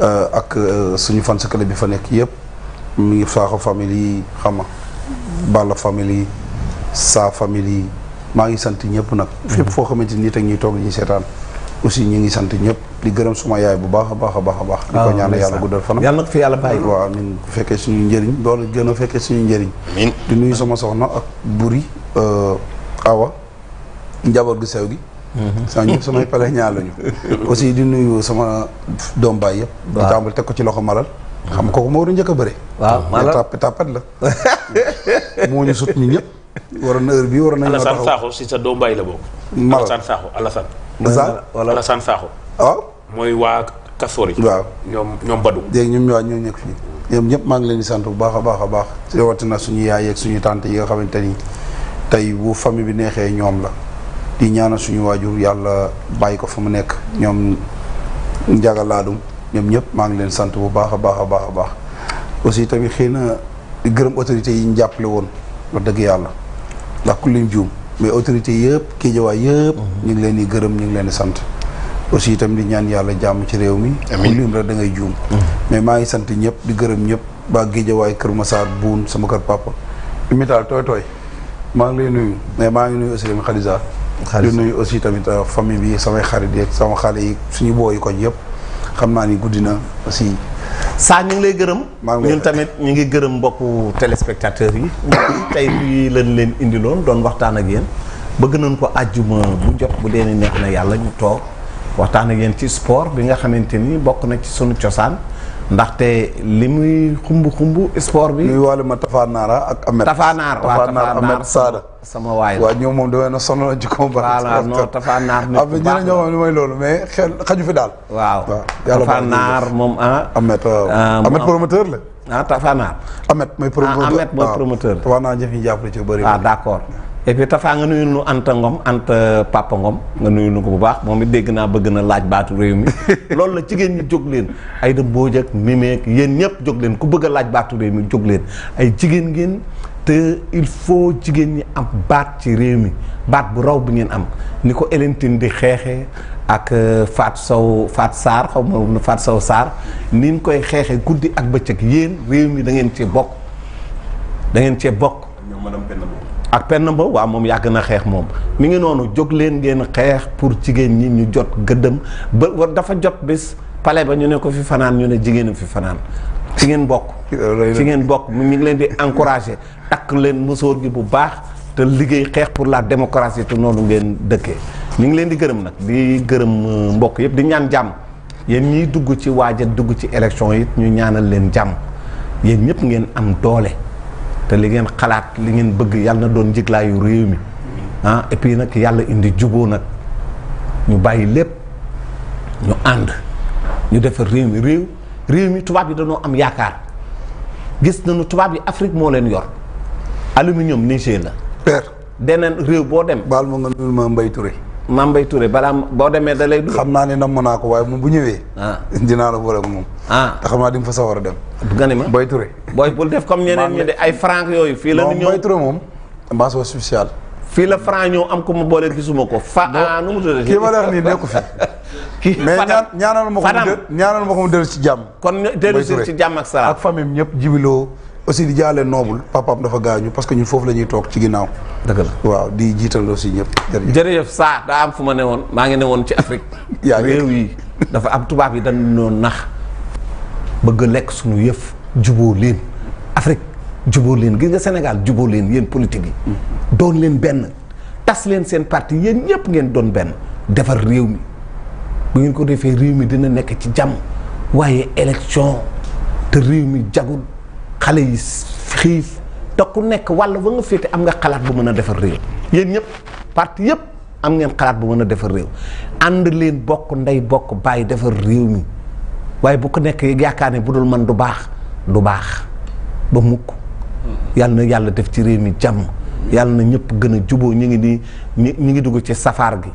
[SPEAKER 1] euh, ak euh, suñu fan club bi fa nekk yëpp mu ngi Sakho famille yi xam nga Balla famille yi Sa famille yi maa ngi sant ñëpp nag fépp foo xamante ni nit ak ñuy toog ñu seetaan aussi ñu ngi sant ñëpp di gërëm suma yaay bu baax a baax a baax a baax di ko ah, ñaan yàlla guddal fanam yàlla na ko fi yàlla bàyyi waaw amiin bu fekkee suñu njëriñ loolu gën a fekkee suñu njëriñ amiin di nuyu sama soxna ak buri euh, awa njaboot gu sew gi mhm. sama samay pale ñaar lañu aussi di nuyu sama doom baay yëpp di tàmbal teg ko ci loxo malal xam kooku moo war a njëkk a bëre la moo ñu sut ñu na heure bii waroon nañu taxaw Alassane sa doom baay la bokk Malassane Sakho waaw mooy waa Kasoor yi. waaw ñoom ñoom Badou. dégg ñoom ñoo ñoo nekk fii ñoom ñëpp maa ngi leen di sant bu baax a baax a baax. rawatina suñu yaay ak suñu tànt yi nga xamante ni tey bu famille bi neexee ñoom la di ñaanal suñu waajur yàlla bàyyi ko fa mu nekk ñoom njagalaadum ñoom ñëpp maa ngi leen sant bu baax a baax a baax a baax aussi tamit xëy na gërëm autorités yi ñu jàppale woon wax dëgg yàlla ndax ku lim juum mais autorité yëpp Kédiawaay yëpp. Mhm. ñu ngi leen di gërëm ñu ngi leen di sant. aussi itam di ñaan yàlla jàmm ci réew mi ku lim rek da ngay juum mm. mais maa ngi sant ñëpp di gërëm ñëpp baa Géejawaay Kër Masaar buun sama kër papa imital tooy tooy maa ngi lay nuyu mais maa ngi nuyu aussi tamit Khadija di nuyu aussi tamit euh, famille bi samay xarit yeeg sama xale yi suñu booyi koñ yëpp xam naa ni guddi na aussi saa ñu ngi lay gërëm ñun tamit ñu ngi gërëm mbokku téléspectateurs yi tey fii lañ leen indiloon doon waxtaan ak yéen bëgg nañ ko àjjuma bu jot bu dee neex na yàlla ñu toog waxtaan ak yéen ci sport bi nga xamante ni bokk na ci suñu cosaan ndaxte li muy xumbu xumb sport bi. nuy wàllu ma Tafanaara ak Ahmed. Tafanaar waaw Tafanaar Ahmed Saada. sama waay la waaw ñoom moom damay na sonal ci combat. voilà non Tafanaar nit ku ah, baax ñoo loolu mais xel xaju fi daal. waaw yàlla Tafanaar moom ah. Ahmed Ahmed promoteur la. ah Tafanaar. Ahmed mooy ah, promoteur ah Ahmed mooy promoteur. Tafanaar jëf yi jàppale ci bëri. ah d'accord. et tafaa nga nuyul nu Anta Ngom Anta Papa Ngom nga nuyul nu ko bu baax moom it dégg naa bëgg na laaj baatu réew mi loolu la jigéen ñi jóg leen ay da mbooj ak mimeek yéen ñëpp jóg leen ku bëgg laaj baatu réew mi jóg leen ay jigéen ngeen te il faut jigéen ñi am baat ci réew mi baat bu raw bi ngeen am ni ko Hélène di xeexee ak euh, Fatou Sow faat Sarr xaw ma Fatou Sow Sarr ni ñu koy xeexee guddi ak bëccëg yéen réew mi da ngeen cee bokk dangeen ngeen cee bokk. ñoom madame Penda Mbow ak penn ba waa moom yàgg na xeex moom mi ngi noonu jóg leen ngeen xeex pour jigéen ñi ñu jot gëddëm ba war dafa jot bés pale ba ñu ne ko fi fanaan ñu ne jigéenu fi fanaan ci ngeen bokk ci ngeen bokk mu ngi leen di encouragé takk leen musóor gi bu baax te liggéey xeex pour la démocratie te noonu ngeen dëkkee ñu ngi leen di gërëm nag di gërëm euh, mbokk yëpp di ñaan jàmm yéen ñiy dugg ci waajal dugg ci élection yi ñu ñaanal leen jàmm yéen ñëpp ngeen am doole te li ngeen xalaat li ngeen bëgg yàlla na doon njëglaayu réew mi ah et nag yàlla indi juboo nag ñu bàyyi lépp ñu ànd ñu defar réew mi réew réew mi tubaab yi dañoo am yaakaar gis nañu tubaab yi Afrique moo leen yor ñoom Niger la. per deneen réew boo dem. baal ma nga nuyul ma Mbaye Touré. maam bay Touré balaa boo demee da lay. xam naa ne namm naa ko waaye moom bu ñëwee. Ah. dinaa la boole moom. Ah. te xam naa di nga fa sawar a dem. nga ni ma Boy Touré. booy bul def comme ñeneen ñi de ay franc yooyu. fii la ñu ñëw Boy Touré moom. mention spéciale. fii la franc ñëw am ko ma boole gisuma ko. fa ah nu mu tuddati kii ma la wax nii nekku fi. kii mais ñaanal ma ko mu dellu ñaanal ma dellu ci jàmm. kon dellu si ci jàmm ak salaam ak famille ñëpp jibiloo aussi di jaale noobul papaam dafa gaañu parce que ñun foofu la ñuy toog ci ginnaaw. dëgg la waaw di jiital aussi ñëpp jërëjëf. jërëjëf saa daa am fu ma ne woon maa ngi ne woon ci Afrique. yaa réew yi dafa am tubaab yi dañ noon nax bëgg lekk suñu yëf juboo leen Afrique juboo leen gis nga Sénégal juboo leen yéen politique yi. Mm. doon leen benn tas leen seen parti yéen ñëpp ngeen doon benn defar réew mi bu ngeen ko defee réew mi dina nekk ci jàmm waaye élection te réew mi jagul. xale yi xiif te ku nekk wàll ba nga féete am nga xalaat bu mën a defar réew yéen ñëpp parti yëpp am ngeen xalaat bu mën a defar réew ànd leen bokk ndey bokk bàyyi defar réew mi waaye bu ko nekk yaakaar ne bu dul man du baax du baax ba mukk yàlla na yàlla def ci réew mi jàmm yàlla na ñëpp gën a juboo ñu ngi nii ñu ngi dugg ci safaar gi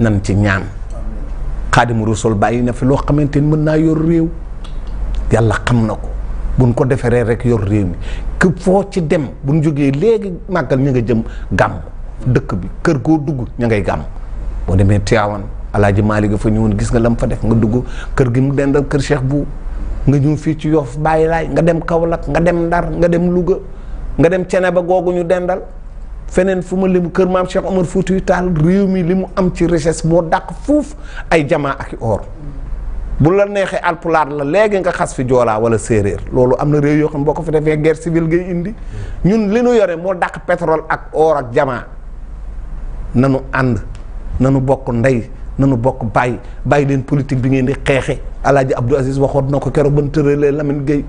[SPEAKER 1] nan ci ñaan xaadimu rasul bàyyi na fi loo xamante ni mën naa yor réew yàlla xam na ko buñ ko deferee rek yor réew mi këpp foo ci dem buñ jógee léegi màggal ñu nga jëm gàmm dëkk bi kër goo dugg ña ngay gàmm boo demee Tiwaawan alaaji Maalik ga fa ñëwoon gis nga la mu fa def nga dugg kër gi mu dendal kër Cheikh bu nga ñëw fii ci Yoff bàyyi laay nga dem Kaolack nga dem Ndar nga dem Louga nga dem Ceneba googu ñu dendal feneen fu ma limu kër maam Cheikh Omar Foutiyou Tall réew mi li mu am ci richesse boo dàq fuuf ay jamaa ak i or bu la neexee alpulaat la léegi nga xas fi joolaa wala séeréer loolu am na réew yoo xam ne boo ko fi defee guerre civile ngay indi ñun li nu yore moo dàq pétrole ak or ak jamaa nanu ànd nanu bokk ndey nanu bokk bàyyi bàyyi leen politique bi ngeen di xeexe alaaji Abdou Aziz waxoon na ko keroog ban tëralee Lamine Gueye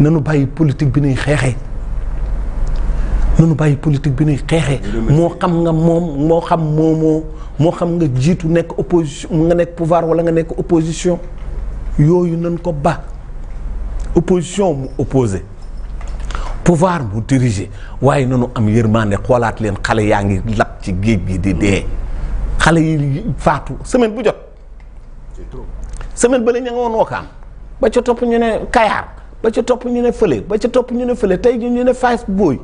[SPEAKER 1] nanu bàyyi politique bi nuy xeexee nanu bàyyi politique bi nuy xeexee moo xam nga moom moo xam moomoo moo xam nga jiitu nekk opposition nga nekk pouvoir wala nga nekk opposition yooyu nan ko ba opposition mu opposé pouvoir mu diriger waaye nanu am yërmande xoolaat leen xale yaa ngi lab ci géej gi di dee xale yi faatu semaine bu jot semaine ba la ña nga woon wookaam ba ca topp ñu ne kayaar ba ca topp ñu ne fële ba ca topp ñu ne fële tey ñu ne faas booy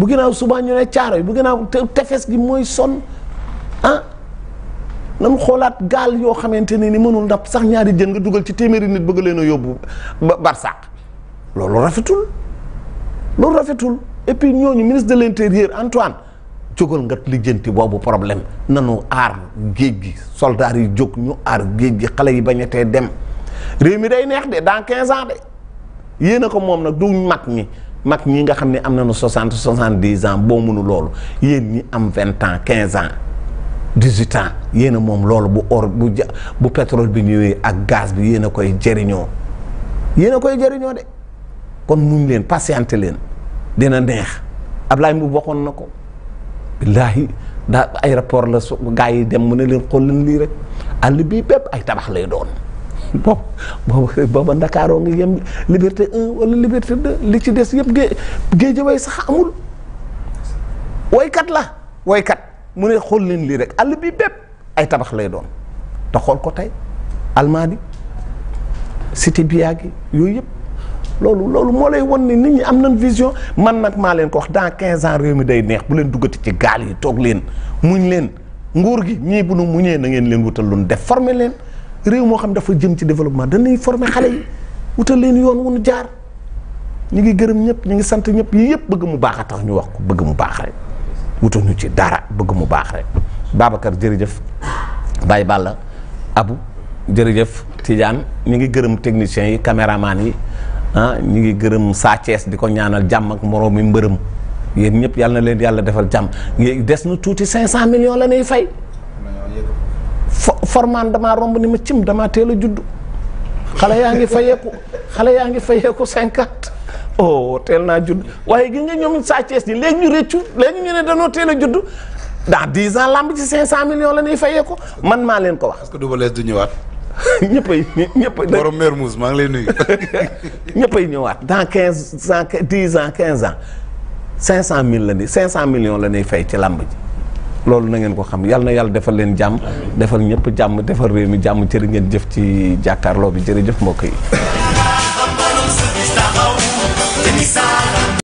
[SPEAKER 1] bu ginnaaw subaa ñu ne caaro yi bu ginnaaw tefes gi mooy son ah nan xoolaat gaal yoo xamante ne ni mënul napp sax ñaari jën nga dugal ci téeméeri nit bëgg leen a yóbbu ba barsàq loolu rafetul loolu rafetul et puis ñooñu ministre de l'intérieur Antoine jógal nga lijjanti boobu problème nanu aar géej gi soldaar yi jóg ñu aar géej gi xale yi bañ a tee dem réew mi day neex de dans quinze ans de yéen a ko moom nag du mag ñi mag ñi nga xam ne am na nu soixante soixante dix an boo mënu loolu yéen ñi am vingt ans quinze ans dix huit ans yéen a moom loolu bu or bu ja bu pétrole bi ñëwee ak gaz bi yéen a koy jëriñoo yéen a koy jëriñoo de kon muñ leen patienté leen dina neex Ablaye mu waxoon na ko billaahi daa aéroport la su gaa yi dem mu ne leen xool leen lii rek àll bii bépp ay tabax lay doon boobu boobu booba Ndakaaroo ngi yem liberté 1 wala liberté li ci des yëpp gée géejëway sax amul woykat la woykat mu ne xool leen lii rek àll bi bépp ay tabax lay doon te xool ko tey almaadi cité biyaa gi yooyu yëpp loolu loolu moo lay won ni nit ñi am nañ vision man nag maa leen ko wax dans quinze ans réew mi day neex bu leen duggati ci gaal yi toog leen muñ leen nguur gi ñii bu nu muñee na ngeen leen wutal lu nu def former leen réew moo xam dafa jëm ci développement danañ former xale yi wutal leen yoon wu nu jaar ñu ngi gërëm ñëpp ñu ngi sant ñëpp yi yëpp bëgg mu baax a tax ñu wax ko bëgg mu baax rek wutuñu ci dara bëgg mu baax rek Babacar jërëjëf Baye Balla Abu jërëjëf Tidiane ñu ngi gërëm techniciens yi caméraman yi ah ñu ngi gërëm Sa Thiès di ko ñaanal jàmm ak moroom mi mbërëm yéen ñëpp yàlla na leen yàlla defal jàmm des nu tuuti 500 millions la ñuy fay. formaan damaa romb ni ma cim damaa teel a juddu
[SPEAKER 2] xale yaa ngi fayeeku
[SPEAKER 1] xale yaa ngi fayeeku cinquante oh teel naa judd waaye gis nga ñoom Sa Thiès ñi léegi ñu réccu léegi ñu ne danoo teel a judd dans dix ans lamb ci cinq cent millions la ñuy fayeeku man maa leen ko wax. est-ce que Double Less du ñëwaat. ñëppay ñëppay. borom maa ngi lay nuyu. ñëppay ñëwaat dans quinze ans dix ans quinze ans cinq cent mille la ni cinq cent millions la ñuy fay ci làmb ji. loolu na ngeen ko xam yàlla na yàlla defal leen jàmm defal ñëpp jàmm defal réew mi jàmm jërë ngeen jëf ci jàkkaarloo bi jërëjëf mbokk yi